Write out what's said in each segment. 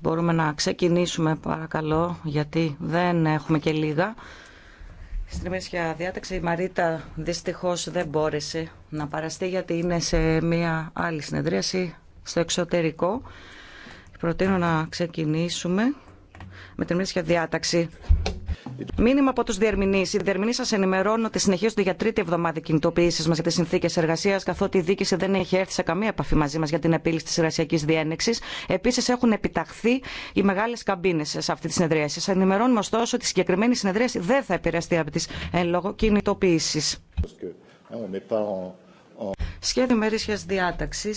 Μπορούμε να ξεκινήσουμε παρακαλώ γιατί δεν έχουμε και λίγα. Στην ημερήσια διάταξη η Μαρίτα δυστυχώς δεν μπόρεσε να παραστεί γιατί είναι σε μια άλλη συνεδρίαση στο εξωτερικό. Προτείνω να ξεκινήσουμε με την ημερήσια διάταξη. Μήνυμα από του διερμηνεί. Οι διερμηνεί σα ενημερώνουν ότι συνεχίζονται για τρίτη εβδομάδα κινητοποιήσει μα για τι συνθήκε εργασία, καθότι η δίκηση δεν έχει έρθει σε καμία επαφή μαζί μα για την επίλυση τη εργασιακή διένεξη. Επίση, έχουν επιταχθεί οι μεγάλε καμπίνε σε αυτή τη συνεδρίαση. Σα ενημερώνουμε ωστόσο ότι η συγκεκριμένη συνεδρίαση δεν θα επηρεαστεί από τι εν λόγω κινητοποιήσει. Σχέδιο μερίσια διάταξη.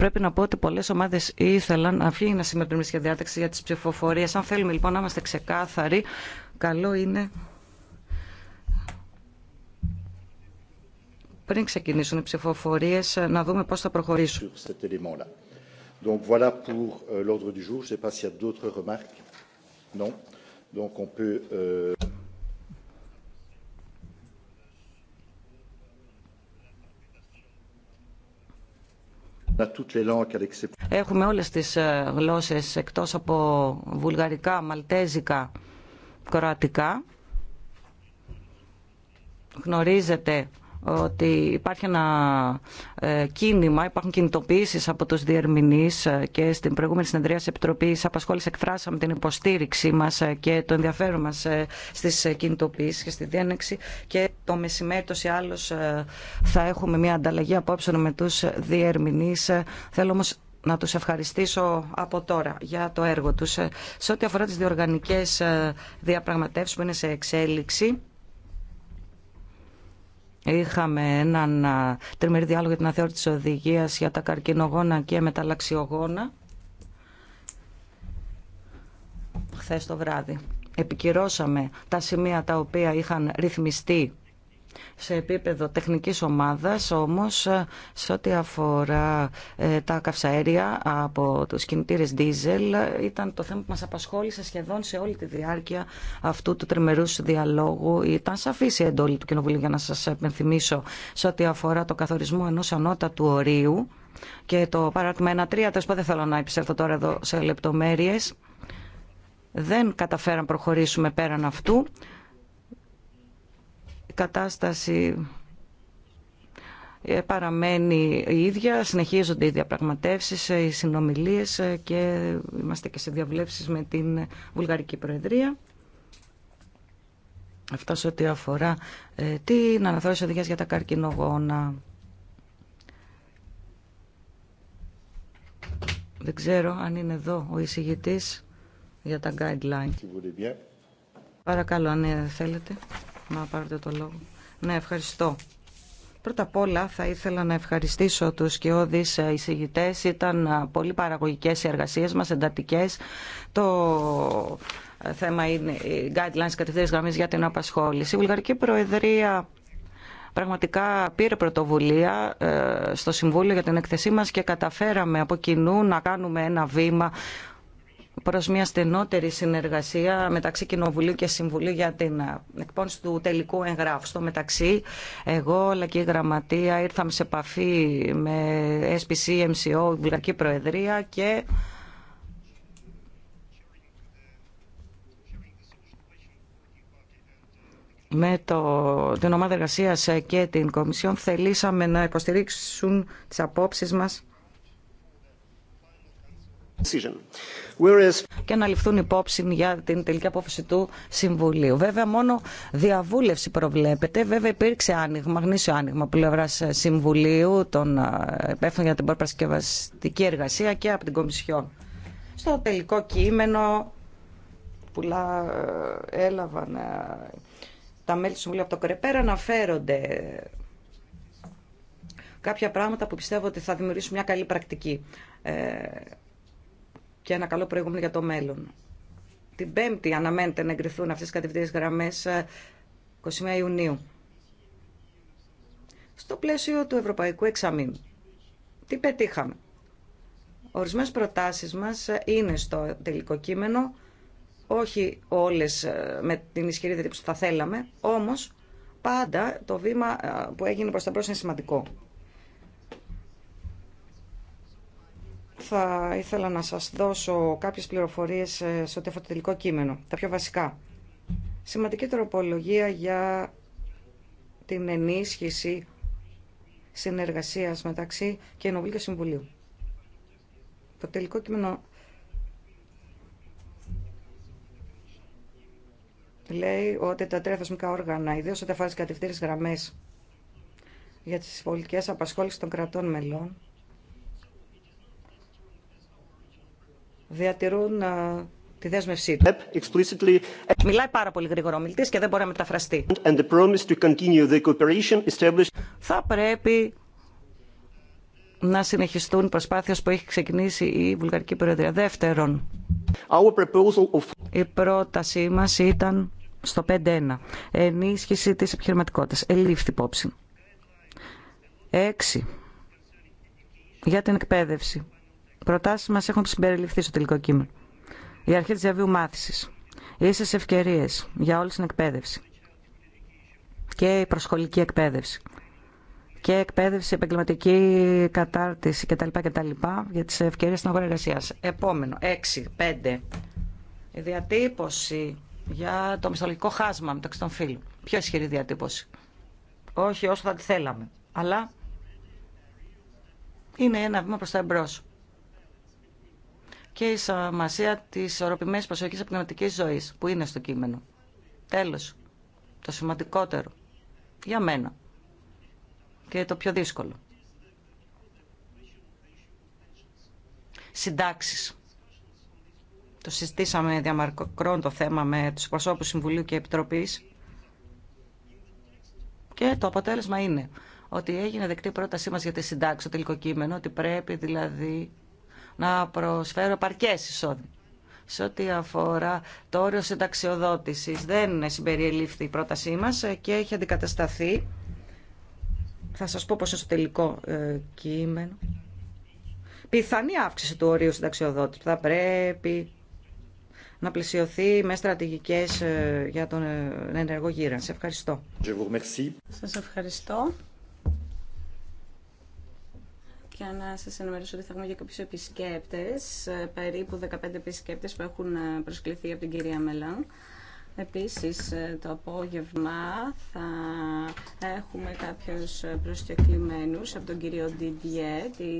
Πρέπει να πω ότι πολλέ ομάδε ήθελαν να φύγει να σημερινή για διάταξη για τι ψηφοφορίε. Αν θέλουμε λοιπόν να είμαστε ξεκάθαροι, καλό είναι πριν ξεκινήσουν οι ψηφοφορίε ε, να δούμε πώ θα προχωρήσουν. Donc voilà pour euh, l'ordre du jour. Je sais pas s'il y a d'autres remarques. Non. Donc on peut. Euh... Έχουμε όλες τις ε, γλώσσες εκτός από βουλγαρικά, μαλτέζικα, κροατικά. Γνωρίζετε ότι υπάρχει ένα ε, κίνημα, υπάρχουν κινητοποιήσεις από τους διερμηνείς ε, και στην προηγούμενη συνεδρία της Επιτροπής απασχόλησε εκφράσαμε την υποστήριξή μας ε, και το ενδιαφέρον μας στις κινητοποιήσεις και στη διένεξη και το μεσημέρι τόσο ή άλλως θα έχουμε μια ανταλλαγή απόψε με τους διερμηνείς. Θέλω όμως να τους ευχαριστήσω από τώρα για το έργο τους. Σε ό,τι αφορά τις διοργανικές διαπραγματεύσεις που είναι σε εξέλιξη, Είχαμε έναν τριμερή διάλογο για την αθεώρηση της οδηγίας για τα καρκινογόνα και μεταλλαξιογόνα χθε το βράδυ. Επικυρώσαμε τα σημεία τα οποία είχαν ρυθμιστεί σε επίπεδο τεχνικής ομάδας όμως ε, σε ό,τι αφορά ε, τα καυσαέρια από τους κινητήρες δίζελ ε, ήταν το θέμα που μας απασχόλησε σχεδόν σε όλη τη διάρκεια αυτού του τριμερούς διαλόγου. Ήταν σαφής η εντόλη του Κοινοβουλίου για να σας επενθυμίσω σε ό,τι αφορά το καθορισμό ενός ανώτατου ορίου και το παράρτημα 1-3, που δεν θέλω να επισέλθω τώρα εδώ σε λεπτομέρειες. Δεν καταφέραμε να προχωρήσουμε πέραν αυτού κατάσταση ε, παραμένει η ίδια, συνεχίζονται οι διαπραγματεύσεις, ε, οι συνομιλίες ε, και είμαστε και σε διαβλέψεις με την Βουλγαρική Προεδρία. Αυτά σε ό,τι αφορά την αναθεώρηση οδηγίας για τα καρκινογόνα. Δεν ξέρω αν είναι εδώ ο εισηγητής για τα guidelines. Παρακαλώ, αν θέλετε να πάρετε το λόγο. Ναι, ευχαριστώ. Πρώτα απ' όλα θα ήθελα να ευχαριστήσω τους σκιώδεις ε, εισηγητές. Ήταν ε, πολύ παραγωγικές οι εργασίες μας, εντατικές. Το ε, θέμα είναι οι guidelines κατευθύνες γραμμής για την απασχόληση. Η Βουλγαρική Προεδρία πραγματικά πήρε πρωτοβουλία στο Συμβούλιο για την εκθεσή μας και καταφέραμε από κοινού να κάνουμε ένα βήμα προς μια στενότερη συνεργασία μεταξύ Κοινοβουλίου και Συμβουλίου για την ε, εκπόνηση του τελικού εγγράφου. Στο μεταξύ, εγώ αλλά και η Γραμματεία ήρθαμε σε επαφή με SPC, MCO, Βουλγαρική Προεδρία και με το, την ομάδα εργασίας και την Κομισιόν θελήσαμε να υποστηρίξουν τις απόψεις μας και να ληφθούν υπόψη για την τελική απόφαση του Συμβουλίου. Βέβαια, μόνο διαβούλευση προβλέπεται. Βέβαια, υπήρξε άνοιγμα, γνήσιο άνοιγμα πλευρά ε, Συμβουλίου, των ε, υπεύθυνων για την προπαρασκευαστική εργασία και από την Κομισιόν. Στο τελικό κείμενο που ε, έλαβαν τα μέλη του Συμβουλίου από το Κρεπέρα αναφέρονται κάποια πράγματα που πιστεύω ότι θα δημιουργήσουν μια καλή πρακτική και ένα καλό προηγούμενο για το μέλλον. Την Πέμπτη αναμένεται να εγκριθούν αυτές οι κατευθυντές γραμμές 21 ε, Ιουνίου. Στο πλαίσιο του Ευρωπαϊκού Εξαμήνου. Τι πετύχαμε. Ορισμένες προτάσεις μας ε, είναι στο τελικό κείμενο, όχι όλες ε, με την ισχυρή δίπλα που θα θέλαμε, όμως πάντα το βήμα που έγινε προς τα μπρος είναι σημαντικό. θα ήθελα να σας δώσω κάποιες πληροφορίες ε, στο τελικό κείμενο, τα πιο βασικά. Σημαντική τροπολογία για την ενίσχυση συνεργασίας μεταξύ Κοινοβουλίου και Συμβουλίου. Το τελικό κείμενο λέει ότι τα τρία θεσμικά όργανα, ιδίω ό,τι φάσει κατευθύνες γραμμές γραμμέ για τι πολιτικέ απασχόλησει των κρατών μελών, διατηρούν τη δέσμευσή του. Μιλάει πάρα πολύ γρήγορα ο μιλητής και δεν μπορεί να μεταφραστεί. Θα πρέπει να συνεχιστούν προσπάθειες που έχει ξεκινήσει η Βουλγαρική Προεδρία. Δεύτερον, η πρότασή μας ήταν στο 5-1. Ενίσχυση της επιχειρηματικότητα. Ελήφθη υπόψη. Έξι. Για την εκπαίδευση προτάσει μα έχουν συμπεριληφθεί στο τελικό κείμενο. Η αρχή τη διαβίου μάθησης, ίσες ευκαιρίε για όλη την εκπαίδευση και η προσχολική εκπαίδευση και εκπαίδευση, επαγγελματική κατάρτιση κτλ. κτλ για τι ευκαιρίες στην αγορά εργασία. Επόμενο, 6, 5. Η διατύπωση για το μισθολογικό χάσμα μεταξύ των φίλων. Πιο ισχυρή διατύπωση. Όχι όσο θα τη θέλαμε. Αλλά είναι ένα βήμα προ τα εμπρό και η σημασία τη ισορροπημένη προσοχή πνευματική ζωή που είναι στο κείμενο. Τέλο, το σημαντικότερο για μένα και το πιο δύσκολο. Συντάξεις. Το συστήσαμε διαμαρκρόν το θέμα με τους προσώπους Συμβουλίου και Επιτροπής και το αποτέλεσμα είναι ότι έγινε δεκτή πρότασή μας για τη συντάξη, στο τελικό κείμενο, ότι πρέπει δηλαδή να προσφέρω παρκές εισόδημα. Σε ό,τι αφορά το όριο συνταξιοδότηση, δεν συμπεριελήφθη η πρότασή μας και έχει αντικατασταθεί. Θα σας πω πως είναι στο τελικό ε, κείμενο. Πιθανή αύξηση του ορίου συνταξιοδότηση θα πρέπει να πλησιωθεί με στρατηγικές ε, για τον ε, ενεργό Σε Ευχαριστώ. Σας ευχαριστώ για να σα ενημερώσω ότι θα έχουμε και κάποιου επισκέπτε, ε, περίπου 15 επισκέπτε που έχουν ε, προσκληθεί από την κυρία Μελάν. Επίση, ε, το απόγευμα θα έχουμε κάποιου προσκεκλημένου από τον κύριο Ντιντιέ τη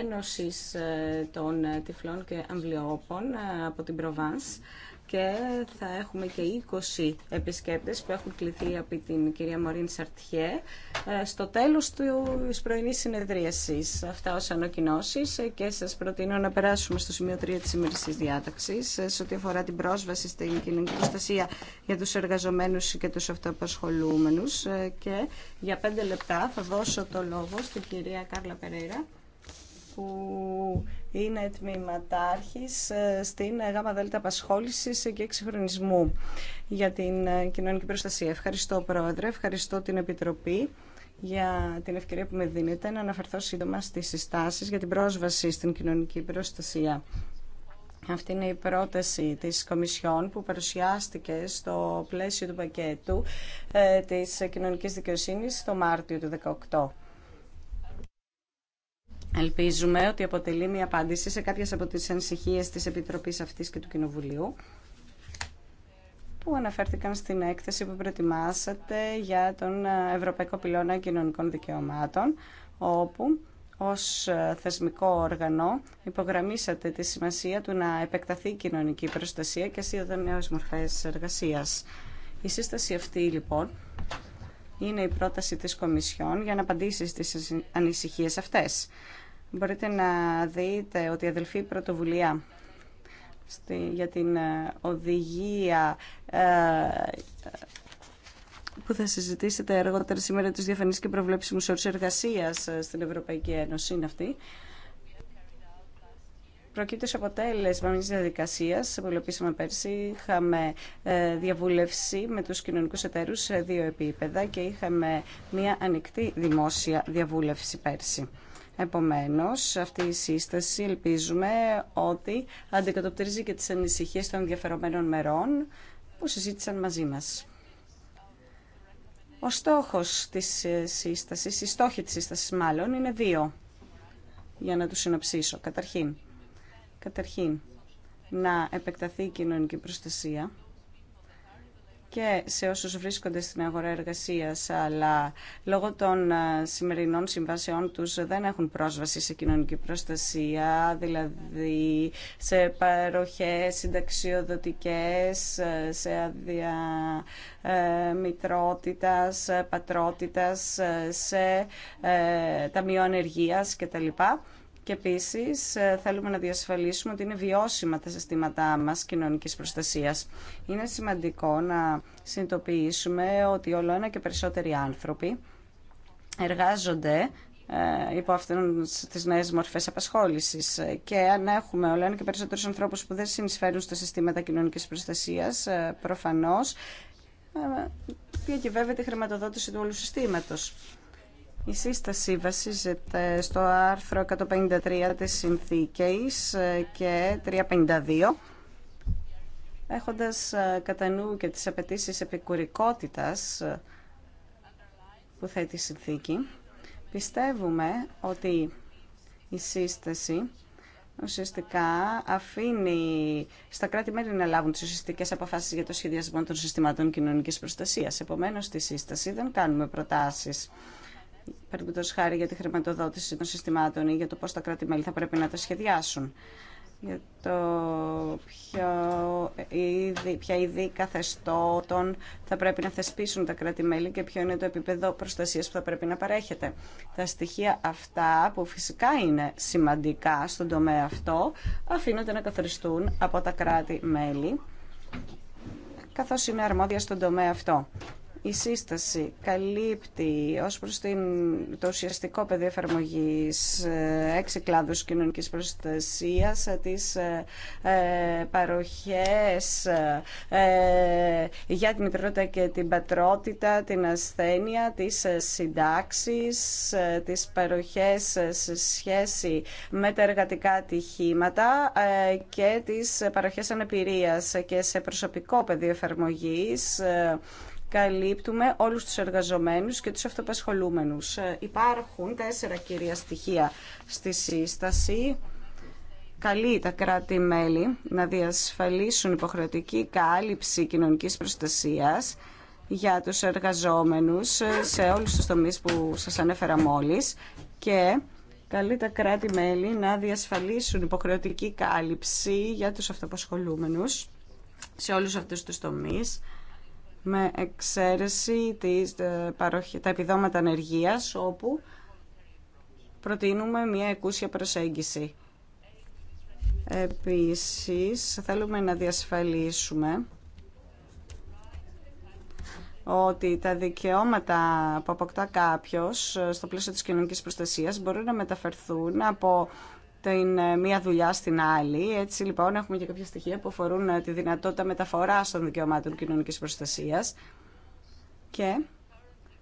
Ένωση των Τυφλών και Αμβλιόπων από την Προβάνς και θα έχουμε και 20 επισκέπτες που έχουν κληθεί από την κυρία Μωρίν Σαρτιέ ε, στο τέλος της πρωινής συνεδρίασης. Αυτά ως ανακοινώσει ε, και σας προτείνω να περάσουμε στο σημείο 3 της ημερησής διάταξης ε, σε ό,τι αφορά την πρόσβαση στην κοινωνική προστασία για τους εργαζομένους και τους αυτοαπασχολούμενους και για 5 λεπτά θα δώσω το λόγο στην κυρία Κάρλα Περέιρα που είναι τμήματάρχης ε, στην ΓΑΜΑ ΔΕΛΤΑ Απασχόλησης και Εξυγχρονισμού για την ε, Κοινωνική Προστασία. Ευχαριστώ Πρόεδρε, ευχαριστώ την Επιτροπή για την ευκαιρία που με δίνετε να αναφερθώ σύντομα στις συστάσεις για την πρόσβαση στην κοινωνική προστασία. Αυτή είναι η πρόταση της Κομισιόν που παρουσιάστηκε στο πλαίσιο του πακέτου ε, της κοινωνικής δικαιοσύνης το Μάρτιο του 2018. Ελπίζουμε ότι αποτελεί μια απάντηση σε κάποιες από τις ανησυχίες της Επιτροπής αυτής και του Κοινοβουλίου που αναφέρθηκαν στην έκθεση που προετοιμάσατε για τον ε, Ευρωπαϊκό Πυλώνα Κοινωνικών Δικαιωμάτων, όπου ως ε, θεσμικό όργανο υπογραμμίσατε τη σημασία του να επεκταθεί η κοινωνική προστασία και σύντομα νέες μορφές εργασίας. Η σύσταση αυτή λοιπόν είναι η πρόταση της Κομισιόν για να απαντήσει στις ανησυχίες αυτές μπορείτε να δείτε ότι η αδελφή πρωτοβουλία για την ε, οδηγία ε, που θα συζητήσετε αργότερα σήμερα τους διαφανείς και προβλέψιμους όρους εργασίας ε, στην Ευρωπαϊκή Ένωση είναι αυτή. Προκύπτει ω αποτέλεσμα μια διαδικασίας που υλοποιήσαμε πέρσι. Είχαμε διαβούλευση με τους κοινωνικού εταίρους σε δύο επίπεδα και είχαμε μια ανοιχτή δημόσια διαβούλευση πέρσι. Επομένως, αυτή η σύσταση ελπίζουμε ότι αντικατοπτρίζει και τις ανησυχίες των ενδιαφερομένων μερών που συζήτησαν μαζί μας. Ο στόχος της ε, σύστασης, η στόχη της σύστασης μάλλον, είναι δύο, για να τους συνοψίσω. Καταρχήν, καταρχήν να επεκταθεί η κοινωνική προστασία και σε όσους βρίσκονται στην αγορά εργασίας, αλλά λόγω των ε, σημερινών συμβάσεών τους δεν έχουν πρόσβαση σε κοινωνική προστασία, δηλαδή σε παροχές συνταξιοδοτικές, ε, σε άδεια ε, μητρότητας, πατρότητας, σε ταμείο ανεργίας κτλ. Και επίση ε, θέλουμε να διασφαλίσουμε ότι είναι βιώσιμα τα συστήματά μα κοινωνική προστασίας. Είναι σημαντικό να συνειδητοποιήσουμε ότι όλο ένα και περισσότεροι άνθρωποι εργάζονται ε, υπό αυτές τις νέες μορφές απασχόλησης και αν έχουμε όλο ένα και περισσότερους ανθρώπους που δεν συνεισφέρουν στα συστήματα κοινωνικής προστασίας ε, προφανώς διακυβεύεται η χρηματοδότηση του όλου συστήματος. Η σύσταση βασίζεται στο άρθρο 153 της Συνθήκης ε, και 352 έχοντας ε, κατά νου και τις απαιτήσει επικουρικότητας ε, που θέτει η συνθήκη, πιστεύουμε ότι η σύσταση ουσιαστικά αφήνει στα κράτη-μέλη να λάβουν τις ουσιαστικές αποφάσεις για το σχεδιασμό των συστημάτων κοινωνικής προστασίας. Επομένως, στη σύσταση δεν κάνουμε προτάσεις παραδείγματο χάρη για τη χρηματοδότηση των συστημάτων ή για το πώ τα κράτη-μέλη θα πρέπει να τα σχεδιάσουν. Για το ποιο είδη, ποια είδη καθεστώτων θα πρέπει να θεσπίσουν τα κράτη-μέλη και ποιο είναι το επίπεδο προστασίας που θα πρέπει να παρέχεται. Τα στοιχεία αυτά που φυσικά είναι σημαντικά στον τομέα αυτό αφήνονται να καθοριστούν από τα κράτη-μέλη καθώς είναι αρμόδια στον τομέα αυτό. Η σύσταση καλύπτει ως προς το ουσιαστικό πεδίο εφαρμογή ε, έξι κλάδους κοινωνικής προστασίας, ε, τις ε, παροχές για την μητρότητα και την πατρότητα, την ασθένεια, τις συντάξεις, τις παροχές σε σχέση με τα εργατικά ατυχήματα και τις παροχές αναπηρίας και σε προσωπικό πεδίο εφαρμογής καλύπτουμε όλους τους εργαζομένους και τους αυτοπασχολούμενους. Ε, υπάρχουν τέσσερα κυρία στοιχεία στη σύσταση. Καλεί τα κράτη-μέλη να διασφαλίσουν υποχρεωτική κάλυψη κοινωνικής προστασίας για τους εργαζόμενους ε, σε όλους τους τομείς που σας ανέφερα μόλις και καλεί τα κράτη-μέλη να διασφαλίσουν υποχρεωτική κάλυψη για τους αυτοπασχολούμενους σε όλους αυτούς τους τομείς με εξαίρεση της, ε, τα επιδόματα ανεργίας, όπου προτείνουμε μια εκούσια προσέγγιση. Επίσης, θέλουμε να διασφαλίσουμε ότι τα δικαιώματα που αποκτά κάποιος ε, στο πλαίσιο της κοινωνικής προστασίας μπορούν να μεταφερθούν από την ε, μία δουλειά στην άλλη. Έτσι λοιπόν έχουμε και κάποια στοιχεία που αφορούν ε, τη δυνατότητα μεταφοράς των δικαιωμάτων κοινωνικής προστασίας και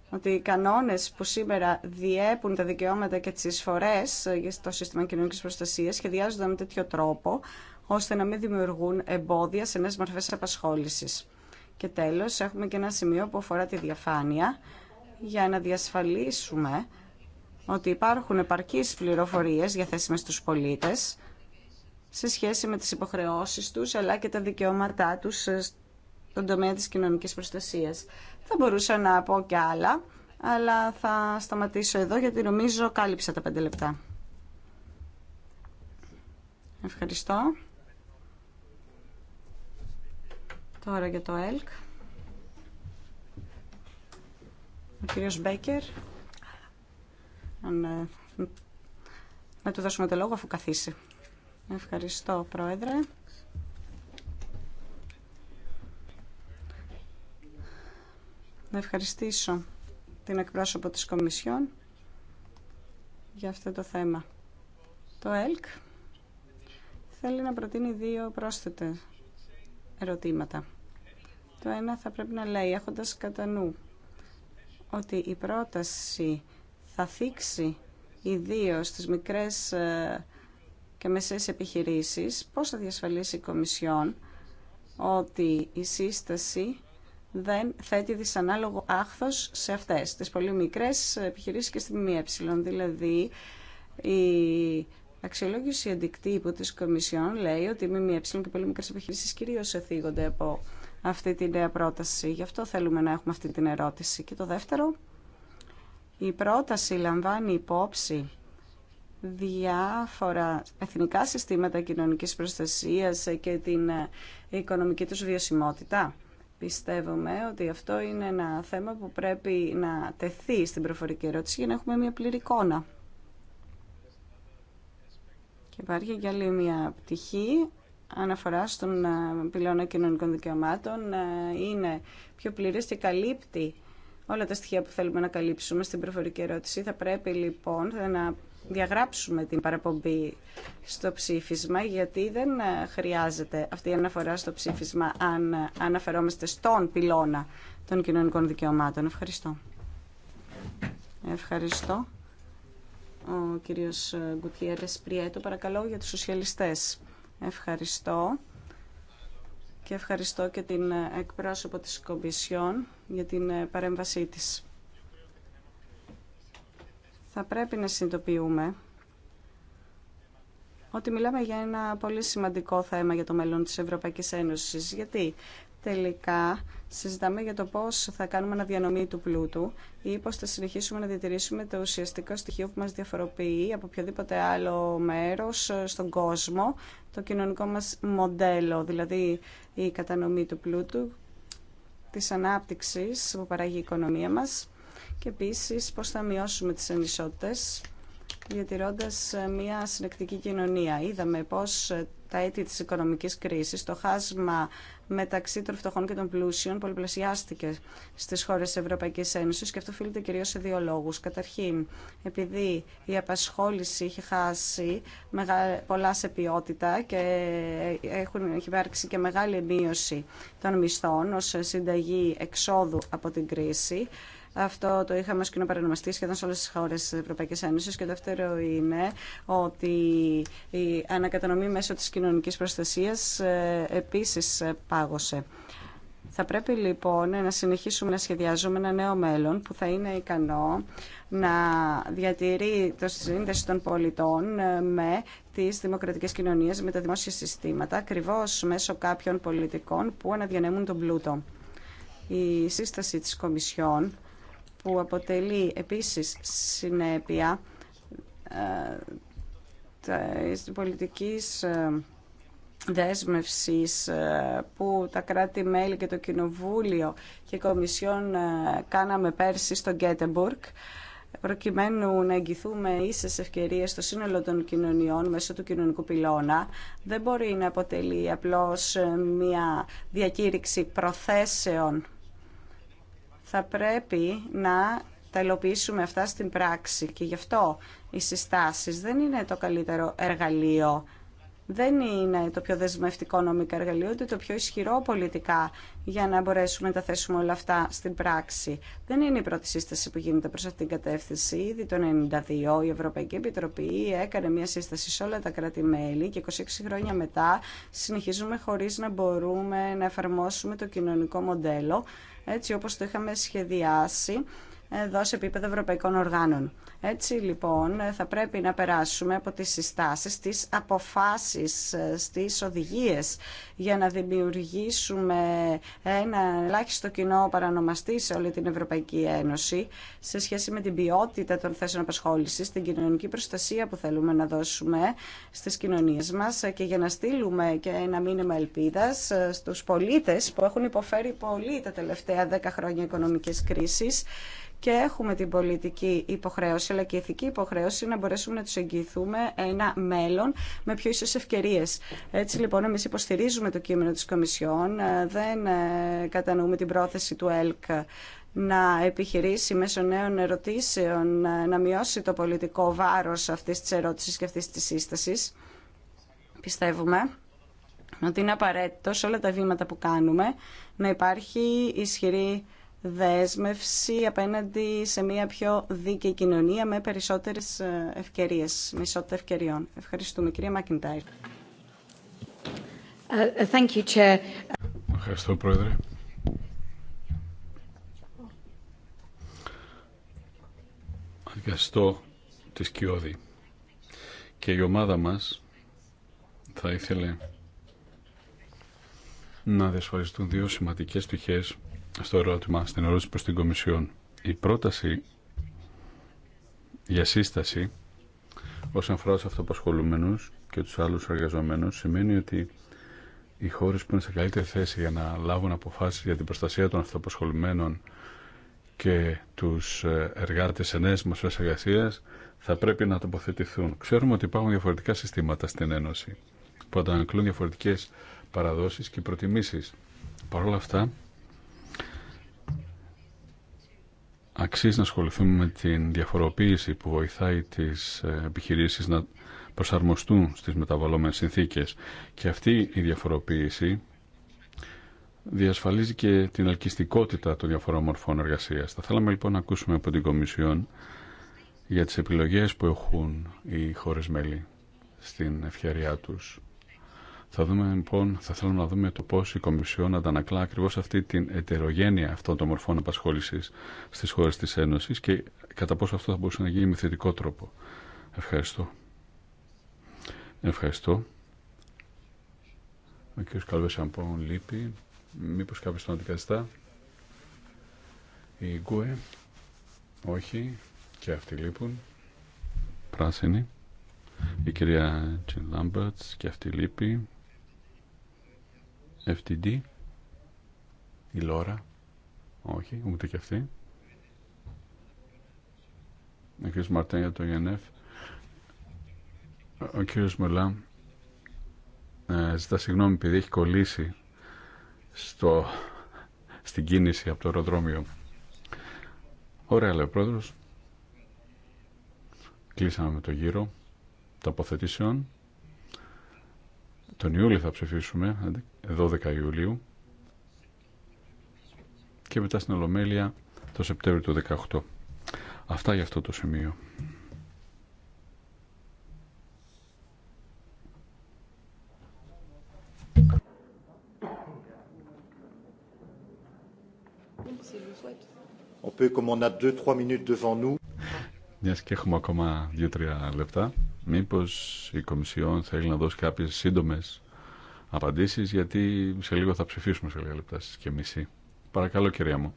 ότι οι κανόνες που σήμερα διέπουν τα δικαιώματα και τις εισφορές ε, στο σύστημα κοινωνικής προστασίας σχεδιάζονται με τέτοιο τρόπο ώστε να μην δημιουργούν εμπόδια σε νέες μορφές απασχόλησης. Και τέλος, έχουμε και ένα σημείο που αφορά τη διαφάνεια για να διασφαλίσουμε ότι υπάρχουν επαρκείς πληροφορίες διαθέσιμες στους πολίτες σε σχέση με τις υποχρεώσεις τους αλλά και τα δικαιώματά τους ε, στον τομέα της κοινωνικής προστασίας. Θα μπορούσα να πω και άλλα, αλλά θα σταματήσω εδώ γιατί νομίζω κάλυψα τα πέντε λεπτά. Ευχαριστώ. Τώρα για το ΕΛΚ. Ο κύριος Μπέκερ. Ε, να του δώσουμε το λόγο αφού καθίσει. Ευχαριστώ, Πρόεδρε. Να ευχαριστήσω την εκπρόσωπο της Κομισιόν για αυτό το θέμα. Το ΕΛΚ θέλει να προτείνει δύο πρόσθετε ερωτήματα. Το ένα θα πρέπει να λέει έχοντας κατά νου ότι η πρόταση θα θίξει ιδίω τι μικρές ε, και μεσαίες επιχειρήσεις, πώς θα διασφαλίσει η Κομισιόν ότι η σύσταση δεν θέτει δυσανάλογο άχθος σε αυτές, τις πολύ μικρές επιχειρήσεις και στη ΜΜΕ. Δηλαδή, η αξιολόγηση αντικτύπου της Κομισιόν λέει ότι οι ΜΜΕ και πολύ μικρές επιχειρήσεις κυρίως εθίγονται από αυτή τη νέα πρόταση. Γι' αυτό θέλουμε να έχουμε αυτή την ερώτηση. Και το δεύτερο, η πρόταση λαμβάνει υπόψη διάφορα εθνικά συστήματα κοινωνικής προστασίας και την ε, οικονομική τους βιωσιμότητα. Πιστεύουμε ότι αυτό είναι ένα θέμα που πρέπει να τεθεί στην προφορική ερώτηση για να έχουμε μια πλήρη εικόνα. Και υπάρχει και άλλη μια πτυχή αναφορά στον ε, πυλώνα κοινωνικών δικαιωμάτων. Ε, είναι πιο πλήρης και καλύπτει όλα τα στοιχεία που θέλουμε να καλύψουμε στην προφορική ερώτηση. Θα πρέπει λοιπόν να διαγράψουμε την παραπομπή στο ψήφισμα, γιατί δεν ε, χρειάζεται αυτή η αναφορά στο ψήφισμα αν ε, αναφερόμαστε στον πυλώνα των κοινωνικών δικαιωμάτων. Ευχαριστώ. Ευχαριστώ. Ο κύριος ε, Γκουτιέρες Πριέτο, παρακαλώ, για τους σοσιαλιστές. Ευχαριστώ και ευχαριστώ και την ε, εκπρόσωπο της Κομπισιόν για την ε, παρέμβασή της. Θα πρέπει να συνειδητοποιούμε ότι μιλάμε για ένα πολύ σημαντικό θέμα για το μέλλον της Ευρωπαϊκής Ένωσης. Γιατί τελικά συζητάμε για το πώς θα κάνουμε διανομή του πλούτου ή πώς θα συνεχίσουμε να διατηρήσουμε το ουσιαστικό στοιχείο που μας διαφοροποιεί από οποιοδήποτε άλλο μέρος ε, στον κόσμο, το κοινωνικό μας μοντέλο, δηλαδή η κατανομή του πλούτου, της ανάπτυξης που παράγει η οικονομία μας και επίσης πώς θα μειώσουμε τις ανισότητες διατηρώντας μια συνεκτική κοινωνία. Είδαμε πως τα έτη της οικονομικής κρίσης, το χάσμα μεταξύ των φτωχών και των πλούσιων πολυπλασιάστηκε στι χώρε τη Ευρωπαϊκή Ένωση και αυτό οφείλεται κυρίω σε δύο λόγου. Καταρχήν, επειδή η απασχόληση έχει χάσει πολλά σε ποιότητα και έχουν, έχει υπάρξει και μεγάλη μείωση των μισθών ω συνταγή εξόδου από την κρίση. Αυτό το είχαμε ως κοινό παρανομαστή σχεδόν σε όλες τις χώρες της Ευρωπαϊκής Ένωσης και το δεύτερο είναι ότι η ανακατανομή μέσω της κοινωνικής προστασίας ε, επίσης πάγωσε. Θα πρέπει λοιπόν να συνεχίσουμε να σχεδιάζουμε ένα νέο μέλλον που θα είναι ικανό να διατηρεί το σύνδεση των πολιτών ε, με τις δημοκρατικές κοινωνίες, με τα δημόσια συστήματα, ακριβώ μέσω κάποιων πολιτικών που αναδιανέμουν τον πλούτο. Η σύσταση της Κομισιόν που αποτελεί επίσης συνέπεια ε, της πολιτικής ε, δέσμευσης ε, που τα κράτη-μέλη και το Κοινοβούλιο και η Κομισιόν κάναμε πέρσι στο Γκέτεμπουργκ προκειμένου να εγγυθούμε ίσες ευκαιρίες στο σύνολο των κοινωνιών μέσω του κοινωνικού πυλώνα, δεν μπορεί να αποτελεί απλώς μια διακήρυξη προθέσεων θα πρέπει να τα υλοποιήσουμε αυτά στην πράξη και γι' αυτό οι συστάσεις δεν είναι το καλύτερο εργαλείο δεν είναι το πιο δεσμευτικό νομικό εργαλείο, ούτε το πιο ισχυρό πολιτικά για να μπορέσουμε να τα θέσουμε όλα αυτά στην πράξη. Δεν είναι η πρώτη σύσταση που γίνεται προς αυτήν την κατεύθυνση. Ήδη το 1992 η Ευρωπαϊκή Επιτροπή έκανε μια σύσταση σε όλα τα κράτη-μέλη και 26 χρόνια μετά συνεχίζουμε χωρίς να μπορούμε να εφαρμόσουμε το κοινωνικό μοντέλο έτσι όπως το είχαμε σχεδιάσει εδώ σε επίπεδο ευρωπαϊκών οργάνων. Έτσι λοιπόν θα πρέπει να περάσουμε από τις συστάσεις, τις αποφάσεις, στις οδηγίες για να δημιουργήσουμε ένα ελάχιστο κοινό παρανομαστή σε όλη την Ευρωπαϊκή Ένωση σε σχέση με την ποιότητα των θέσεων απασχόλησης, την κοινωνική προστασία που θέλουμε να δώσουμε στις κοινωνίες μας και για να στείλουμε και ένα μήνυμα ελπίδας στους πολίτες που έχουν υποφέρει πολύ τα τελευταία δέκα χρόνια οικονομικής κρίσης και έχουμε την πολιτική υποχρέωση αλλά και η ηθική υποχρέωση να μπορέσουμε να του εγγυηθούμε ένα μέλλον με πιο ίσε ευκαιρίε. Έτσι λοιπόν, εμεί υποστηρίζουμε το κείμενο τη Κομισιόν, ε, δεν ε, κατανοούμε την πρόθεση του ΕΛΚ να επιχειρήσει μέσω νέων ερωτήσεων ε, να μειώσει το πολιτικό βάρος αυτής της ερώτησης και αυτής της σύστασης. Πιστεύουμε ότι είναι απαραίτητο σε όλα τα βήματα που κάνουμε να υπάρχει ισχυρή δέσμευση απέναντι σε μια πιο δίκαιη κοινωνία με περισσότερες ε, ευκαιρίες, με ισότητα ευκαιριών. Ευχαριστούμε. Κυρία Μάκιντάιρ. Ε, ε, Ευχαριστώ, Πρόεδρε. Ευχαριστώ τη Σκιώδη. Και η ομάδα μας θα ήθελε να διασφαλιστούν δύο σημαντικές πτυχές στο ερώτημα, στην ερώτηση προς την Κομισιόν. Η πρόταση για σύσταση όσον αφορά τους αυτοπασχολούμενους και τους άλλους εργαζομένους σημαίνει ότι οι χώρες που είναι σε καλύτερη θέση για να λάβουν αποφάσεις για την προστασία των αυτοπασχολουμένων και τους ε, εργάτες νέες μορφές εργασίας θα πρέπει να τοποθετηθούν. Ξέρουμε ότι υπάρχουν διαφορετικά συστήματα στην Ένωση που αντανακλούν διαφορετικές παραδόσεις και προτιμήσεις. Παρ' όλα αυτά, Αξίζει να ασχοληθούμε με την διαφοροποίηση που βοηθάει τις ε, επιχειρήσεις να προσαρμοστούν στις μεταβαλλόμενες συνθήκες. Και αυτή η διαφοροποίηση διασφαλίζει και την ελκυστικότητα των διαφορομορφων μορφών εργασίας. Θα θέλαμε λοιπόν να ακούσουμε από την Κομισιόν για τις επιλογές που έχουν οι χώρες μέλη στην ευκαιρία τους θα δούμε λοιπόν, θα θέλουμε να δούμε το πώς η Κομισιόν αντανακλά ακριβώς αυτή την ετερογένεια αυτών των μορφών απασχόλησης στις χώρες της Ένωσης και κατά πόσο αυτό θα μπορούσε να γίνει με θετικό τρόπο. Ευχαριστώ. Ευχαριστώ. Ο κ. Καλβέ Αμπών λείπει. Μήπως κάποιος τον αντικαθιστά. Η Γκουε. Όχι. Και αυτοί λείπουν. Πράσινη. Η κυρία Τζιν Λάμπερτ και αυτή λείπει. FTD η Λόρα όχι ούτε και αυτή ο κ. Μαρτέν για το ΙΕΝΕΦ ο κ. Μελά ε, ζητά συγγνώμη επειδή έχει κολλήσει στο, στην κίνηση από το αεροδρόμιο ωραία λέει ο πρόεδρος κλείσαμε με το γύρο τοποθετήσεων τον Ιούλιο θα ψηφίσουμε 12 Ιουλίου και μετά στην Ολομέλεια το Σεπτέμβριο του 18. Αυτά για αυτό το σημείο. On και έχουμε ακόμα δύο-τρία λεπτά, μήπως η Κομισιόν θέλει να δώσει κάποιες σύντομες απαντήσεις γιατί σε λίγο θα ψηφίσουμε σε λίγα λεπτά και μισή. Παρακαλώ κυρία μου.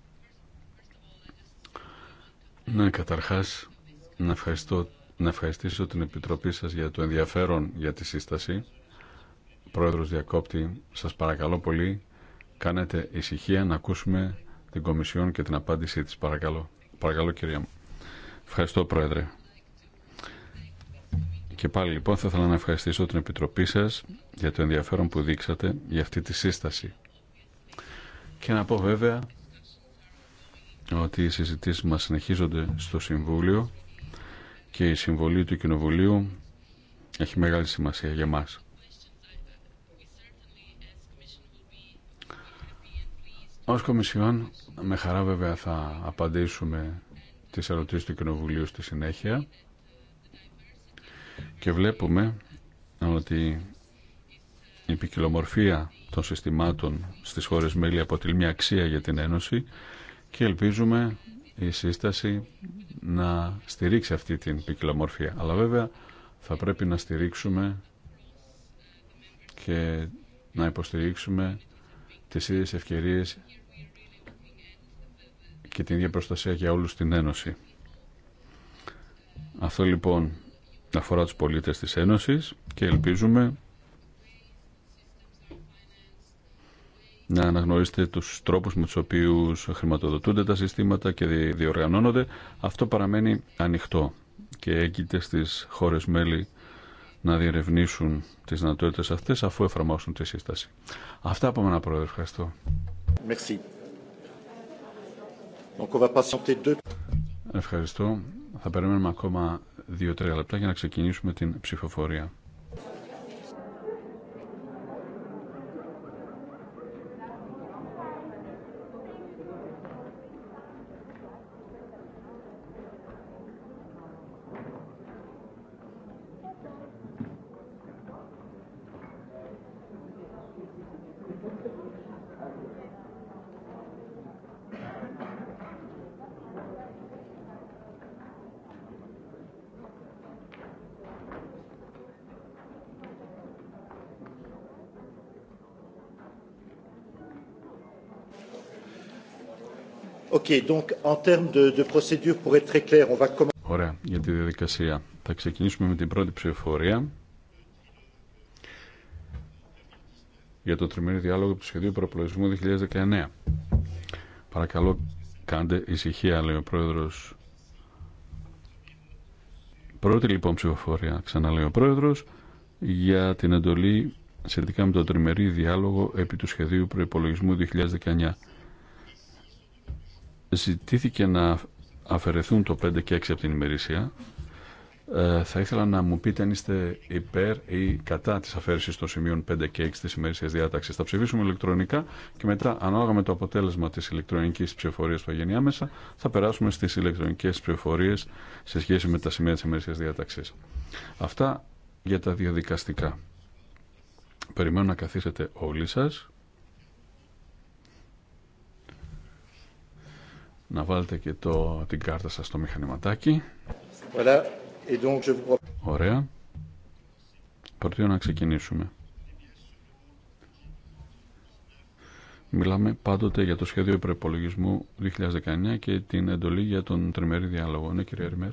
Ναι, καταρχάς να, ευχαριστώ, να ευχαριστήσω την Επιτροπή σας για το ενδιαφέρον για τη σύσταση. Πρόεδρος Διακόπτη, σας παρακαλώ πολύ, κάνετε ησυχία να ακούσουμε την Κομισιόν και την απάντησή της. Παρακαλώ, παρακαλώ κυρία μου. Ευχαριστώ Πρόεδρε. Και πάλι λοιπόν θα ήθελα να ευχαριστήσω την Επιτροπή σας για το ενδιαφέρον που δείξατε για αυτή τη σύσταση. Και να πω βέβαια ότι οι συζητήσεις μας συνεχίζονται στο Συμβούλιο και η συμβολή του Κοινοβουλίου έχει μεγάλη σημασία για μας. Ως Κομισιόν, με χαρά βέβαια θα απαντήσουμε τις ερωτήσεις του Κοινοβουλίου στη συνέχεια και βλέπουμε ότι η ποικιλομορφία των συστημάτων στις χώρες μέλη αποτελεί μια αξία για την Ένωση και ελπίζουμε η σύσταση να στηρίξει αυτή την ποικιλομορφία. Αλλά βέβαια θα πρέπει να στηρίξουμε και να υποστηρίξουμε τις ίδιες ευκαιρίες και την ίδια προστασία για όλους στην Ένωση. Αυτό λοιπόν αφορά τους πολίτες της Ένωσης και ελπίζουμε να αναγνωρίσετε τους τρόπους με τους οποίους χρηματοδοτούνται τα συστήματα και διοργανώνονται. Αυτό παραμένει ανοιχτό και έγκυται στις χώρες μέλη να διερευνήσουν τις δυνατότητε αυτές αφού εφαρμόσουν τη σύσταση. Αυτά από μένα, Πρόεδρε. Ευχαριστώ. Ευχαριστώ. Θα περιμένουμε ακόμα Δύο-τρία λεπτά για να ξεκινήσουμε την ψηφοφορία. Ωραία, για τη διαδικασία. Θα ξεκινήσουμε με την πρώτη ψηφοφορία για το τριμερή διάλογο του σχεδίου προπολογισμού 2019. Παρακαλώ, κάντε ησυχία, λέει ο πρόεδρο. Πρώτη λοιπόν ψηφοφορία, ξαναλέει ο Πρόεδρο για την εντολή σχετικά με το τριμερή διάλογο επί του σχεδίου προπολογισμού 2019 ζητήθηκε να αφαιρεθούν το 5 και 6 από την ημερήσια. Ε, θα ήθελα να μου πείτε αν είστε υπέρ ή κατά της αφαίρεσης των σημείων 5 και 6 της ημερήσιας διάταξης. Θα ψηφίσουμε ηλεκτρονικά και μετά ανάλογα με το αποτέλεσμα της ηλεκτρονικής ψηφοφορίας που έγινε άμεσα θα περάσουμε στις ηλεκτρονικές ψηφοφορίες σε σχέση με τα σημεία της ημερήσιας διάταξης. Αυτά για τα διαδικαστικά. Περιμένω να καθίσετε όλοι σας. να βάλετε και το, την κάρτα σας στο μηχανηματάκι. Ωραία. Προτείνω να ξεκινήσουμε. Μιλάμε πάντοτε για το σχέδιο προπολογισμού 2019 και την εντολή για τον τριμερή διάλογο. Ναι, κύριε Ερμέρ.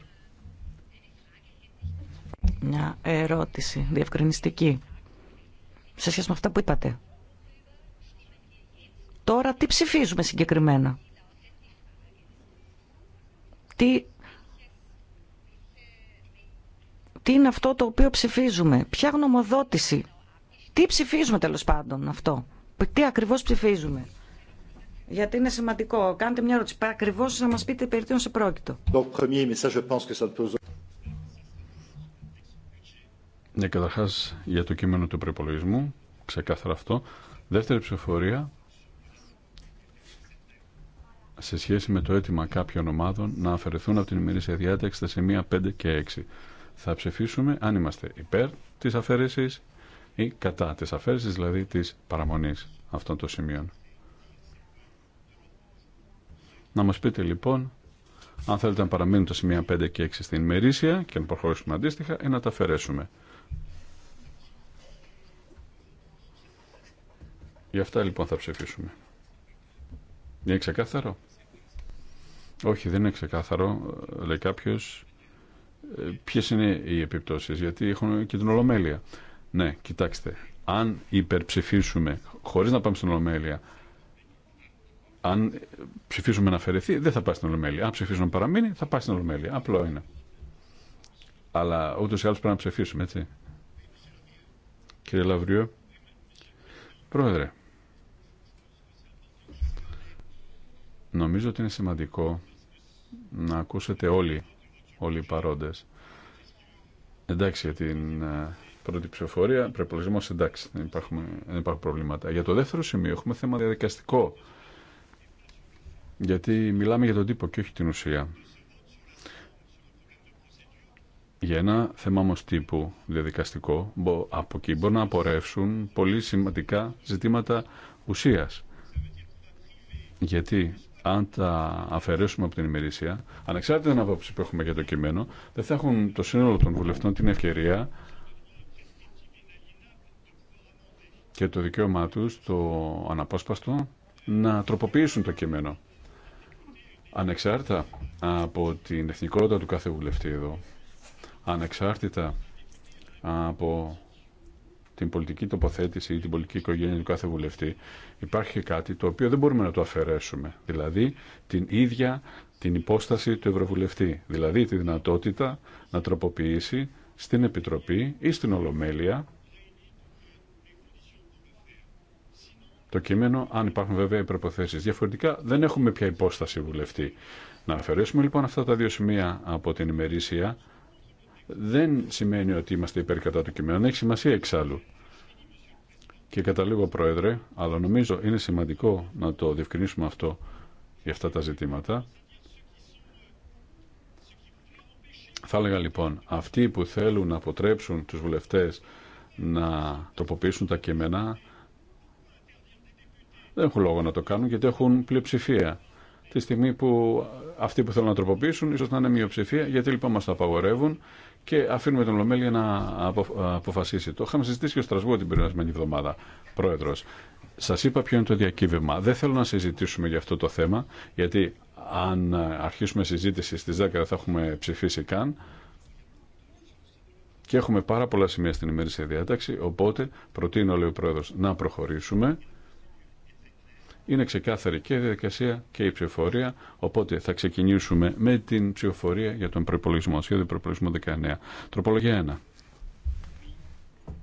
Μια ερώτηση διευκρινιστική σε σχέση με αυτά που είπατε. Τώρα τι ψηφίζουμε συγκεκριμένα τι, είναι αυτό το οποίο ψηφίζουμε, ποια γνωμοδότηση, τι ψηφίζουμε τέλος πάντων αυτό, τι ακριβώς ψηφίζουμε. Γιατί είναι σημαντικό. Κάντε μια ερώτηση. Ακριβώ να μα πείτε περί σε πρόκειτο. Ναι, καταρχά για το κείμενο του προπολογισμού, ξεκάθαρα αυτό. Δεύτερη ψηφοφορία σε σχέση με το αίτημα κάποιων ομάδων να αφαιρεθούν από την ημερήσια διάταξη τα σημεία 5 και 6. Θα ψηφίσουμε αν είμαστε υπέρ τη αφαιρεση ή κατά τη αφαίρεσης, δηλαδή τη παραμονή αυτών των σημείων. Να μας πείτε λοιπόν αν θέλετε να παραμείνουν τα σημεία 5 και 6 στην ημερήσια και να προχωρήσουμε αντίστοιχα ή να τα αφαιρέσουμε. Γι' αυτά λοιπόν θα ψηφίσουμε. Είναι ξεκάθαρο. Όχι, δεν είναι ξεκάθαρο, λέει κάποιο, ε, ποιε είναι οι επιπτώσει, γιατί έχουν και την Ολομέλεια. Ναι, κοιτάξτε, αν υπερψηφίσουμε χωρί να πάμε στην Ολομέλεια, αν ψηφίσουμε να αφαιρεθεί, δεν θα πάει στην Ολομέλεια. Αν ψηφίσουμε να παραμείνει, θα πάει στην Ολομέλεια. Απλό είναι. Αλλά ούτω ή άλλω πρέπει να ψηφίσουμε, έτσι. Κύριε Λαβριό, Πρόεδρε, νομίζω ότι είναι σημαντικό να ακούσετε όλοι, όλοι οι παρόντες. Εντάξει για την ε, πρώτη ψηφοφορία, προπολογισμό εντάξει, δεν, υπάρχουν, δεν υπάρχουν προβλήματα. Για το δεύτερο σημείο έχουμε θέμα διαδικαστικό. Γιατί μιλάμε για τον τύπο και όχι την ουσία. Για ένα θέμα όμω τύπου διαδικαστικό, από εκεί μπορούν να απορρεύσουν πολύ σημαντικά ζητήματα ουσίας. Γιατί αν τα αφαιρέσουμε από την ημερήσια, ανεξάρτητα την άποψη που έχουμε για το κείμενο, δεν θα έχουν το σύνολο των βουλευτών την ευκαιρία και το δικαίωμά του το αναπόσπαστο, να τροποποιήσουν το κείμενο. Ανεξάρτητα από την εθνικότητα του κάθε βουλευτή εδώ, ανεξάρτητα από την πολιτική τοποθέτηση ή την πολιτική οικογένεια του κάθε βουλευτή, υπάρχει κάτι το οποίο δεν μπορούμε να το αφαιρέσουμε. Δηλαδή την ίδια την υπόσταση του Ευρωβουλευτή. Δηλαδή τη δυνατότητα να τροποποιήσει στην Επιτροπή ή στην Ολομέλεια το κείμενο, αν υπάρχουν βέβαια οι προποθέσει. Διαφορετικά δεν έχουμε πια υπόσταση βουλευτή. Να αφαιρέσουμε λοιπόν αυτά τα δύο σημεία από την ημερήσια δεν σημαίνει ότι είμαστε υπέρ κατά του κειμένου. Δεν έχει σημασία εξάλλου. Και καταλήγω, Πρόεδρε, αλλά νομίζω είναι σημαντικό να το διευκρινίσουμε αυτό για αυτά τα ζητήματα. Θα έλεγα λοιπόν, αυτοί που θέλουν να αποτρέψουν τους βουλευτές να τροποποιήσουν τα κείμενα δεν έχουν λόγο να το κάνουν γιατί έχουν πλειοψηφία. Τη στιγμή που αυτοί που θέλουν να τροποποιήσουν ίσως να είναι μειοψηφία γιατί λοιπόν μας τα απαγορεύουν και αφήνουμε τον Λομέλη να αποφασίσει. Το είχαμε συζητήσει και ο Στρασβούργο την περασμένη εβδομάδα, πρόεδρο. Σα είπα ποιο είναι το διακύβευμα. Δεν θέλω να συζητήσουμε για αυτό το θέμα, γιατί αν αρχίσουμε συζήτηση στι 10 δεν θα έχουμε ψηφίσει καν. Και έχουμε πάρα πολλά σημεία στην ημερήσια διάταξη, οπότε προτείνω, λέει ο Πρόεδρος, να προχωρήσουμε είναι ξεκάθαρη και η διαδικασία και η ψηφοφορία. Οπότε θα ξεκινήσουμε με την ψηφοφορία για τον προπολογισμό, σχέδιο προπολογισμού 19. Τροπολογία 1.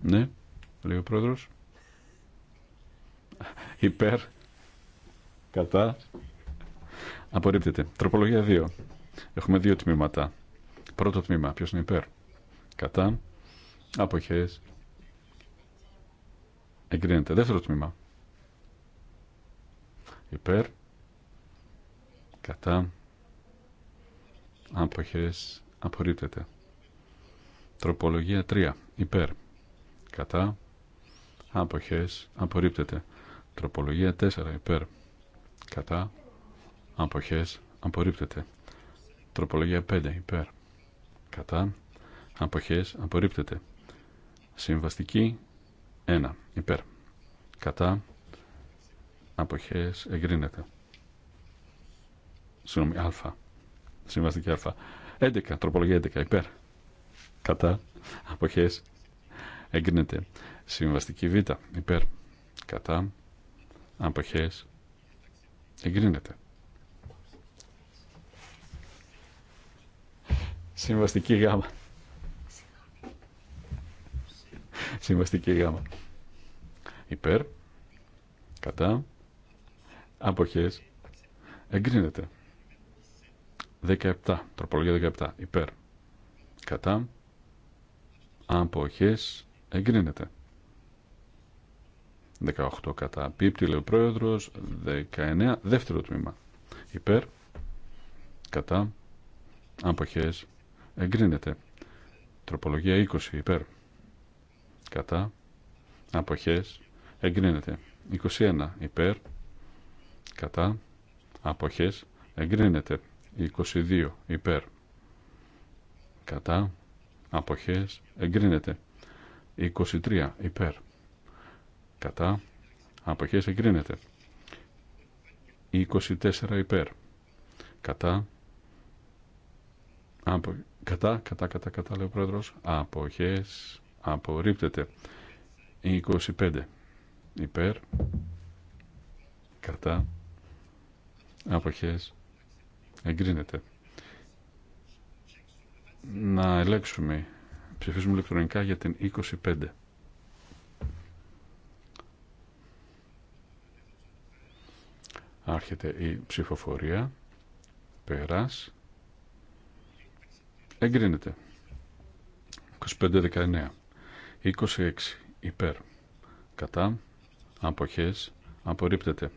Ναι, λέει ο πρόεδρο. Υπέρ. Κατά. Απορρίπτεται. Τροπολογία 2. Έχουμε δύο τμήματα. Πρώτο τμήμα. Ποιο είναι υπέρ. Κατά. Αποχές. Εγκρίνεται. Δεύτερο τμήμα υπέρ κατά άποχες απορρίπτεται τροπολογία 3 υπέρ κατά άποχες απορρίπτεται τροπολογία 4 υπέρ κατά άποχες απορρίπτεται τροπολογία 5 υπέρ κατά αποχές απορρίπτεται συμβαστική 1 υπέρ κατά αποχές εγκρίνεται. Συγγνώμη, α. Συμβαστική α. 11, τροπολογία 11, υπέρ. Κατά, αποχές εγκρίνεται. Συμβαστική β, υπέρ. Κατά, αποχές εγκρίνεται. Συμβαστική γάμα. Συμβαστική γάμα. Υπέρ. Κατά. Αποχές. Εγκρίνεται. 17. Τροπολογία 17. Υπέρ. Κατά. Αποχές. Εγκρίνεται. 18 κατά πίπτη, λέει ο πρόεδρος, 19, δεύτερο τμήμα. Υπέρ, κατά, αποχές, εγκρίνεται. Τροπολογία 20, υπέρ, κατά, αποχές, εγκρίνεται. 21, υπέρ, κατά αποχές εγκρίνεται 22 υπέρ κατά αποχές εγκρίνεται 23 υπέρ κατά αποχές εγκρίνεται 24 υπέρ κατά απο, κατά κατά κατά κατά λέει ο πρόεδρος αποχές απορρίπτεται 25 υπέρ κατά αποχές εγκρίνεται να ελέγξουμε ψηφίζουμε ηλεκτρονικά για την 25 άρχεται η ψηφοφορία περάς εγκρίνεται 25-19 26 υπέρ κατά αποχές απορρίπτεται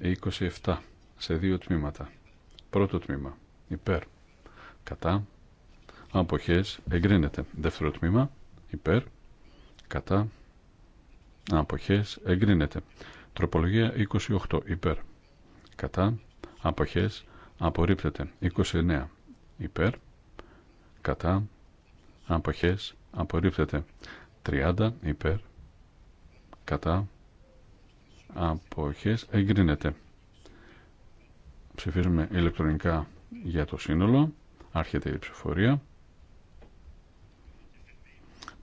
27 σε δύο τμήματα. Πρώτο τμήμα. Υπέρ. Κατά. Αποχές. Εγκρίνεται. Δεύτερο τμήμα. Υπέρ. Κατά. Αποχές. Εγκρίνεται. Τροπολογία 28. Υπέρ. Κατά. Αποχές. Απορρίπτεται. 29. Υπέρ. Κατά. Αποχές. Απορρίπτεται. 30. Υπέρ. Κατά. Αποχές. Εγκρίνεται. Ψηφίζουμε ηλεκτρονικά για το σύνολο. Άρχεται η ψηφορία.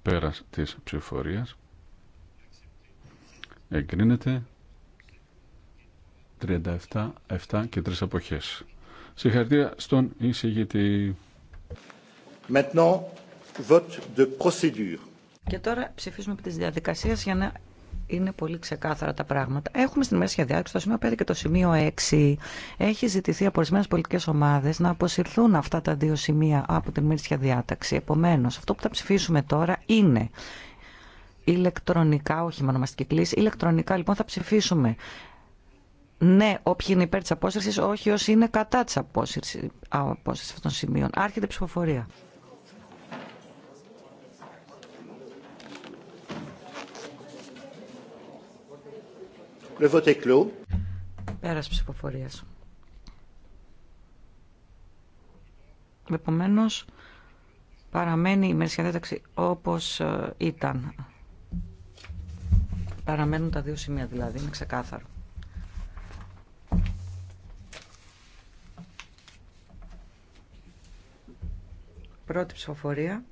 Πέρας της ψηφορίας. Εγκρίνεται 37, 7 και 3 αποχές. Συγχαρητήρια στον εισηγητή. Maintenant, vote de procédure. Και τώρα ψηφίζουμε από τις διαδικασίες για να είναι πολύ ξεκάθαρα τα πράγματα. Έχουμε στην μέση διάταξη το σημείο 5 και το σημείο 6. Έχει ζητηθεί από ορισμένε πολιτικέ ομάδε να αποσυρθούν αυτά τα δύο σημεία από την μέση διάταξη. Επομένω, αυτό που θα ψηφίσουμε τώρα είναι ηλεκτρονικά, όχι με ονομαστική κλίση. Ηλεκτρονικά λοιπόν θα ψηφίσουμε ναι, όποιοι είναι υπέρ τη απόσυρση, όχι όσοι είναι κατά τη απόσυρση αυτών των σημείων. Άρχεται η ψηφοφορία. Le vote est Πέρας ψηφοφορίας. παραμένει η ημερήσια διάταξη όπως ε, ήταν. Παραμένουν τα δύο σημεία δηλαδή, είναι ξεκάθαρο. Πρώτη ψηφοφορία.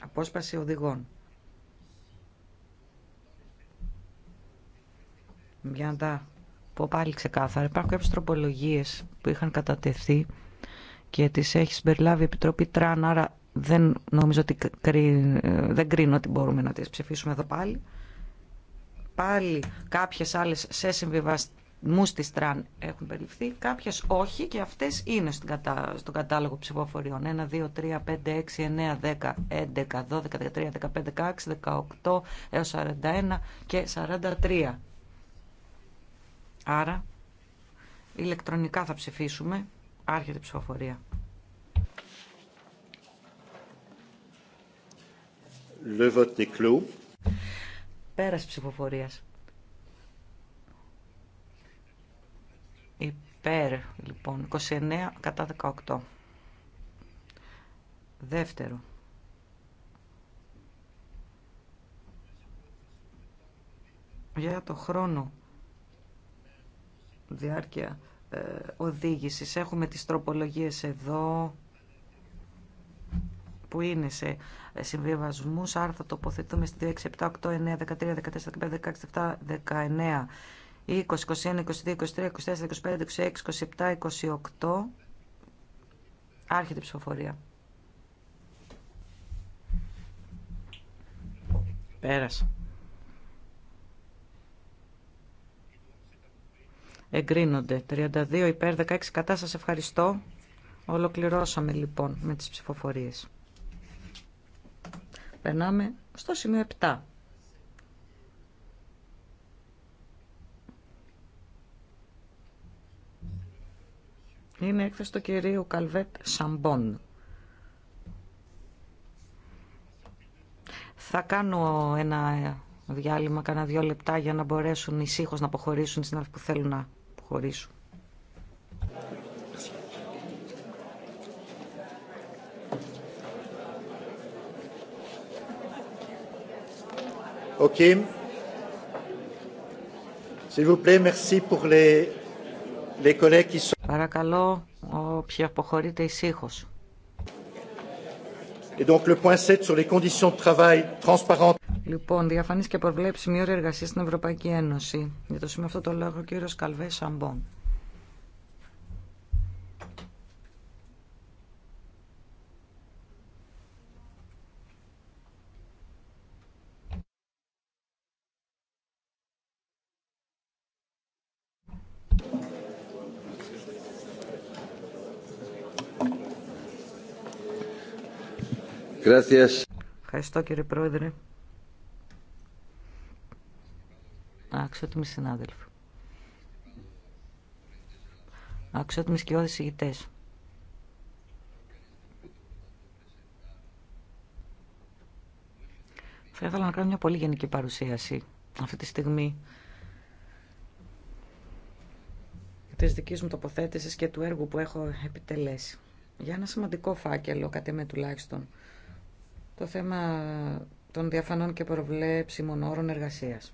Απόσπαση οδηγών. για να τα πω πάλι ξεκάθαρα. Υπάρχουν κάποιες τροπολογίες που είχαν κατατεθεί και τις έχει συμπεριλάβει η Επιτροπή Τραν, άρα δεν νομίζω ότι δεν κρίνω ότι μπορούμε να τις ψηφίσουμε εδώ πάλι. Πάλι κάποιες άλλες σε συμβιβασμούς της Τραν έχουν περιληφθεί, κάποιες όχι και αυτές είναι στον, κατά, στον κατάλογο ψηφοφοριών. 1, 2, 3, 5, 6, 9, 10, 11, 12, 13, 15, 16, 18 έως 41 και 43. Άρα, ηλεκτρονικά θα ψηφίσουμε. Άρχεται η ψηφοφορία. Le vote est clos. Πέρας ψηφοφορίας. Υπέρ, λοιπόν, 29 κατά 18. Δεύτερο. Για το χρόνο διάρκεια οδήγησης. Έχουμε τις τροπολογίες εδώ που είναι σε συμβιβασμούς. Άρα θα τοποθετούμε στη 2, 6, 7, 8, 9, 13, 14, 15, 16, 17, 19, 20, 21, 22, 23, 24, 25, 26, 27, 28. Άρχεται η ψηφοφορία. Πέρασε. εγκρίνονται. 32 υπέρ 16 κατά. Σας ευχαριστώ. Ολοκληρώσαμε λοιπόν με τις ψηφοφορίες. Περνάμε στο σημείο 7. Είναι έκθεση του κυρίου Καλβέτ Σαμπόν. Θα κάνω ένα διάλειμμα, κάνα δύο λεπτά για να μπορέσουν ησύχως να αποχωρήσουν οι συνάδελφοι που θέλουν να προχωρήσουν. s'il Vous plaît, merci pour les... Les collègues qui sont... Παρακαλώ, όποιοι αποχωρείτε ησύχω. Et donc le point 7 sur les conditions de travail transparentes. Λοιπόν, διαφανής και προβλέψιμη ώρα εργασία στην Ευρωπαϊκή Ένωση. Για το σημείο αυτό το λόγο ο κύριος Καλβέ Σαμπόν. Gracias. Ευχαριστώ κύριε Πρόεδρε. αξιότιμοι συνάδελφοι, αξιότιμοι σκιώδεις ηγητές, θα ήθελα να κάνω μια πολύ γενική παρουσίαση αυτή τη στιγμή της δικής μου τοποθέτησης και του έργου που έχω επιτελέσει. Για ένα σημαντικό φάκελο, κατά με τουλάχιστον, το θέμα των διαφανών και προβλέψιμων όρων εργασίας.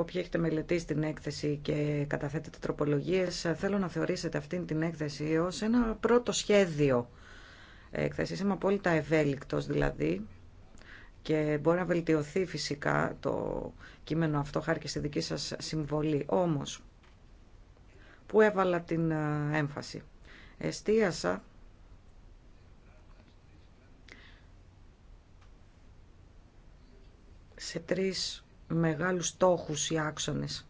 Όποιοι έχετε μελετήσει την έκθεση και καταθέτετε τροπολογίες, θέλω να θεωρήσετε αυτήν την έκθεση ως ένα πρώτο σχέδιο έκθεσης. Είμαι απόλυτα ευέλικτος δηλαδή και μπορεί να βελτιωθεί φυσικά το κείμενο αυτό χάρη και στη δική σας συμβολή. Όμως, που έβαλα την ε, έμφαση. Εστίασα σε τρεις μεγάλους στόχους οι άξονες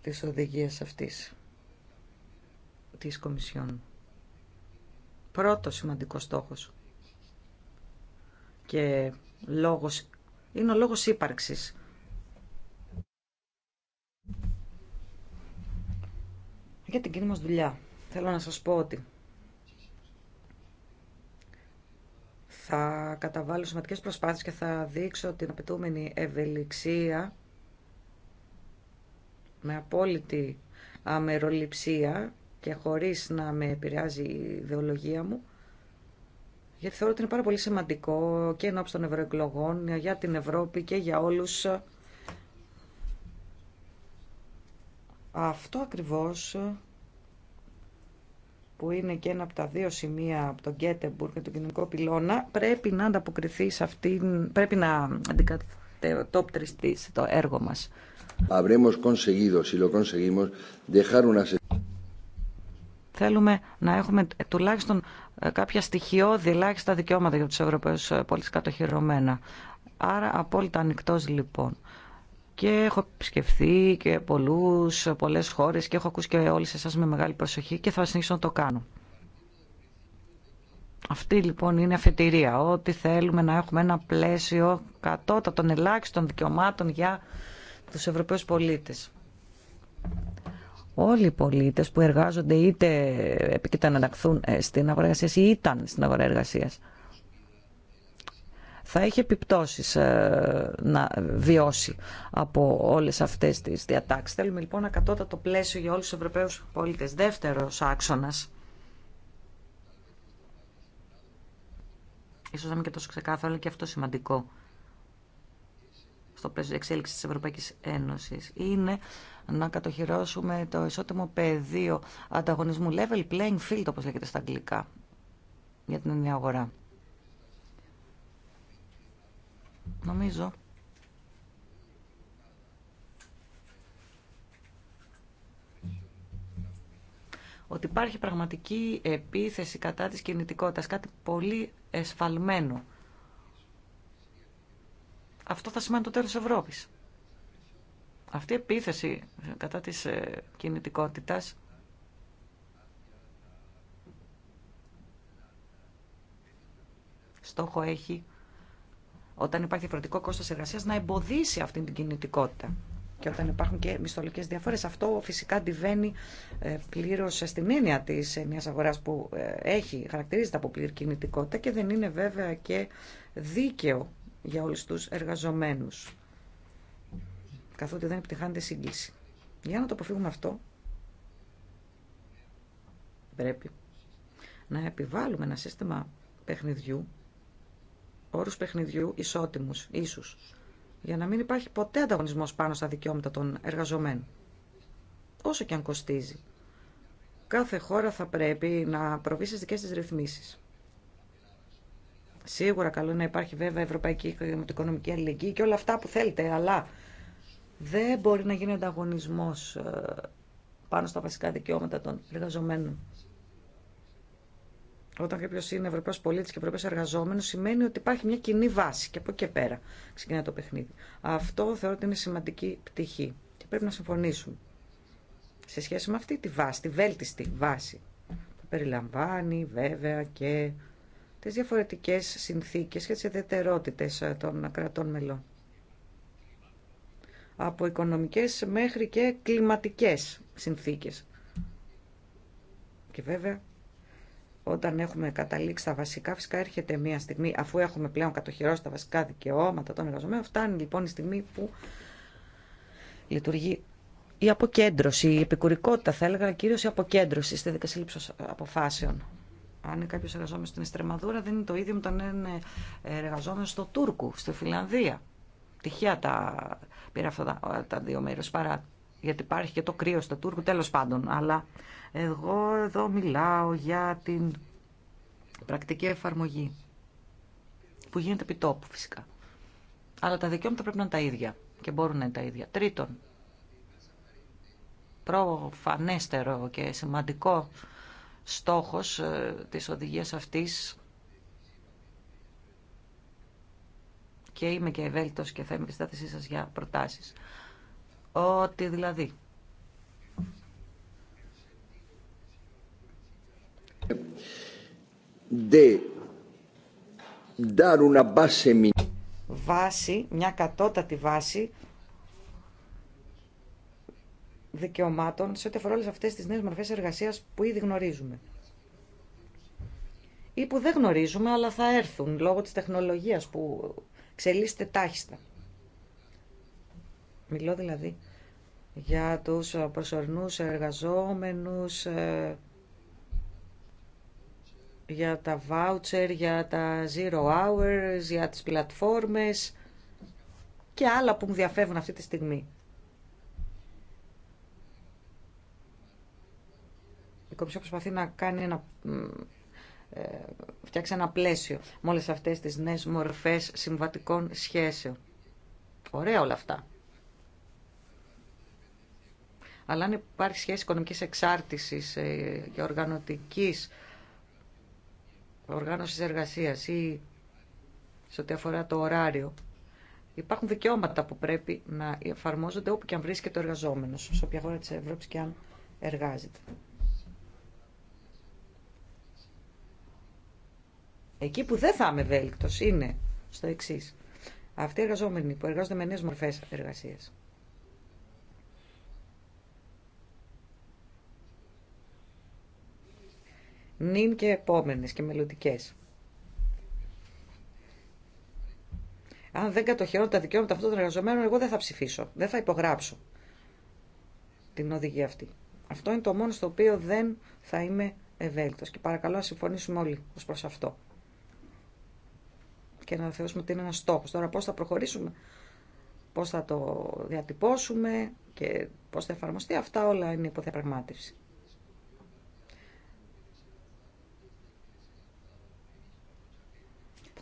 της οδηγίας αυτής της Κομισιόν. Πρώτο σημαντικό στόχος και λόγος, είναι ο λόγος ύπαρξης. Για την κοινή δουλειά. Θέλω να σας πω ότι θα καταβάλω σημαντικές προσπάθειες και θα δείξω την απαιτούμενη ευελιξία με απόλυτη αμεροληψία και χωρίς να με επηρεάζει η ιδεολογία μου γιατί θεωρώ ότι είναι πάρα πολύ σημαντικό και ενώπιση των ευρωεκλογών για την Ευρώπη και για όλους αυτό ακριβώς που είναι και ένα από τα δύο σημεία από τον Γκέτεμπουργκ και τον κοινωνικό πυλώνα, πρέπει να ανταποκριθεί σε αυτήν, πρέπει να αντικατοπτριστεί το έργο μα. Θέλουμε να έχουμε τουλάχιστον ε, κάποια στοιχειώδη ελάχιστα δικαιώματα για τους Ευρωπαίους ε, το κατοχυρωμένα. Άρα απόλυτα ανοιχτό λοιπόν και έχω επισκεφθεί και πολλούς, πολλές χώρες και έχω ακούσει και όλες εσάς με μεγάλη προσοχή και θα συνεχίσω να το κάνω. Αυτή λοιπόν είναι αφετηρία, ότι θέλουμε να έχουμε ένα πλαίσιο κατώτατων ελάχιστων δικαιωμάτων για τους Ευρωπαίους πολίτες. Όλοι οι πολίτες που εργάζονται είτε επικοινωνιακούν στην αγορά εργασίας ή ήταν στην αγορά εργασίας θα έχει επιπτώσεις ε, να βιώσει από όλες αυτές τις διατάξεις. Θέλουμε λοιπόν ένα το πλαίσιο για όλους τους Ευρωπαίους πολίτε Δεύτερο άξονα. Ίσως να μην και τόσο ξεκάθαρο, αλλά και αυτό σημαντικό στο πλαίσιο εξέλιξη τη Ευρωπαϊκής Ένωσης είναι να κατοχυρώσουμε το ισότιμο πεδίο ανταγωνισμού level playing field όπω λέγεται στα αγγλικά για την ενιαία αγορά. Νομίζω ότι υπάρχει πραγματική επίθεση κατά της κινητικότητας, κάτι πολύ εσφαλμένο. Αυτό θα σημαίνει το τέλος Ευρώπης. Αυτή η επίθεση κατά της ε, κινητικότητας στόχο έχει όταν υπάρχει διαφορετικό κόστος εργασίας να εμποδίσει αυτή την κινητικότητα. Και όταν υπάρχουν και μισθολογικές διαφορές, αυτό φυσικά αντιβαίνει ε, πλήρως στην έννοια τη μια αγοράς που ε, έχει, χαρακτηρίζεται από πλήρη κινητικότητα και δεν είναι βέβαια και δίκαιο για όλους τους εργαζομένους, καθότι δεν επιτυχάνεται σύγκληση. Για να το αποφύγουμε αυτό, πρέπει να επιβάλλουμε ένα σύστημα παιχνιδιού όρου παιχνιδιού ισότιμους, ίσους, για να μην υπάρχει ποτέ ανταγωνισμός πάνω στα δικαιώματα των εργαζομένων, όσο και αν κοστίζει. Κάθε χώρα θα πρέπει να προβεί στις δικέ τη ρυθμίσεις. Σίγουρα καλό είναι να υπάρχει βέβαια ευρωπαϊκή οικονομική αλληλεγγύη και όλα αυτά που θέλετε, αλλά δεν μπορεί να γίνει ανταγωνισμό ε, πάνω στα βασικά δικαιώματα των εργαζομένων. Όταν κάποιο είναι Ευρωπαίο πολίτη και Ευρωπαίο εργαζόμενο, σημαίνει ότι υπάρχει μια κοινή βάση και από εκεί και πέρα ξεκινά το παιχνίδι. Αυτό θεωρώ ότι είναι σημαντική πτυχή και πρέπει να συμφωνήσουμε σε σχέση με αυτή τη βάση, τη βέλτιστη βάση που περιλαμβάνει βέβαια και τις διαφορετικές συνθήκες και τις ιδιαιτερότητες ε, των κρατών μελών. Από οικονομικές μέχρι και κλιματικές συνθήκες. Και βέβαια όταν έχουμε καταλήξει τα βασικά, φυσικά έρχεται μια στιγμή, αφού έχουμε πλέον κατοχυρώσει τα βασικά δικαιώματα των εργαζομένων, φτάνει λοιπόν η στιγμή που λειτουργεί η αποκέντρωση, η επικουρικότητα θα έλεγα, κυρίω η αποκέντρωση στη δικασία λήψη αποφάσεων. Αν είναι κάποιο εργαζόμενο στην Εστρεμαδούρα, δεν είναι το ίδιο με τον είναι εργαζόμενο στο Τούρκου, στη Φιλανδία. Τυχαία τα πήρα αυτά τα, δύο μέρη παρά. Γιατί υπάρχει και το κρύο στο Τούρκου, τέλο πάντων. Αλλά εγώ εδώ μιλάω για την πρακτική εφαρμογή που γίνεται επί τόπου φυσικά. Αλλά τα δικαιώματα πρέπει να είναι τα ίδια και μπορούν να είναι τα ίδια. Τρίτον, προφανέστερο και σημαντικό στόχος ε, της οδηγίας αυτής και είμαι και ευέλικτος και θα είμαι στη σας για προτάσεις. Ότι δηλαδή de dar una βάση, μια κατώτατη βάση δικαιωμάτων σε ό,τι αφορά όλες αυτές τις νέες μορφές εργασίας που ήδη γνωρίζουμε. Ή που δεν γνωρίζουμε, αλλά θα έρθουν λόγω της τεχνολογίας που ξελίσσεται τάχιστα. Μιλώ δηλαδή για τους προσωρινούς εργαζόμενους, ε, για τα voucher, για τα zero hours, για τις πλατφόρμες και άλλα που μου διαφεύγουν αυτή τη στιγμή. Η Κομισιό προσπαθεί να κάνει ένα, ε, φτιάξει ένα πλαίσιο με όλες αυτές τις νέες μορφές συμβατικών σχέσεων. Ωραία όλα αυτά. Αλλά αν υπάρχει σχέση οικονομικής εξάρτησης ε, και οργανωτικής Οργάνωση εργασίας ή σε ό,τι αφορά το ωράριο. Υπάρχουν δικαιώματα που πρέπει να εφαρμόζονται όπου και αν βρίσκεται ο εργαζόμενο σε όποια χώρα τη Ευρώπη και αν εργάζεται. Εκεί που δεν θα είμαι ευέλικτο είναι στο εξή. Αυτοί οι εργαζόμενοι που εργάζονται με νέες μορφές εργασία. νυν και επόμενες και μελλοντικέ. Αν δεν κατοχυρώνω τα δικαιώματα αυτών των εργαζομένων, εγώ δεν θα ψηφίσω, δεν θα υπογράψω την οδηγία αυτή. Αυτό είναι το μόνο στο οποίο δεν θα είμαι ευέλικτος και παρακαλώ να συμφωνήσουμε όλοι ως προς αυτό. Και να θεωρήσουμε ότι είναι ένας στόχος. Τώρα πώς θα προχωρήσουμε, πώς θα το διατυπώσουμε και πώς θα εφαρμοστεί, αυτά όλα είναι υποδιαπραγμάτευση.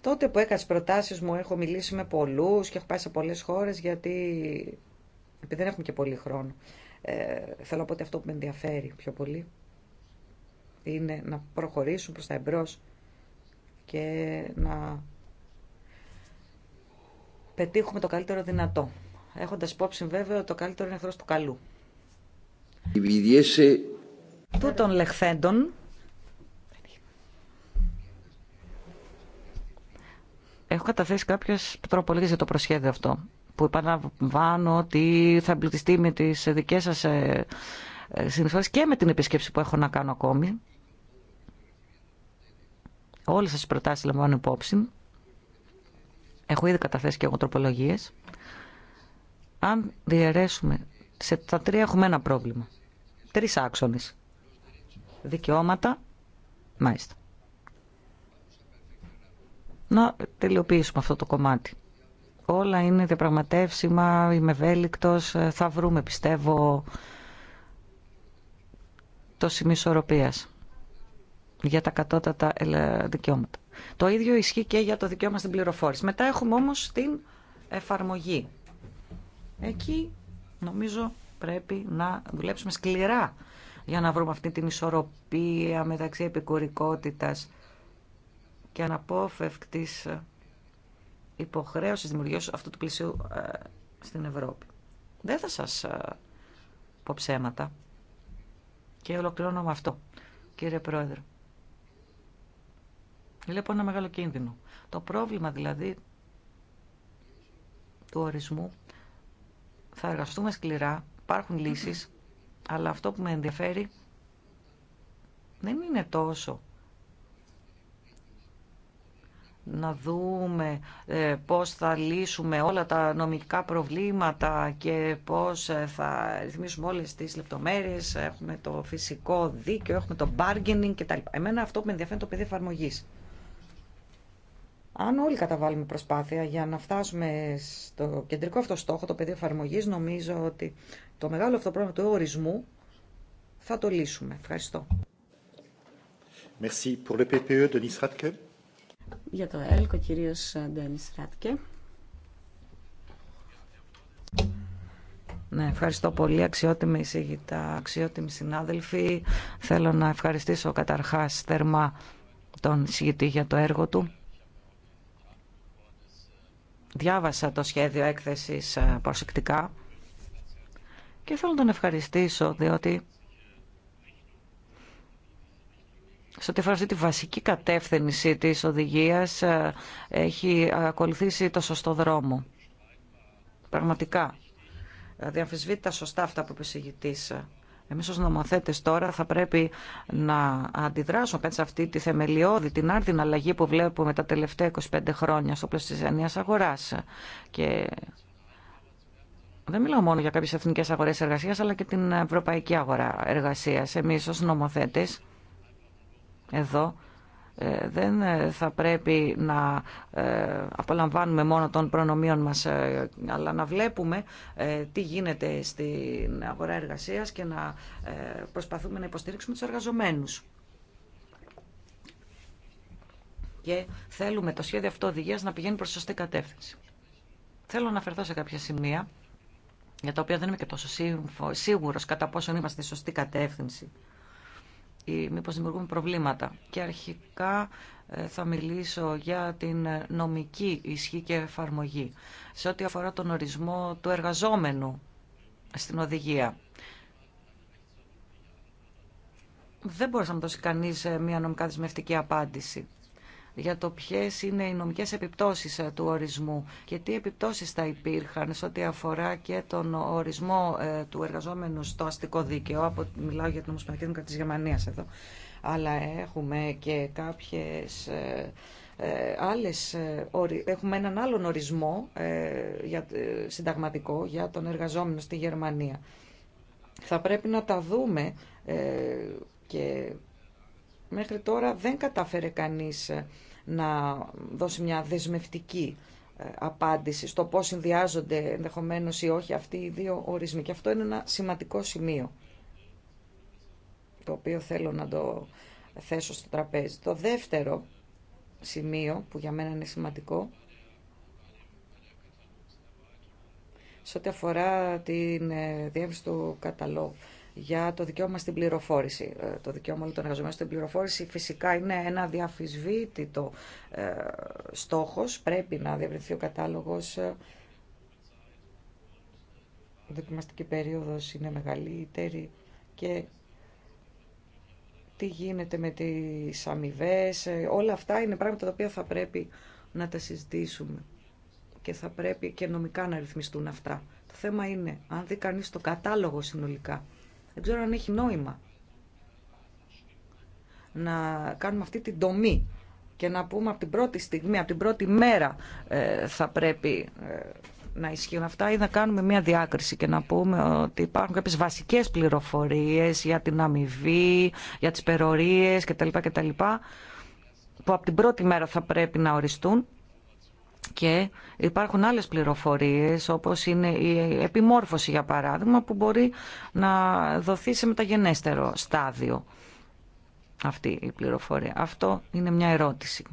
Τότε που έκανα τι προτάσει μου, έχω μιλήσει με πολλού και έχω πάει σε πολλέ χώρε γιατί. επειδή δεν έχουμε και πολύ χρόνο. Ε, θέλω να πω ότι αυτό που με ενδιαφέρει πιο πολύ είναι να προχωρήσουν προς τα εμπρός και να πετύχουμε το καλύτερο δυνατό. Έχοντας υπόψη βέβαια ότι το καλύτερο είναι εχθρό του καλού. Τούτων λεχθέντων Έχω καταθέσει κάποιε τροπολογίε για το προσχέδιο αυτό. Που επαναλαμβάνω ότι θα εμπλουτιστεί με τι δικέ σα ε, ε, συνεισφορέ και με την επισκέψη που έχω να κάνω ακόμη. Όλε σα τι προτάσει λαμβάνω υπόψη. Έχω ήδη καταθέσει και εγώ τροπολογίε. Αν διαιρέσουμε, σε τα τρία έχουμε ένα πρόβλημα. Τρει άξονε. Δικαιώματα, μάλιστα να τελειοποιήσουμε αυτό το κομμάτι. Όλα είναι διαπραγματεύσιμα, είμαι ευέλικτο, ε, θα βρούμε πιστεύω το σημείο ισορροπίας για τα κατώτατα ε, δικαιώματα. Το ίδιο ισχύει και για το δικαίωμα στην πληροφόρηση. Μετά έχουμε όμως την εφαρμογή. Εκεί νομίζω πρέπει να δουλέψουμε σκληρά για να βρούμε αυτή την ισορροπία μεταξύ επικουρικότητας και αναπόφευκτης υποχρέωσης δημιουργίας αυτού του πλησίου ε, στην Ευρώπη. Δεν θα σας ε, πω ψέματα και ολοκληρώνω με αυτό, κύριε Πρόεδρε. Βλέπω ένα μεγάλο κίνδυνο. Το πρόβλημα δηλαδή του ορισμού θα εργαστούμε σκληρά, υπάρχουν λύσεις, αλλά αυτό που με ενδιαφέρει δεν είναι τόσο να δούμε ε, πώς θα λύσουμε όλα τα νομικά προβλήματα και πώς ε, θα ρυθμίσουμε όλες τις λεπτομέρειες. Έχουμε το φυσικό δίκαιο, έχουμε το bargaining κτλ. Εμένα αυτό που με ενδιαφέρει το πεδίο εφαρμογή. Αν όλοι καταβάλουμε προσπάθεια για να φτάσουμε στο κεντρικό αυτό στόχο, το πεδίο εφαρμογή, νομίζω ότι το μεγάλο αυτό πρόβλημα του ορισμού θα το λύσουμε. Ευχαριστώ. Merci pour le PPE, Denis Radke για το έλκο ο κυρίος ε, Ντένις Ράτκε. Ναι, ευχαριστώ πολύ αξιότιμη εισηγητά, αξιότιμοι συνάδελφοι. Θέλω να ευχαριστήσω καταρχάς θερμά τον εισηγητή για το έργο του. Διάβασα το σχέδιο έκθεσης ε, προσεκτικά και θέλω να τον ευχαριστήσω διότι σε ό,τι αφορά αυτή τη βασική κατεύθυνση της οδηγίας ε, έχει ακολουθήσει το σωστό δρόμο. Πραγματικά. Διαμφισβείται δηλαδή, τα σωστά αυτά που είπε Εμείς ως νομοθέτες τώρα θα πρέπει να αντιδράσουμε πέτσα αυτή τη θεμελιώδη, την άρδην αλλαγή που βλέπουμε τα τελευταία 25 χρόνια στο πλαίσιο της ενίας αγοράς. Και δεν μιλάω μόνο για κάποιες εθνικές αγορές εργασίας, αλλά και την ευρωπαϊκή αγορά εργασίας. Εμείς ως νομοθέτε εδώ ε, δεν ε, θα πρέπει να ε, απολαμβάνουμε μόνο των προνομίων μας, αλλά να βλέπουμε τι γίνεται στην αγορά εργασίας και να προσπαθούμε να υποστηρίξουμε τους εργαζομένους. Και θέλουμε το σχέδιο αυτό να πηγαίνει προς σωστή κατεύθυνση. Θέλω να αφαιρθώ σε κάποια σημεία, για τα οποία δεν είμαι και τόσο σίγουρος κατά πόσον είμαστε στη σωστή κατεύθυνση ή μήπως δημιουργούμε προβλήματα. Και αρχικά ε, θα μιλήσω για την νομική ισχύ και εφαρμογή σε ό,τι αφορά τον ορισμό του εργαζόμενου στην οδηγία. Δεν μπορούσε να δώσει κανείς ε, μια νομικά δεσμευτική απάντηση για το ποιε είναι οι νομικέ επιπτώσεις ε, του ορισμού και τι επιπτώσεις θα υπήρχαν σε ό,τι αφορά και τον ορισμό ε, του εργαζόμενου στο αστικό δίκαιο. Από, μιλάω για την Ομοσπονδιακή Δημοκρατία της Γερμανίας εδώ. Αλλά έχουμε και κάποιες ε, άλλες, έχουμε έναν άλλον ορισμό για, συνταγματικό για τον εργαζόμενο στη Γερμανία. Θα πρέπει να τα δούμε και μέχρι τώρα δεν κατάφερε κανείς να δώσει μια δεσμευτική ε, απάντηση στο πώς συνδυάζονται ενδεχομένως ή όχι αυτοί οι δύο ορισμοί. Και αυτό είναι ένα σημαντικό σημείο το οποίο θέλω να το θέσω στο τραπέζι. Το δεύτερο σημείο που για μένα είναι σημαντικό σε ό,τι αφορά την ε, διεύρυνση του καταλόγου για το δικαίωμα στην πληροφόρηση. Ε, το δικαίωμα όλων των εργαζομένων στην πληροφόρηση φυσικά είναι ένα διαφυσβήτητο ε, στόχος. Πρέπει να διευρυνθεί ο κατάλογος. Η ε, δοκιμαστική περίοδος είναι μεγαλύτερη και τι γίνεται με τις αμοιβέ. Όλα αυτά είναι πράγματα τα οποία θα πρέπει να τα συζητήσουμε και θα πρέπει και νομικά να ρυθμιστούν αυτά. Το θέμα είναι αν δει κανείς το κατάλογο συνολικά δεν ξέρω αν έχει νόημα να κάνουμε αυτή την τομή και να πούμε από την πρώτη στιγμή, από την πρώτη μέρα ε, θα πρέπει ε, να ισχύουν αυτά ή να κάνουμε μια διάκριση και να πούμε ότι υπάρχουν κάποιες βασικές πληροφορίες για την αμοιβή, για τις περορίες κτλ. κτλ που από την πρώτη μέρα θα πρέπει να οριστούν και υπάρχουν άλλες πληροφορίες όπως είναι η επιμόρφωση για παράδειγμα που μπορεί να δοθεί σε μεταγενέστερο στάδιο αυτή η πληροφορία. Αυτό είναι μια ερώτηση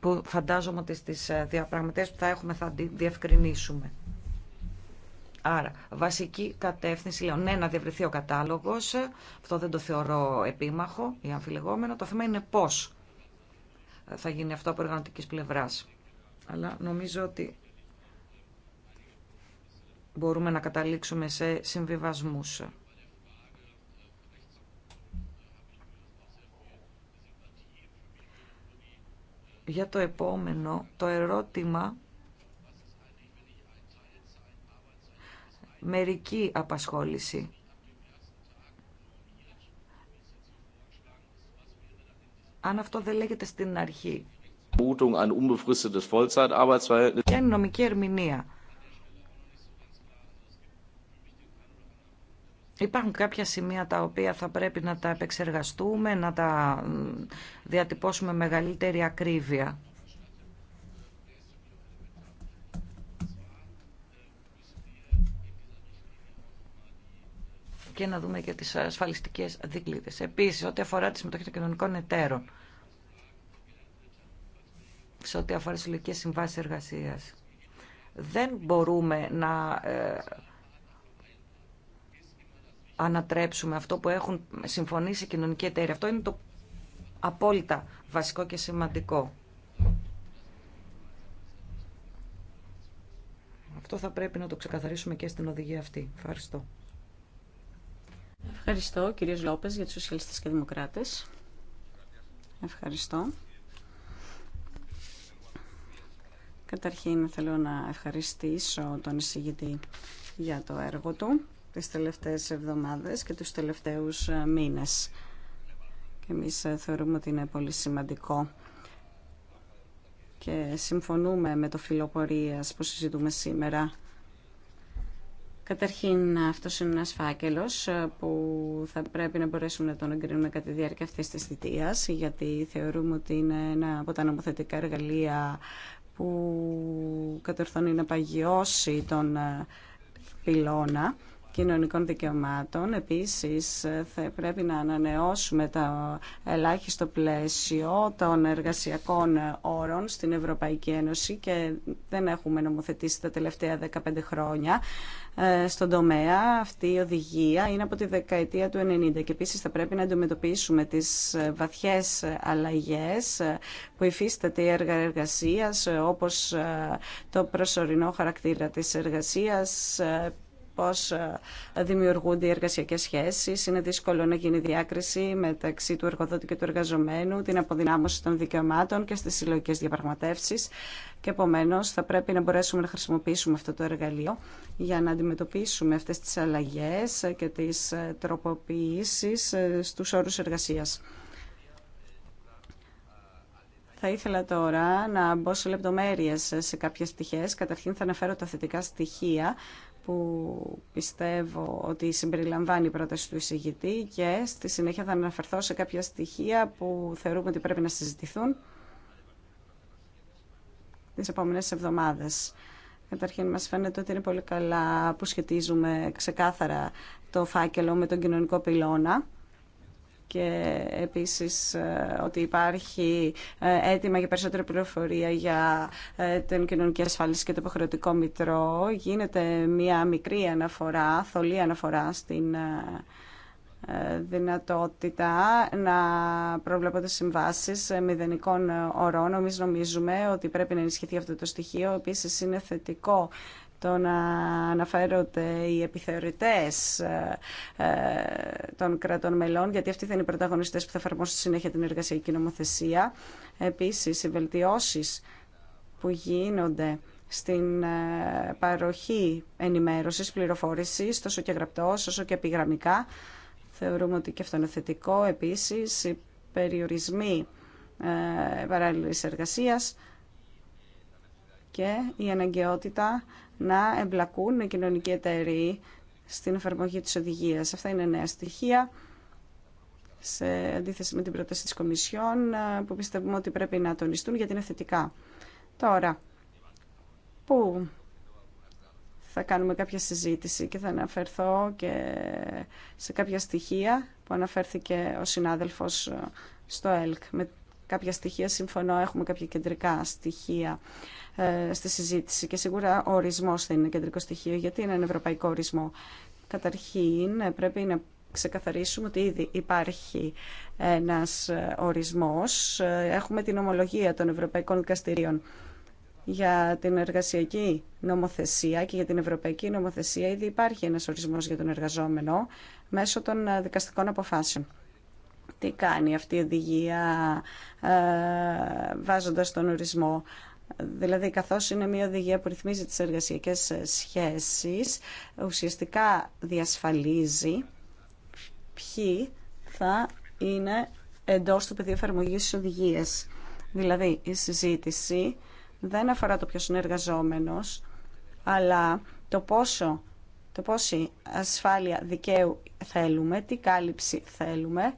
που φαντάζομαι ότι στις ε, διαπραγματεύσεις που θα έχουμε θα διευκρινίσουμε. Άρα, βασική κατεύθυνση, λέω, ναι, να διευρυνθεί ο κατάλογος, ε, αυτό δεν το θεωρώ επίμαχο ή αμφιλεγόμενο, το θέμα είναι πώς θα γίνει αυτό από οργανωτικής πλευράς. Αλλά νομίζω ότι μπορούμε να καταλήξουμε σε συμβιβασμούς. Για το επόμενο, το ερώτημα μερική απασχόληση. αν αυτό δεν λέγεται στην αρχή. Και είναι νομική ερμηνεία. Υπάρχουν κάποια σημεία τα οποία θα πρέπει να τα επεξεργαστούμε, να τα διατυπώσουμε μεγαλύτερη ακρίβεια. και να δούμε και τις ασφαλιστικές δικλείδες. Επίσης, ό,τι αφορά τη συμμετοχή των κοινωνικών εταίρων, σε ό,τι αφορά συλλογικέ συμβάσει εργασία. Δεν μπορούμε να ε, ανατρέψουμε αυτό που έχουν συμφωνήσει οι κοινωνικοί εταίροι. Αυτό είναι το απόλυτα βασικό και σημαντικό. Αυτό θα πρέπει να το ξεκαθαρίσουμε και στην οδηγία αυτή. Ευχαριστώ. Ευχαριστώ, κύριος Λόπες, για τους Σοσιαλιστές και Δημοκράτες. Ευχαριστώ. Καταρχήν θέλω να ευχαριστήσω τον εισηγητή για το έργο του τις τελευταίες εβδομάδες και τους τελευταίους ε, μήνες. Και εμείς ε, θεωρούμε ότι είναι πολύ σημαντικό και συμφωνούμε με το φιλοπορίας που συζητούμε σήμερα. Καταρχήν αυτός είναι ένας φάκελος ε, που θα πρέπει να μπορέσουμε να τον εγκρίνουμε κατά τη διάρκεια αυτής της θητείας γιατί θεωρούμε ότι είναι ένα από τα νομοθετικά εργαλεία που κατορθώνει να παγιώσει τον ε, πυλώνα κοινωνικών δικαιωμάτων. Επίσης, θα πρέπει να ανανεώσουμε το ελάχιστο πλαίσιο των εργασιακών όρων στην Ευρωπαϊκή Ένωση και δεν έχουμε νομοθετήσει τα τελευταία 15 χρόνια ε, στον τομέα. Αυτή η οδηγία είναι από τη δεκαετία του 90 και επίσης θα πρέπει να αντιμετωπίσουμε τις βαθιές αλλαγές που υφίσταται η έργα εργασίας όπως ε, το προσωρινό χαρακτήρα της εργασίας, πώς ε, δημιουργούνται οι εργασιακές σχέσεις. Είναι δύσκολο να γίνει διάκριση μεταξύ του εργοδότη και του εργαζομένου, την αποδυνάμωση των δικαιωμάτων και στις συλλογικέ διαπραγματεύσεις. Και επομένω θα πρέπει να μπορέσουμε να χρησιμοποιήσουμε αυτό το εργαλείο για να αντιμετωπίσουμε αυτές τις αλλαγέ και τι ε, τροποποιήσεις ε, στου όρου εργασία. Θα ήθελα τώρα να μπω σε λεπτομέρειες σε κάποιες πτυχές. Καταρχήν θα αναφέρω τα θετικά στοιχεία που πιστεύω ότι συμπεριλαμβάνει η πρόταση του εισηγητή και στη συνέχεια θα αναφερθώ σε κάποια στοιχεία που θεωρούμε ότι πρέπει να συζητηθούν τις επόμενες εβδομάδες. Καταρχήν μας φαίνεται ότι είναι πολύ καλά που σχετίζουμε ξεκάθαρα το φάκελο με τον κοινωνικό πυλώνα και επίσης ε, ότι υπάρχει ε, έτοιμα για περισσότερη πληροφορία για ε, την κοινωνική ασφάλιση και το υποχρεωτικό μητρό. Γίνεται μια μικρή αναφορά, θολή αναφορά στην δυνατότητα να προβλέπονται συμβάσεις μηδενικών ορών. Εμεί νομίζουμε ότι πρέπει να ενισχυθεί αυτό το στοιχείο. Επίσης είναι θετικό το να αναφέρονται οι επιθεωρητές ε, ε, των κρατών μελών, γιατί αυτοί θα είναι οι πρωταγωνιστές που θα εφαρμόσουν συνέχεια την εργασιακή νομοθεσία. Επίσης, οι βελτιώσεις που γίνονται στην ε, παροχή ενημέρωσης, πληροφόρησης, τόσο και γραπτός, όσο και επιγραμμικά. Θεωρούμε ότι και αυτό είναι θετικό. Επίσης, οι περιορισμοί παράλληλης εργασίας και η αναγκαιότητα να εμπλακούν οι κοινωνικοί εταίροι στην εφαρμογή της οδηγίας. Αυτά είναι νέα στοιχεία σε αντίθεση με την πρόταση της Κομισιόν ε, που πιστεύουμε ότι πρέπει να τονιστούν γιατί είναι θετικά. Τώρα, πού θα κάνουμε κάποια συζήτηση και θα αναφερθώ και σε κάποια στοιχεία που αναφέρθηκε ο συνάδελφος ε, στο ΕΛΚ. Με κάποια στοιχεία συμφωνώ, έχουμε κάποια κεντρικά στοιχεία ε, στη συζήτηση και σίγουρα ο ορισμός θα είναι κεντρικό στοιχείο. Γιατί είναι ένα ευρωπαϊκό ορισμό. Καταρχήν ε, πρέπει να ξεκαθαρίσουμε ότι ήδη υπάρχει ένας ε, ορισμός. Έχουμε την ομολογία των Ευρωπαϊκών Δικαστηρίων για την εργασιακή νομοθεσία και για την ευρωπαϊκή νομοθεσία ήδη υπάρχει ένας ορισμός για τον εργαζόμενο μέσω των δικαστικών αποφάσεων. Τι κάνει αυτή η οδηγία ε, βάζοντας τον ορισμό Δηλαδή, καθώς είναι μια οδηγία που ρυθμίζει τις εργασιακές σχέσεις, ουσιαστικά διασφαλίζει ποιοι θα είναι εντός του πεδίου εφαρμογή της Δηλαδή, η συζήτηση δεν αφορά το ποιος είναι εργαζόμενος, αλλά το πόσο το πόση ασφάλεια δικαίου θέλουμε, τι κάλυψη θέλουμε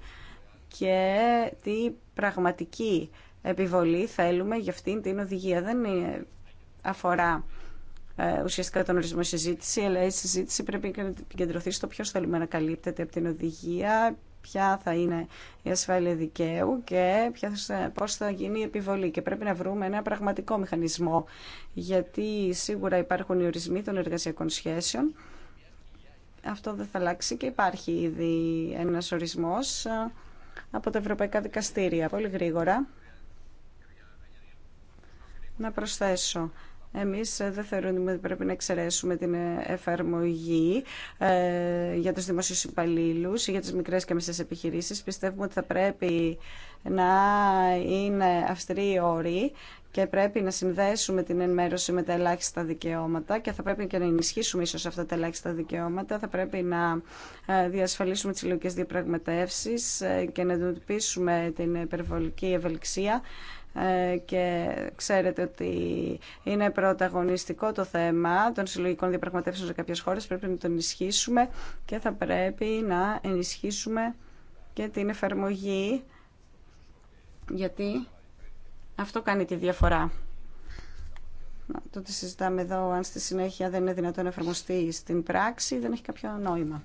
και τι πραγματική επιβολή θέλουμε για αυτήν την οδηγία. Δεν αφορά ε, ουσιαστικά τον ορισμό συζήτηση, αλλά η συζήτηση πρέπει να επικεντρωθεί στο ποιο θέλουμε να καλύπτεται από την οδηγία, ποια θα είναι η ασφάλεια δικαίου και πώ θα γίνει η επιβολή. Και πρέπει να βρούμε ένα πραγματικό μηχανισμό, γιατί σίγουρα υπάρχουν οι ορισμοί των εργασιακών σχέσεων. Αυτό δεν θα αλλάξει και υπάρχει ήδη ένας ορισμός ε, από τα Ευρωπαϊκά Δικαστήρια. Πολύ γρήγορα να προσθέσω. Εμείς ε, δεν θεωρούμε ότι πρέπει να εξαιρέσουμε την ε, εφαρμογή ε, για τους δημοσίους υπαλλήλου ή για τις μικρές και μεσές επιχειρήσεις. Πιστεύουμε ότι θα πρέπει να είναι αυστηροί οι όροι και πρέπει να συνδέσουμε την ενημέρωση με τα ελάχιστα δικαιώματα και θα πρέπει και να ενισχύσουμε ίσως αυτά τα ελάχιστα δικαιώματα. Θα πρέπει να διασφαλίσουμε τις λογικέ διαπραγματεύσεις και να εντοπίσουμε την υπερβολική ευελιξία ε, και ξέρετε ότι είναι πρωταγωνιστικό το θέμα των συλλογικών διαπραγματεύσεων σε κάποιες χώρες. Πρέπει να το ενισχύσουμε και θα πρέπει να ενισχύσουμε και την εφαρμογή γιατί αυτό κάνει τη διαφορά. Το ότι συζητάμε εδώ, αν στη συνέχεια δεν είναι δυνατόν να εφαρμοστεί στην πράξη, δεν έχει κάποιο νόημα.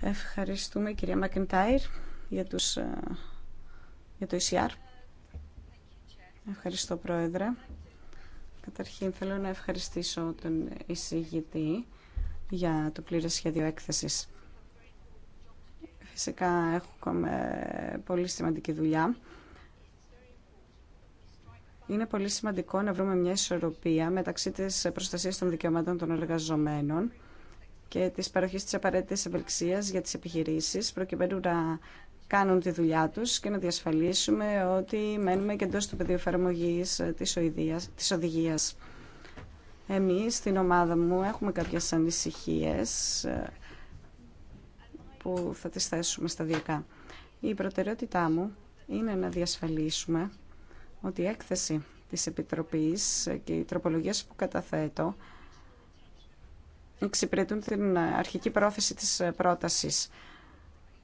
Ευχαριστούμε κυρία Μακεντάιρ για τους ε, για το ECR. Ευχαριστώ, Πρόεδρε. Καταρχήν θέλω να ευχαριστήσω τον εισηγητή για το πλήρες σχέδιο έκθεσης. Φυσικά έχουμε πολύ σημαντική δουλειά. Είναι πολύ σημαντικό να βρούμε μια ισορροπία μεταξύ της προστασίας των δικαιωμάτων των εργαζομένων και της παροχής της απαραίτητης ευελιξίας για τις επιχειρήσεις προκειμένου να κάνουν τη δουλειά τους και να διασφαλίσουμε ότι μένουμε και εντός του πεδίου εφαρμογής ε, της, οδηγίας, της οδηγίας. Εμείς στην ομάδα μου έχουμε κάποιες ανησυχίες ε, που θα τις θέσουμε σταδιακά. Η προτεραιότητά μου είναι να διασφαλίσουμε ότι η έκθεση της Επιτροπής ε, και οι τροπολογίες που καταθέτω εξυπηρετούν την αρχική πρόθεση της πρότασης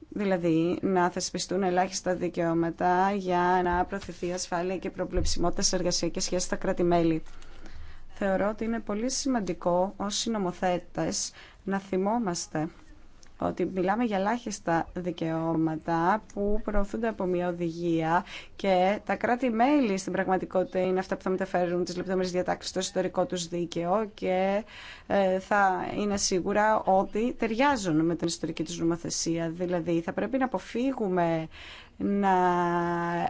δηλαδή να θεσπιστούν ελάχιστα δικαιώματα για να προωθηθεί ασφάλεια και προβλεψιμότητα σε εργασιακές σχέσεις στα κράτη-μέλη. Θεωρώ ότι είναι πολύ σημαντικό ως συνομοθέτες να θυμόμαστε ότι μιλάμε για ελάχιστα δικαιώματα που προωθούνται από μια οδηγία και τα κράτη-μέλη στην πραγματικότητα είναι αυτά που θα μεταφέρουν τις λεπτομέρειες διατάξεις στο ιστορικό τους δίκαιο και ε, θα είναι σίγουρα ότι ταιριάζουν με την ιστορική τους νομοθεσία. Δηλαδή θα πρέπει να αποφύγουμε να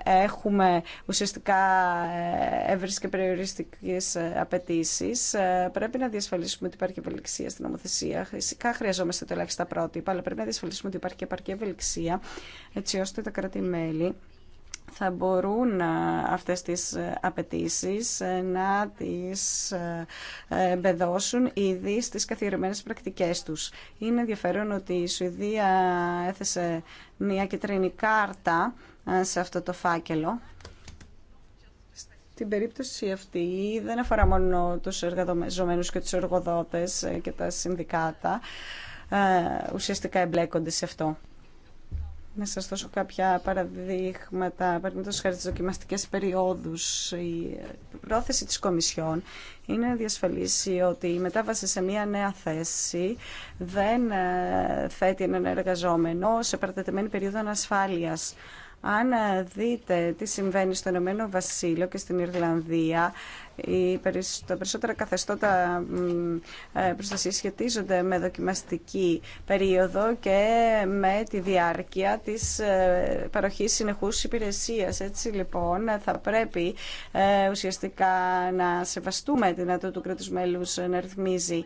έχουμε ουσιαστικά έβρισκε ε, και περιοριστικές ε, απαιτήσει. Ε, πρέπει να διασφαλίσουμε ότι υπάρχει ευελιξία στην νομοθεσία. Φυσικά χρειαζόμαστε το ελάχιστα πρότυπα, αλλά πρέπει να διασφαλίσουμε ότι υπάρχει και επαρκή ευελιξία, έτσι ώστε τα κράτη-μέλη θα μπορούν ε, αυτές τις ε, απαιτήσει ε, να τις εμπεδώσουν ήδη στις καθιερωμένες πρακτικές τους. Είναι ενδιαφέρον ότι η Σουηδία έθεσε μια κεντρική κάρτα σε αυτό το φάκελο. Στην περίπτωση αυτή δεν αφορά μόνο τους εργαζομένους και τους εργοδότες και τα συνδικάτα. Ουσιαστικά εμπλέκονται σε αυτό. Να σας δώσω κάποια παραδείγματα, παραδείγματο χάρη στις δοκιμαστικές περιόδους. Η πρόθεση της Κομισιόν είναι να διασφαλίσει ότι η μετάβαση σε μια νέα θέση δεν ε, θέτει έναν εργαζόμενο σε παρατετεμένη περίοδο ανασφάλειας. Αν ε, δείτε τι συμβαίνει στο Ηνωμένο Βασίλειο και στην Ιρλανδία, τα περισσότερα καθεστώτα ε, προστασία σχετίζονται με δοκιμαστική περίοδο και με τη διάρκεια της ε, παροχής συνεχούς υπηρεσίας. Έτσι λοιπόν θα πρέπει ε, ουσιαστικά να σεβαστούμε την δυνατότητα του κράτους μέλους να ρυθμίζει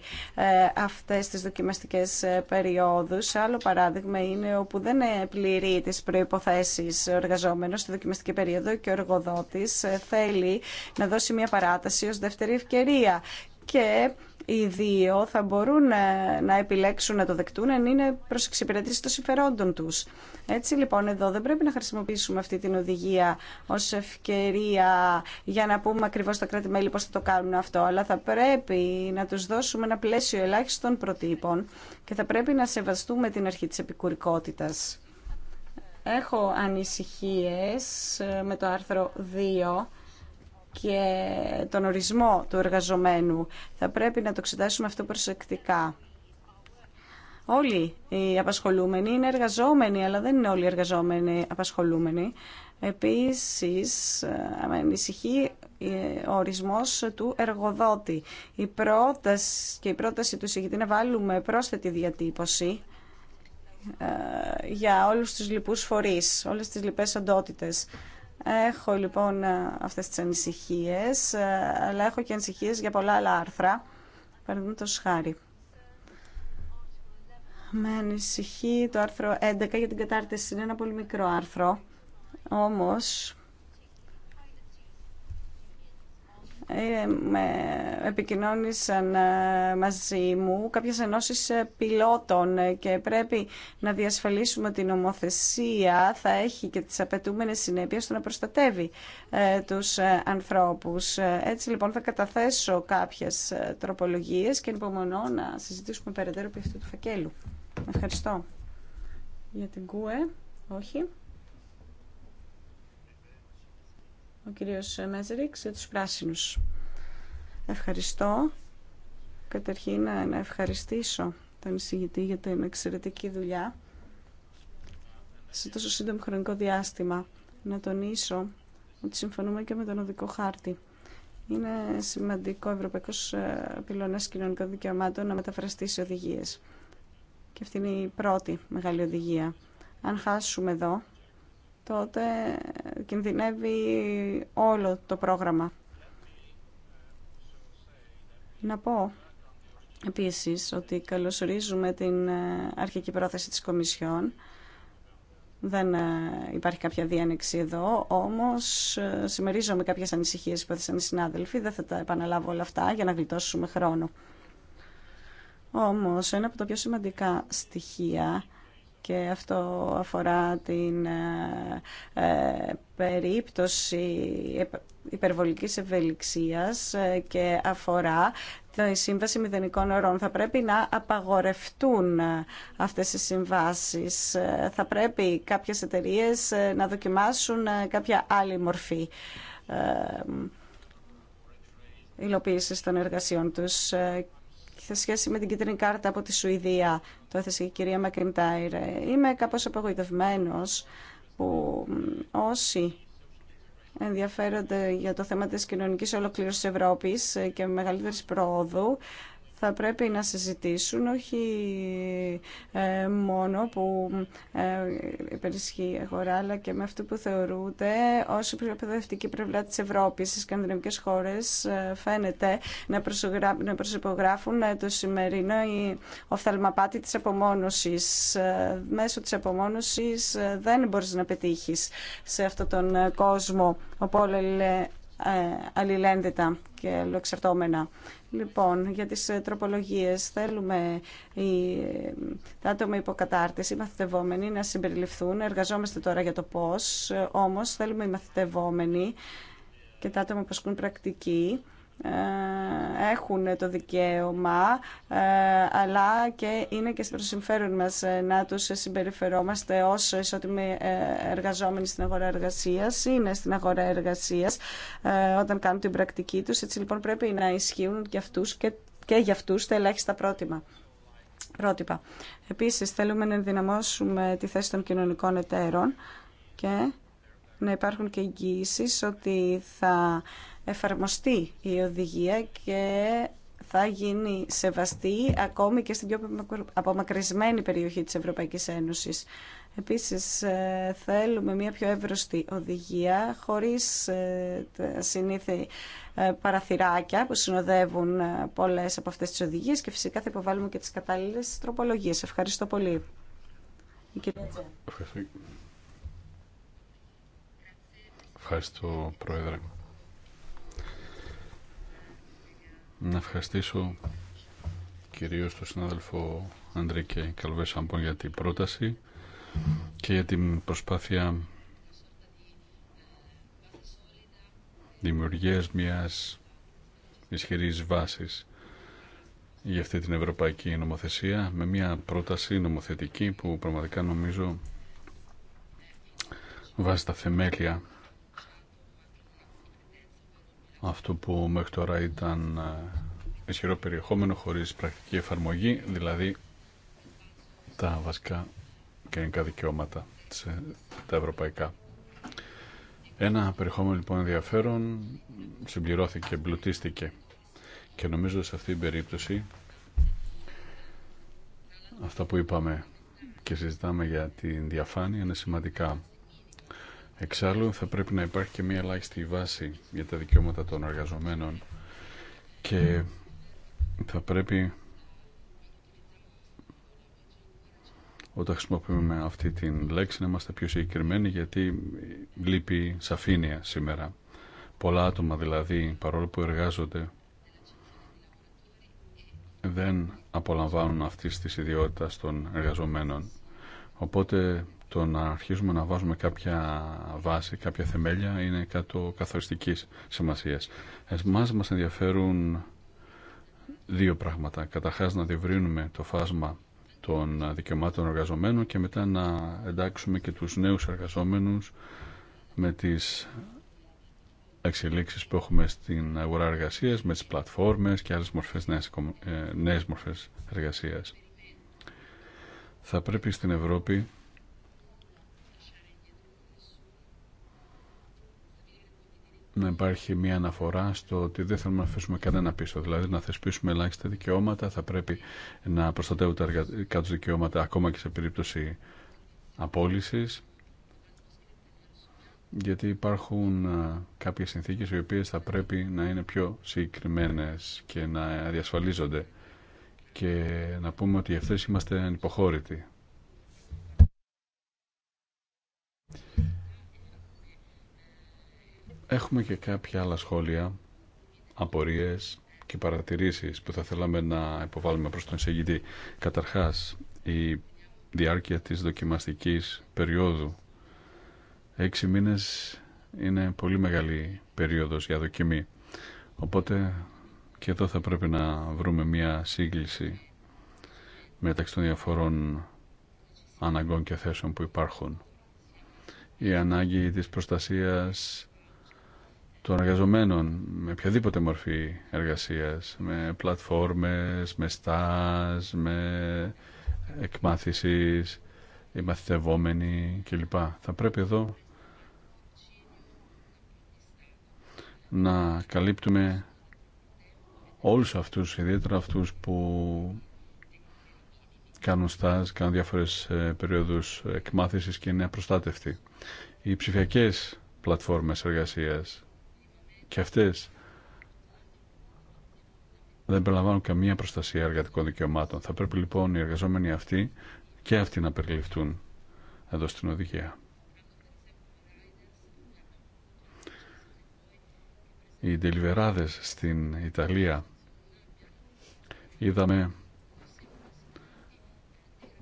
αυτές τις δοκιμαστικές περιόδους. Άλλο παράδειγμα είναι όπου δεν πληρεί τις προϋποθέσεις ο εργαζόμενος στη δοκιμαστική περίοδο και ο εργοδότης θέλει να δώσει μια παράδειγμα παράταση ως δεύτερη ευκαιρία και οι δύο θα μπορούν ε, να επιλέξουν να το δεκτούν αν είναι προ εξυπηρετήσει των συμφερόντων του. Έτσι λοιπόν εδώ δεν πρέπει να χρησιμοποιήσουμε αυτή την οδηγία ω ευκαιρία για να πούμε ακριβώ τα κράτη-μέλη πώ θα το κάνουν αυτό, αλλά θα πρέπει να του δώσουμε ένα πλαίσιο ελάχιστων προτύπων και θα πρέπει να σεβαστούμε την αρχή τη επικουρικότητα. Έχω ανησυχίε ε, με το άρθρο 2 και τον ορισμό του εργαζομένου. Θα πρέπει να το εξετάσουμε αυτό προσεκτικά. Όλοι οι απασχολούμενοι είναι εργαζόμενοι, αλλά δεν είναι όλοι οι εργαζόμενοι απασχολούμενοι. Επίσης, με ανησυχεί ε, ο ορισμός του εργοδότη. Η πρόταση και η πρόταση του εισηγητή να βάλουμε πρόσθετη διατύπωση ε, για όλους τους λοιπούς φορείς, όλες τις λοιπές οντότητες. Έχω λοιπόν αυτές τις ανησυχίες, ε, αλλά έχω και ανησυχίες για πολλά άλλα άρθρα. Παραδείγματο χάρη. Με ανησυχεί το άρθρο 11 για την κατάρτιση. Είναι ένα πολύ μικρό άρθρο. Όμως, Ε, επικοινώνησαν ε, μαζί μου κάποιες ενώσεις ε, πιλότων και πρέπει να διασφαλίσουμε την η νομοθεσία θα έχει και τις απαιτούμενες συνέπειες στο να προστατεύει τους ανθρώπους. Έτσι λοιπόν θα καταθέσω κάποιες τροπολογίες και υπομονώ να συζητήσουμε περαιτέρω επί αυτού του φακέλου. Ευχαριστώ. Για την ΚΟΕ, όχι. ο κύριος Μέζεριξ τους πράσινους. Ευχαριστώ. Καταρχήν να ευχαριστήσω τον εισηγητή για την εξαιρετική δουλειά σε τόσο σύντομο χρονικό διάστημα. Να τονίσω ότι συμφωνούμε και με τον οδικό χάρτη. Είναι σημαντικό ο Ευρωπαϊκό ε, Πυλώνα Κοινωνικών Δικαιωμάτων να μεταφραστεί σε οδηγίε. Και αυτή είναι η πρώτη μεγάλη οδηγία. Αν χάσουμε εδώ, τότε κινδυνεύει όλο το πρόγραμμα. Να πω επίσης ότι καλωσορίζουμε την ε, αρχική πρόθεση της Κομισιόν. Δεν ε, υπάρχει κάποια διάνοιξη εδώ, όμως ε, συμμερίζομαι κάποιες ανησυχίες που έθεσαν οι συνάδελφοι. Δεν θα τα επαναλάβω όλα αυτά για να γλιτώσουμε χρόνο. Όμως, ένα από τα πιο σημαντικά στοιχεία και αυτό αφορά την ε, περίπτωση υπερβολικής ευελιξίας ε, και αφορά τη σύμβαση μηδενικών ορών. Θα πρέπει να απαγορευτούν ε, αυτές οι συμβάσεις. Ε, θα πρέπει κάποιες εταιρείες να δοκιμάσουν κάποια άλλη μορφή ε, υλοποίησης των εργασιών τους σε σχέση με την κίτρινη κάρτα από τη Σουηδία. Το έθεσε η κυρία Μακεντάιρ. Είμαι κάπως απογοητευμένος που όσοι ενδιαφέρονται για το θέμα της κοινωνικής ολοκλήρωσης Ευρώπης και μεγαλύτερης πρόοδου θα πρέπει να συζητήσουν όχι ε, μόνο που ε, υπερισχύει η αγορά αλλά και με αυτό που θεωρούνται η προοδευτική πλευρά της Ευρώπης. Στις σκανδιναβικές χώρες ε, φαίνεται να προσυπογράφουν το σημερινό η οφθαλμαπάτη της απομόνωσης. Μέσω της απομόνωσης δεν μπορείς να πετύχεις σε αυτόν τον κόσμο. Ο ε, αλληλένδετα και αλληλοεξαρτώμενα. Λοιπόν, για τις ε, τροπολογίες θέλουμε οι, τα ε, άτομα υποκατάρτιση, οι μαθητευόμενοι να συμπεριληφθούν. Εργαζόμαστε τώρα για το πώς, όμως θέλουμε οι μαθητευόμενοι και τα άτομα που ασκούν πρακτική ε, έχουν το δικαίωμα ε, αλλά και είναι και στο συμφέρον μας ε, να τους συμπεριφερόμαστε όσο ισότιμοι εργαζόμενοι στην αγορά εργασίας είναι στην αγορά εργασίας όταν κάνουν την πρακτική τους έτσι λοιπόν πρέπει να ισχύουν και, αυτούς και, και για αυτούς τα ελάχιστα πρότυπα. πρότυπα. Επίσης θέλουμε να ενδυναμώσουμε τη θέση των κοινωνικών εταίρων και να υπάρχουν και εγγύησει ότι θα εφαρμοστεί η οδηγία και θα γίνει σεβαστή ακόμη και στην πιο απομακρυσμένη περιοχή της Ευρωπαϊκής Ένωσης. Επίσης ε, θέλουμε μια πιο εύρωστη οδηγία χωρίς ε, τα συνήθη ε, παραθυράκια που συνοδεύουν πολλές από αυτές τις οδηγίες και φυσικά θα υποβάλουμε και τις κατάλληλες τροπολογίες. Ευχαριστώ πολύ. Ευχαριστώ, Πρόεδρε. Να ευχαριστήσω κυρίως τον συνάδελφο Αντρίκε Καλβέ Σαμπον για την πρόταση και για την προσπάθεια δημιουργίας μιας ισχυρής βάσης για αυτή την ευρωπαϊκή νομοθεσία με μια πρόταση νομοθετική που πραγματικά νομίζω βάζει τα θεμέλια αυτό που μέχρι τώρα ήταν ε, ισχυρό περιεχόμενο χωρίς πρακτική εφαρμογή, δηλαδή τα βασικά κοινωνικά δικαιώματα, τα ευρωπαϊκά. Ένα περιεχόμενο λοιπόν ενδιαφέρον συμπληρώθηκε, εμπλουτίστηκε και νομίζω σε αυτή την περίπτωση αυτά που είπαμε και συζητάμε για την διαφάνεια είναι σημαντικά. Εξάλλου θα πρέπει να υπάρχει και μια ελάχιστη βάση για τα δικαιώματα των εργαζομένων και θα πρέπει όταν χρησιμοποιούμε αυτή την λέξη να είμαστε πιο συγκεκριμένοι γιατί λείπει σαφήνεια σήμερα. Πολλά άτομα δηλαδή παρόλο που εργάζονται δεν απολαμβάνουν αυτής τη ιδιότητας των εργαζομένων. Οπότε το να αρχίζουμε να βάζουμε κάποια βάση, κάποια θεμέλια είναι κάτω καθοριστικής σημασίας. Εμάς μας ενδιαφέρουν δύο πράγματα. Καταρχάς να διευρύνουμε το φάσμα των δικαιωμάτων εργαζομένων και μετά να εντάξουμε και τους νέους εργαζόμενους με τις εξελίξεις που έχουμε στην αγορά εργασίας, με τις πλατφόρμες και άλλες μορφές νέες, ε, νέες μορφές εργασίας. Θα πρέπει στην Ευρώπη να υπάρχει μια αναφορά στο ότι δεν θέλουμε να αφήσουμε κανένα πίσω. Δηλαδή να θεσπίσουμε ελάχιστα δικαιώματα, θα πρέπει να προστατεύουν τα εργατικά του δικαιώματα ακόμα και σε περίπτωση απόλυση. Γιατί υπάρχουν ε, κάποιες συνθήκες οι οποίες θα πρέπει να είναι πιο συγκεκριμένε και να διασφαλίζονται και να πούμε ότι αυτέ είμαστε ανυποχώρητοι. Έχουμε και κάποια άλλα σχόλια, απορίες και παρατηρήσεις που θα θέλαμε να υποβάλουμε προς τον εισηγητή. Καταρχάς, η διάρκεια της δοκιμαστικής περίοδου. Έξι μήνες είναι πολύ μεγάλη περίοδος για δοκιμή. Οπότε και εδώ θα πρέπει να βρούμε μια σύγκληση μεταξύ των διαφορών αναγκών και θέσεων που υπάρχουν. Η ανάγκη της προστασίας των εργαζομένων με οποιαδήποτε μορφή εργασίας, με πλατφόρμες, με στάζ, με εκμάθησης, οι μαθητευόμενοι κλπ. Θα πρέπει εδώ να καλύπτουμε όλους αυτούς, ιδιαίτερα αυτούς που κάνουν στάζ, κάνουν διάφορες ε, περίοδους εκμάθησης και είναι απροστάτευτοι. Οι ψηφιακές πλατφόρμες εργασίας και αυτές δεν περιλαμβάνουν καμία προστασία εργατικών δικαιωμάτων. Θα πρέπει λοιπόν οι εργαζόμενοι αυτοί και αυτοί να περιληφθούν εδώ στην οδηγία. Οι ντελιβεράδες στην Ιταλία είδαμε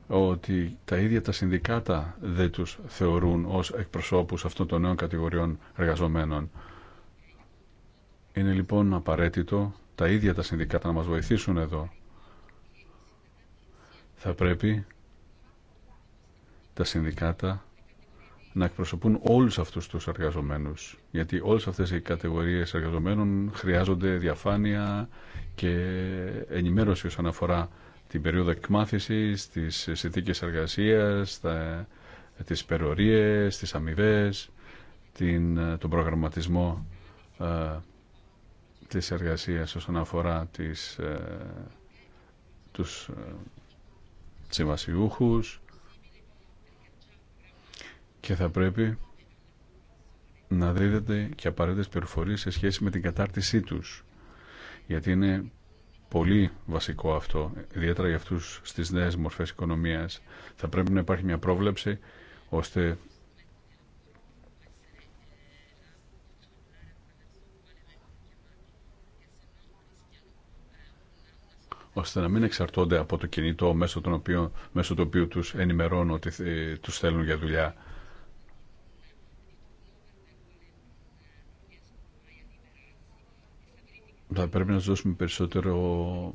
ότι τα ίδια τα συνδικάτα δεν τους θεωρούν ως εκπροσώπους αυτών των νέων κατηγοριών εργαζομένων. Είναι λοιπόν απαραίτητο τα ίδια τα συνδικάτα να μας βοηθήσουν εδώ. Θα πρέπει τα συνδικάτα να εκπροσωπούν όλους αυτούς τους εργαζομένους. Γιατί όλες αυτές οι κατηγορίες εργαζομένων χρειάζονται διαφάνεια και ενημέρωση όσον αφορά την περίοδο εκμάθησης, τις συνθήκε εργασίας, τα, τις περιορίες, τις αμοιβέ, τον προγραμματισμό ε, της εργασίας όσον αφορά τις, ε, τους ε, συμβασιούχους και θα πρέπει να δίδεται και απαραίτητες πληροφορίες σε σχέση με την κατάρτισή τους γιατί είναι πολύ βασικό αυτό ιδιαίτερα για αυτούς στις νέες μορφές οικονομίας θα πρέπει να υπάρχει μια πρόβλεψη ώστε ώστε να μην εξαρτώνται από το κινητό μέσω, μέσω του οποίου τους ενημερώνω ότι ε, τους θέλουν για δουλειά. Θα πρέπει να δώσουμε περισσότερο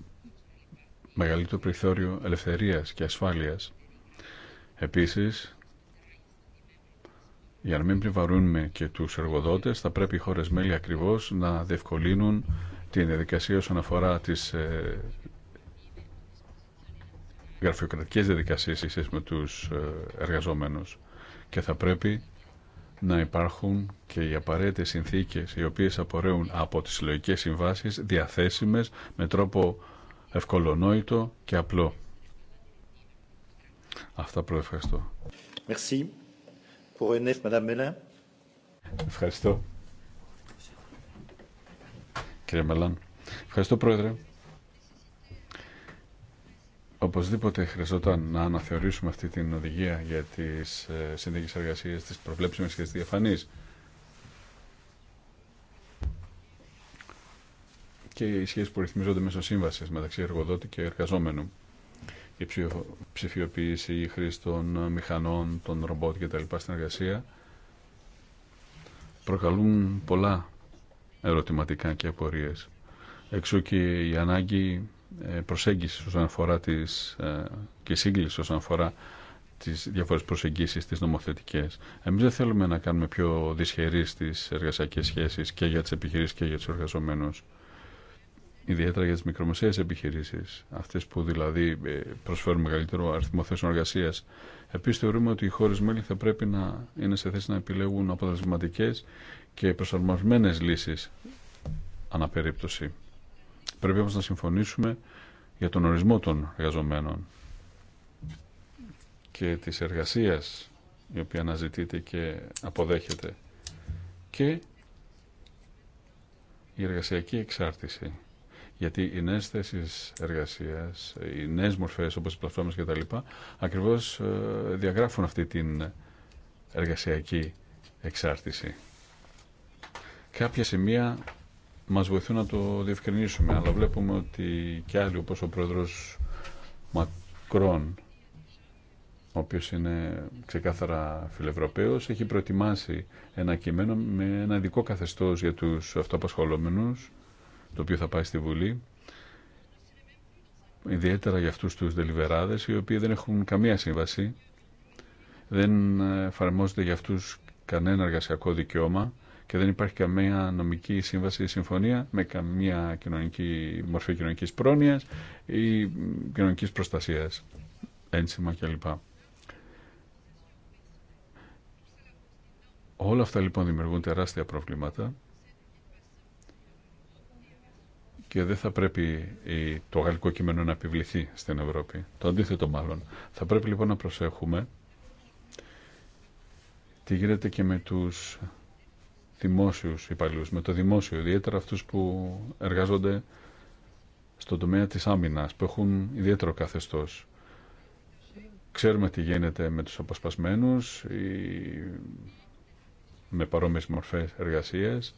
μεγαλύτερο περιθώριο ελευθερίας και ασφάλειας. Επίσης, για να μην πληβαρούμε και τους εργοδότες, θα πρέπει οι χώρες μέλη ακριβώς να διευκολύνουν την διαδικασία όσον αφορά τις ε, γραφειοκρατικές διαδικασίες σε με τους ε, εργαζόμενους και θα πρέπει να υπάρχουν και οι απαραίτητες συνθήκες οι οποίες απορρέουν από τις συλλογικέ συμβάσεις διαθέσιμες με τρόπο ευκολονόητο και απλό. Αυτά πρώτα ευχαριστώ. Merci. Pour Ευχαριστώ. Κύριε Μελάν. Ευχαριστώ, Πρόεδρε. Οπωσδήποτε χρειαζόταν να αναθεωρήσουμε αυτή την οδηγία για τις ε, συνθήκε εργασίας, τις προβλέψιμες και τι διαφανεί. και οι σχέσει που ρυθμίζονται μέσω σύμβαση μεταξύ εργοδότη και εργαζόμενου. Η ψηφιοποίηση, η χρήση των μηχανών, των ρομπότ και τα λοιπά στην εργασία προκαλούν πολλά ερωτηματικά και απορίες. Εξού και η ανάγκη ε, προσέγγιση όσον αφορά τις, ε, και σύγκληση όσον αφορά τις διάφορες προσεγγίσεις τις νομοθετικές. Εμείς δεν θέλουμε να κάνουμε πιο δυσχερείς τις εργασιακές σχέσεις και για τις επιχειρήσεις και για τους εργαζομένους. Ιδιαίτερα για τις μικρομεσαίες επιχειρήσεις, αυτές που δηλαδή ε, προσφέρουν μεγαλύτερο αριθμό θέσεων εργασία. Επίσης θεωρούμε ότι οι χώρες μέλη θα πρέπει να είναι σε θέση να επιλέγουν αποτελεσματικέ και προσαρμοσμένες λύσεις αναπερίπτωση. Πρέπει όμως να συμφωνήσουμε για τον ορισμό των εργαζομένων και της εργασίας η οποία αναζητείται και αποδέχεται και η εργασιακή εξάρτηση. Γιατί οι νέε θέσει εργασία, οι νέε μορφέ όπω οι πλατφόρμε κτλ. ακριβώ ε, διαγράφουν αυτή την εργασιακή εξάρτηση. Κάποια σημεία μας βοηθούν να το διευκρινίσουμε. Αλλά βλέπουμε ότι και άλλοι, όπως ο πρόεδρος Μακρόν, ο οποίος είναι ξεκάθαρα φιλευρωπαίος, έχει προετοιμάσει ένα κειμένο με ένα ειδικό καθεστώς για τους αυτοαπασχολόμενους, το οποίο θα πάει στη Βουλή, ιδιαίτερα για αυτούς τους δελιβεράδες, οι οποίοι δεν έχουν καμία σύμβαση, δεν εφαρμόζεται για αυτούς κανένα εργασιακό δικαίωμα και δεν υπάρχει καμία νομική σύμβαση ή συμφωνία με καμία κοινωνική, μορφή κοινωνικής πρόνοιας ή κοινωνικής προστασίας, ένσημα κλπ. Όλα αυτά λοιπόν δημιουργούν τεράστια προβλήματα και δεν θα πρέπει το γαλλικό κείμενο να επιβληθεί στην Ευρώπη. Το αντίθετο μάλλον. Θα πρέπει λοιπόν να προσέχουμε τι γίνεται και με τους δημόσιου υπαλλήλου, με το δημόσιο, ιδιαίτερα αυτούς που εργάζονται στον τομέα της άμυνας, που έχουν ιδιαίτερο καθεστώς. Ξέρουμε τι γίνεται με τους αποσπασμένου ή με παρόμοιες μορφές εργασίες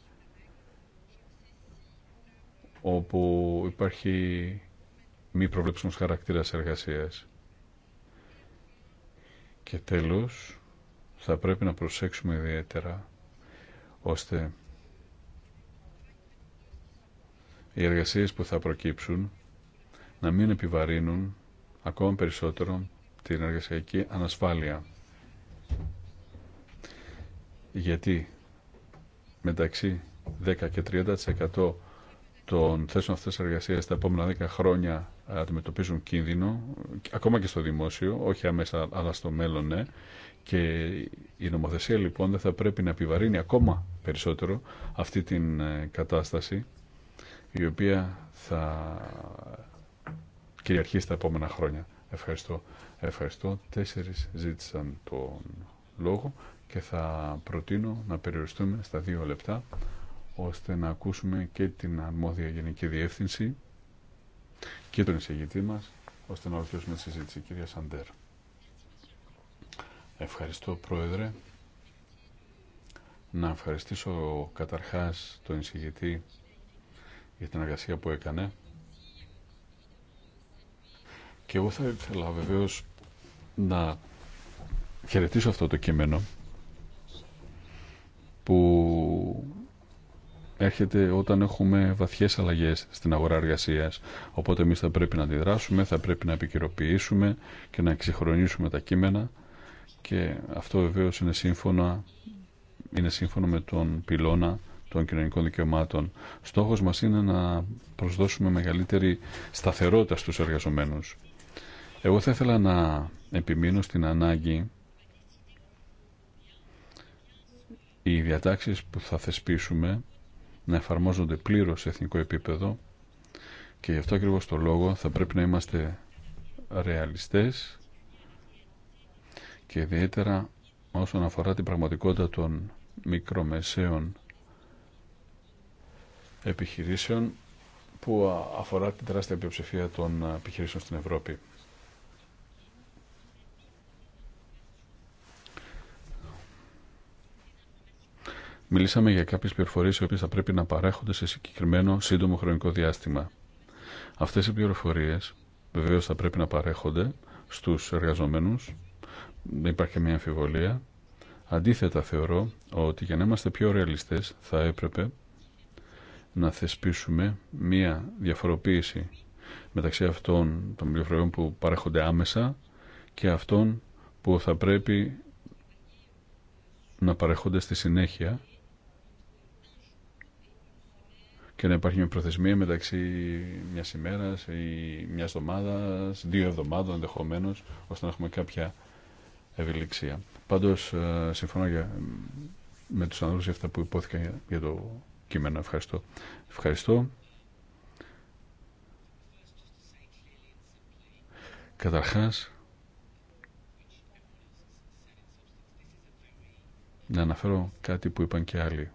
όπου υπάρχει μη προβλέψιμος χαρακτήρας εργασίας. Και τέλος, θα πρέπει να προσέξουμε ιδιαίτερα ώστε οι εργασίες που θα προκύψουν να μην επιβαρύνουν ακόμα περισσότερο την εργασιακή ανασφάλεια. Γιατί μεταξύ 10 και 30% των θέσεων αυτές της εργασίας τα επόμενα 10 χρόνια αντιμετωπίζουν κίνδυνο, ακόμα και στο δημόσιο, όχι αμέσα αλλά στο μέλλον, ναι. Και η νομοθεσία λοιπόν δεν θα πρέπει να επιβαρύνει ακόμα περισσότερο αυτή την ε, κατάσταση η οποία θα κυριαρχεί στα επόμενα χρόνια. Ευχαριστώ. Ευχαριστώ. Τέσσερις ζήτησαν τον λόγο και θα προτείνω να περιοριστούμε στα δύο λεπτά ώστε να ακούσουμε και την αρμόδια Γενική Διεύθυνση και τον εισηγητή μα ώστε να ολοκληρώσουμε τη συζήτηση. Κυρία Σαντέρ. Ευχαριστώ Πρόεδρε. Να ευχαριστήσω καταρχάς τον εισηγητή για την εργασία που έκανε. Και εγώ θα ήθελα βεβαίως να χαιρετήσω αυτό το κείμενο που έρχεται όταν έχουμε βαθιές αλλαγές στην αγορά εργασίας. Οπότε εμείς θα πρέπει να αντιδράσουμε, θα πρέπει να επικαιροποιήσουμε και να ξεχρονίσουμε τα κείμενα και αυτό βεβαίω είναι σύμφωνα είναι σύμφωνο με τον πυλώνα των κοινωνικών δικαιωμάτων. Στόχος μας είναι να προσδώσουμε μεγαλύτερη σταθερότητα στους εργαζομένους. Εγώ θα ήθελα να επιμείνω στην ανάγκη οι διατάξεις που θα θεσπίσουμε να εφαρμόζονται πλήρως σε εθνικό επίπεδο και γι' αυτό ακριβώς το λόγο θα πρέπει να είμαστε ρεαλιστές και ιδιαίτερα όσον αφορά την πραγματικότητα των μικρομεσαίων επιχειρήσεων που αφορά την τεράστια πλειοψηφία των επιχειρήσεων στην Ευρώπη. Μιλήσαμε για κάποιε πληροφορίε οι οποίε θα πρέπει να παρέχονται σε συγκεκριμένο σύντομο χρονικό διάστημα. Αυτέ οι πληροφορίε βεβαίω θα πρέπει να παρέχονται στου εργαζομένου, δεν υπάρχει μια αμφιβολία. Αντίθετα θεωρώ ότι για να είμαστε πιο ρεαλιστέ, θα έπρεπε να θεσπίσουμε μία διαφοροποίηση μεταξύ αυτών των πληροφοριών που παρέχονται άμεσα και αυτών που θα πρέπει να παρέχονται στη συνέχεια και να υπάρχει μια προθεσμία μεταξύ μια ημέρα ή μια εβδομάδα, δύο εβδομάδων ενδεχομένω, ώστε να έχουμε κάποια ευελιξία. Πάντω, ε, συμφωνώ για, με του ανθρώπου για αυτά που υπόθηκαν για το κείμενο. Ευχαριστώ. Ευχαριστώ. Καταρχάς, να αναφέρω κάτι που είπαν και άλλοι.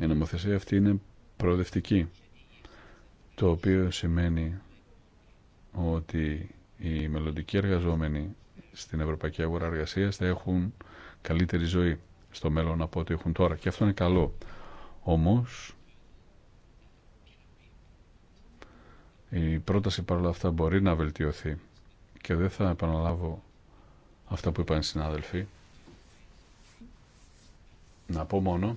Η νομοθεσία αυτή είναι προοδευτική, το οποίο σημαίνει ότι οι μελλοντικοί εργαζόμενοι στην ευρωπαϊκή αγορά εργασίας θα έχουν καλύτερη ζωή στο μέλλον από ό,τι έχουν τώρα. Και αυτό είναι καλό. Όμως, η πρόταση παρόλα αυτά μπορεί να βελτιωθεί και δεν θα επαναλάβω αυτά που είπαν οι συνάδελφοι. Να πω μόνο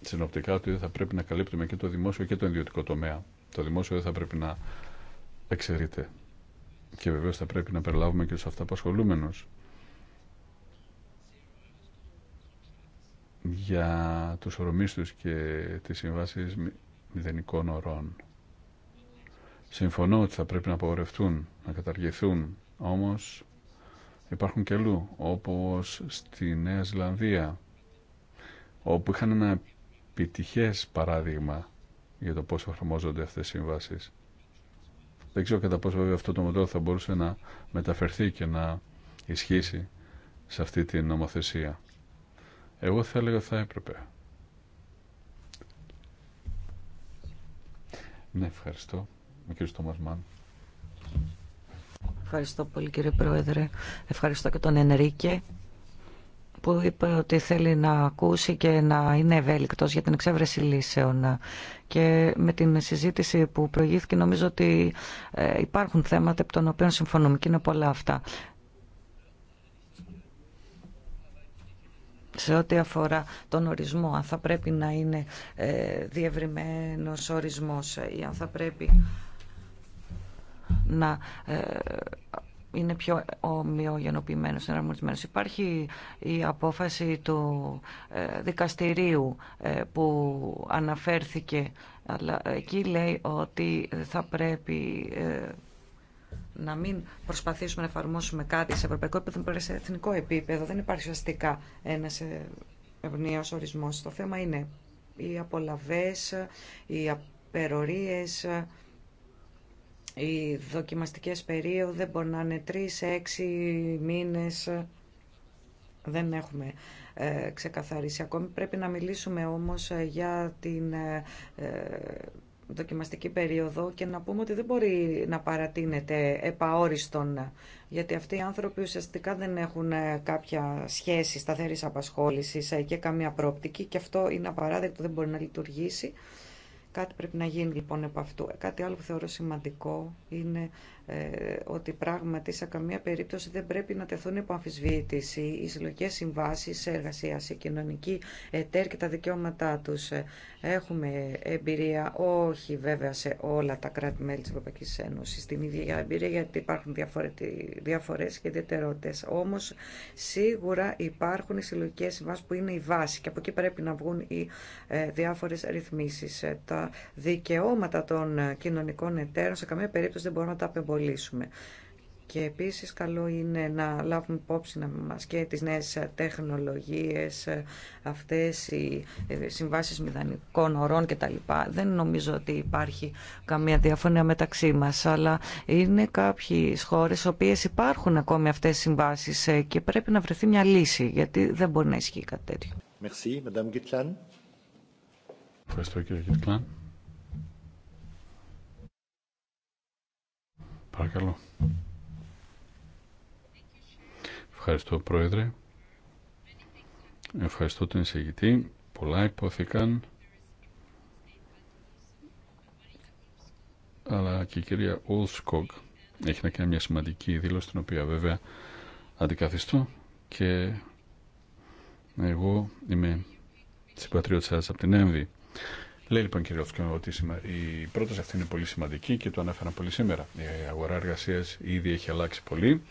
συνοπτικά ότι θα πρέπει να καλύπτουμε και το δημόσιο και το ιδιωτικό τομέα. Το δημόσιο δεν θα πρέπει να εξαιρείται. Και βεβαίως θα πρέπει να περιλάβουμε και τους αυταπασχολούμενους. για τους ορομίστους και τις συμβάσεις μηδενικών ορών. Συμφωνώ ότι θα πρέπει να απογορευτούν, να καταργηθούν, όμως υπάρχουν και αλλού, όπως στη Νέα Ζηλανδία, όπου είχαν ένα επιτυχές παράδειγμα για το πώς εφαρμόζονται αυτές οι συμβάσεις. Δεν ξέρω κατά πόσο βέβαια αυτό το μοντέλο θα μπορούσε να μεταφερθεί και να ισχύσει σε αυτή την νομοθεσία. Εγώ θα έλεγα θα έπρεπε. Ναι, ευχαριστώ. Ευχαριστώ πολύ κύριε Πρόεδρε. Ευχαριστώ και τον Ενρίκε που είπε ότι θέλει να ακούσει και να είναι ευέλικτο για την εξέβρεση λύσεων. Και με την συζήτηση που προηγήθηκε νομίζω ότι ε, υπάρχουν θέματα από των οποίων συμφωνούμε και είναι πολλά αυτά. σε ό,τι αφορά τον ορισμό, αν θα πρέπει να είναι ε, διευρυμένος ορισμός ή αν θα πρέπει να ε, είναι πιο ομοιογενοποιημένος, εναρμονισμένος. Υπάρχει η απόφαση του ε, δικαστηρίου ε, που αναφέρθηκε, αλλά εκεί λέει ότι θα πρέπει ε, να μην προσπαθήσουμε να εφαρμόσουμε κάτι σε ευρωπαϊκό επίπεδο, αλλά σε εθνικό επίπεδο. Δεν υπάρχει ουσιαστικά ένας ευνίος ορισμός. Το θέμα είναι οι απολαβές, οι απερορίε. Οι δοκιμαστικές περίοδοι δεν μπορεί να είναι τρεις, έξι μήνες. Δεν έχουμε ε, ξεκαθαρίσει ακόμη. Πρέπει να μιλήσουμε όμως ε, για την ε, δοκιμαστική περίοδο και να πούμε ότι δεν μπορεί να παρατείνεται επαόριστον γιατί αυτοί οι άνθρωποι ουσιαστικά δεν έχουν κάποια σχέση σταθερής απασχόλησης και καμία πρόπτικη και αυτό είναι απαράδεκτο, δεν μπορεί να λειτουργήσει. Κάτι πρέπει να γίνει λοιπόν από αυτού. Ε, κάτι άλλο που θεωρώ σημαντικό είναι ε, ότι πράγματι σε καμία περίπτωση δεν πρέπει να τεθούν υπό αμφισβήτηση οι συλλογικέ συμβάσει εργασία, οι κοινωνικοί εταίρ και τα δικαιώματά του. Ε, έχουμε εμπειρία, όχι βέβαια σε όλα τα κράτη-μέλη τη Ευρωπαϊκή Ένωση, την ίδια εμπειρία γιατί υπάρχουν διαφορέ και ιδιαιτερότητε. Όμω σίγουρα υπάρχουν οι συλλογικέ συμβάσει που είναι η βάση και από εκεί πρέπει να βγουν οι ε, διάφορε ρυθμίσει. Τα δικαιώματα των κοινωνικών εταίρων σε καμία περίπτωση δεν μπορούν να τα απεμπολίσουν και επίσης καλό είναι να λάβουμε υπόψη μας και τις νέες τεχνολογίες, αυτές οι ε, συμβάσεις μηδανικών ορών κτλ. Δεν νομίζω ότι υπάρχει καμία διαφωνία μεταξύ μας, αλλά είναι κάποιες χώρες οποίες υπάρχουν ακόμη αυτές οι συμβάσεις ε, και πρέπει να βρεθεί μια λύση, γιατί δεν μπορεί να ισχύει κάτι τέτοιο. Ευχαριστώ κύριε Παρακαλώ. Ευχαριστώ Πρόεδρε. Ευχαριστώ τον εισηγητή. Πολλά υπόθηκαν. Αλλά και η κυρία Ουλσκοκ έχει να κάνει μια σημαντική δήλωση την οποία βέβαια αντικαθιστώ και εγώ είμαι συμπατριώτης σας από την Έμβη. Λέει λοιπόν κύριε Λοφσκό ότι η πρόταση αυτή είναι πολύ σημαντική και το ανέφερα πολύ σήμερα. Η αγορά εργασία ήδη έχει αλλάξει πολύ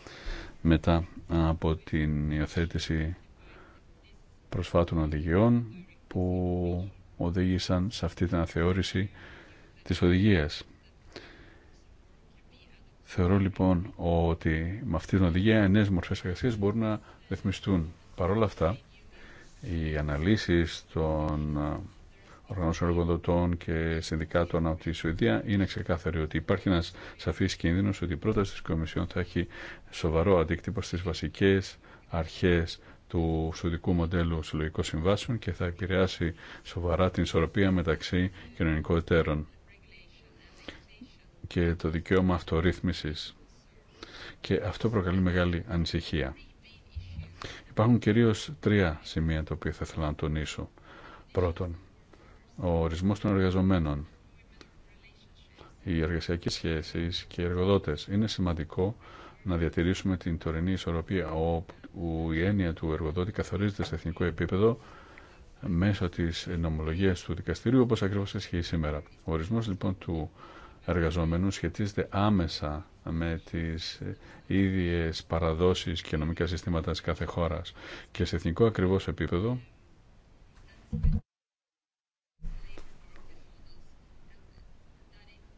μετά από την υιοθέτηση προσφάτων οδηγιών που οδήγησαν σε αυτή την αθεώρηση της οδηγίας. Θεωρώ λοιπόν ότι με αυτή την οδηγία νέε μορφές μπορούν να ρυθμιστούν. Παρ' όλα αυτά, οι αναλύσει των οργανώσεων εργοδοτών και συνδικάτων από τη Σουηδία είναι ξεκάθαρη ότι υπάρχει ένα σαφή κίνδυνο ότι η πρόταση τη Κομισιόν θα έχει σοβαρό αντίκτυπο στι βασικέ αρχέ του Σουηδικού μοντέλου συλλογικών συμβάσεων και θα επηρεάσει σοβαρά την ισορροπία μεταξύ κοινωνικών εταίρων και το δικαίωμα αυτορύθμιση. Και αυτό προκαλεί μεγάλη ανησυχία. Υπάρχουν κυρίως τρία σημεία τα οποία θα ήθελα να τονίσω. Πρώτον, ο ορισμός των εργαζομένων, οι εργασιακές σχέσεις και οι εργοδότες. Είναι σημαντικό να διατηρήσουμε την τωρινή ισορροπία όπου η έννοια του εργοδότη καθορίζεται σε εθνικό επίπεδο μέσω της νομολογίας του δικαστηρίου όπως ακριβώς ισχύει σήμερα. Ο ορισμός λοιπόν του εργαζόμενου σχετίζεται άμεσα με τις ίδιες παραδόσεις και νομικά συστήματα της κάθε χώρας και σε εθνικό ακριβώς επίπεδο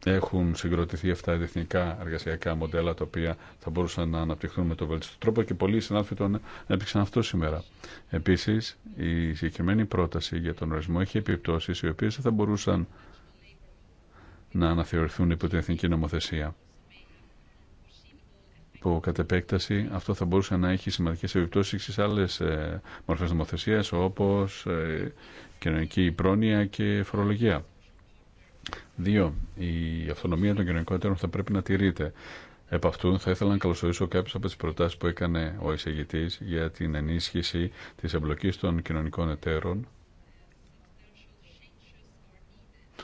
έχουν συγκροτηθεί αυτά τα εθνικά εργασιακά μοντέλα τα οποία θα μπορούσαν να αναπτυχθούν με το βέλτιστο τρόπο και πολλοί συνάδελφοι τον έπαιξαν αυτό σήμερα. Επίση, η συγκεκριμένη πρόταση για τον ορισμό έχει επιπτώσει οι οποίε δεν θα μπορούσαν να αναθεωρηθούν υπό την εθνική νομοθεσία. Που κατ' επέκταση αυτό θα μπορούσε να έχει σημαντικέ επιπτώσει σε άλλε μορφέ νομοθεσία όπω ε, κοινωνική πρόνοια και φορολογία. Δύο, η αυτονομία των κοινωνικών εταίρων θα πρέπει να τηρείται. Επ' αυτού θα ήθελα να καλωσορίσω κάποιε από τι προτάσει που έκανε ο εισηγητή για την ενίσχυση τη εμπλοκή των κοινωνικών εταίρων.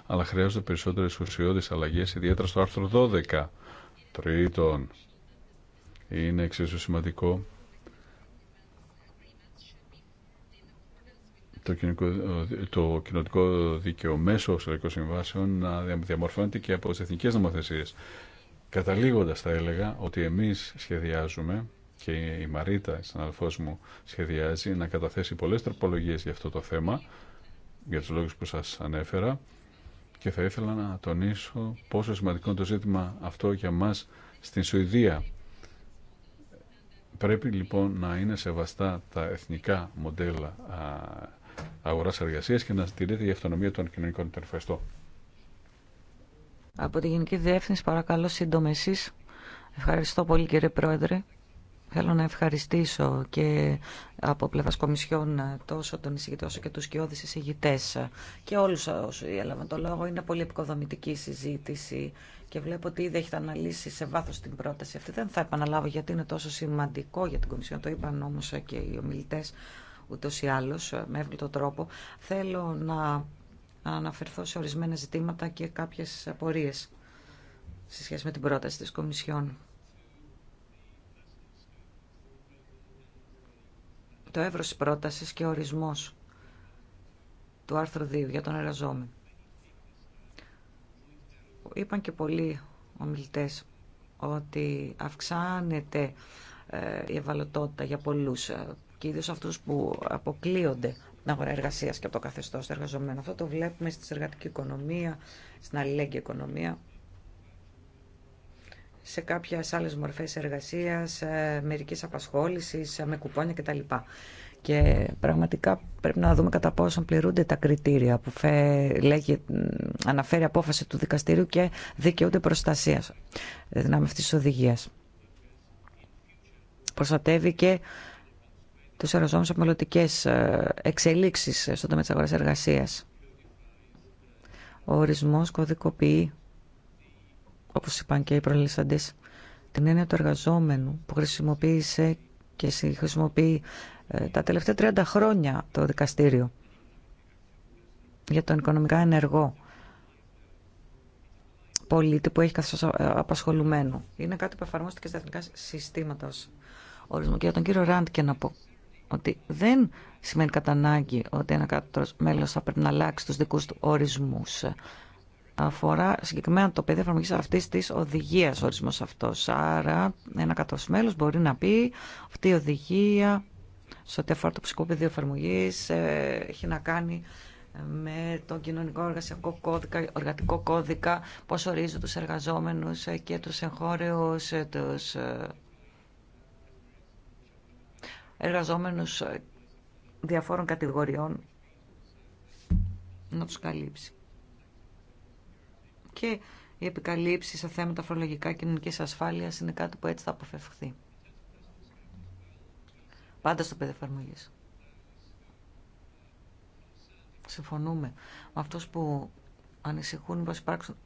Αλλά χρειάζονται περισσότερε ουσιώδει αλλαγέ, ιδιαίτερα στο άρθρο 12. Τρίτον, είναι εξίσου σημαντικό το, κοινωνικό το δίκαιο μέσω εξωτερικών συμβάσεων να διαμορφώνεται και από τι εθνικέ νομοθεσίε. Καταλήγοντα, θα έλεγα ότι εμεί σχεδιάζουμε και η Μαρίτα, η συναδελφό μου, σχεδιάζει να καταθέσει πολλέ τροπολογίε για αυτό το θέμα, για του λόγου που σα ανέφερα. Και θα ήθελα να τονίσω πόσο σημαντικό είναι το ζήτημα αυτό για μα στην Σουηδία. Πρέπει λοιπόν να είναι σεβαστά τα εθνικά μοντέλα Αγορά εργασία και να στηρίζεται η αυτονομία των κοινωνικών εταίρων. Από τη Γενική Διεύθυνση, παρακαλώ, σύντομα εσεί. Ευχαριστώ πολύ, κύριε Πρόεδρε. Θέλω να ευχαριστήσω και από πλευρά Κομισιόν τόσο τον εισηγητή όσο και του κοιόδη εισηγητέ και όλου όσου έλαβαν το λόγο. Είναι πολύ επικοδομητική συζήτηση και βλέπω ότι ήδη έχετε αναλύσει σε βάθο την πρόταση αυτή. Δεν θα επαναλάβω γιατί είναι τόσο σημαντικό για την Κομισιόν, το είπαν όμω και οι ομιλητέ, ούτως ή άλλως ε, με εύκολο τρόπο. Θέλω να αναφερθώ σε ορισμένα ζητήματα και κάποιες απορίες σε σχέση με την πρόταση της Κομισιόν. Το εύρος της πρότασης και ο ορισμός του άρθρου 2 για τον εργαζόμενο. Είπαν και πολλοί ομιλητές ότι αυξάνεται ε, η ευαλωτότητα για πολλούς ε, και ιδίω αυτού που αποκλείονται την αγορά εργασία και από το καθεστώ εργαζομένων. Αυτό το βλέπουμε στην εργατική οικονομία, στην αλληλέγγυη οικονομία, σε κάποιε άλλε μορφέ εργασία, ε, μερική απασχόληση, ε, με κουπόνια κτλ. Και πραγματικά πρέπει να δούμε κατά πόσο πληρούνται τα κριτήρια που φε, λέγει, αναφέρει απόφαση του δικαστηρίου και δικαιούνται προστασία δυνάμει αυτή τη οδηγία. Προστατεύει και τους εργαζόμενους από μελλοντικές ε, εξελίξεις στον τομέα της αγοράς εργασίας. Ο ορισμός κωδικοποιεί, όπως είπαν και οι προλήσαντες, την έννοια του εργαζόμενου που χρησιμοποίησε και χρησιμοποιεί ε, τα τελευταία 30 χρόνια το δικαστήριο για τον οικονομικά ενεργό πολίτη που έχει καθώς ε, απασχολουμένο. Είναι κάτι που εφαρμόστηκε στα εθνικά συστήματα ως ορισμό. Και για τον κύριο και να πω ότι δεν σημαίνει κατά ανάγκη ότι ένα κάτω μέλος θα πρέπει να αλλάξει τους δικούς του ορισμούς. Αφορά συγκεκριμένα το πεδίο εφαρμογή αυτή τη οδηγία ορισμό αυτό. Άρα, ένα κάτω μέλο μπορεί να πει αυτή η οδηγία, σε ό,τι αφορά το ψυχικό πεδίο εφαρμογή, ε, έχει να κάνει με τον κοινωνικό εργασιακό κώδικα, οργατικό κώδικα, πώς ορίζει τους εργαζόμενους ε, και τους εγχώρεους, ε, τους εργαζόμενους ε, διαφόρων κατηγοριών να τους καλύψει. Και η επικαλύψη σε θέματα φορολογικά κοινωνική ασφάλειας είναι κάτι που έτσι θα αποφευχθεί. Πάντα στο παιδί εφαρμογή. Συμφωνούμε με αυτού που ανησυχούν πω υπάρχουν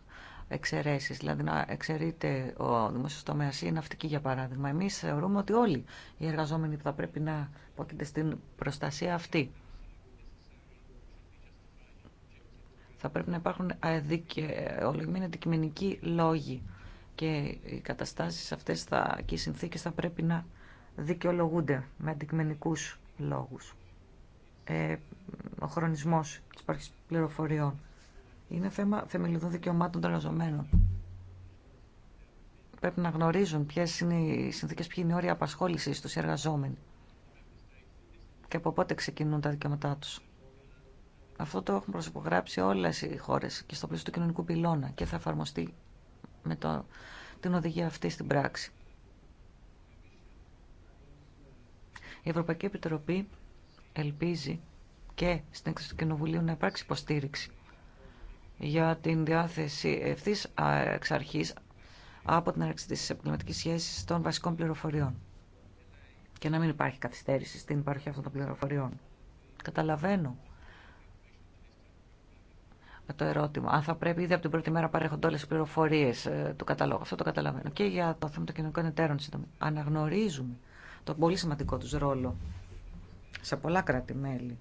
δηλαδή να εξαιρείται ο δημόσιος τομέας ή η ναυτική για παράδειγμα. Εμείς θεωρούμε ότι όλοι οι εργαζόμενοι θα πρέπει να υπόκειται στην προστασία αυτή θα πρέπει να υπάρχουν ολιγμένοι αντικειμενικοί λόγοι και οι καταστάσει αυτέ και οι συνθήκε θα πρέπει να δικαιολογούνται με αντικειμενικού λόγου. Ε, ο χρονισμός της πληροφοριών είναι θέμα θεμελιωδών δικαιωμάτων των εργαζομένων. Πρέπει να γνωρίζουν ποιε είναι οι συνθήκε, ποιοι είναι οι όροι απασχόληση του εργαζόμενοι και από πότε ξεκινούν τα δικαιώματά του. Αυτό το έχουν προσυπογράψει όλε οι χώρε και στο πλαίσιο του κοινωνικού πυλώνα και θα εφαρμοστεί με το, την οδηγία αυτή στην πράξη. Η Ευρωπαϊκή Επιτροπή ελπίζει και στην έκθεση του Κοινοβουλίου να υπάρξει υποστήριξη για την διάθεση ευθύ εξ αρχή από την έναρξη τη επαγγελματική σχέση των βασικών πληροφοριών. Και να μην υπάρχει καθυστέρηση στην παροχή αυτών των πληροφοριών. Καταλαβαίνω το ερώτημα. Αν θα πρέπει ήδη από την πρώτη μέρα παρέχονται όλε τι πληροφορίε ε, του καταλόγου. Αυτό το καταλαβαίνω. Και για το θέμα των κοινωνικών εταίρων, αναγνωρίζουμε τον πολύ σημαντικό του ρόλο σε πολλά κράτη-μέλη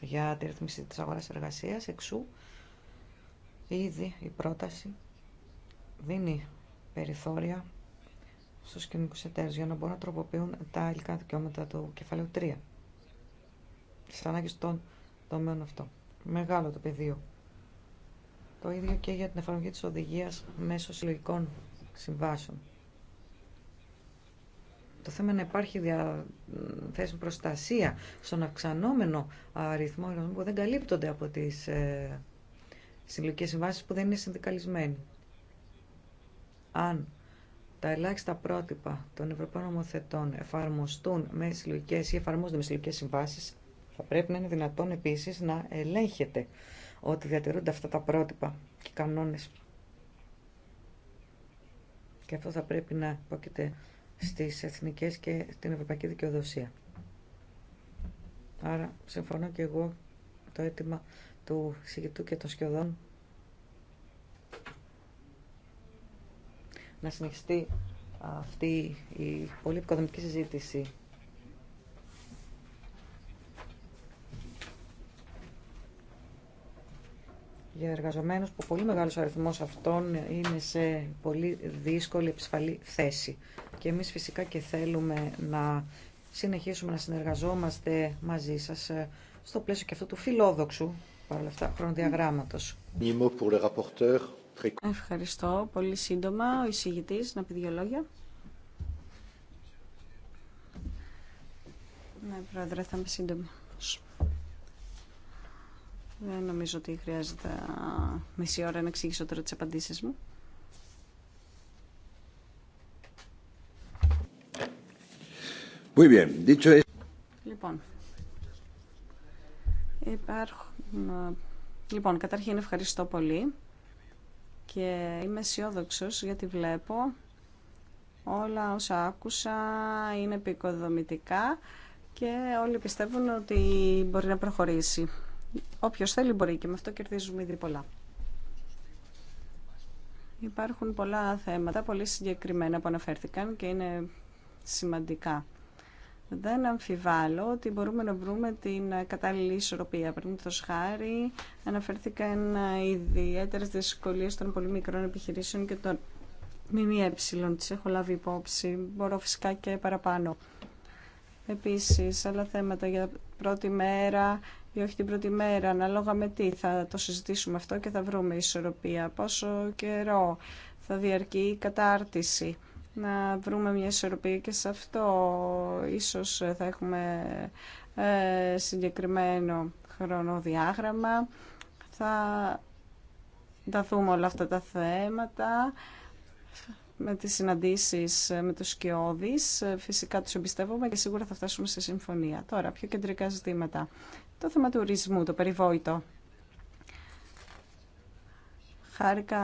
για τη ρυθμίση τη αγορά εργασία εξού Ήδη η πρόταση δίνει περιθώρια στους κοινωνικούς εταίρους για να μπορούν να τροποποιούν τα υλικά δικαιώματα του κεφαλαίου 3 στις ανάγκες των τομέων αυτό. Μεγάλο το πεδίο. Το ίδιο και για την εφαρμογή της οδηγίας μέσω συλλογικών συμβάσεων. Το θέμα είναι να υπάρχει θέση προστασία στον αυξανόμενο αριθμό που δεν καλύπτονται από τις ε, Συλλογικέ συμβάσεις που δεν είναι συνδικαλισμένοι. Αν τα ελάχιστα πρότυπα των Ευρωπαίων Ομοθετών εφαρμοστούν με συλλογικές ή εφαρμόζονται με συλλογικές συμβάσεις, θα πρέπει να είναι δυνατόν επίσης να ελέγχεται ότι διατηρούνται αυτά τα πρότυπα και κανόνε. κανόνες. Και αυτό θα πρέπει να υπόκειται στις εθνικέ και στην ευρωπαϊκή δικαιοδοσία. Άρα συμφωνώ και εγώ το αίτημα του συγκριτού και των σκιωδών να συνεχιστεί αυτή η πολύ οικοδομική συζήτηση. για εργαζομένους που πολύ μεγάλος αριθμός αυτών είναι σε πολύ δύσκολη επισφαλή θέση. Και εμείς φυσικά και θέλουμε να συνεχίσουμε να συνεργαζόμαστε μαζί σας ε, στο πλαίσιο και αυτού του φιλόδοξου παρόλα αυτά χρονοδιαγράμματο. Ευχαριστώ. Πολύ σύντομα ο εισηγητή να πει δύο λόγια. Ναι, Πρόεδρε, θα είμαι σύντομη. Δεν νομίζω ότι χρειάζεται μισή ώρα να εξηγήσω τώρα τις απαντήσεις μου. Λοιπόν, υπάρχουν Λοιπόν, καταρχήν ευχαριστώ πολύ και είμαι αισιόδοξο γιατί βλέπω όλα όσα άκουσα είναι επικοδομητικά και όλοι πιστεύουν ότι μπορεί να προχωρήσει. Όποιο θέλει μπορεί και με αυτό κερδίζουμε ήδη πολλά. Υπάρχουν πολλά θέματα, πολύ συγκεκριμένα που αναφέρθηκαν και είναι σημαντικά. Δεν αμφιβάλλω ότι μπορούμε να βρούμε την ε, κατάλληλη ισορροπία. Πριν το σχάρι αναφέρθηκαν ε, ιδιαίτερε δυσκολίε των πολύ μικρών επιχειρήσεων και των ΜΜΕ. Τι έχω λάβει υπόψη. Μπορώ φυσικά και παραπάνω. Επίση, άλλα θέματα για πρώτη μέρα ή όχι την πρώτη μέρα, ανάλογα με τι θα το συζητήσουμε αυτό και θα βρούμε ισορροπία. Πόσο καιρό θα διαρκεί η κατάρτιση να βρούμε μια ισορροπία και σε αυτό ίσως θα έχουμε ε, συγκεκριμένο χρονοδιάγραμμα. Θα τα δούμε όλα αυτά τα θέματα με τις συναντήσεις με τους σκιώδεις. Φυσικά τους εμπιστεύομαι και σίγουρα θα φτάσουμε σε συμφωνία. Τώρα, πιο κεντρικά ζητήματα. Το θέμα του ορισμού, το περιβόητο. Χάρηκα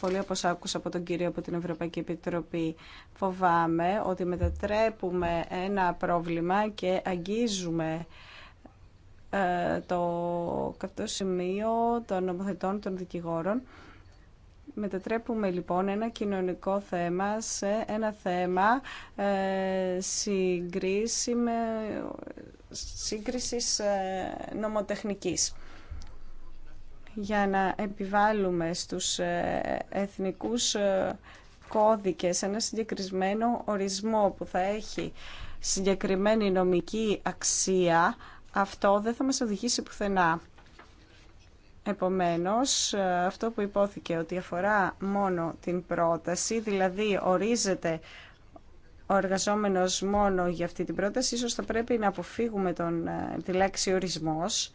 πολύ όπως άκουσα από τον κύριο από την Ευρωπαϊκή Επιτροπή. Φοβάμαι ότι μετατρέπουμε ένα πρόβλημα και αγγίζουμε ε, το καυτό σημείο των νομοθετών των δικηγόρων. Μετατρέπουμε λοιπόν ένα κοινωνικό θέμα σε ένα θέμα ε, με, σύγκρισης ε, νομοτεχνικής για να επιβάλλουμε στους ε, εθνικούς ε, κώδικες ένα συγκεκριμένο ορισμό που θα έχει συγκεκριμένη νομική αξία, αυτό δεν θα μας οδηγήσει πουθενά. Επομένως, ε, αυτό που υπόθηκε ότι αφορά μόνο την πρόταση, δηλαδή ορίζεται ο εργαζόμενος μόνο για αυτή την πρόταση, ίσως θα πρέπει να αποφύγουμε τον, τη λέξη ορισμός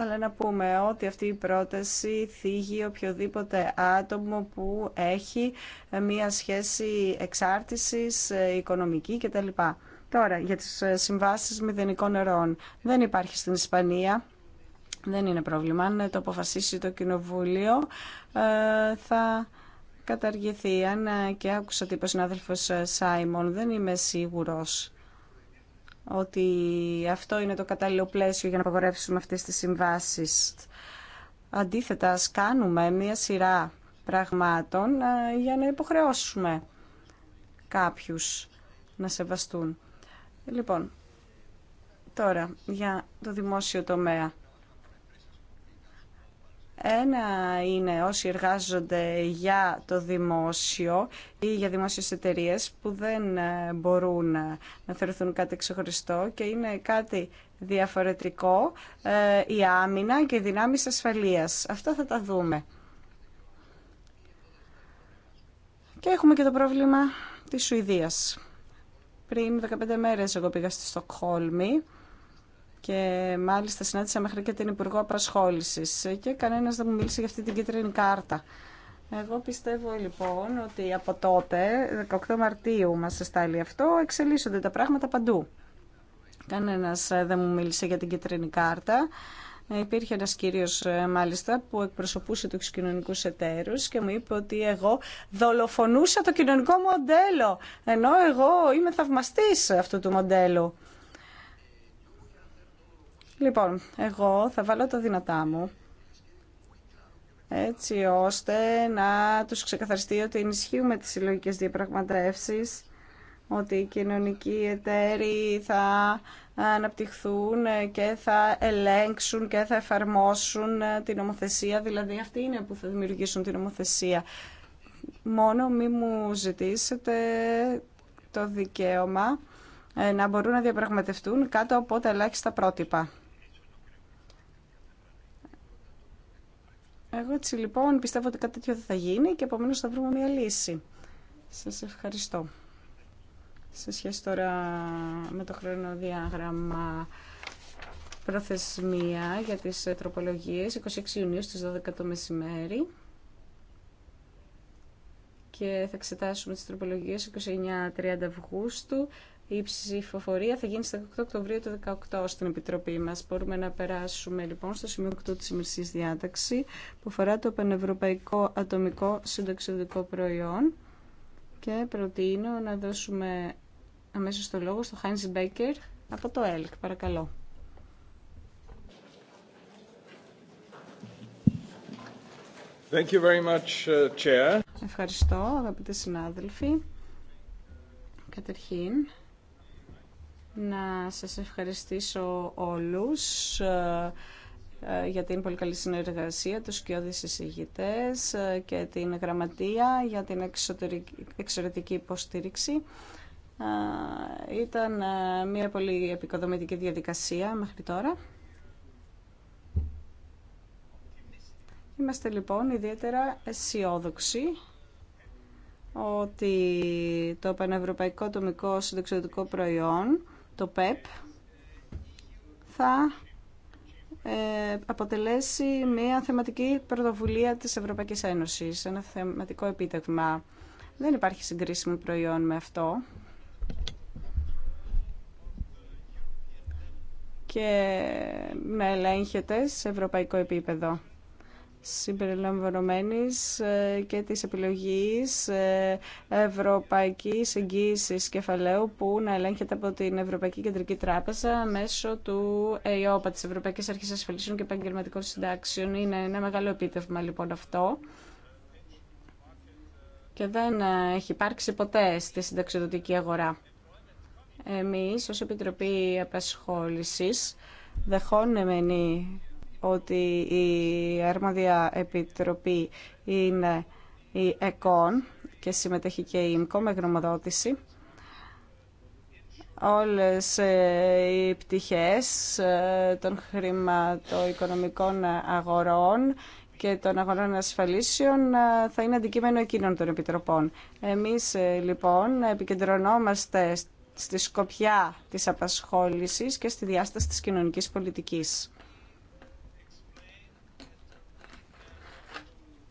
αλλά να πούμε ότι αυτή η πρόταση θίγει οποιοδήποτε άτομο που έχει μία σχέση εξάρτησης οικονομική κτλ. Τώρα, για τις ε, συμβάσεις μηδενικών νερών. Δεν υπάρχει στην Ισπανία δεν είναι πρόβλημα. Αν το αποφασίσει το Κοινοβούλιο ε, θα καταργηθεί. Αν ε, και άκουσα ότι είπε ο συνάδελφος Σάιμον, δεν είμαι σίγουρος ότι αυτό είναι το κατάλληλο πλαίσιο για να απαγορεύσουμε αυτές τις συμβάσεις. Αντίθετα, κάνουμε μία σειρά πραγμάτων ε, για να υποχρεώσουμε κάποιους να σεβαστούν. Λοιπόν, τώρα για το δημόσιο τομέα. Ένα είναι όσοι εργάζονται για το δημόσιο ή για δημόσιες εταιρείε που δεν ε, μπορούν να θεωρηθούν κάτι ξεχωριστό και είναι κάτι διαφορετικό ε, η άμυνα και οι δυνάμεις ασφαλείας. Αυτό θα τα δούμε. Και έχουμε και το πρόβλημα της Σουηδίας. Πριν 15 μέρες εγώ πήγα στη Στοκχόλμη και μάλιστα συνάντησα μέχρι και την Υπουργό Απασχόληση και κανένας δεν μου μίλησε για αυτή την κίτρινη κάρτα. Εγώ πιστεύω λοιπόν ότι από τότε, 18 Μαρτίου μας εστάλει αυτό, εξελίσσονται τα πράγματα παντού. Κανένας ε, δεν μου μίλησε για την κίτρινη κάρτα. Υπήρχε ένας κύριος ε, μάλιστα που εκπροσωπούσε του κοινωνικού εταίρου και μου είπε ότι εγώ δολοφονούσα το κοινωνικό μοντέλο, ενώ εγώ είμαι θαυμαστής αυτού του μοντέλου. Λοιπόν, εγώ θα βάλω τα δυνατά μου έτσι ώστε να τους ξεκαθαριστεί ότι ενισχύουμε τις συλλογικές διαπραγματεύσεις, ότι οι κοινωνικοί εταίροι θα αναπτυχθούν και θα ελέγξουν και θα εφαρμόσουν την νομοθεσία, δηλαδή αυτοί είναι που θα δημιουργήσουν την νομοθεσία. Μόνο μη μου ζητήσετε το δικαίωμα ε, να μπορούν να διαπραγματευτούν κάτω από τα ελάχιστα πρότυπα. Εγώ έτσι λοιπόν πιστεύω ότι κάτι τέτοιο θα γίνει και επομένως θα βρούμε μια λύση. Σας ευχαριστώ. Σε σχέση τώρα με το χρονοδιάγραμμα προθεσμία για τις τροπολογίες 26 Ιουνίου στις 12 το μεσημέρι και θα εξετάσουμε τις τροπολογίες 29-30 Αυγούστου η ψηφοφορία θα γίνει στις 18 Οκτωβρίου του 2018 στην Επιτροπή μας. Μπορούμε να περάσουμε λοιπόν στο σημείο 8 της ημερική διάταξη που αφορά το Πανευρωπαϊκό Ατομικό Συνταξιδικό Προϊόν και προτείνω να δώσουμε αμέσως το λόγο στο Heinz Μπέκερ από το ΕΛΚ. Παρακαλώ. Thank you very much, uh, Chair. Ευχαριστώ αγαπητοί συνάδελφοι. Καταρχήν, να σας ευχαριστήσω όλους ε, ε, για την πολύ καλή συνεργασία, τους κοιόδης εισηγητές ε, και την γραμματεία για την εξωτερική υποστήριξη. Ήταν μια πολύ επικοδομητική διαδικασία μέχρι τώρα. Είμαστε λοιπόν ιδιαίτερα αισιόδοξοι ότι το Πανευρωπαϊκό Τομικό Συνταξιδοτικό Προϊόν το ΠΕΠ θα ε, αποτελέσει μια θεματική πρωτοβουλία της Ευρωπαϊκής Ένωσης, ένα θεματικό επίτευγμα. Δεν υπάρχει συγκρίσιμο προϊόν με αυτό. Και με ελέγχεται σε ευρωπαϊκό επίπεδο συμπεριλαμβανομένης ε, και της επιλογής ε, ευρωπαϊκής εγγύησης κεφαλαίου που να ελέγχεται από την Ευρωπαϊκή Κεντρική Τράπεζα μέσω του ΕΙΟΠΑ, της Ευρωπαϊκής Αρχής Ασφαλίσεων και Επαγγελματικών Συντάξεων. Είναι ένα μεγάλο επίτευγμα λοιπόν αυτό και δεν ε, έχει υπάρξει ποτέ στη συνταξιδοτική αγορά. Εμείς ως Επιτροπή Απασχόλησης δεχόμενοι ότι η αρμόδια επιτροπή είναι η ΕΚΟΝ και συμμετέχει και η ΙΜΚΟ με γνωμοδότηση. Όλες ε, οι πτυχές ε, των χρηματοοικονομικών αγορών και των αγορών ασφαλίσεων ε, θα είναι αντικείμενο εκείνων των επιτροπών. Εμείς λοιπόν επικεντρωνόμαστε στη σκοπιά της απασχόλησης και στη διάσταση της κοινωνικής πολιτικής.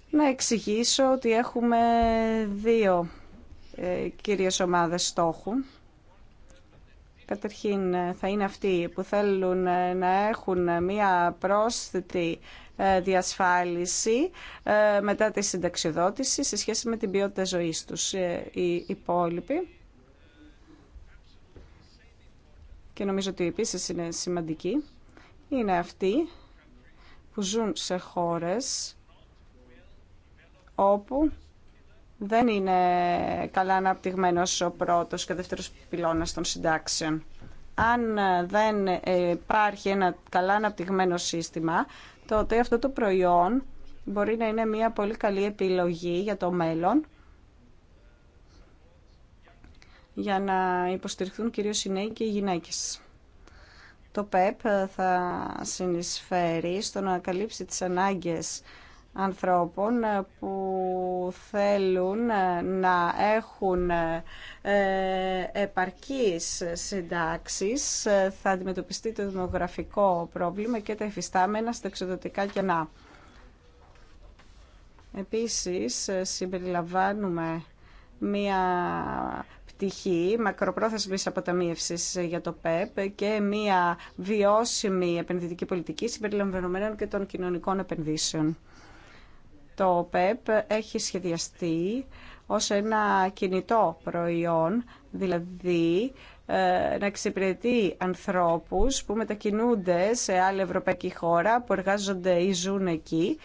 να εξηγήσω ότι έχουμε δύο ε, κυρίες ομάδες στόχου. Καταρχήν ε, θα είναι αυτοί που θέλουν ε, να έχουν μία πρόσθετη ε, διασφάλιση μετά τη συνταξιδότηση σε σχέση με την ποιότητα ζωής τους οι υπόλοιποι. Και νομίζω ότι επίση είναι σημαντική. Είναι αυτοί που ζουν σε χώρες όπου δεν είναι καλά αναπτυγμένος ο πρώτος και δεύτερος πυλώνας των συντάξεων. Αν ε, δεν ε, υπάρχει ένα καλά αναπτυγμένο σύστημα, τότε αυτό το προϊόν μπορεί να είναι μια πολύ καλή επιλογή για το μέλλον, για να υποστηριχθούν κυρίως οι νέοι και οι γυναίκες. Το ΠΕΠ ε, θα συνεισφέρει στο να καλύψει τις ανάγκες ανθρώπων ε, που θέλουν ε, να έχουν ε, επαρκείς συντάξεις θα αντιμετωπιστεί το δημογραφικό πρόβλημα και τα εφιστάμενα στα εξοδοτικά κενά. Επίσης, συμπεριλαμβάνουμε μία πτυχή μακροπρόθεσμης αποταμίευσης για το ΠΕΠ και μία βιώσιμη επενδυτική πολιτική συμπεριλαμβανομένων και των κοινωνικών επενδύσεων. Το ΠΕΠ έχει σχεδιαστεί ως ένα κινητό προϊόν, δηλαδή ε, να εξυπηρετεί ανθρώπους που μετακινούνται σε άλλη ευρωπαϊκή χώρα, που εργάζονται ή ζουν εκεί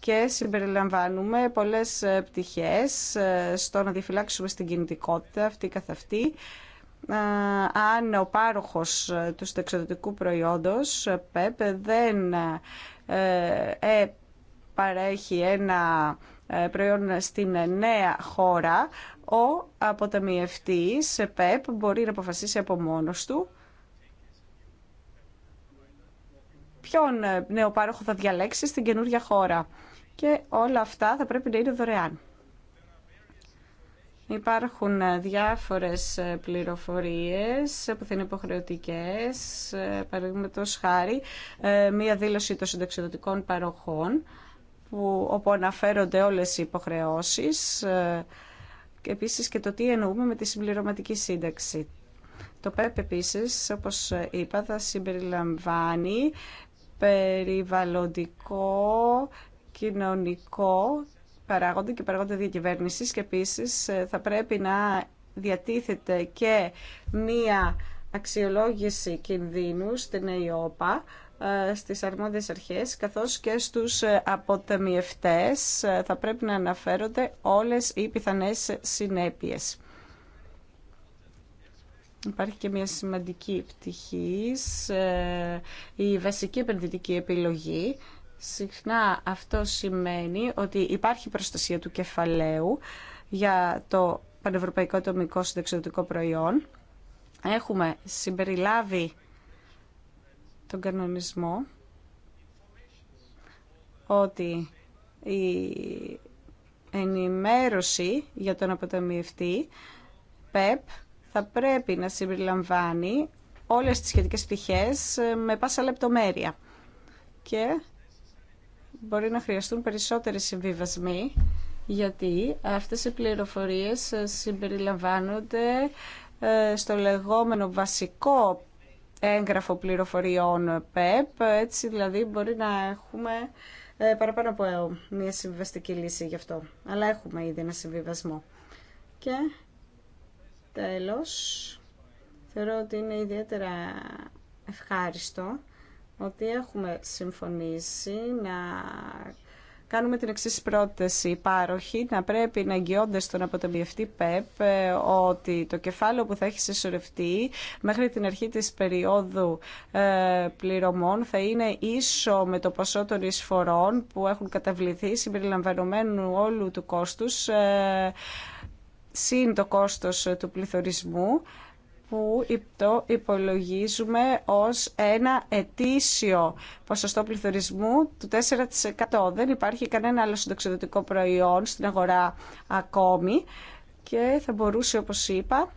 και συμπεριλαμβάνουμε πολλές ε, πτυχές ε, στο να διαφυλάξουμε στην κινητικότητα αυτή καθ' αυτή. Αν ο πάροχος του εξωτερικού προϊόντος, ΠΕΠ, δεν παρέχει ένα ε, προϊόν στην νέα χώρα, ο αποταμιευτής ΠΕΠ μπορεί να αποφασίσει από μόνος του ποιον ε, νέο πάροχο θα διαλέξει στην καινούργια χώρα. Και όλα αυτά θα πρέπει να είναι δωρεάν. Υπάρχουν ε, διάφορες πληροφορίες που θα είναι υποχρεωτικές, παραδείγματος χάρη, μία δήλωση των συνταξιδοτικών παροχών, που, όπου αναφέρονται όλες οι υποχρεώσεις ε, και επίσης και το τι εννοούμε με τη συμπληρωματική σύνταξη. Το ΠΕΠ επίσης, όπως είπα, θα συμπεριλαμβάνει περιβαλλοντικό, κοινωνικό παράγοντα και παράγοντα διακυβέρνησης και επίσης ε, θα πρέπει να διατίθεται και μία αξιολόγηση κινδύνου στην ΕΙΟΠΑ ε, στις αρμόδιες αρχές καθώς και στους ε, αποτεμιευτές ε, θα πρέπει να αναφέρονται όλες οι πιθανές συνέπειες. Υπάρχει και μια σημαντική πτυχή, η βασική επενδυτική επιλογή. Συχνά αυτό σημαίνει ότι υπάρχει προστασία του κεφαλαίου για το πανευρωπαϊκό τομικό συνταξιδοτικό προϊόν. Έχουμε συμπεριλάβει τον κανονισμό ότι η ενημέρωση για τον αποταμιευτή ΠΕΠ θα πρέπει να συμπεριλαμβάνει όλες τις σχετικές πτυχές ε, με πάσα λεπτομέρεια και μπορεί να χρειαστούν περισσότεροι συμβιβασμοί γιατί αυτές οι πληροφορίες ε, συμπεριλαμβάνονται ε, στο λεγόμενο βασικό έγγραφο πληροφοριών ΠΕΠ, έτσι δηλαδή μπορεί να έχουμε ε, παραπάνω από ε, μια συμβιβαστική λύση γι' αυτό. Αλλά έχουμε ήδη ένα συμβιβασμό. Και τέλος, θεωρώ ότι είναι ιδιαίτερα ευχάριστο ότι έχουμε συμφωνήσει να κάνουμε την εξή πρόταση. Οι να πρέπει να εγγυώνται στον αποταμιευτή ΠΕΠ ε, ότι το κεφάλαιο που θα έχει συσσωρευτεί μέχρι την αρχή της περίοδου ε, πληρωμών θα είναι ίσο με το ποσό των εισφορών που έχουν καταβληθεί συμπεριλαμβανομένου όλου του κόστους ε, συν το κόστος του πληθωρισμού που το υπολογίζουμε ως ένα ετήσιο ποσοστό πληθωρισμού του 4%. Δεν υπάρχει κανένα άλλο συντοξιδοτικό προϊόν στην αγορά ακόμη και θα μπορούσε, όπως είπα,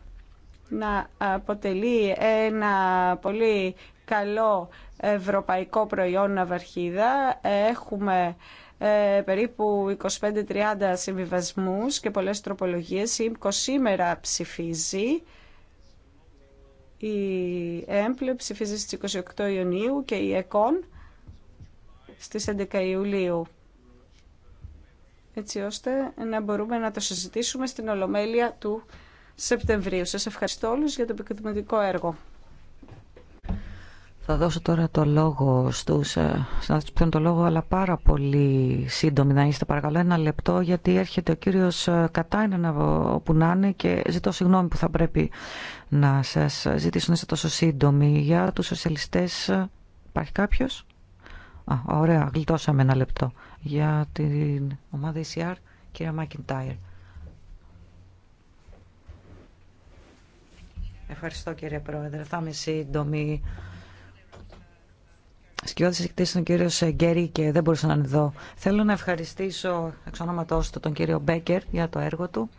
να αποτελεί ένα πολύ καλό ευρωπαϊκό προϊόν ναυαρχίδα. Έχουμε ε, περίπου 25-30 συμβιβασμούς και πολλές τροπολογίες. Η ΥΜΚΟ σήμερα ψηφίζει η ΕΜΠΛΕ ψηφίζει στις 28 Ιουνίου και η ΕΚΟΝ στις 11 Ιουλίου έτσι ώστε να μπορούμε να το συζητήσουμε στην Ολομέλεια του Σεπτεμβρίου. Σας ευχαριστώ όλους για το επικοινωνικό έργο. Θα δώσω τώρα το λόγο στου. συνάδελφου που το λόγο, αλλά πάρα πολύ σύντομη να είστε παρακαλώ ένα λεπτό, γιατί έρχεται ο κύριος ε, Κατάινεν όπου να είναι και ζητώ συγγνώμη που θα πρέπει να σας ζητήσω να είστε τόσο σύντομοι. Για τους σοσιαλιστέ, ε, υπάρχει κάποιο, Α, ωραία, γλιτώσαμε ένα λεπτό. Για την ομάδα ECR, Μάκιν Μάκιντάιρ. Ευχαριστώ κύριε Πρόεδρε. Θα είμαι σύντομη σκιώδης εκτίση τον κύριο Γκέρι και δεν μπορούσα να είναι εδώ. Θέλω να ευχαριστήσω εξ ονόματό του τον κύριο Μπέκερ για το έργο του.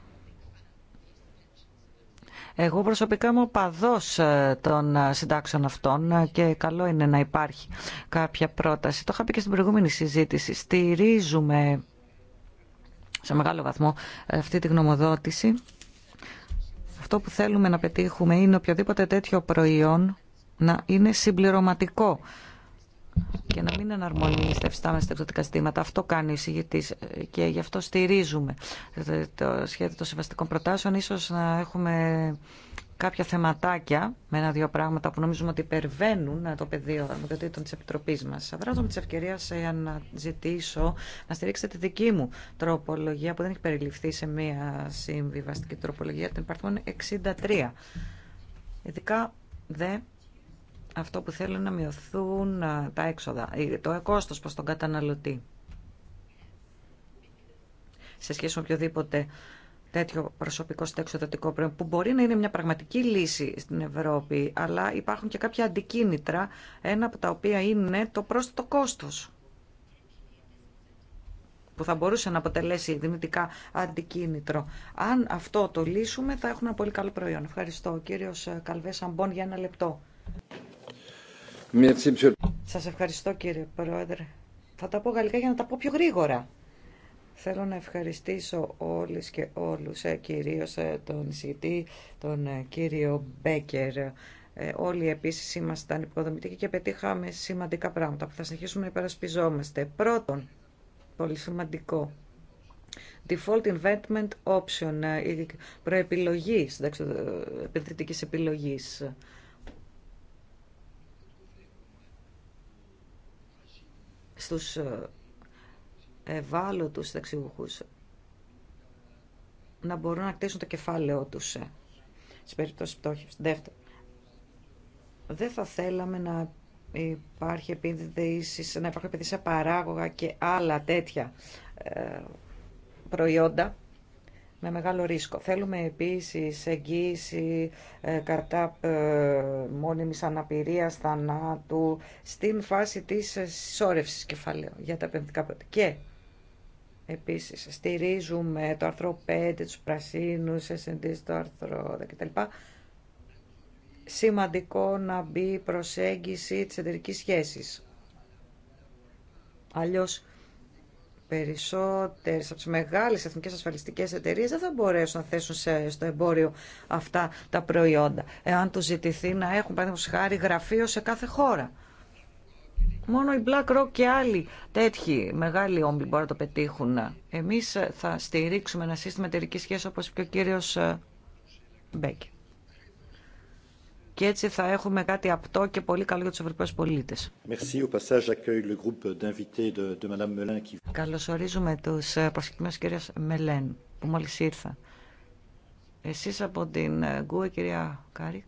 Εγώ προσωπικά είμαι οπαδό ε, των ε, συντάξεων αυτών ε, και καλό είναι να υπάρχει κάποια πρόταση. Το είχα πει και στην προηγούμενη συζήτηση. Στηρίζουμε σε μεγάλο βαθμό αυτή τη γνωμοδότηση. Αυτό που θέλουμε να πετύχουμε είναι οποιοδήποτε τέτοιο προϊόν να είναι συμπληρωματικό και να μην εναρμονεί στα εφιστάμενα στα εκδοτικά ζητήματα. Αυτό κάνει ο εισηγητή ε, και γι' αυτό στηρίζουμε το σχέδιο των συμβαστικών προτάσεων. Ίσως να έχουμε κάποια θεματάκια με ένα-δύο πράγματα που νομίζουμε ότι υπερβαίνουν το πεδίο αρμοδιοτήτων τη Επιτροπή μα. Θα βράζω με τη ευκαιρία ε, να ζητήσω να στηρίξετε τη δική μου τροπολογία που δεν έχει περιληφθεί σε μία συμβιβαστική τροπολογία, την υπαρθμόν 63. Ειδικά δε αυτό που θέλουν να μειωθούν τα έξοδα, το κόστος προς τον καταναλωτή. Σε σχέση με οποιοδήποτε τέτοιο προσωπικό στέξοδοτικό πρόγραμμα, που μπορεί να είναι μια πραγματική λύση στην Ευρώπη, αλλά υπάρχουν και κάποια αντικίνητρα, ένα από τα οποία είναι το πρόσθετο κόστος που θα μπορούσε να αποτελέσει δυνητικά αντικίνητρο. Αν αυτό το λύσουμε, θα έχουμε ένα πολύ καλό προϊόν. Ευχαριστώ. κύριος Καλβέ Σαμπών για ένα λεπτό. Σας ευχαριστώ κύριε Πρόεδρε. Θα τα πω γαλλικά για να τα πω πιο γρήγορα. Θέλω να ευχαριστήσω όλες και όλους, ε, κυρίως ε, τον εισηγητή, τον ε, κύριο Μπέκερ. Όλοι επίσης ήμασταν υποδομητικοί και πετύχαμε σημαντικά πράγματα που θα συνεχίσουμε να υπερασπιζόμαστε. Πρώτον, πολύ σημαντικό, Default Investment Option, η προεπιλογή, επενδυτικής επιλογής. στους ε, ευάλωτους ταξιούχους να μπορούν να κτίσουν το κεφάλαιό τους ε, σε περίπτωση πτώχευσης. Δεύτερο, δεν θα θέλαμε να υπάρχει επίδυση, να υπάρχουν επίδυση σε παράγωγα και άλλα τέτοια ε, προϊόντα με μεγάλο ρίσκο. Θέλουμε επίσης εγγύηση ε, κατά ε, μόνιμης αναπηρίας θανάτου στην φάση της συσσόρευσης κεφαλαίου για τα επενδυτικά πρότυπα. Και επίσης στηρίζουμε το άρθρο 5, τους πρασίνους, S&D το άρθρο 10 κτλ. Σημαντικό να μπει η προσέγγιση της εταιρικής σχέσης. Αλλιώς Περισσότερε από τι μεγάλε εθνικέ ασφαλιστικέ εταιρείε δεν θα μπορέσουν να θέσουν στο εμπόριο αυτά τα προϊόντα, εάν του ζητηθεί να έχουν, παραδείγματο χάρη, γραφείο σε κάθε χώρα. Μόνο η BlackRock και άλλοι τέτοιοι μεγάλοι όμιλοι μπορούν να το πετύχουν. Εμείς θα στηρίξουμε ένα σύστημα εταιρική σχέση όπως και ο κύριο ε, Μπέκε και έτσι θα έχουμε κάτι απτό και πολύ καλό για τους Ευρωπαίους πολίτες. Καλωσορίζουμε τους ε, προσκεκριμένους κυρίας Μελέν που μόλις ήρθα. Εσείς από την ε, Γκουε, κυρία Κάρικ.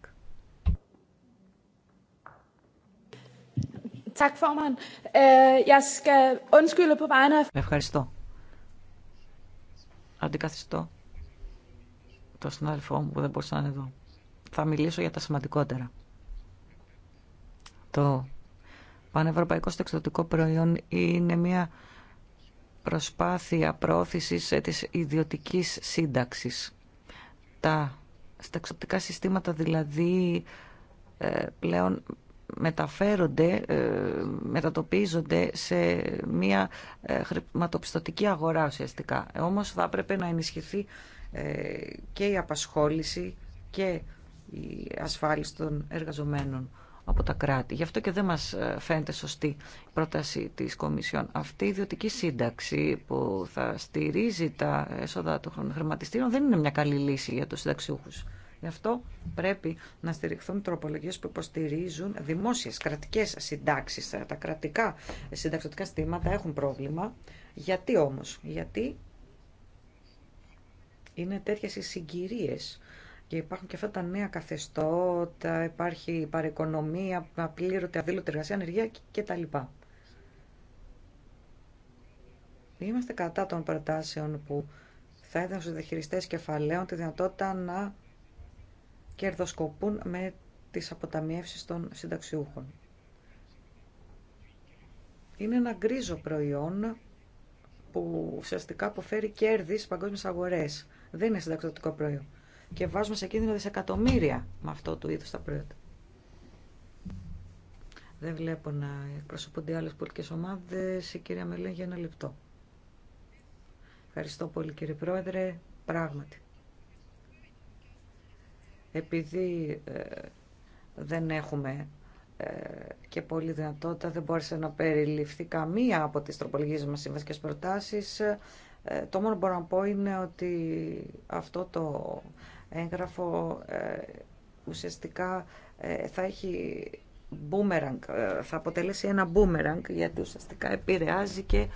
Øh, Ευχαριστώ. Αντικαθιστώ το συνάδελφό μου που δεν μπορούσε να είναι εδώ θα μιλήσω για τα σημαντικότερα. Το πανευρωπαϊκό στεξιδοτικό προϊόν είναι μια προσπάθεια προώθησης ε, της ιδιωτικής σύνταξης. Τα στεξιδοτικά συστήματα δηλαδή ε, πλέον μεταφέρονται, ε, μετατοπίζονται σε μια χρηματοπιστωτική αγορά ουσιαστικά. Όμως θα έπρεπε να ενισχυθεί και η απασχόληση και η ασφάλιση των εργαζομένων από τα κράτη. Γι' αυτό και δεν μας ε, φαίνεται σωστή η πρόταση της Κομισιόν. Αυτή η ιδιωτική σύνταξη που θα στηρίζει τα έσοδα των χρηματιστήρων δεν είναι μια καλή λύση για τους συνταξιούχους. Γι' αυτό πρέπει να στηριχθούν τροπολογίες που υποστηρίζουν δημόσιες κρατικές συντάξεις. Τα κρατικά συνταξιωτικά στήματα έχουν πρόβλημα. Γιατί όμως? γιατί είναι τέτοιες οι συγκυρίες και υπάρχουν και αυτά τα νέα καθεστώτα, υπάρχει παρεκονομία, απλήρωτη, αδήλωτη εργασία, ανεργία κτλ. Είμαστε κατά των προτάσεων που θα έδωσαν στους διαχειριστές κεφαλαίων τη δυνατότητα να κερδοσκοπούν με τις αποταμιεύσεις των συνταξιούχων. Είναι ένα γκρίζο προϊόν που ουσιαστικά αποφέρει κέρδη στις παγκόσμιες αγορές. Δεν είναι συνταξιδοτικό προϊόν και βάζουμε σε κίνδυνο δισεκατομμύρια με αυτό του είδους τα προϊόντα. Δεν βλέπω να εκπροσωπούνται άλλες πολιτικές ομάδες. Η κυρία Μελέν για ένα λεπτό. Ευχαριστώ πολύ κύριε Πρόεδρε. Πράγματι. Επειδή ε, δεν έχουμε ε, και πολύ δυνατότητα δεν μπόρεσε να περιληφθεί καμία από τις τροπολογίες μας συμβασικές προτάσεις. Ε, το μόνο που μπορώ να πω είναι ότι αυτό το έγγραφο ε, ουσιαστικά ε, θα έχει boomerang, ε, θα αποτελέσει ένα boomerang γιατί ουσιαστικά επηρεάζει και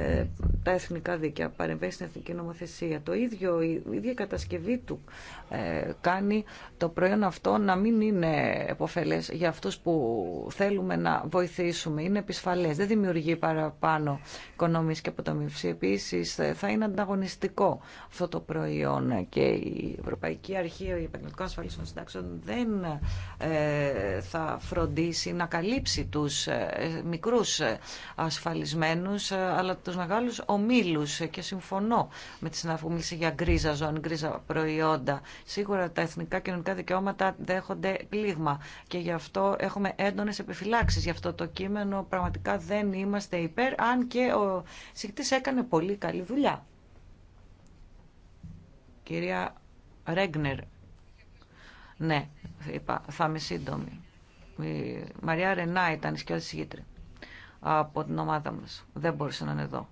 ε, τα εθνικά δίκαια, παρεμβαίνει στην εθνική νομοθεσία. Το ίδιο, η ίδια κατασκευή του ε, κάνει το προϊόν αυτό να μην είναι επωφελές για αυτούς που θέλουμε να βοηθήσουμε. Είναι επισφαλές, δεν δημιουργεί παραπάνω οικονομίες και αποταμιευσή. Επίση ε, θα είναι ανταγωνιστικό αυτό το προϊόν και η Ευρωπαϊκή Αρχή Επαγγελματικών των Συντάξεων δεν θα φροντίσει να καλύψει τους μικρούς ασφαλισμένους, αλλά τους μεγάλους ομίλους και συμφωνώ με τη συνάδελφο για γκρίζα ζώνη, γκρίζα προϊόντα. Σίγουρα τα εθνικά κοινωνικά δικαιώματα δέχονται πλήγμα και γι' αυτό έχουμε έντονες επιφυλάξεις. Γι' αυτό το κείμενο πραγματικά δεν είμαστε υπέρ, αν και ο συγκτής έκανε πολύ καλή δουλειά. Κυρία Ρέγνερ, ναι, είπα, θα είμαι σύντομη. Η Μαριά Ρενά ήταν η σκιώδη από την ομάδα μας. Δεν μπορούσε να είναι εδώ.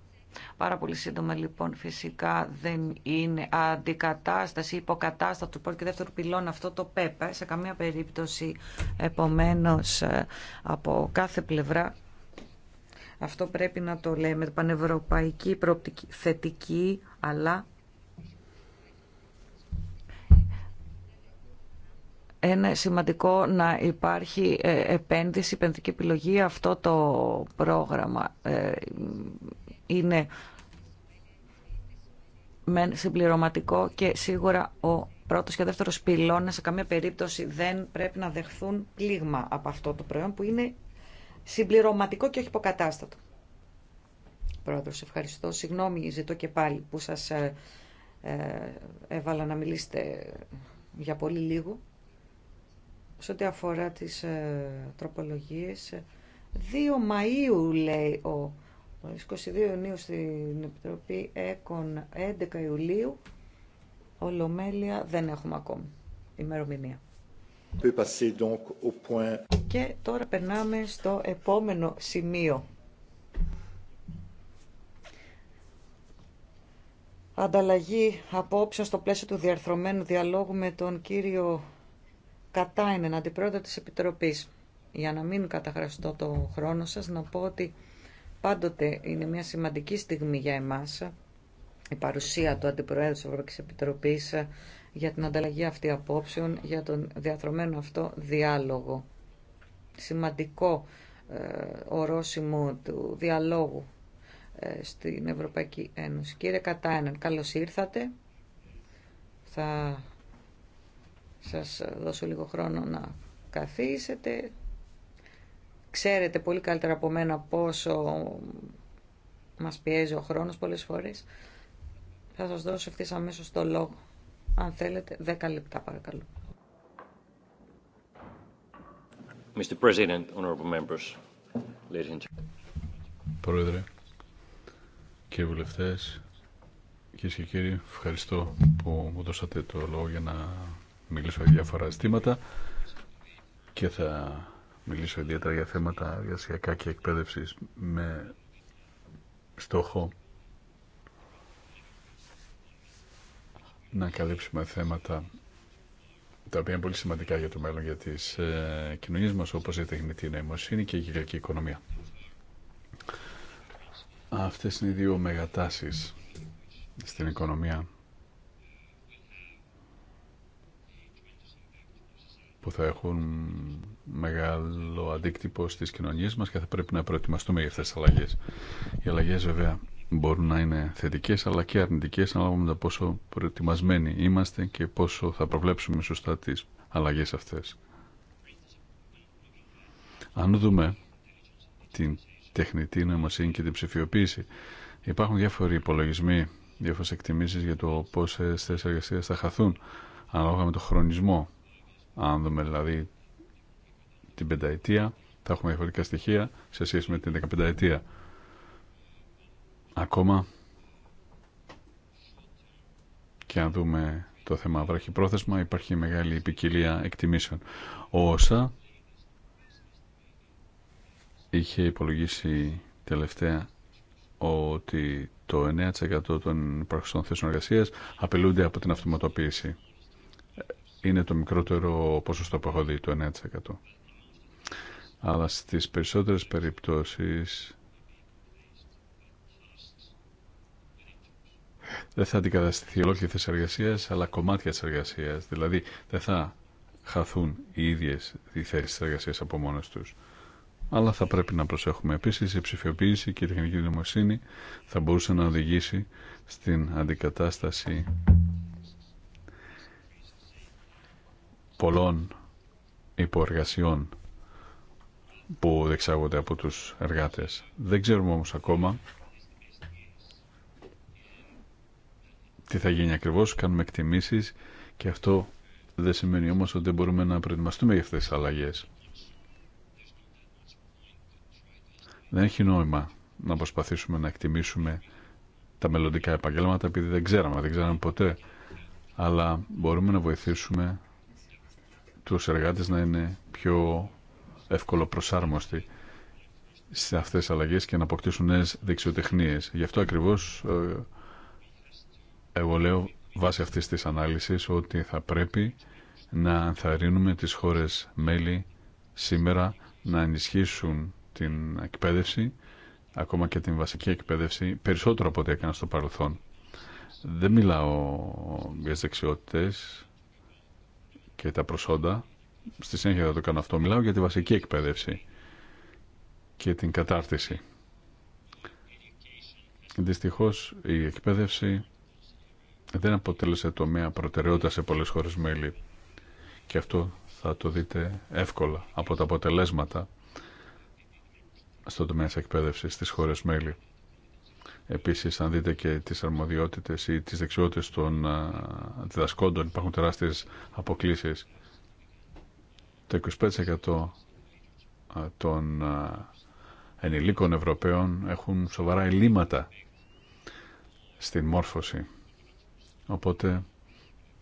Πάρα πολύ σύντομα λοιπόν φυσικά δεν είναι αντικατάσταση, υποκατάσταση του πρώτου και δεύτερου πυλών αυτό το ΠΕΠΑ σε καμία περίπτωση επομένως ε, από κάθε πλευρά αυτό πρέπει να το λέμε πανευρωπαϊκή προοπτική θετική αλλά είναι σημαντικό να υπάρχει ε, επένδυση, επενδυτική επιλογή. Αυτό το πρόγραμμα ε, είναι συμπληρωματικό και σίγουρα ο πρώτος και ο δεύτερος πυλώνες σε καμία περίπτωση δεν πρέπει να δεχθούν πλήγμα από αυτό το προϊόν που είναι συμπληρωματικό και όχι υποκατάστατο. Πρόεδρος, ευχαριστώ. Συγγνώμη, ζητώ και πάλι που σας ε, έβαλα να μιλήσετε για πολύ λίγο σε ό,τι αφορά τις ε, τροπολογίες. 2 ε, Μαΐου λέει ο 22 ε, Ιουνίου στην Επιτροπή ΕΚΟΝ 11 Ιουλίου Ολομέλεια δεν έχουμε ακόμη ημερομηνία. Και τώρα περνάμε στο επόμενο σημείο. Ανταλλαγή απόψε στο πλαίσιο του διαρθρωμένου διαλόγου με τον κύριο κατά είναι αντιπρόεδρο της Επιτροπής. Για να μην καταχραστώ το χρόνο σας, να πω ότι πάντοτε είναι μια σημαντική στιγμή για εμάς η παρουσία του Αντιπροέδρου της Ευρωπαϊκής Επιτροπής για την ανταλλαγή αυτή απόψεων, για τον διαθρωμένο αυτό διάλογο. Σημαντικό ε, ορόσημο του διαλόγου ε, στην Ευρωπαϊκή Ένωση. Κύριε Κατάινεν, καλώς ήρθατε. Θα σας δώσω λίγο χρόνο να καθίσετε. Ξέρετε πολύ καλύτερα από μένα πόσο μας πιέζει ο χρόνος πολλές φορές. Θα σας δώσω ευθύ αμέσως το λόγο. Αν θέλετε, Δέκα λεπτά παρακαλώ. Mr. President, honorable members, ladies and gentlemen. Πρόεδρε, κύριε βουλευτές, και κύριοι, ευχαριστώ που μου δώσατε το λόγο για να μιλήσω για διάφορα ζητήματα και θα μιλήσω ιδιαίτερα για θέματα εργασιακά και εκπαίδευση με στόχο να καλύψουμε θέματα τα οποία είναι πολύ σημαντικά για το μέλλον για τις ε, κοινωνίες μας όπως η τεχνητή νοημοσύνη και η γυριακή οικονομία. Αυτές είναι οι δύο μεγατάσεις στην οικονομία που θα έχουν μεγάλο αντίκτυπο στις κοινωνίε μα και θα πρέπει να προετοιμαστούμε για αυτέ τι αλλαγέ. Οι αλλαγέ βέβαια μπορούν να είναι θετικέ αλλά και αρνητικέ ανάλογα με το πόσο προετοιμασμένοι είμαστε και πόσο θα προβλέψουμε σωστά τι αλλαγέ αυτέ. Αν δούμε την τεχνητή νοημοσύνη και την ψηφιοποίηση, υπάρχουν διάφοροι υπολογισμοί, διάφορε εκτιμήσει για το πόσε θέσει εργασία θα χαθούν ανάλογα με το χρονισμό αν δούμε δηλαδή την πενταετία, θα έχουμε διαφορετικά στοιχεία σε σχέση με την δεκαπενταετία. Ακόμα και αν δούμε το θέμα βραχυπρόθεσμα, υπάρχει μεγάλη ποικιλία εκτιμήσεων. Όσα είχε υπολογίσει τελευταία ότι το 9% των υπαρχιστών θέσεων εργασία απελούνται από την αυτοματοποίηση είναι το μικρότερο ποσοστό που έχω δει, το 9%. Αλλά στις περισσότερες περιπτώσεις δεν θα αντικαταστηθεί ολόκληρη θέση εργασία, αλλά κομμάτια τη εργασία. Δηλαδή δεν θα χαθούν οι ίδιε οι θέσει τη εργασία από μόνε του. Αλλά θα πρέπει να προσέχουμε. Επίση, η ψηφιοποίηση και η τεχνική νοημοσύνη θα μπορούσε να οδηγήσει στην αντικατάσταση πολλών υποεργασιών που δεξάγονται από τους εργάτες. Δεν ξέρουμε όμως ακόμα τι θα γίνει ακριβώς, κάνουμε εκτιμήσεις και αυτό δεν σημαίνει όμως ότι μπορούμε να προετοιμαστούμε για αυτές τις αλλαγές. Δεν έχει νόημα να προσπαθήσουμε να εκτιμήσουμε τα μελλοντικά επαγγέλματα επειδή δεν ξέραμε, δεν ξέραμε ποτέ. Αλλά μπορούμε να βοηθήσουμε τους εργάτες να είναι πιο εύκολο προσάρμοστοι σε αυτές τις αλλαγές και να αποκτήσουν νέες δεξιοτεχνίες. Γι' αυτό ακριβώς ε, εγώ λέω βάσει αυτής της ανάλυσης ότι θα πρέπει να ανθαρρύνουμε τις χώρες μέλη σήμερα να ενισχύσουν την εκπαίδευση, ακόμα και την βασική εκπαίδευση, περισσότερο από ό,τι έκανα στο παρελθόν. Δεν μιλάω για τις και τα προσόντα. Στη συνέχεια θα το κάνω αυτό. Μιλάω για τη βασική εκπαίδευση και την κατάρτιση. Δυστυχώ η εκπαίδευση δεν αποτέλεσε τομέα προτεραιότητα σε πολλέ χώρε μέλη και αυτό θα το δείτε εύκολα από τα αποτελέσματα στο τομέα τη εκπαίδευση στι χώρε μέλη. Επίσης, αν δείτε και τις αρμοδιότητες ή τις δεξιότητες των διδασκόντων, υπάρχουν τεράστιες αποκλήσεις. Το 25% των ενηλίκων Ευρωπαίων έχουν σοβαρά ελλείμματα στην μόρφωση. Οπότε,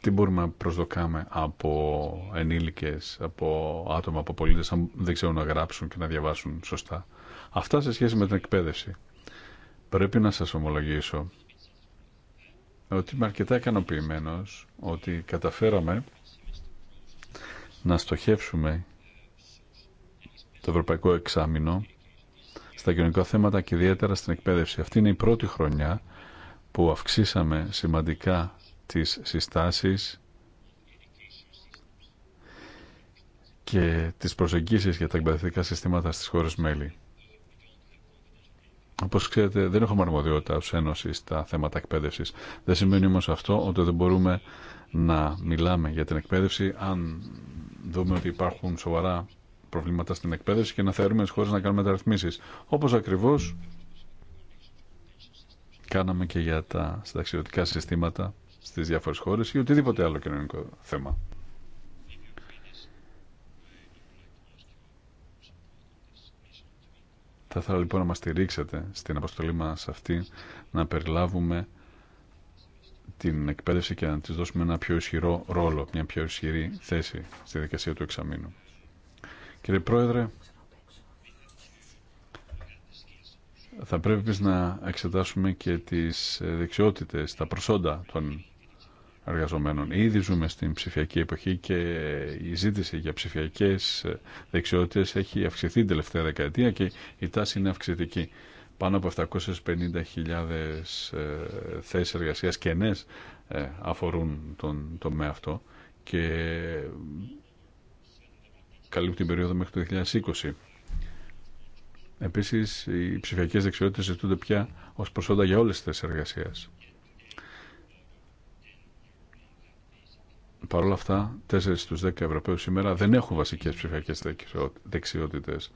τι μπορούμε να προσδοκάμε από ενήλικες, από άτομα, από πολίτες, αν δεν ξέρουν να γράψουν και να διαβάσουν σωστά. Αυτά σε σχέση με την εκπαίδευση. Πρέπει να σας ομολογήσω ότι είμαι αρκετά ικανοποιημένο ότι καταφέραμε να στοχεύσουμε το Ευρωπαϊκό Εξάμεινο στα κοινωνικά θέματα και ιδιαίτερα στην εκπαίδευση. Αυτή είναι η πρώτη χρονιά που αυξήσαμε σημαντικά τις συστάσεις και τις προσεγγίσεις για τα εκπαιδευτικά συστήματα στις χώρες μέλη. Όπω ξέρετε, δεν έχουμε αρμοδιότητα ω Ένωση στα θέματα εκπαίδευση. Δεν σημαίνει όμω αυτό ότι δεν μπορούμε να μιλάμε για την εκπαίδευση αν δούμε ότι υπάρχουν σοβαρά προβλήματα στην εκπαίδευση και να θεωρούμε τι χώρε να κάνουμε μεταρρυθμίσει. Όπω ακριβώ κάναμε και για τα συνταξιδοτικά συστήματα στι διάφορε χώρε ή οτιδήποτε άλλο κοινωνικό θέμα. Θα ήθελα λοιπόν να μας στηρίξετε στην αποστολή μας αυτή να περιλάβουμε την εκπαίδευση και να της δώσουμε ένα πιο ισχυρό ρόλο, μια πιο ισχυρή θέση στη δικασία του εξαμήνου. Κύριε Πρόεδρε, θα πρέπει να εξετάσουμε και τις δεξιότητες, τα προσόντα των εργαζομένων. Ήδη ζούμε στην ψηφιακή εποχή και η ζήτηση για ψηφιακές δεξιότητες έχει αυξηθεί την τελευταία δεκαετία και η τάση είναι αυξητική. Πάνω από 750.000 ε, θέσεις εργασίας καινές ε, αφορούν τον τομέα αυτό και καλύπτει την περίοδο μέχρι το 2020. Επίσης, οι ψηφιακές δεξιότητες ζητούνται πια ως προσόντα για όλες τις θέσεις εργασίας. Παρ' όλα αυτά, 4 στους 10 Ευρωπαίου σήμερα δεν έχουν βασικές ψηφιακές δεξιότητες.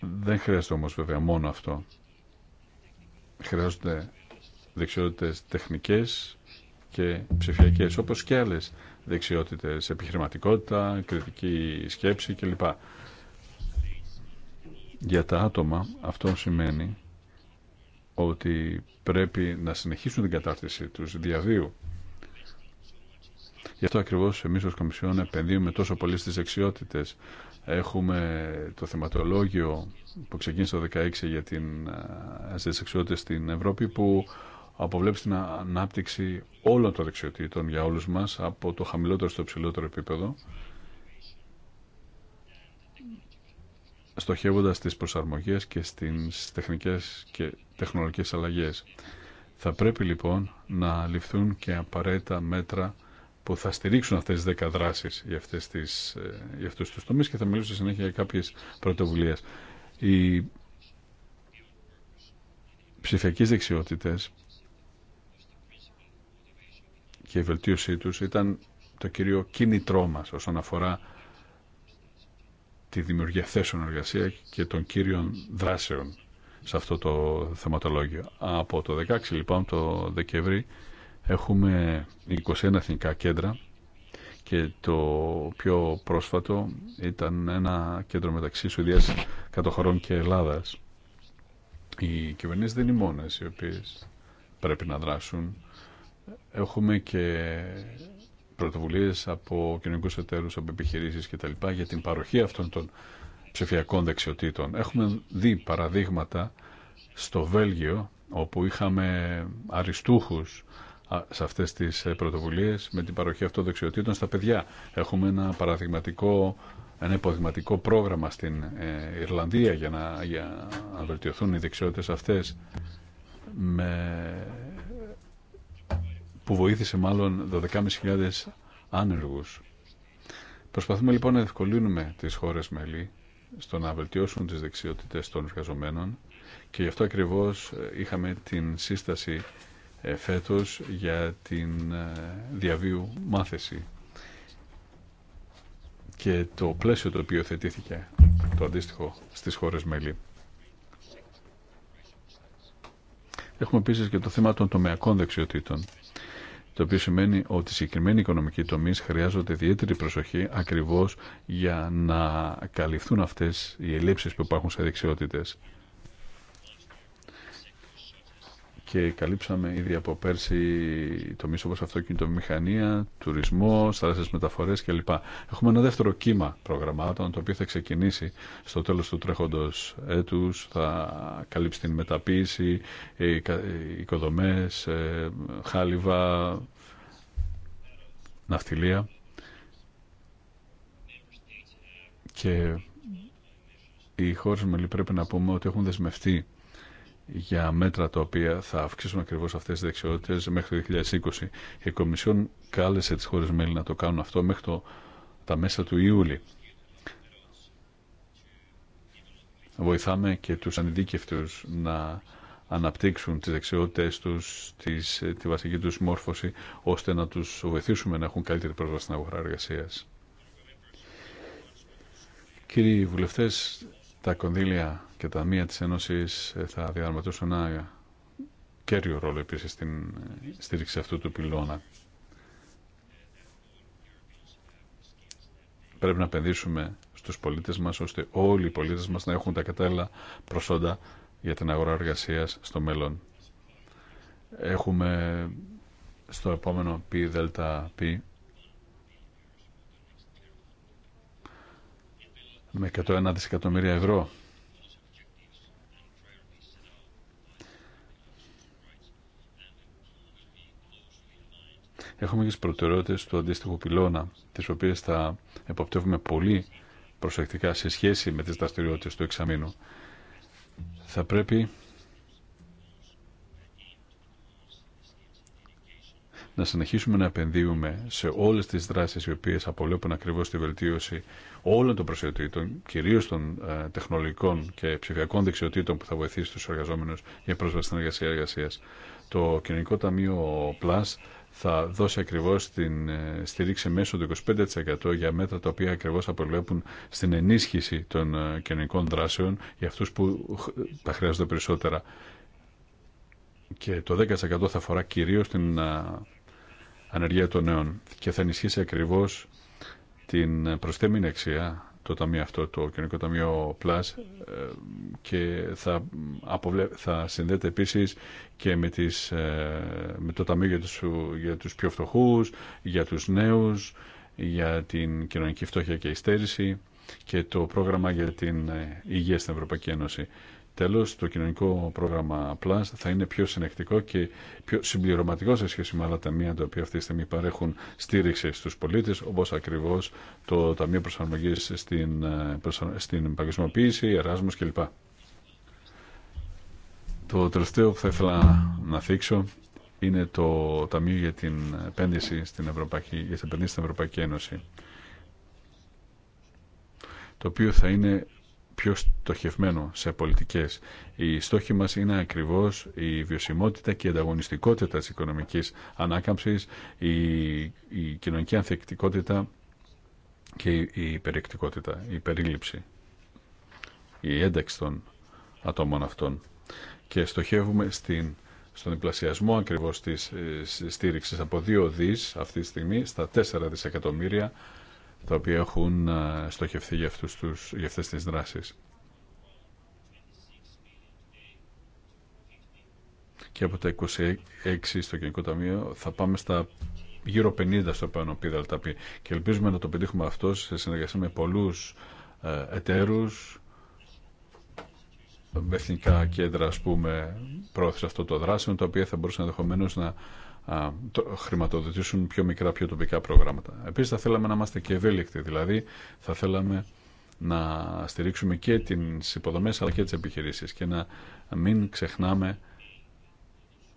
Δεν χρειάζεται όμω βέβαια μόνο αυτό. Χρειάζονται δεξιότητες τεχνικές και ψηφιακέ, όπως και άλλε δεξιότητες, επιχειρηματικότητα, κριτική σκέψη κλπ. Για τα άτομα αυτό σημαίνει ότι πρέπει να συνεχίσουν την κατάρτιση τους διαδίου Γι' αυτό ακριβώ εμεί ω Κομισιόν επενδύουμε τόσο πολύ στι δεξιότητε. Έχουμε το θεματολόγιο που ξεκίνησε το 2016 για την ε, δεξιότητε στην Ευρώπη που αποβλέπει την ανάπτυξη όλων των δεξιοτήτων για όλου μα από το χαμηλότερο στο ψηλότερο επίπεδο Στοχεύοντα τι προσαρμογέ και στι τεχνικέ και τεχνολογικέ αλλαγέ. Θα πρέπει λοιπόν να ληφθούν και απαραίτητα μέτρα που θα στηρίξουν αυτές τις δέκα δράσεις για, αυτές τις, ε, για αυτούς τους τομείς και θα μιλήσω στη συνέχεια για κάποιες πρωτοβουλίες. Οι ψηφιακές δεξιότητες και η βελτίωσή τους ήταν το κύριο κίνητρό μας όσον αφορά τη δημιουργία θέσεων εργασία και των κύριων δράσεων σε αυτό το θεματολόγιο. Από το 16 λοιπόν το Δεκεμβρίου. Έχουμε 21 εθνικά κέντρα και το πιο πρόσφατο ήταν ένα κέντρο μεταξύ Σουηδίας, Κατοχωρών και Ελλάδας. Οι κυβερνήσεις δεν είναι μόνες οι οποίες πρέπει να δράσουν. Έχουμε και πρωτοβουλίες από κοινωνικούς εταίρους, από επιχειρήσεις λοιπά για την παροχή αυτών των ψηφιακών δεξιοτήτων. Έχουμε δει παραδείγματα στο Βέλγιο όπου είχαμε αριστούχους σε αυτές τις ε, πρωτοβουλίες με την παροχή αυτών δεξιοτήτων στα παιδιά. Έχουμε ένα παραδειγματικό ένα υποδηματικό πρόγραμμα στην ε, Ιρλανδία για να, για να βελτιωθούν οι δεξιότητες αυτές με, που βοήθησε μάλλον 12.500 άνεργους. Προσπαθούμε λοιπόν να ευκολύνουμε τις χώρες μέλη στο να βελτιώσουν τις δεξιότητες των εργαζομένων και γι' αυτό ακριβώς ε, είχαμε την σύσταση ε, φέτος για την ε, διαβίου μάθηση και το πλαίσιο το οποίο θετήθηκε το αντίστοιχο στις χώρες μέλη. Έχουμε επίση και το θέμα των τομεακών δεξιοτήτων. Το οποίο σημαίνει ότι συγκεκριμένοι οικονομικοί τομεί χρειάζονται ιδιαίτερη προσοχή ακριβώς για να καλυφθούν αυτές οι ελλείψεις που υπάρχουν σε δεξιότητε. και καλύψαμε ήδη από πέρσι μίσο όπως μηχανία, τουρισμό, θάλασσες μεταφορές κλπ. Έχουμε ένα δεύτερο κύμα προγραμμάτων το οποίο θα ξεκινήσει στο τέλος του τρέχοντος έτους, θα καλύψει την μεταποίηση, οικοδομές, ε, χάλιβα, ναυτιλία και οι χώρες μελή πρέπει να πούμε ότι έχουν δεσμευτεί για μέτρα τα οποία θα αυξήσουν ακριβώς αυτές τις δεξιότητες μέχρι το 2020. Η Κομισιόν κάλεσε τις χώρες μέλη να το κάνουν αυτό μέχρι το, τα μέσα του Ιούλη. Βοηθάμε και τους ανειδίκευτους να αναπτύξουν τις δεξιότητες τους, τις, τη βασική τους μόρφωση, ώστε να τους βοηθήσουμε να έχουν καλύτερη πρόσβαση στην αγορά εργασίας. Κύριοι βουλευτές, τα κονδύλια και τα μία της Ένωσης ε, θα διαδραματώσουν ένα κέριο ρόλο επίσης στην ε, στήριξη αυτού του πυλώνα. Πρέπει να επενδύσουμε στους πολίτες μας ώστε όλοι οι πολίτες μας να έχουν τα κατάλληλα προσόντα για την αγορά εργασίας στο μέλλον. Έχουμε στο επόμενο πι δελτα πι με 101 δισεκατομμύρια ευρώ. Έχουμε και τι προτεραιότητες του αντίστοιχου πυλώνα, τις οποίες θα εποπτεύουμε πολύ προσεκτικά σε σχέση με τις δραστηριότητε του εξαμήνου. Θα πρέπει να συνεχίσουμε να επενδύουμε σε όλε τι δράσει οι οποίε απολέπουν ακριβώ τη βελτίωση όλων των προσεωτήτων, κυρίω των ε, τεχνολογικών και ψηφιακών δεξιοτήτων που θα βοηθήσει του εργαζόμενου για πρόσβαση στην εργασία εργασία. Το Κοινωνικό Ταμείο Plus θα δώσει ακριβώ την ε, στήριξη μέσω του 25% για μέτρα τα οποία ακριβώ απολέπουν στην ενίσχυση των ε, κοινωνικών δράσεων για αυτού που τα χρειάζονται περισσότερα. Και το 10% θα αφορά κυρίως την ε, ανεργία των νέων και θα ενισχύσει ακριβώ την προσθέμενη αξία το ταμείο αυτό, το κοινωνικό ταμείο Plus ε, και θα, αποβλε... θα συνδέεται επίσης και με, τις, ε, με το ταμείο για τους, για τους πιο φτωχούς, για τους νέους, για την κοινωνική φτώχεια και η και το πρόγραμμα για την ε, υγεία στην Ευρωπαϊκή Ένωση. Τέλος, το κοινωνικό πρόγραμμα Plus θα είναι πιο συνεκτικό και πιο συμπληρωματικό σε σχέση με άλλα ταμεία τα οποία αυτή τη στιγμή παρέχουν στήριξη στους πολίτες, όπως ακριβώς το Ταμείο προσαρμογή στην, ε, στην Παγκοσμιοποίηση, Εράσμο κλπ. Το τελευταίο που θα ήθελα να θίξω είναι το Ταμείο για την επένδυση στην Ευρωπαϊκή, για την επένδυση στην Ευρωπαϊκή Ένωση το οποίο θα είναι πιο στοχευμένο σε πολιτικές. Η στόχη μας είναι ακριβώς η βιωσιμότητα και η ανταγωνιστικότητα της οικονομικής ανάκαμψης, η, η κοινωνική ανθεκτικότητα και η υπερεκτικότητα, η περίληψη, η ένταξη των ατόμων αυτών. Και στοχεύουμε στην, στον διπλασιασμό ακριβώς της ε, στήριξης από 2 δις αυτή τη στιγμή στα 4 δισεκατομμύρια τα οποία έχουν ε, στοχευθεί για, αυτούς τους, για αυτές τις δράσεις. Και από τα 26 στο γενικό Ταμείο θα πάμε στα γύρω 50 στο πάνω πι. Και ελπίζουμε να το πετύχουμε αυτό σε συνεργασία με πολλούς ε, εταίρους, εθνικά κέντρα ας πούμε πρόθεση αυτό το δράσιο, τα οποία θα μπορούσαν ενδεχομένω να χρηματοδοτήσουν πιο μικρά, πιο τοπικά προγράμματα. Επίσης θα θέλαμε να είμαστε και ευέλικτοι, δηλαδή θα θέλαμε να στηρίξουμε και τις υποδομές αλλά και τις επιχειρήσεις και να μην ξεχνάμε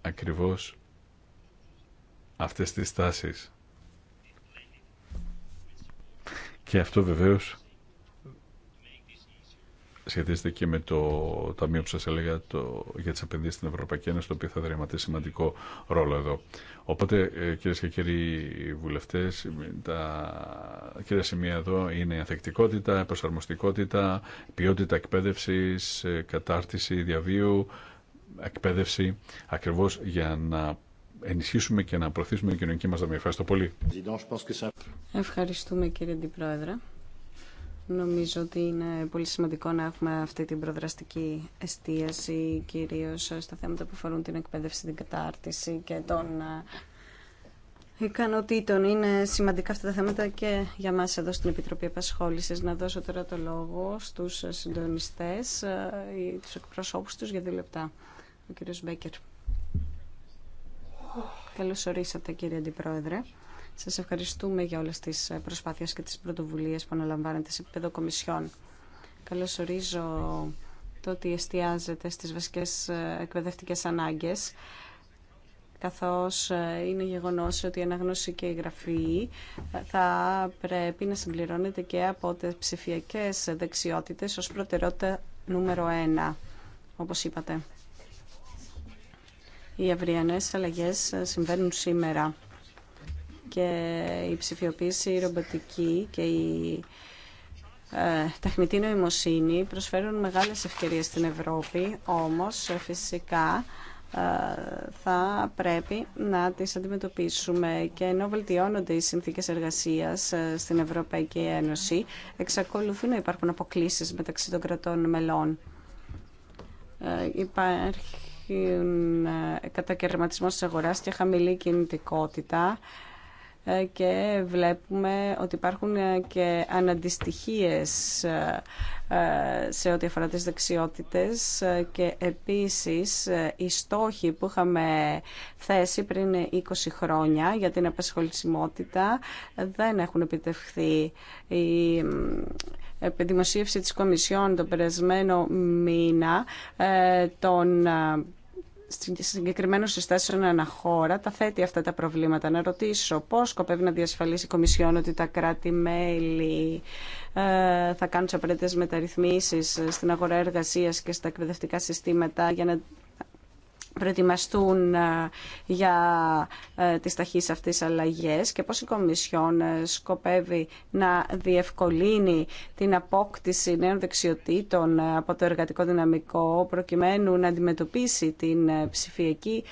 ακριβώς αυτές τις τάσεις. Και αυτό βεβαίως σχετίζεται και με το ταμείο που σα έλεγα το, για τι επενδύσει στην Ευρωπαϊκή Ένωση, το οποίο θα δραματίσει σημαντικό ρόλο εδώ. Οπότε, κύριε και κύριοι βουλευτέ, τα κύρια σημεία εδώ είναι η ανθεκτικότητα, προσαρμοστικότητα, ποιότητα εκπαίδευσης, ε, κατάρτιση διαβίου, εκπαίδευση, ακριβώς για να ενισχύσουμε και να προωθήσουμε την κοινωνική μας δομή. Ευχαριστώ πολύ. Ευχαριστούμε κύριε Αντιπρόεδρε. Νομίζω ότι είναι πολύ σημαντικό να έχουμε αυτή την προδραστική εστίαση κυρίως στα θέματα που αφορούν την εκπαίδευση, την κατάρτιση και των ε, ικανοτήτων. Είναι σημαντικά αυτά τα θέματα και για μας εδώ στην Επιτροπή Επασχόλησης. Να δώσω τώρα το λόγο στους συντονιστές ε, ή τους εκπροσώπους τους για δύο λεπτά. Ο κύριος Μπέκερ. Καλώς ορίσατε κύριε Αντιπρόεδρε. Σας ευχαριστούμε για όλες τις ε, προσπάθειες και τις πρωτοβουλίες που αναλαμβάνετε σε επίπεδο κομισιών. Καλώς ορίζω το ότι εστιάζεται στις βασικές ε, εκπαιδευτικές ανάγκες καθώς ε, είναι γεγονός ότι η αναγνώση και η γραφή θα πρέπει να συμπληρώνεται και από τις ψηφιακές δεξιότητες ως προτεραιότητα νούμερο ένα, όπως είπατε. Οι αυριανές αλλαγές συμβαίνουν σήμερα και η ψηφιοποίηση η ρομποτική και η ε, τεχνητή νοημοσύνη προσφέρουν μεγάλες ευκαιρίες στην Ευρώπη, όμως ε, φυσικά ε, θα πρέπει να τις αντιμετωπίσουμε και ενώ βελτιώνονται οι συνθήκες εργασίας στην Ευρωπαϊκή Ένωση εξακολουθούν να υπάρχουν αποκλήσεις μεταξύ των κρατών μελών. Υπάρχει κατακαιρματισμός της αγοράς και χαμηλή κινητικότητα ε, και βλέπουμε ότι υπάρχουν ε, και αναντιστοιχίες ε, σε ό,τι αφορά τις δεξιότητες και επίσης οι στόχοι που είχαμε θέσει πριν 20 χρόνια για την απασχολησιμότητα δεν έχουν επιτευχθεί. Η δημοσίευση της Κομισιόν τον περασμένο μήνα των συγκεκριμένων συστάσεων αναχώρα τα θέτει αυτά τα προβλήματα. Να ρωτήσω πώς σκοπεύει να διασφαλίσει η Κομισιόν ότι τα κράτη-μέλη ε, θα κάνουν τι απαραίτητε μεταρρυθμίσει ε, στην αγορά εργασίας και στα εκπαιδευτικά συστήματα για να προετοιμαστούν ε, για ε, τις ταχύς αυτές αλλαγές και πώς η Κομισιόν ε, σκοπεύει να διευκολύνει την απόκτηση νέων δεξιοτήτων από το εργατικό δυναμικό προκειμένου να αντιμετωπίσει την ψηφιακή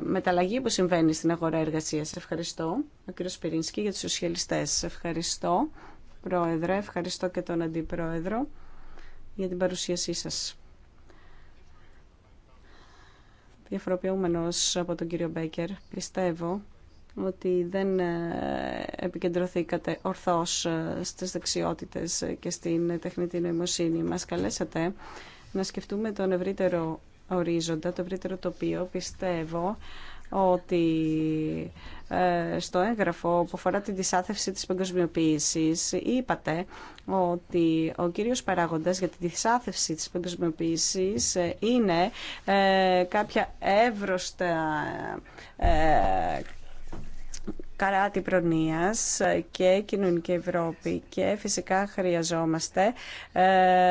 μεταλλαγή που συμβαίνει στην αγορά εργασίας. Ευχαριστώ. Ο κύριος για τους σοσιαλιστές. Ευχαριστώ, Πρόεδρε. Ευχαριστώ και τον Αντιπρόεδρο για την παρουσίασή σας. διαφοροποιούμενος από τον κύριο Μπέκερ. Πιστεύω ότι δεν ε, επικεντρωθήκατε ορθώς ε, στις δεξιότητες και στην τεχνητή νοημοσύνη. Μας καλέσατε να σκεφτούμε τον ευρύτερο ορίζοντα, το ευρύτερο τοπίο. Πιστεύω ότι ε, στο έγγραφο που αφορά την δυσάθευση της παγκοσμιοποίηση, είπατε ότι ο κύριος παράγοντας για τη δυσάθευση της παγκοσμιοποίηση ε, είναι ε, κάποια εύρωστα καράτη προνοίας και κοινωνική Ευρώπη και φυσικά χρειαζόμαστε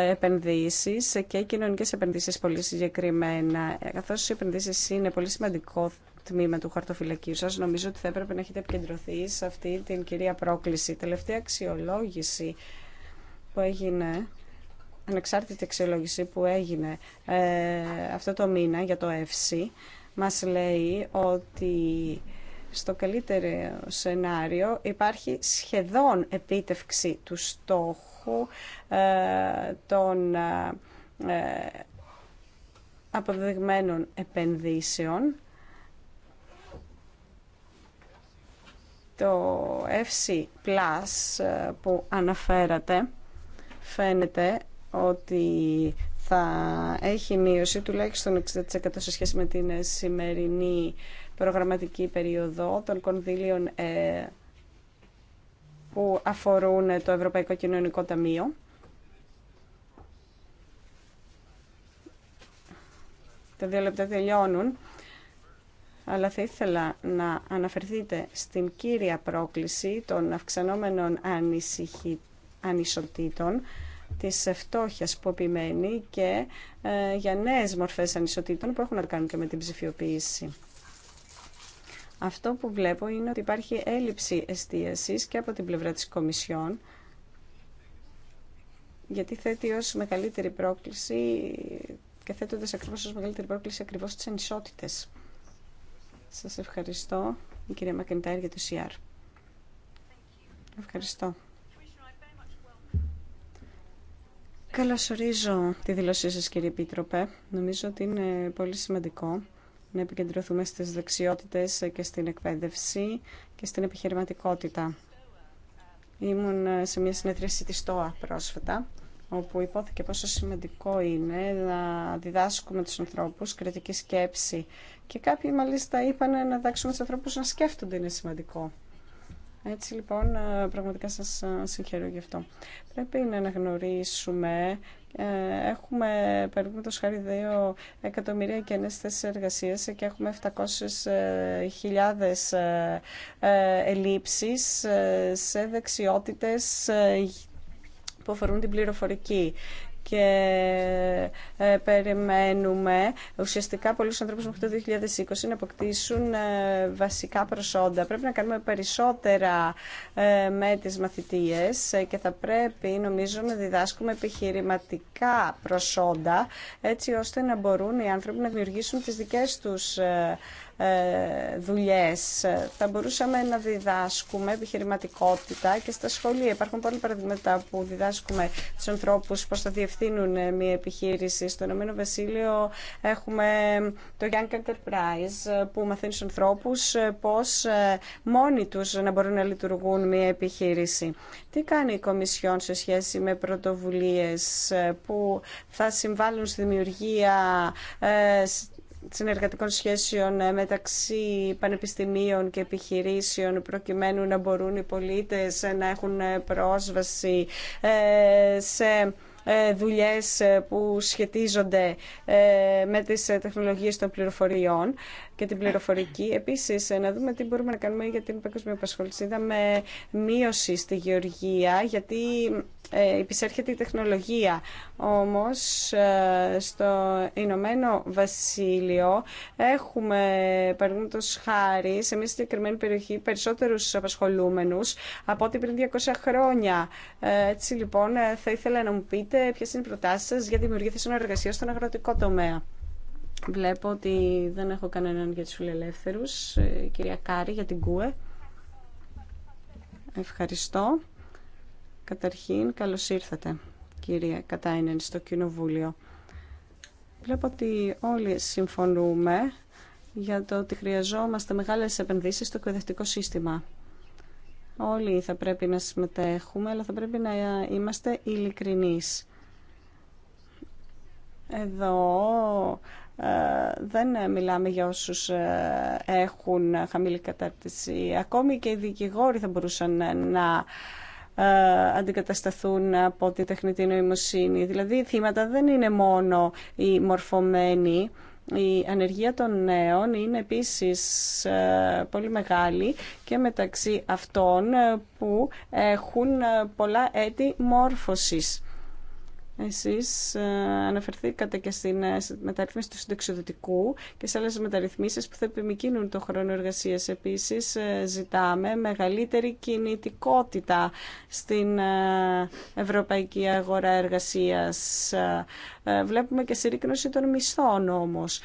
επενδύσεις και κοινωνικές επενδύσεις πολύ συγκεκριμένα καθώς οι επενδύσεις είναι πολύ σημαντικό τμήμα του χαρτοφυλακίου σας, νομίζω ότι θα έπρεπε να έχετε επικεντρωθεί σε αυτή την κυρία πρόκληση. τελευταία αξιολόγηση που έγινε, ανεξάρτητη αξιολόγηση που έγινε ε, αυτό το μήνα για το ΕΦΣΥ, μας λέει ότι στο καλύτερο σενάριο υπάρχει σχεδόν επίτευξη του στόχου ε, των ε, ε, αποδεδειγμένων επενδύσεων Το FC Plus ε, που αναφέρατε φαίνεται ότι θα έχει μείωση τουλάχιστον 60% σε σχέση με την σημερινή προγραμματική περίοδο των κονδύλιων ε, που αφορούν το Ευρωπαϊκό Κοινωνικό Ταμείο. Τα δύο λεπτά τελειώνουν αλλά θα ήθελα να αναφερθείτε στην κύρια πρόκληση των αυξανόμενων ανισοτήτων, της φτώχεια που επιμένει και ε, για νέες μορφές ανισοτήτων που έχουν να κάνουν και με την ψηφιοποίηση. Αυτό που βλέπω είναι ότι υπάρχει έλλειψη εστίασης και από την πλευρά της Κομισιόν, γιατί θέτει ως μεγαλύτερη πρόκληση και θέτοντας ακριβώς ως μεγαλύτερη πρόκληση ακριβώς τις ανισότητες. Σας ευχαριστώ, η κυρία Μακεντάρ, για το CR. Ευχαριστώ. Καλωσορίζω τη δήλωσή σας, κύριε Επίτροπε. Νομίζω ότι είναι πολύ σημαντικό να επικεντρωθούμε στις δεξιότητες και στην εκπαίδευση και στην επιχειρηματικότητα. Ήμουν σε μια συνεδρίαση της ΤΟΑ πρόσφατα όπου υπόθηκε πόσο σημαντικό είναι να διδάσκουμε τους ανθρώπους κριτική σκέψη και κάποιοι μάλιστα είπαν να διδάξουμε τους ανθρώπους να σκέφτονται είναι σημαντικό. Έτσι λοιπόν ε, πραγματικά σας ε, συγχαίρω γι' αυτό. Πρέπει να αναγνωρίσουμε ε, έχουμε περίπου το χάρη 2 εκατομμύρια καινές θέσεις εργασίας και έχουμε 700.000 ελλείψεις σε δεξιότητες που αφορούν την πληροφορική και ε, περιμένουμε ουσιαστικά πολλούς ανθρώπους μέχρι το 2020 να αποκτήσουν ε, βασικά προσόντα. Πρέπει να κάνουμε περισσότερα ε, με τις μαθητείες και θα πρέπει νομίζω να διδάσκουμε επιχειρηματικά προσόντα έτσι ώστε να μπορούν οι άνθρωποι να δημιουργήσουν τις δικές τους ε, δουλειές. Θα μπορούσαμε να διδάσκουμε επιχειρηματικότητα και στα σχολεία. Υπάρχουν πολλοί παραδείγματα που διδάσκουμε του ανθρώπους πώς θα διευθύνουν μια επιχείρηση. Στο Ηνωμένο Βασίλειο έχουμε το Young Enterprise που μαθαίνει στους ανθρώπους πώς ε, μόνοι τους να μπορούν να λειτουργούν μια επιχείρηση. Τι κάνει η Κομισιόν σε σχέση με πρωτοβουλίες ε, που θα συμβάλλουν στη δημιουργία συνεργατικών σχέσεων ε, μεταξύ πανεπιστημίων και επιχειρήσεων προκειμένου να μπορούν οι πολίτες να έχουν ε, πρόσβαση ε, σε ε, δουλειές ε, που σχετίζονται ε, με τις τεχνολογίες των πληροφοριών και την πληροφορική. Επίσης, να δούμε τι μπορούμε να κάνουμε για την παγκόσμια απασχόληση. Είδαμε μείωση στη γεωργία, γιατί υπησέρχεται η τεχνολογία. Όμως, στο Ηνωμένο Βασίλειο έχουμε, παραδείγματος χάρη, σε μια συγκεκριμένη περιοχή περισσότερους απασχολούμενους από ό,τι πριν 200 χρόνια. Έτσι, λοιπόν, θα ήθελα να μου πείτε πείτε ποιε είναι οι προτάσει σα για δημιουργία θέσεων εργασία στον αγροτικό τομέα. Βλέπω ότι δεν έχω κανέναν για του φιλελεύθερου. Ε, κυρία Κάρη, για την ΚΟΕ. Ευχαριστώ. Καταρχήν, καλώς ήρθατε, κυρία Κατάινεν, στο Κοινοβούλιο. Βλέπω ότι όλοι συμφωνούμε για το ότι χρειαζόμαστε μεγάλες επενδύσεις στο εκπαιδευτικό σύστημα. Όλοι θα πρέπει να συμμετέχουμε, αλλά θα πρέπει να είμαστε ειλικρινεί. Εδώ ε, δεν μιλάμε για όσους ε, έχουν χαμηλή κατάρτιση. Ακόμη και οι δικηγόροι θα μπορούσαν ε, να αντικατασταθούν από τη τεχνητή νοημοσύνη. Δηλαδή, οι θύματα δεν είναι μόνο οι μορφωμένοι. Η ανεργία των νέων είναι επίσης πολύ μεγάλη και μεταξύ αυτών που έχουν πολλά έτη μόρφωσης. Εσείς ε, αναφερθήκατε και στην ε, μεταρρύθμιση του συνταξιοδοτικού και σε άλλες μεταρρυθμίσεις που θα επιμηκύνουν το χρόνο εργασίας. Επίσης, ε, ζητάμε μεγαλύτερη κινητικότητα στην ευρωπαϊκή αγορά εργασίας. Βλέπουμε και συρρήκνωση των μισθών όμως.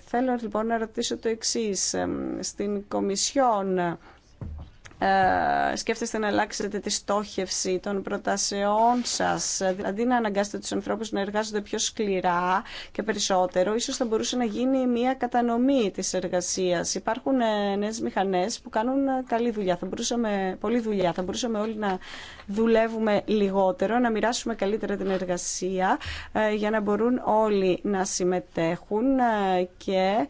Θέλω λοιπόν να ρωτήσω το εξής. Στην Κομισιόν ε, σκέφτεστε να αλλάξετε τη στόχευση των προτάσεών σας, αντί δηλαδή να αναγκάσετε τους ανθρώπους να εργάζονται πιο σκληρά και περισσότερο, ίσως θα μπορούσε να γίνει μια κατανομή της εργασίας. Υπάρχουν ε, νέε μηχανές που κάνουν ε, καλή δουλειά, θα μπορούσαμε, πολλή δουλειά, θα μπορούσαμε όλοι να δουλεύουμε λιγότερο, να μοιράσουμε καλύτερα την εργασία για να μπορούν όλοι να συμμετέχουν και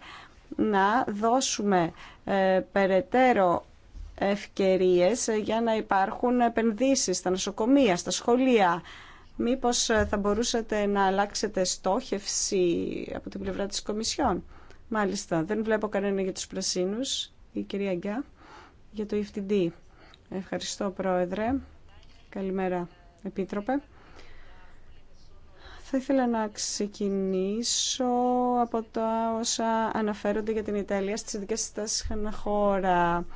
να δώσουμε περαιτέρω ευκαιρίες ε, για να υπάρχουν επενδύσεις στα νοσοκομεία, στα σχολεία. Μήπως ε, θα μπορούσατε να αλλάξετε στόχευση από την πλευρά της Κομισιόν. Μάλιστα, δεν βλέπω κανένα για τους πρασίνους. Η κυρία Γκιά για το EFTD. Ευχαριστώ, Πρόεδρε. Καλημέρα, Επίτροπε. Θα ήθελα να ξεκινήσω από τα όσα αναφέρονται για την Ιταλία στις ειδικές συστάσεις χώρα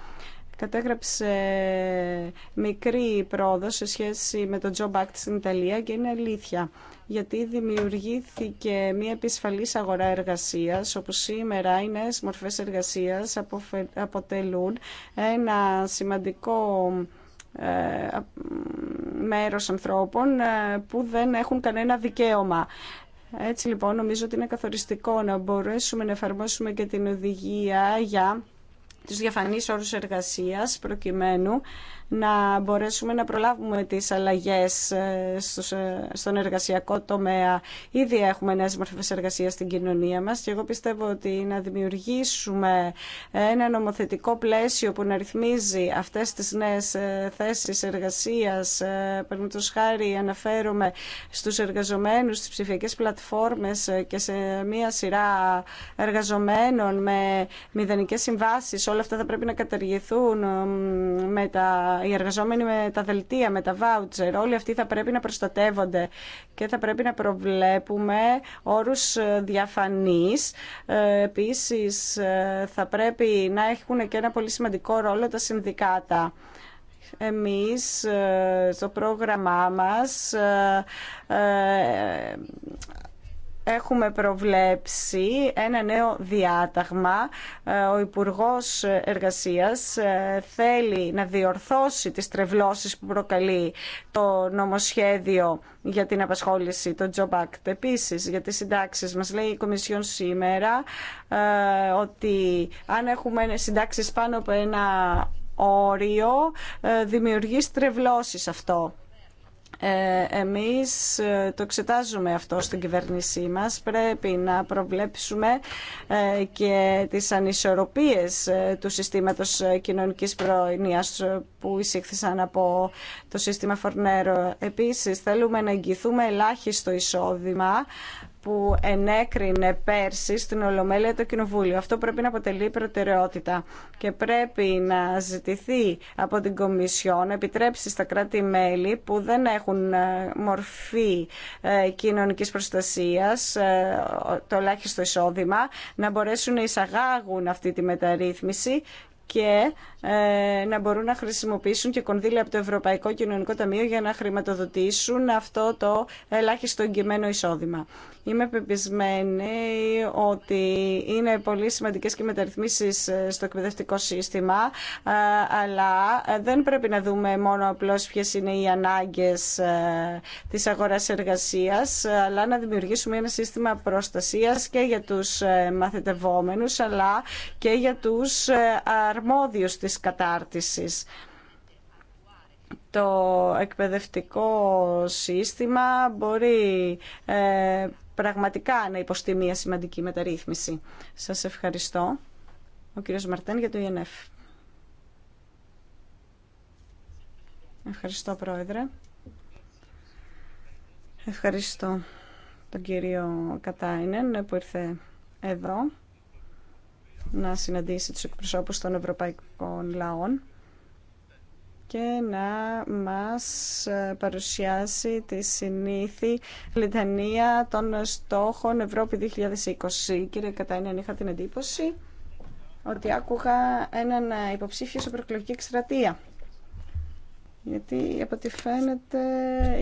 κατέγραψε μικρή πρόοδο σε σχέση με το Job Act στην Ιταλία και είναι αλήθεια γιατί δημιουργήθηκε μια επισφαλής αγορά εργασίας, όπου σήμερα οι νέες μορφές εργασίας αποτελούν ένα σημαντικό ε, μέρος ανθρώπων ε, που δεν έχουν κανένα δικαίωμα. Έτσι λοιπόν νομίζω ότι είναι καθοριστικό να μπορέσουμε να εφαρμόσουμε και την οδηγία για τους διαφανείς όρους εργασίας προκειμένου να μπορέσουμε να προλάβουμε τις αλλαγές ε, ε, στον εργασιακό τομέα. Ήδη έχουμε νέες μορφές εργασίας στην κοινωνία μας και εγώ πιστεύω ότι να δημιουργήσουμε ένα νομοθετικό πλαίσιο που να ρυθμίζει αυτές τις νέες ε, θέσεις εργασίας, παραδείγματος χάρη αναφέρομαι στους εργαζομένους, στις ψηφιακές πλατφόρμες και σε μία σειρά εργαζομένων με μηδενικές συμβάσεις, όλα αυτά θα πρέπει να καταργηθούν με τα οι εργαζόμενοι με τα δελτία, με τα βάουτσερ, όλοι αυτοί θα πρέπει να προστατεύονται και θα πρέπει να προβλέπουμε όρους ε, διαφανής. Ε, επίσης, ε, θα πρέπει να έχουν και ένα πολύ σημαντικό ρόλο τα συνδικάτα εμείς στο πρόγραμμά μας έχουμε προβλέψει ένα νέο διάταγμα. Ε, ο Υπουργός Εργασίας ε, θέλει να διορθώσει τις τρευλώσεις που προκαλεί το νομοσχέδιο για την απασχόληση, το Job Act. Επίσης, για τις συντάξεις μας λέει η Κομισιόν σήμερα ε, ότι αν έχουμε συντάξεις πάνω από ένα όριο δημιουργεί στρεβλώσεις αυτό. Ε, εμείς ε, το εξετάζουμε αυτό στην κυβέρνησή μας. Πρέπει να προβλέψουμε ε, και τις ανισορροπίες του συστήματος κοινωνικής προηνίας που εισήχθησαν από το σύστημα Φορνέρο. Επίσης, θέλουμε να εγγυηθούμε ελάχιστο εισόδημα που ενέκρινε πέρσι στην Ολομέλεια το Κοινοβούλιο. Αυτό πρέπει να αποτελεί προτεραιότητα και πρέπει να ζητηθεί από την Κομισιόν να επιτρέψει στα κράτη-μέλη που δεν έχουν ε, μορφή ε, κοινωνικής προστασίας ε, το ελάχιστο εισόδημα να μπορέσουν να εισαγάγουν αυτή τη μεταρρύθμιση και να μπορούν να χρησιμοποιήσουν και κονδύλια από το Ευρωπαϊκό Κοινωνικό Ταμείο για να χρηματοδοτήσουν αυτό το ελάχιστο εγκυμένο εισόδημα. Είμαι πεπισμένη ότι είναι πολύ σημαντικές και μεταρρυθμίσεις ε, στο εκπαιδευτικό σύστημα, ε, αλλά ε, δεν πρέπει να δούμε μόνο απλώς ποιες είναι οι ανάγκες της αγοράς εργασίας, αλλά να δημιουργήσουμε ένα σύστημα προστασίας και για τους μαθητευόμενους, αλλά και για τους αρμόδιους της κατάρτισης το εκπαιδευτικό σύστημα μπορεί πραγματικά να υποστεί μια σημαντική μεταρρύθμιση. Σας ευχαριστώ. Ο κύριος Μαρτέν για το ΙΕΝΕΦ. Ευχαριστώ, Πρόεδρε. Ευχαριστώ τον κύριο Κατάινεν που ήρθε εδώ να συναντήσει τους εκπροσώπους των ευρωπαϊκών λαών και να μας ε, παρουσιάσει τη συνήθη λιτανία των στόχων Ευρώπη 2020. Κύριε Κατάινεν, είχα την εντύπωση ότι άκουγα έναν υποψήφιο σε προκλογική εκστρατεία. Γιατί από ό,τι φαίνεται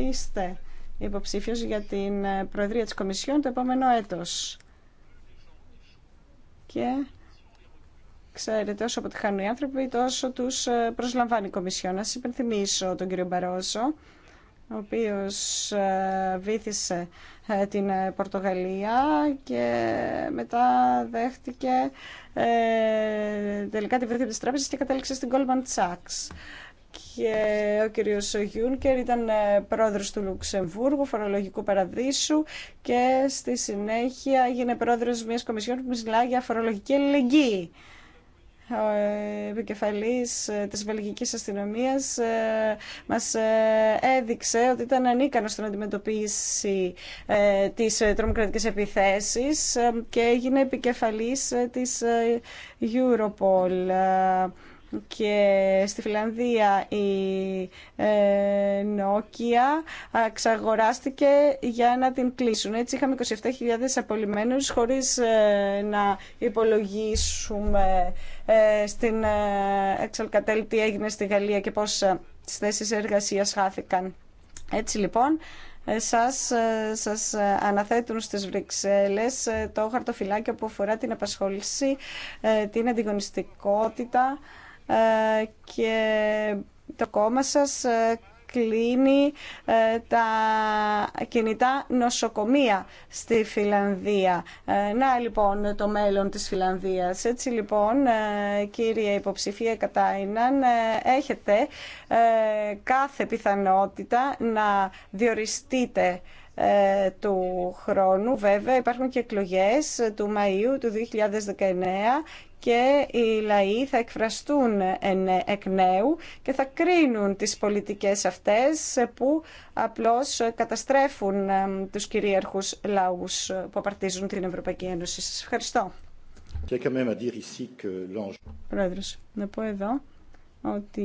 είστε υποψήφιος για την Προεδρία της Κομισιόν το επόμενο έτος. Και Ξέρετε, όσο αποτυχάνουν οι άνθρωποι, τόσο του ε, προσλαμβάνει η Κομισιόν. Να σα υπενθυμίσω τον κύριο Μπαρόζο, ο οποίο ε, βήθησε ε, την Πορτογαλία και μετά δέχτηκε τελικά τη βρύθμιση τη Τράπεζα και κατέληξε στην Goldman Sachs και ο κύριος Γιούνκερ ήταν πρόεδρος του Λουξεμβούργου, φορολογικού παραδείσου και στη συνέχεια έγινε πρόεδρος μιας κομισιόν που μιλάει για φορολογική ελληνική ο ε, επικεφαλής ε, της βελγικής αστυνομίας ε, μας έδειξε ότι ήταν ανίκανος στην αντιμετωπίση της τρομοκρατικής επιθέσεις και έγινε επικεφαλής της Europol. Και στη Φιλανδία η Νόκια εξαγοράστηκε για να την κλείσουν. Έτσι είχαμε 27.000 απολυμμένους χωρίς να υπολογίσουμε ε, στην ε, Εξαλκατέλ τι έγινε στη Γαλλία και πώς ε, τις θέσεις εργασίας χάθηκαν. Έτσι λοιπόν, σας, σας αναθέτουν στις Βρυξέλλες το χαρτοφυλάκιο που αφορά την απασχόληση, την αντιγωνιστικότητα και το κόμμα σας κλείνει ε, τα κινητά νοσοκομεία στη Φιλανδία. Ε, να λοιπόν το μέλλον της Φιλανδίας. Έτσι λοιπόν ε, κύριε υποψηφία Κατάιναν έχετε κάθε πιθανότητα να διοριστείτε ε, του χρόνου. Βέβαια υπάρχουν και εκλογές του Μαΐου του 2019 και οι λαοί θα εκφραστούν εκ νέου και θα κρίνουν τις πολιτικές αυτές που απλώς καταστρέφουν τους κυρίαρχους λαούς που απαρτίζουν την Ευρωπαϊκή Ένωση. Σας ευχαριστώ. Πρόεδρος, να πω εδώ ότι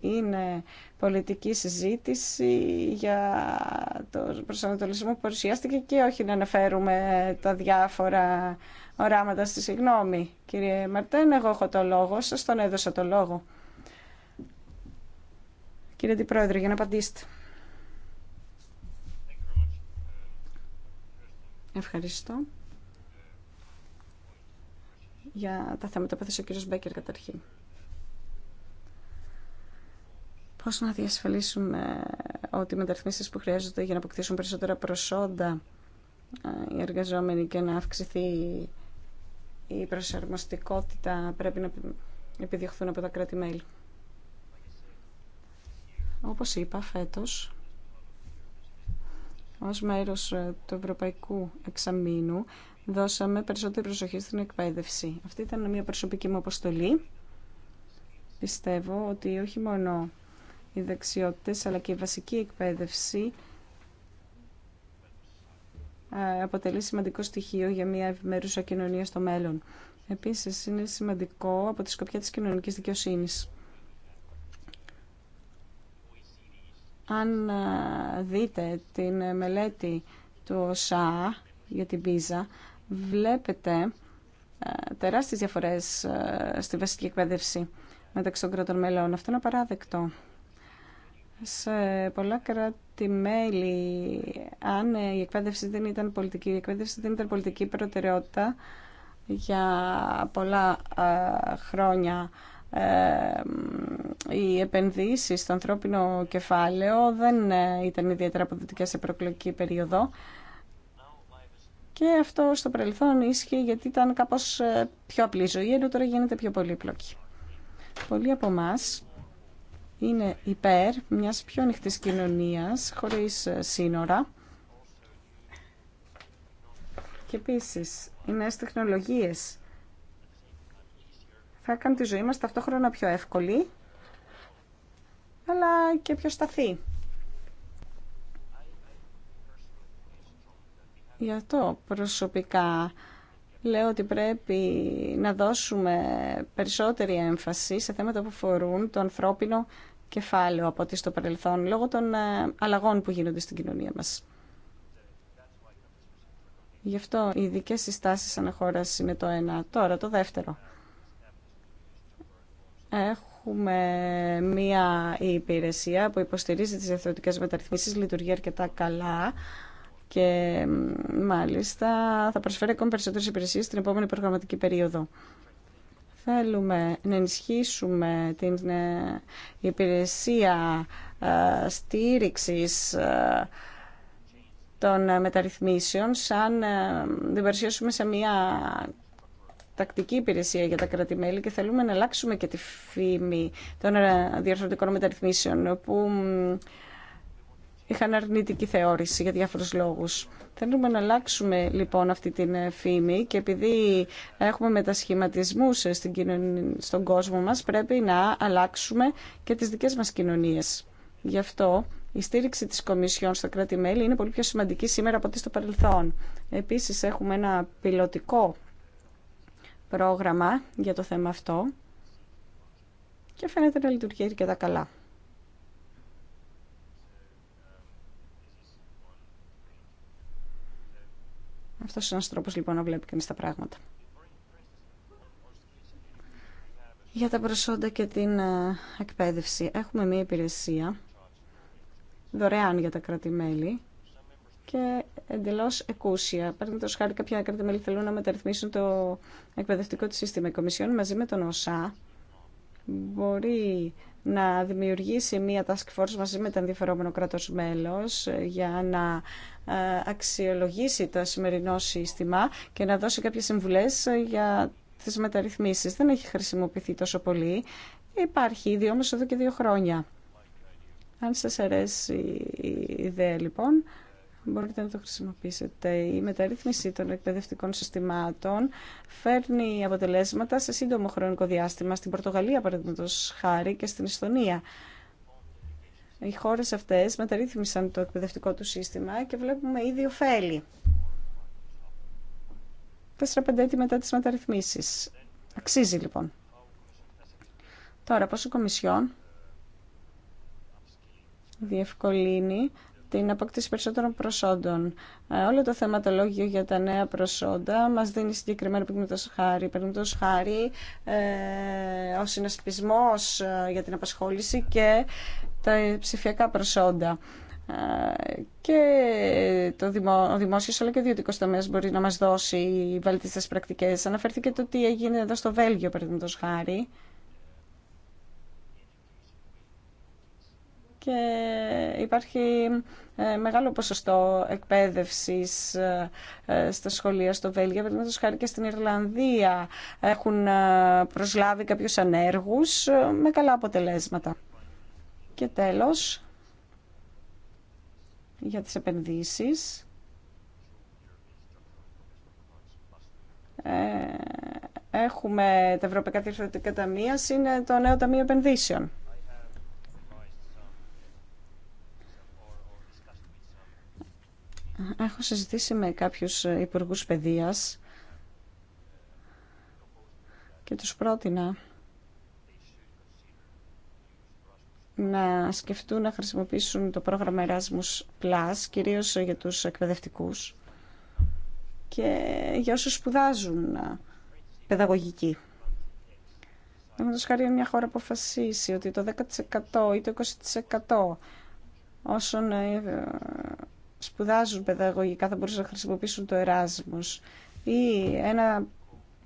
είναι πολιτική συζήτηση για το προσανατολισμό που παρουσιάστηκε και όχι να αναφέρουμε τα διάφορα οράματα στη συγγνώμη. Κύριε Μαρτέν, εγώ έχω το λόγο, σας τον έδωσα το λόγο. Κύριε Αντιπρόεδρε, για να απαντήσετε. Ευχαριστώ. Για τα θέματα που έθεσε ο κύριος Μπέκερ καταρχήν. Πώ να διασφαλίσουμε ότι οι μεταρρυθμίσεις που χρειάζονται για να αποκτήσουν περισσότερα προσόντα ε, οι εργαζόμενοι και να αυξηθεί η προσαρμοστικότητα πρέπει να επιδιωχθούν από τα κράτη-μέλη. Όπως είπα, φέτος, ως μέρος ε, του Ευρωπαϊκού Εξαμήνου, δώσαμε περισσότερη προσοχή στην εκπαίδευση. Αυτή ήταν μια προσωπική μου αποστολή. Πιστεύω ότι όχι μόνο οι δεξιότητες αλλά και η βασική εκπαίδευση αποτελεί σημαντικό στοιχείο για μια ευημερούσα κοινωνία στο μέλλον. Επίσης, είναι σημαντικό από τη σκοπιά της κοινωνικής δικαιοσύνης. Αν δείτε την μελέτη του ΩΣΑ για την πίζα, βλέπετε τεράστιες διαφορές στη βασική εκπαίδευση μεταξύ των κρατών μελών. Αυτό είναι απαράδεκτο σε πολλά κράτη-μέλη, αν η εκπαίδευση δεν ήταν πολιτική, η εκπαίδευση δεν ήταν πολιτική προτεραιότητα για πολλά ε, χρόνια. Ε, οι επενδύσεις στο ανθρώπινο κεφάλαιο δεν ε, ήταν ιδιαίτερα αποδοτικέ σε προκλογική περίοδο. Και αυτό στο παρελθόν ίσχυε γιατί ήταν κάπως ε, πιο απλή ζωή, ενώ τώρα γίνεται πιο πολύπλοκη. Πολλοί από εμάς είναι υπέρ μιας πιο ανοιχτής κοινωνίας χωρίς ε, σύνορα και επίσης οι νέες τεχνολογίες θα κάνουν τη ζωή μας ταυτόχρονα πιο εύκολη αλλά και πιο σταθή. Για αυτό προσωπικά λέω ότι πρέπει να δώσουμε περισσότερη έμφαση σε θέματα που φορούν το ανθρώπινο κεφάλαιο από ό,τι στο παρελθόν, λόγω των ε, αλλαγών που γίνονται στην κοινωνία μας. Γι' αυτό οι ειδικέ συστάσεις αναχώρας είναι το ένα. Τώρα το δεύτερο. Έχουμε μία υπηρεσία που υποστηρίζει τις ευθεωτικές μεταρρυθμίσεις, λειτουργεί αρκετά καλά, και μάλιστα θα προσφέρει ακόμη περισσότερε υπηρεσίε στην επόμενη προγραμματική περίοδο. Θέλουμε να ενισχύσουμε την ε, υπηρεσία ε, στήριξης ε, των μεταρρυθμίσεων σαν την παρουσιάσουμε σε μια τακτική υπηρεσία για τα κράτη-μέλη και θέλουμε να αλλάξουμε και τη φήμη των διαρθρωτικών μεταρρυθμίσεων που είχαν αρνητική θεώρηση για διάφορους λόγους. Θέλουμε να αλλάξουμε λοιπόν αυτή την ε, φήμη και επειδή έχουμε μετασχηματισμούς ε, στην στον κόσμο μας πρέπει να αλλάξουμε και τις δικές μας κοινωνίες. Γι' αυτό η στήριξη της Κομισιόν στα κράτη-μέλη είναι πολύ πιο σημαντική σήμερα από ό,τι στο παρελθόν. Επίσης έχουμε ένα πιλωτικό πρόγραμμα για το θέμα αυτό και φαίνεται να λειτουργεί αρκετά καλά. Αυτός είναι ένας τρόπος λοιπόν να βλέπει κανείς τα πράγματα. Για τα προσόντα και την ε, εκπαίδευση. Έχουμε μία υπηρεσία δωρεάν για τα κρατη και εντελώ εκούσια. Παραδείγματο χάρη, κάποια κράτη-μέλη θέλουν να μεταρρυθμίσουν το εκπαιδευτικό του σύστημα. Η Κομισιόν μαζί με τον ΟΣΑ μπορεί να δημιουργήσει μία task force μαζί με τον ενδιαφερόμενο κράτος μέλος ε, για να ε, αξιολογήσει το σημερινό σύστημα και να δώσει κάποιες συμβουλές ε, για τις μεταρρυθμίσεις. Δεν έχει χρησιμοποιηθεί τόσο πολύ. Υπάρχει ήδη όμως εδώ και δύο χρόνια. Αν σας αρέσει η ιδέα λοιπόν, μπορείτε να το χρησιμοποιήσετε. Η μεταρρύθμιση των εκπαιδευτικών συστημάτων φέρνει αποτελέσματα σε σύντομο χρονικό διάστημα στην Πορτογαλία, παραδείγματο χάρη, και στην Ιστονία. Οι χώρε αυτέ μεταρρύθμισαν το εκπαιδευτικό του σύστημα και βλέπουμε ήδη ωφέλη. πέντε έτη μετά τι μεταρρυθμίσει. Αξίζει λοιπόν. Τώρα, πόσο κομισιόν διευκολύνει την αποκτήση περισσότερων προσόντων. Ε, όλο το θεματολόγιο για τα νέα προσόντα μας δίνει συγκεκριμένο παραδείγματος χάρη, παραδείγματος χάρη ε, ο συνασπισμός ε, για την απασχόληση και τα ψηφιακά προσόντα ε, και το δημο, ο δημόσιο αλλά και ο ιδιωτικό τομέα μπορεί να μα δώσει βαλτιστέ πρακτικέ. Αναφέρθηκε το τι έγινε εδώ στο Βέλγιο, παραδείγματο χάρη. και υπάρχει ε, μεγάλο ποσοστό εκπαίδευσης ε, ε, στα σχολεία στο Βέλγιο. Παραδείγματο χάρη και στην Ιρλανδία έχουν προσλάβει κάποιους ανέργους με καλά αποτελέσματα. Και τέλος, για τις επενδύσεις. έχουμε τα Ευρωπαϊκά Διευθυντικά Ταμεία, είναι το νέο Ταμείο Επενδύσεων. Έχω συζητήσει με κάποιους ε, υπουργούς παιδείας και τους πρότεινα να σκεφτούν να χρησιμοποιήσουν το πρόγραμμα Erasmus Plus, κυρίως για τους εκπαιδευτικούς και για όσους σπουδάζουν ε, παιδαγωγική. το χάρη, μια χώρα αποφασίσει ότι το 10% ή το 20% όσων ε, σπουδάζουν παιδαγωγικά θα μπορούσαν να χρησιμοποιήσουν το Erasmus ή ένα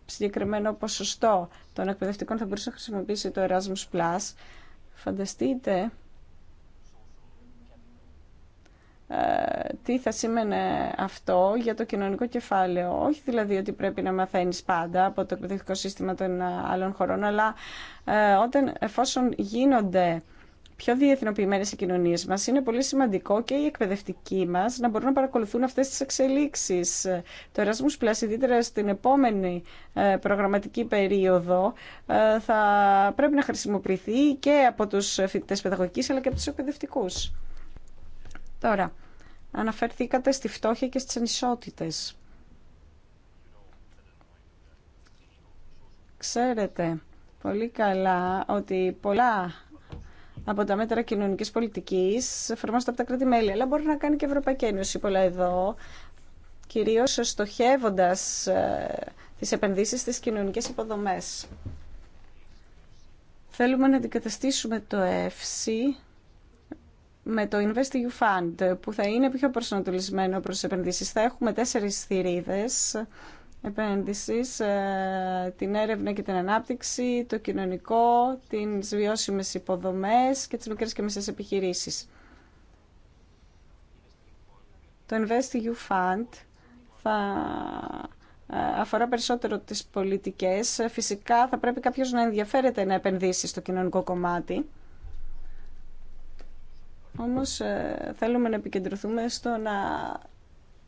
συγκεκριμένο ποσοστό των εκπαιδευτικών θα μπορούσε να χρησιμοποιήσει το Erasmus Plus. Φανταστείτε ε, τι θα σήμαινε αυτό για το κοινωνικό κεφάλαιο. Όχι δηλαδή ότι πρέπει να μαθαίνεις πάντα από το εκπαιδευτικό σύστημα των άλλων χωρών, αλλά ε, όταν, εφόσον γίνονται πιο διεθνοποιημένε οι κοινωνίε μας, είναι πολύ σημαντικό και οι εκπαιδευτικοί μας να μπορούν να παρακολουθούν αυτές τις εξελίξεις. Το Erasmus Plus, ιδιαίτερα στην επόμενη ε, προγραμματική περίοδο, ε, θα πρέπει να χρησιμοποιηθεί και από τους φοιτητέ παιδαγωγική αλλά και από τους εκπαιδευτικούς. Τώρα, αναφερθήκατε στη φτώχεια και στις ανισότητες. Ξέρετε πολύ καλά ότι πολλά από τα μέτρα κοινωνικής πολιτικής εφαρμόζονται από τα κράτη-μέλη, αλλά μπορεί να κάνει και η Ευρωπαϊκή Ένωση πολλά εδώ, κυρίως στοχεύοντας ε, τις επενδύσεις στις κοινωνικές υποδομές. Θέλουμε να αντικαταστήσουμε το ΕΦΣΥ με το InvestEU Fund, που θα είναι πιο προσανατολισμένο προς επενδύσεις. Θα έχουμε τέσσερις θηρίδες επένδυσης, ε, την έρευνα και την ανάπτυξη, το κοινωνικό, τις βιώσιμες υποδομές και τις μικρές και μεσές επιχειρήσεις. Το You Fund θα ε, αφορά περισσότερο τις πολιτικές. Φυσικά θα πρέπει κάποιος να ενδιαφέρεται να επενδύσει στο κοινωνικό κομμάτι. Όμως ε, θέλουμε να επικεντρωθούμε στο να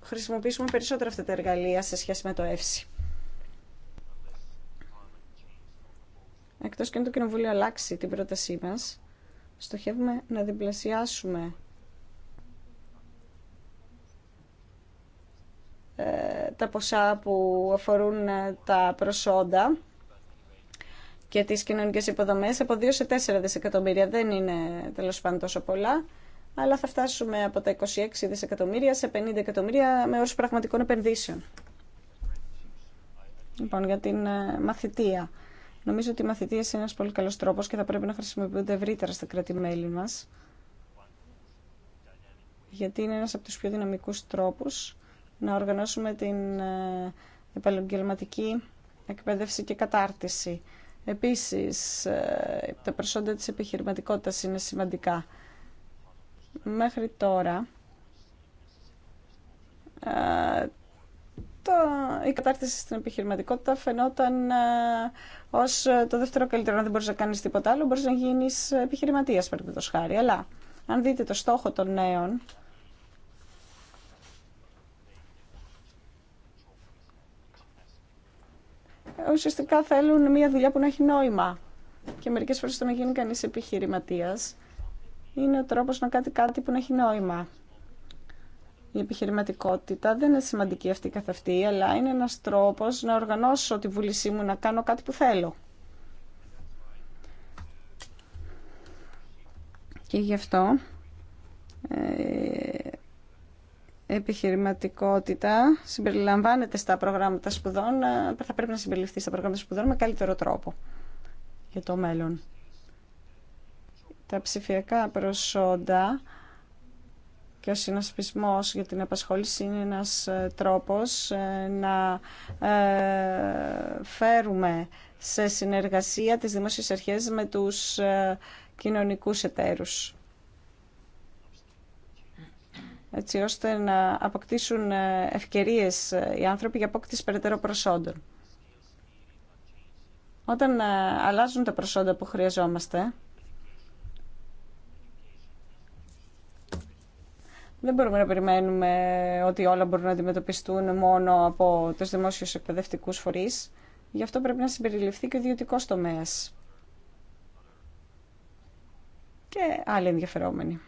χρησιμοποιήσουμε περισσότερα αυτά τα εργαλεία σε σχέση με το ΕΦΣΥ. Εκτός και αν το Κοινοβούλιο αλλάξει την πρότασή μας, στοχεύουμε να διπλασιάσουμε ε, τα ποσά που αφορούν ε, τα προσόντα και τις κοινωνικές υποδομές από 2 σε 4 δισεκατομμύρια. Δεν είναι τέλος πάντων τόσο πολλά αλλά θα φτάσουμε από τα 26 δισεκατομμύρια σε 50 εκατομμύρια με όρους πραγματικών επενδύσεων. Λοιπόν, για την ε, μαθητεία. Νομίζω ότι η μαθητεία είναι ένας πολύ καλός τρόπος και θα πρέπει να χρησιμοποιούνται ευρύτερα στα κράτη-μέλη μας, γιατί είναι ένας από τους πιο δυναμικούς τρόπους να οργανώσουμε την ε, επαγγελματική εκπαίδευση και κατάρτιση. Επίσης, ε, τα προσόντα της επιχειρηματικότητας είναι σημαντικά μέχρι τώρα ε, το, η κατάρτιση στην επιχειρηματικότητα φαινόταν ε, ως ε, το δεύτερο καλύτερο. να δεν μπορείς να κάνεις τίποτα άλλο, μπορείς να γίνει επιχειρηματίας το χάρη. Αλλά αν δείτε το στόχο των νέων, ουσιαστικά θέλουν μια δουλειά που να έχει νόημα. Και μερικές φορές το να γίνει κανείς επιχειρηματίας είναι ο τρόπος να κάνει κάτι που να έχει νόημα. Η επιχειρηματικότητα δεν είναι σημαντική αυτή καθ' αυτή, αλλά είναι ένας τρόπος να οργανώσω τη βούλησή μου να κάνω κάτι που θέλω. Και γι' αυτό ε, επιχειρηματικότητα συμπεριλαμβάνεται στα προγράμματα σπουδών, ε, θα πρέπει να συμπεριληφθεί στα προγράμματα σπουδών με καλύτερο τρόπο για το μέλλον τα ψηφιακά προσόντα και ο συνασπισμός για την απασχόληση είναι ένας ε, τρόπος ε, να ε, φέρουμε σε συνεργασία τις δημόσιες αρχές με τους κοινωνικούς εταίρους έτσι ώστε να αποκτήσουν ευκαιρίες οι άνθρωποι για απόκτηση περαιτέρω προσόντων. Όταν αλλάζουν τα προσόντα που χρειαζόμαστε, Δεν μπορούμε να περιμένουμε ότι όλα μπορούν να αντιμετωπιστούν μόνο από τους δημόσιους εκπαιδευτικούς φορείς. Γι' αυτό πρέπει να συμπεριληφθεί και ο ιδιωτικό τομέα. Και άλλοι ενδιαφερόμενοι.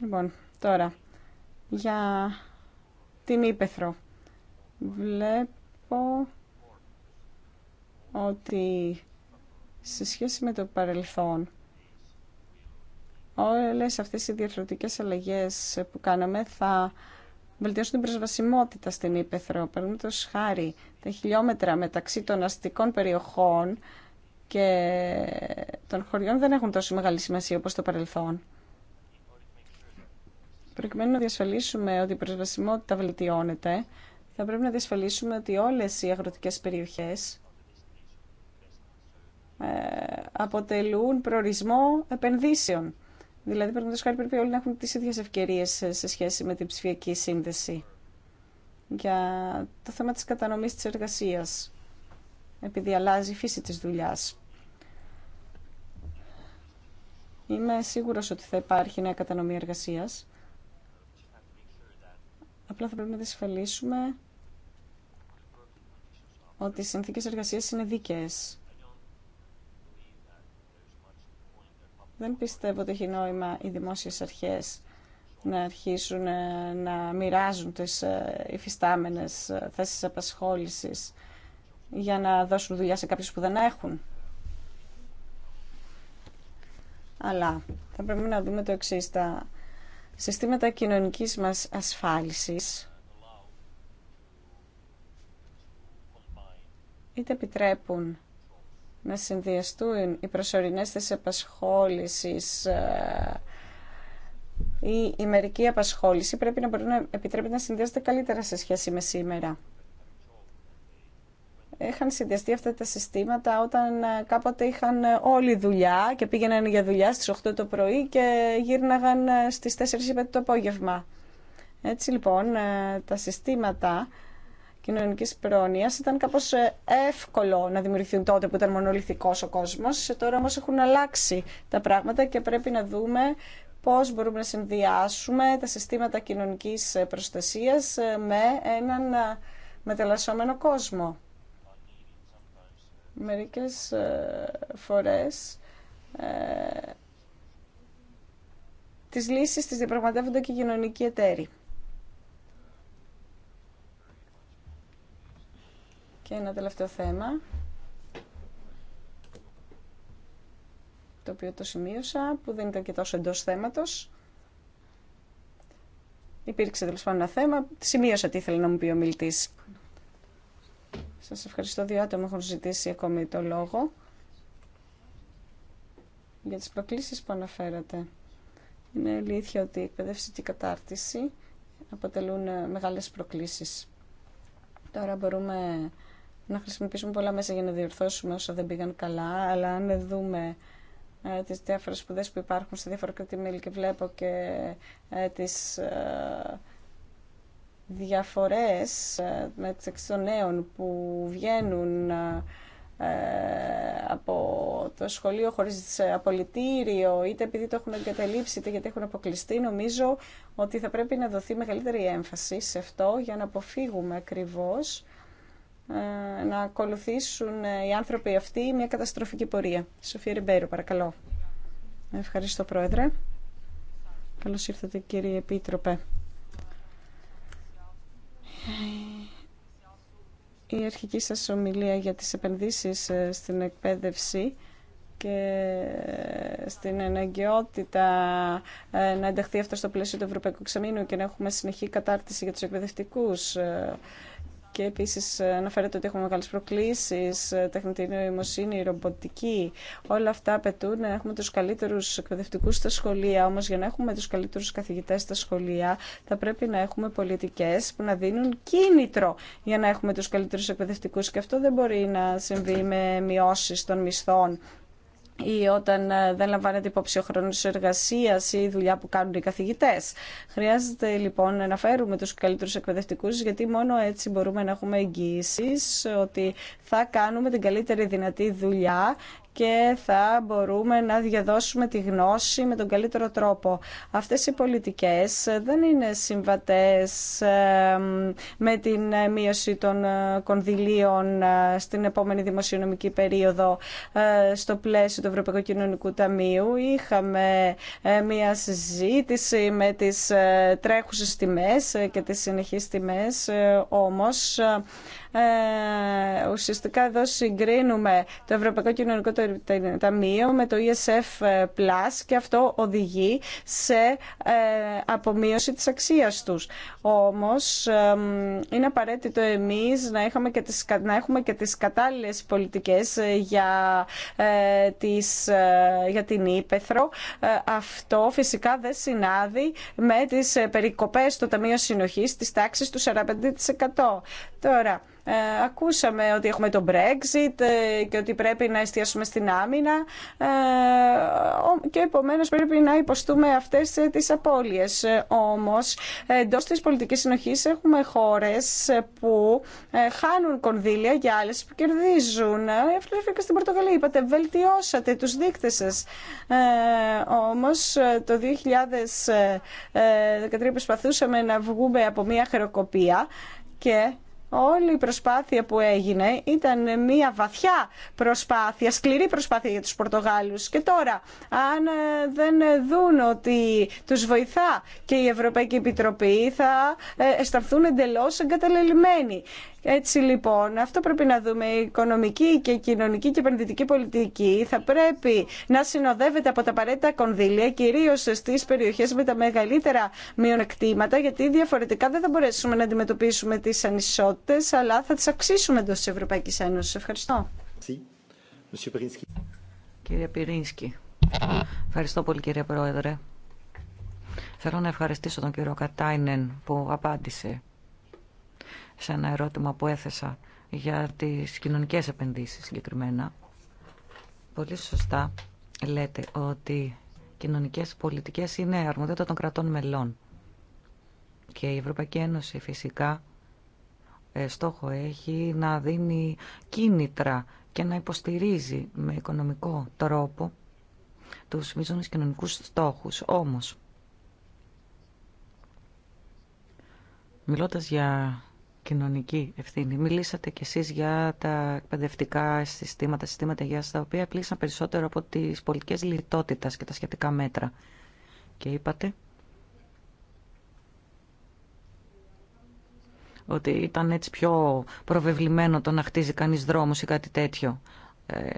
Λοιπόν, τώρα, για την Ήπεθρο. Βλέπω ότι σε σχέση με το παρελθόν όλες αυτές οι διαφορετικές αλλαγές που κάναμε θα βελτιώσουν την προσβασιμότητα στην Ήπεθρο. Παραδείγματο χάρη, τα χιλιόμετρα μεταξύ των αστικών περιοχών και των χωριών δεν έχουν τόσο μεγάλη σημασία όπως το παρελθόν. Προκειμένου να διασφαλίσουμε ότι η προσβασιμότητα βελτιώνεται, θα πρέπει να διασφαλίσουμε ότι όλες οι αγροτικές περιοχές ε, αποτελούν προορισμό επενδύσεων Δηλαδή, παραδείγματο χάρη, πρέπει όλοι να έχουν τι ίδιε ευκαιρίε σε σχέση με την ψηφιακή σύνδεση. Για το θέμα τη κατανομής τη εργασία. Επειδή αλλάζει η φύση τη δουλειά. Είμαι σίγουρος ότι θα υπάρχει νέα κατανομή εργασίας. Απλά θα πρέπει να δυσφαλίσουμε ότι οι συνθήκες εργασίας είναι δίκαιες Δεν πιστεύω ότι έχει νόημα οι δημόσιες αρχές να αρχίσουν ε, να μοιράζουν τις ε, υφιστάμενες ε, θέσεις απασχόλησης για να δώσουν δουλειά σε κάποιους που δεν έχουν. Αλλά θα πρέπει να δούμε το εξή. Τα συστήματα κοινωνικής μας ασφάλισης είτε επιτρέπουν να συνδυαστούν οι προσωρινές της απασχόλησης ε, η η ημερική απασχόληση πρέπει να μπορεί να επιτρέπει να συνδυάζεται καλύτερα σε σχέση με σήμερα. Έχαν συνδυαστεί αυτά τα συστήματα όταν ε, κάποτε είχαν ε, όλη δουλειά και πήγαιναν για δουλειά στις 8 το πρωί και γύρναγαν στις 4 5 το απόγευμα. Έτσι λοιπόν τα συστήματα Κοινωνική πρόνοια ήταν κάπως ε, εύκολο να δημιουργηθούν τότε που ήταν μονολυθικό ο κόσμος. Ε, τώρα όμω έχουν αλλάξει τα πράγματα και πρέπει να δούμε πώς μπορούμε να συνδυάσουμε τα συστήματα κοινωνική ε, προστασία με έναν μεταλλασσόμενο κόσμο. Μερικές φορές τις λύσεις τις διαπραγματεύονται και οι κοινωνικοί εταίροι. Και ένα τελευταίο θέμα, το οποίο το σημείωσα, που δεν ήταν και τόσο εντός θέματος. Υπήρξε τέλο πάντων ένα θέμα, σημείωσα τι ήθελε να μου πει ο μιλητή. Σας ευχαριστώ, δύο άτομα έχουν ζητήσει ακόμη το λόγο για τις προκλήσεις που αναφέρατε. Είναι αλήθεια ότι η εκπαίδευση και η κατάρτιση αποτελούν μεγάλες προκλήσεις. Τώρα μπορούμε να χρησιμοποιήσουμε πολλά μέσα για να διορθώσουμε όσα δεν πήγαν καλά, αλλά αν δούμε ε, τις διάφορες σπουδέ που υπάρχουν σε διάφορα κρατημέλη και βλέπω και ε, τις ε, διαφορές μεταξύ των νέων που βγαίνουν από το σχολείο χωρίς απολυτήριο είτε επειδή το έχουν εγκαταλείψει είτε γιατί έχουν αποκλειστεί νομίζω ότι θα πρέπει να δοθεί μεγαλύτερη έμφαση σε αυτό για να αποφύγουμε ακριβώς ε, να ακολουθήσουν ε, οι άνθρωποι αυτοί μια καταστροφική πορεία. Σοφία Ριμπέρο, παρακαλώ. Ευχαριστώ, Πρόεδρε. Καλώς ήρθατε, κύριε Επίτροπε. Η αρχική σας ομιλία για τις επενδύσεις ε, στην εκπαίδευση και στην αναγκαιότητα να ενταχθεί αυτό στο πλαίσιο του Ευρωπαϊκού Ξαμήνου και να έχουμε συνεχή κατάρτιση για τους εκπαιδευτικούς και επίση, ε, αναφέρεται ότι έχουμε μεγάλε προκλήσεις, ε, τεχνητή νοημοσύνη, ρομποτική. Όλα αυτά απαιτούν να έχουμε τους καλύτερους εκπαιδευτικούς στα σχολεία. Όμως για να έχουμε τους καλύτερους καθηγητές στα σχολεία θα πρέπει να έχουμε πολιτικές που να δίνουν κίνητρο για να έχουμε τους καλύτερους εκπαιδευτικούς. Και αυτό δεν μπορεί να συμβεί με μειώσεις των μισθών ή όταν ε, δεν λαμβάνεται υπόψη ο χρόνος εργασίας ή η οταν δεν λαμβανεται υποψη ο χρόνο εργασιας η η δουλεια που κάνουν οι καθηγητές. Χρειάζεται λοιπόν να φέρουμε τους καλύτερους εκπαιδευτικού, γιατί μόνο έτσι μπορούμε να έχουμε εγγύησει ότι θα κάνουμε την καλύτερη δυνατή δουλειά και θα μπορούμε να διαδώσουμε τη γνώση με τον καλύτερο τρόπο. Αυτές οι πολιτικές δεν είναι συμβατές με την μείωση των ε, κονδυλίων ε, στην επόμενη δημοσιονομική περίοδο ε, στο πλαίσιο του Ευρωπαϊκού Κοινωνικού Ταμείου. Είχαμε μια συζήτηση με τις τρέχουσες τιμές και τις συνεχείς τιμές, όμως ουσιαστικά εδώ συγκρίνουμε το Ευρωπαϊκό Κοινωνικό Ταμείο ταμείο με το ESF ε, Plus και αυτό οδηγεί σε ε, απομείωση της αξίας τους. Όμως είναι απαραίτητο εμείς να, και τις, να έχουμε και τις κατάλληλες πολιτικές ε, για, τις, για την Ήπεθρο. αυτό φυσικά δεν συνάδει με τις περικοπές στο Ταμείο Συνοχής της τάξης του 45%. Τώρα, ε, ακούσαμε ότι έχουμε το Brexit ε, και ότι πρέπει να εστιάσουμε στην άμυνα ε, και επομένως πρέπει να υποστούμε αυτές τις απώλειες. Όμως, εντό της πολιτικής συνοχής έχουμε χώρες που χάνουν κονδύλια για άλλες που κερδίζουν. Αυτό και στην Πορτογαλία. Είπατε, βελτιώσατε τους δείκτες σας. Όμως, το 2013 προσπαθούσαμε να βγούμε από μια χεροκοπία και Όλη η προσπάθεια που έγινε ήταν μια βαθιά προσπάθεια, σκληρή προσπάθεια για τους Πορτογάλους. Και τώρα, αν ε, δεν δουν ότι τους βοηθά και η Ευρωπαϊκή Επιτροπή, θα ε, αισθανθούν εντελώς εγκαταλελειμμένοι. Έτσι λοιπόν, αυτό πρέπει να δούμε. Η οικονομική και η κοινωνική και επενδυτική πολιτική θα πρέπει να συνοδεύεται από τα απαραίτητα κονδύλια, κυρίω στι περιοχέ με τα μεγαλύτερα μειονεκτήματα, γιατί διαφορετικά δεν θα μπορέσουμε να αντιμετωπίσουμε τι ανισότητε, αλλά θα τι αξίσουμε εντό τη Ευρωπαϊκή Ένωση. Ευχαριστώ. Κύριε Πυρίνσκι, ευχαριστώ πολύ κύριε Πρόεδρε. Θέλω να ευχαριστήσω τον κύριο Κατάινεν που απάντησε σε ένα ερώτημα που έθεσα για τις κοινωνικές επενδύσεις συγκεκριμένα. Πολύ σωστά λέτε ότι κοινωνικές πολιτικές είναι αρμοδιότητα των κρατών μελών. Και η Ευρωπαϊκή Ένωση φυσικά ε, στόχο έχει να δίνει κίνητρα και να υποστηρίζει με οικονομικό τρόπο τους μίζωνες κοινωνικούς στόχους. Όμως, μιλώντας για κοινωνική ευθύνη. Μιλήσατε κι εσείς για τα εκπαιδευτικά συστήματα, συστήματα για τα οποία πλήσαν περισσότερο από τις πολιτικές λιτότητας και τα σχετικά μέτρα. Και είπατε ότι ήταν έτσι πιο προβεβλημένο το να χτίζει κανείς δρόμους ή κάτι τέτοιο. Ε,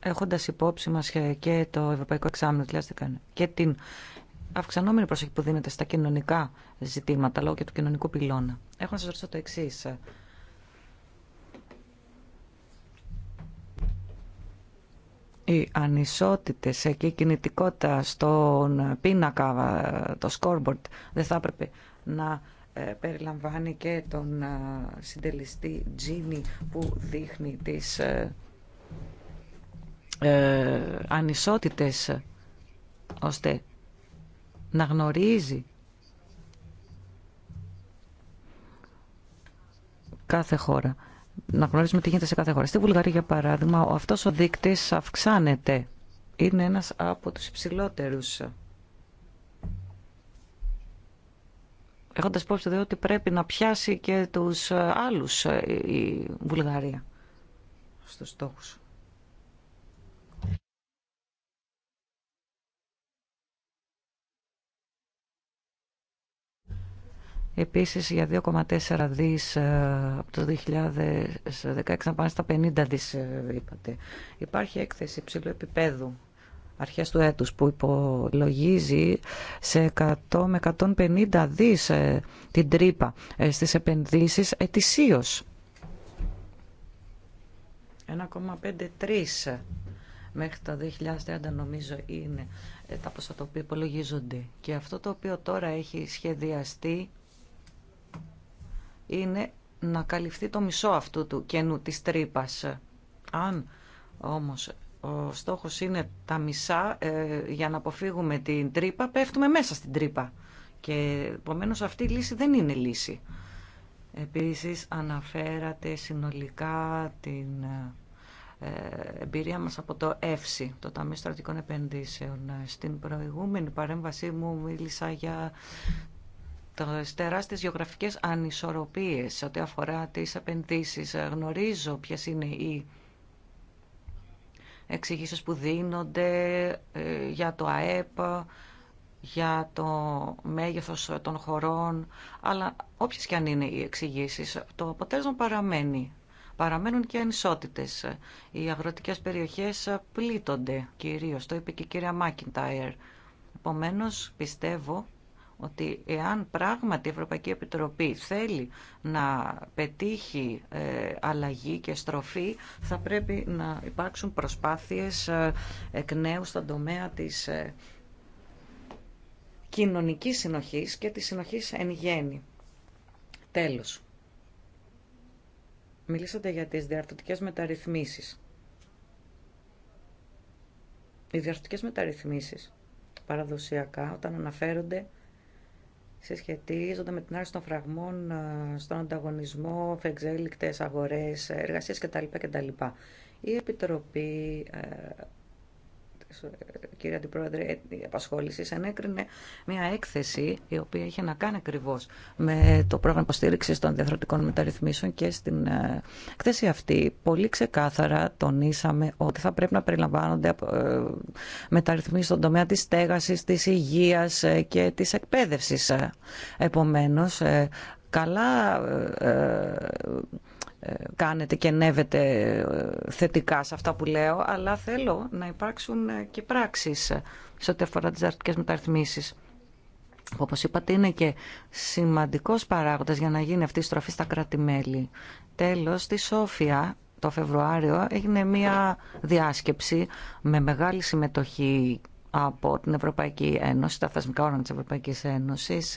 έχοντας υπόψη μας και το Ευρωπαϊκό Εξάμεινο και την αυξανόμενη προσοχή που δίνεται στα κοινωνικά ζητήματα λόγω και του κοινωνικού πυλώνα. Έχω να σας ρωτήσω το εξή. Οι ανισότητε και η κινητικότητα στον πίνακα, το scoreboard, δεν θα έπρεπε να ε, περιλαμβάνει και τον ε, συντελεστή Τζίνι που δείχνει τις ε, ανισότητες ώστε να γνωρίζει κάθε χώρα. Να γνωρίζουμε τι γίνεται σε κάθε χώρα. Στη Βουλγαρία, για παράδειγμα, αυτός ο δείκτης αυξάνεται. Είναι ένας από τους υψηλότερους. Έχοντας υπόψη ότι πρέπει να πιάσει και τους άλλους ε, η Βουλγαρία στους στόχους. Επίσης για 2,4 δις ε, από το 2016 να πάνε στα 50 δις ε, είπατε. Υπάρχει έκθεση ψηλού επίπεδου αρχές του έτους που υπολογίζει σε 100 με 150 δις ε, την τρύπα στις επενδύσεις ετησίως. 1,53 μέχρι το 2030 νομίζω είναι τα ποσά τα οποία υπολογίζονται. Και αυτό το οποίο τώρα έχει σχεδιαστεί είναι να καλυφθεί το μισό αυτού του κενού της τρύπα. Αν όμως ο στόχος είναι τα μισά ε, για να αποφύγουμε την τρύπα, πέφτουμε μέσα στην τρύπα. Και επομένως αυτή η λύση δεν είναι λύση. Επίσης αναφέρατε συνολικά την ε, εμπειρία μας από το ΕΦΣΙ, το Ταμείο Στρατικών Επενδύσεων. Στην προηγούμενη παρέμβασή μου μίλησα για τις τεράστιες γεωγραφικές ανισορροπίες ό,τι αφορά τις επενδύσεις. Γνωρίζω ποιε είναι οι εξηγήσεις που δίνονται ε, για το ΑΕΠ, για το μέγεθος των χωρών, αλλά όποιες και αν είναι οι εξηγήσεις, το αποτέλεσμα παραμένει. Παραμένουν και ανισότητες. Οι αγροτικές περιοχές πλήττονται κυρίως, το είπε και η κυρία Μάκιντάιρ. Επομένω, πιστεύω ότι εάν πράγματι η Ευρωπαϊκή Επιτροπή θέλει να πετύχει ε, αλλαγή και στροφή, θα πρέπει να υπάρξουν προσπάθειες ε, εκ νέου στον τομέα της ε, κοινωνικής συνοχής και της συνοχής εν γέννη. Τέλος. Μιλήσατε για τις διαρθρωτικές μεταρρυθμίσεις. Οι διαρθρωτικές μεταρρυθμίσεις παραδοσιακά όταν αναφέρονται συσχετίζονται με την άρση των φραγμών ε, στον ανταγωνισμό, φεξέλικτες αγορές, ε, εργασίες κτλ. κτλ. Η Επιτροπή ε, ε, κύριε Αντιπρόεδρε, επασχόληση ανέκρινε μια έκθεση η οποία είχε να κάνει ακριβώ με το πρόγραμμα υποστήριξη των διαθροτικών μεταρρυθμίσεων και στην ε, εκθέση αυτή πολύ ξεκάθαρα τονίσαμε ότι θα πρέπει να περιλαμβάνονται ε, μεταρρυθμίσεις στον τομέα της στέγασης, της υγείας και της εκπαίδευση επομένω. καλά κάνετε και νεύετε ε, θετικά σε αυτά που λέω, αλλά θέλω να υπάρξουν ε, και πράξεις ε, σε ό,τι αφορά τις μεταρρυθμίσεις. Όπως είπατε, είναι και σημαντικός παράγοντας για να γίνει αυτή η στροφή στα κράτη-μέλη. Τέλος, στη Σόφια το Φεβρουάριο έγινε μια διάσκεψη με μεγάλη συμμετοχή από την Ευρωπαϊκή Ένωση, τα φασμικά όργανα της Ευρωπαϊκής Ένωσης,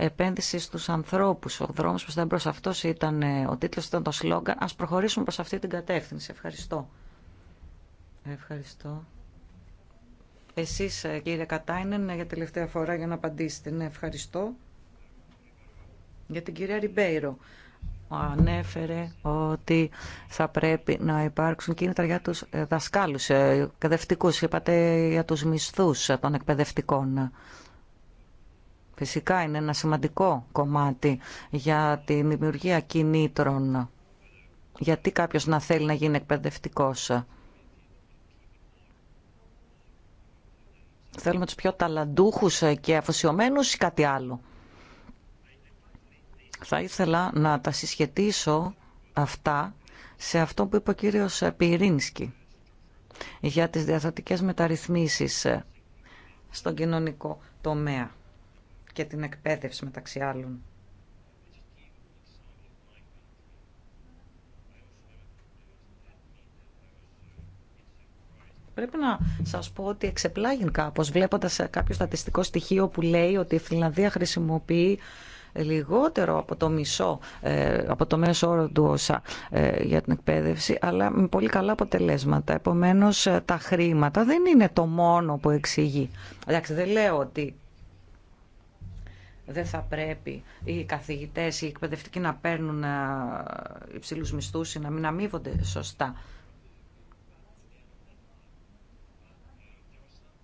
επένδυση στους ανθρώπους, ο δρόμος που τα μπρος. Αυτός ήταν ε, ο τίτλος, ήταν το σλόγγαν. Ας προχωρήσουμε προς αυτή την κατεύθυνση. Ευχαριστώ. Ευχαριστώ. Εσείς ε, κύριε Κατάινεν ε, για τελευταία φορά για να απαντήσετε. Ναι, ευχαριστώ. Για την κυρία Ριμπέιρο ανέφερε ότι θα πρέπει να υπάρξουν κίνητρα για τους δασκάλους, εκπαιδευτικούς, είπατε για τους μισθούς των εκπαιδευτικών. Φυσικά είναι ένα σημαντικό κομμάτι για τη δημιουργία κινήτρων. Γιατί κάποιος να θέλει να γίνει εκπαιδευτικός. Θέλουμε τους πιο ταλαντούχους και αφοσιωμένους ή κάτι άλλο. Θα ήθελα να τα συσχετήσω αυτά σε αυτό που είπε ο κύριος Πυρίνσκι για τις διαθετικές μεταρρυθμίσεις στον κοινωνικό τομέα και την εκπαίδευση μεταξύ άλλων. Πρέπει να σας πω ότι εξεπλάγει κάπως βλέποντας κάποιο στατιστικό στοιχείο που λέει ότι η Φιλανδία χρησιμοποιεί λιγότερο από το μισό, ε, από το μέσο όρο του ΩΣΑ ε, για την εκπαίδευση, αλλά με πολύ καλά αποτελέσματα. Επομένως, ε, τα χρήματα δεν είναι το μόνο που εξηγεί. Εντάξει, δεν λέω ότι δεν θα πρέπει οι καθηγητές, οι εκπαιδευτικοί να παίρνουν ε, υψηλούς μισθούς ή να μην αμείβονται σωστά.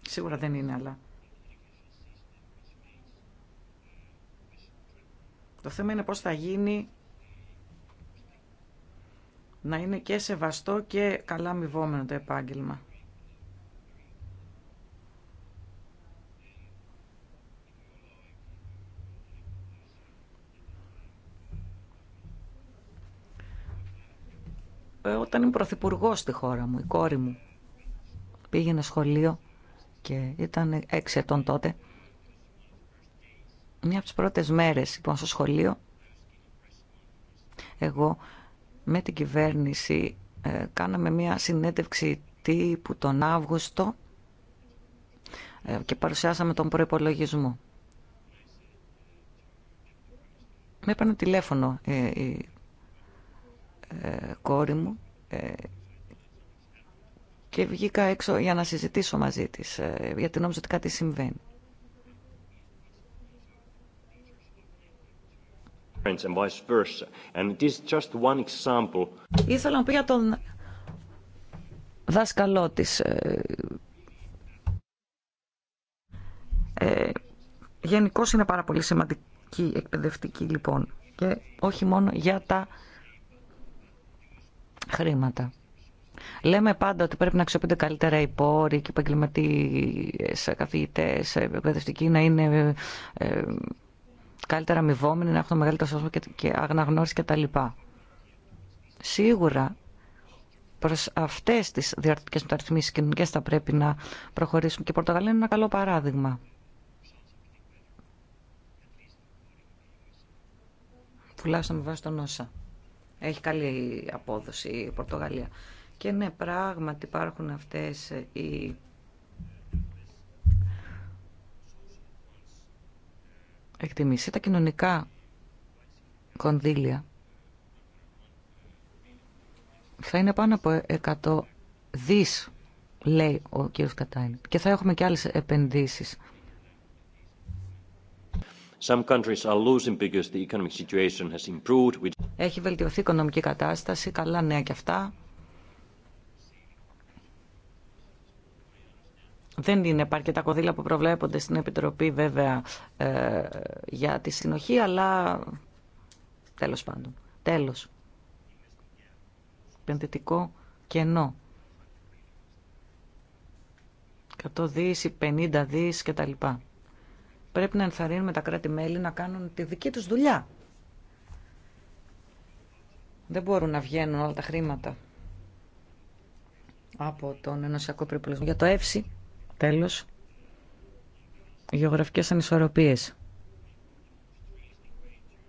Σίγουρα δεν είναι, αλλά... Το θέμα είναι πώς θα γίνει να είναι και σεβαστό και καλά αμοιβόμενο το επάγγελμα. Ε, όταν ήμουν πρωθυπουργό στη χώρα μου, η κόρη μου πήγαινε σχολείο και ήταν έξι ετών τότε. Μια από τις πρώτες μέρες λοιπόν στο σχολείο εγώ με την κυβέρνηση ε, κάναμε μια συνέντευξη τύπου τον Αύγουστο ε, και παρουσιάσαμε τον προϋπολογισμό. Με έπαιρνε τηλέφωνο ε, ε, κόρη μου ε, και βγήκα έξω για να συζητήσω μαζί της, ε, γιατί νόμιζα ότι κάτι συμβαίνει. Ήθελα να πω για τον δάσκαλό της. Ε, Γενικώ είναι πάρα πολύ σημαντική εκπαιδευτική λοιπόν και όχι μόνο για τα χρήματα. Λέμε πάντα ότι πρέπει να αξιοποιούνται καλύτερα οι πόροι και οι επαγγελματίε, καθηγητέ, εκπαιδευτικοί να είναι ε, ε, καλύτερα αμοιβόμενοι, να έχουν μεγαλύτερο σώμα και, και τα κτλ. Σίγουρα προ αυτές τις διαρθρωτικές μεταρρυθμίσεις κοινωνικέ θα πρέπει να προχωρήσουμε και η Πορτογαλία είναι ένα καλό παράδειγμα. Τουλάχιστον με βάση τον όσα. Έχει καλή απόδοση η Πορτογαλία. Και ναι, πράγματι υπάρχουν αυτές οι εκτιμήσει. Τα κοινωνικά κονδύλια θα είναι πάνω από 100 δις, λέει ο κύριος Κατάιν. Και θα έχουμε και άλλες επενδύσεις. Έχει βελτιωθεί η οικονομική κατάσταση, καλά νέα και αυτά. Δεν είναι τα κονδύλια που προβλέπονται στην Επιτροπή βέβαια ε, για τη συνοχή, αλλά τέλος πάντων. Τέλος. Επενδυτικό κενό. 100 δις, 50 δις κτλ. Πρέπει να ενθαρρύνουμε τα κράτη-μέλη να κάνουν τη δική τους δουλειά. Δεν μπορούν να βγαίνουν όλα τα χρήματα από τον ενωσιακό Προϋπολογισμό. Για το ΕΦΣΥ, τέλος, γεωγραφικές ανισορροπίες.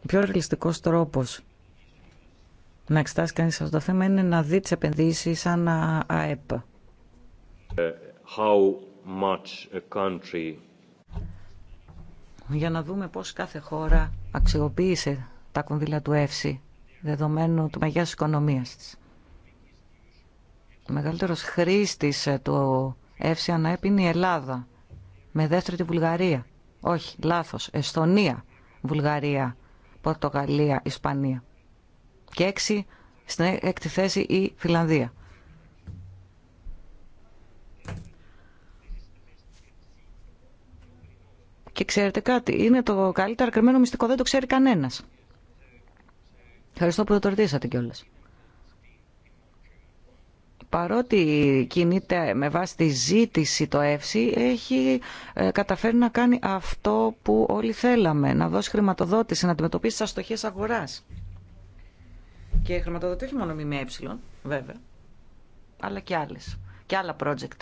Ο πιο ρεαλιστικός τρόπος να εξετάσει κανεί αυτό το θέμα είναι να δει τι επενδύσει σαν ΑΕΠ. Ε, how much a country για να δούμε πώς κάθε χώρα αξιοποίησε τα κονδύλια του ΕΦΣΥ δεδομένου του μεγέθους οικονομίας της. Ο μεγαλύτερος χρήστης του ΕΦΣΥ ανά είναι η Ελλάδα, με δεύτερη τη Βουλγαρία. Όχι, λάθος, Εστονία, Βουλγαρία, Πορτογαλία, Ισπανία. Και έξι, στην έκτη θέση η Φιλανδία. Και ξέρετε κάτι, είναι το καλύτερο κρυμμένο μυστικό, δεν το ξέρει κανένας. Ευχαριστώ που το ρωτήσατε κιόλας παρότι κινείται με βάση τη ζήτηση το ΕΦΣΥ, έχει ε, καταφέρει να κάνει αυτό που όλοι θέλαμε, να δώσει χρηματοδότηση, να αντιμετωπίσει τι αστοχίες αγορά. Και χρηματοδοτεί όχι μόνο ΜΜΕ, ε, βέβαια, αλλά και άλλε και άλλα project.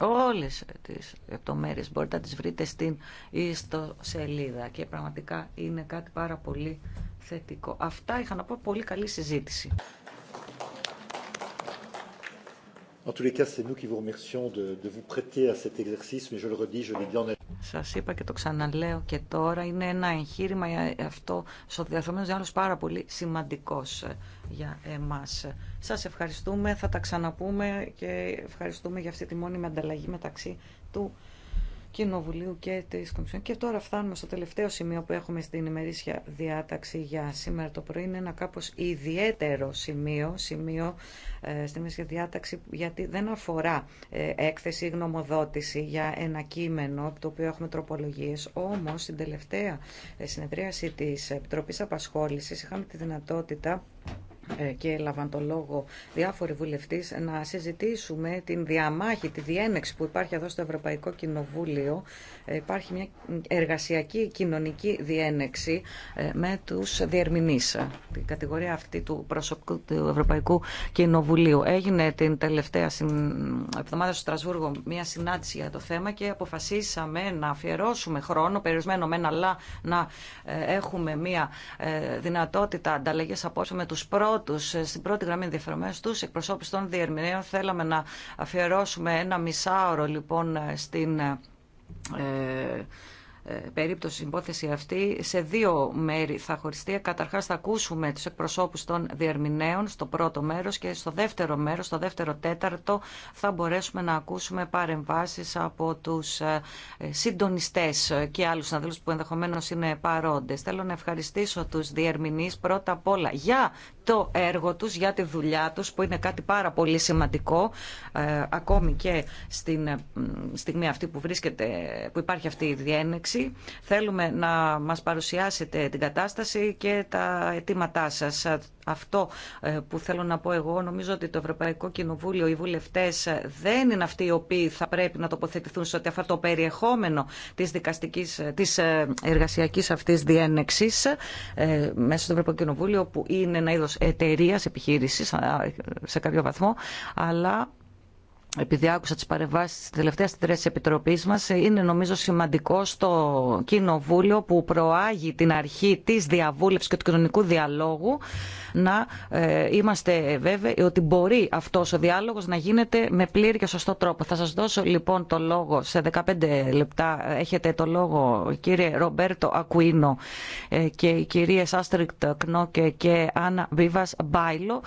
Όλες τις λεπτομέρειε μπορείτε να τις βρείτε στην ιστοσελίδα και πραγματικά είναι κάτι πάρα πολύ θετικό. Αυτά είχα να πω πολύ καλή συζήτηση. En tous les cas, c'est nous qui vous remercions de, de vous prêter à cet exercice, mais je le redis, je l'ai dit en σας είπα και το ξαναλέω και τώρα, είναι ένα εγχείρημα αυτό στο διαδρομένο διάλογος πάρα πολύ σημαντικός ε, για εμάς. Σας ευχαριστούμε, θα τα ξαναπούμε και ευχαριστούμε για αυτή τη μόνιμη ανταλλαγή μεταξύ του Κοινοβουλίου και της Κομισιόν. Και τώρα φτάνουμε στο τελευταίο σημείο που έχουμε στην ημερήσια διάταξη για σήμερα το πρωί. Είναι ένα κάπως ιδιαίτερο σημείο, σημείο ε, στην ημερήσια διάταξη, γιατί δεν αφορά ε, έκθεση ή γνωμοδότηση για ένα κείμενο από το οποίο έχουμε τροπολογίες. Όμως, στην τελευταία ε, συνεδρίαση της επιτροπή απασχόληση είχαμε τη δυνατότητα ε, και έλαβαν το λόγο διάφοροι βουλευτέ να συζητήσουμε την διαμάχη, τη διένεξη που υπάρχει εδώ στο Ευρωπαϊκό Κοινοβούλιο. Ε, υπάρχει μια εργασιακή κοινωνική διένεξη ε, με του διερμηνεί. την κατηγορία αυτή του προσωπικού του Ευρωπαϊκού Κοινοβουλίου. Έγινε την τελευταία εβδομάδα στο Στρασβούργο μια συνάντηση για το θέμα και αποφασίσαμε να αφιερώσουμε χρόνο, περιορισμένο μεν, αλλά να έχουμε μια δυνατότητα ανταλλαγή απόψεων με του στην πρώτη γραμμή ενδιαφερομένου του, εκπροσώπους των διερμηνέων. Θέλαμε να αφιερώσουμε ένα μισάωρο λοιπόν στην ε, ε, περίπτωση, υπόθεση αυτή, σε δύο μέρη θα χωριστεί. Καταρχάς θα ακούσουμε τους εκπροσώπους των διερμηνέων στο πρώτο μέρος και στο δεύτερο μέρος, στο δεύτερο τέταρτο, θα μπορέσουμε να ακούσουμε παρεμβάσεις από τους ε, συντονιστές και άλλους συναδέλφου που ενδεχομένως είναι παρόντες. Θέλω να ευχαριστήσω τους διερμηνείς πρώτα απ' όλα για το έργο τους, για τη δουλειά τους, που είναι κάτι πάρα πολύ σημαντικό, ε, ακόμη και στην στιγμή αυτή που, βρίσκεται, που υπάρχει αυτή η διένεξη Θέλουμε να μας παρουσιάσετε την κατάσταση και τα αιτήματά σας. Αυτό ε, που θέλω να πω εγώ, νομίζω ότι το Ευρωπαϊκό Κοινοβούλιο, οι βουλευτέ ε, δεν είναι αυτοί οι οποίοι θα πρέπει να τοποθετηθούν σε ό,τι το περιεχόμενο τη δικαστικής, ε, της εργασιακή αυτής διένεξη μέσα στο Ευρωπαϊκό Κοινοβούλιο, που είναι ένα είδο εταιρεία, επιχείρηση σε κάποιο βαθμό, αλλά επειδή άκουσα τις παρεμβάσεις της τελευταίας της Επιτροπής μας, είναι νομίζω σημαντικό στο Κοινοβούλιο που προάγει την αρχή της διαβούλευσης και του κοινωνικού διαλόγου να ε, είμαστε βέβαιοι ότι μπορεί αυτός ο διάλογος να γίνεται με πλήρη και σωστό τρόπο. Θα σας δώσω λοιπόν το λόγο σε 15 λεπτά. Έχετε το λόγο κύριε Ρομπέρτο Ακουίνο ε, και οι κυρίες Άστρικτ Κνόκε και Άννα Μπίβας Μπάιλο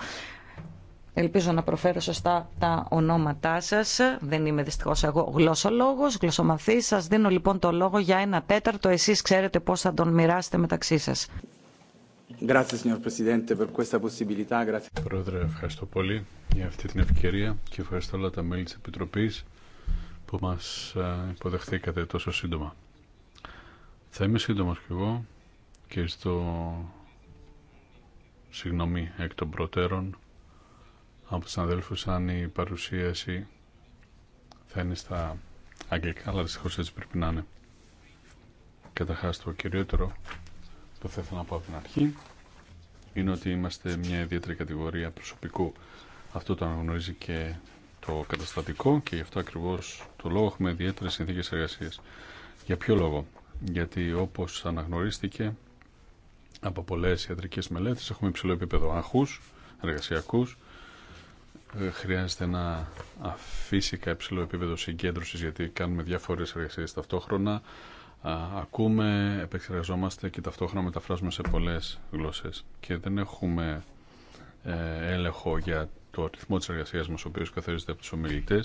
Ελπίζω να προφέρω σωστά τα ονόματά σα. Δεν είμαι δυστυχώ εγώ γλωσσολόγος, γλωσσομαθής. σα δίνω λοιπόν το λόγο για ένα τέταρτο. Εσεί ξέρετε πώ θα τον μοιράσετε μεταξύ σας. Πρόεδρε, ευχαριστώ πολύ για αυτή την ευκαιρία και ευχαριστώ όλα τα μέλη τη Επιτροπή που μα ε, υποδεχθήκατε τόσο σύντομα. Θα είμαι σύντομο κι εγώ και στο συγγνώμη εκ των προτέρων από τους αδέλφους αν η παρουσίαση θα είναι στα αγγλικά, αλλά δυστυχώς έτσι πρέπει να είναι. Καταρχάς το κυριότερο που θα ήθελα να πω από την αρχή είναι ότι είμαστε μια ιδιαίτερη κατηγορία προσωπικού. Αυτό το αναγνωρίζει και το καταστατικό και γι' αυτό ακριβώς το λόγο έχουμε ιδιαίτερε συνθήκε εργασία Για ποιο λόγο. Γιατί όπως αναγνωρίστηκε από πολλέ ιατρικές μελέτες έχουμε υψηλό επίπεδο άγχους, εργασιακούς, ε, χρειάζεται να αφήσει υψηλό επίπεδο συγκέντρωση γιατί κάνουμε διάφορε εργασίε ταυτόχρονα. ακούμε, επεξεργαζόμαστε και ταυτόχρονα μεταφράζουμε σε πολλέ γλώσσε. Και δεν έχουμε ε, έλεγχο για το αριθμό τη εργασία μα, ο οποίο καθορίζεται από του ομιλητέ.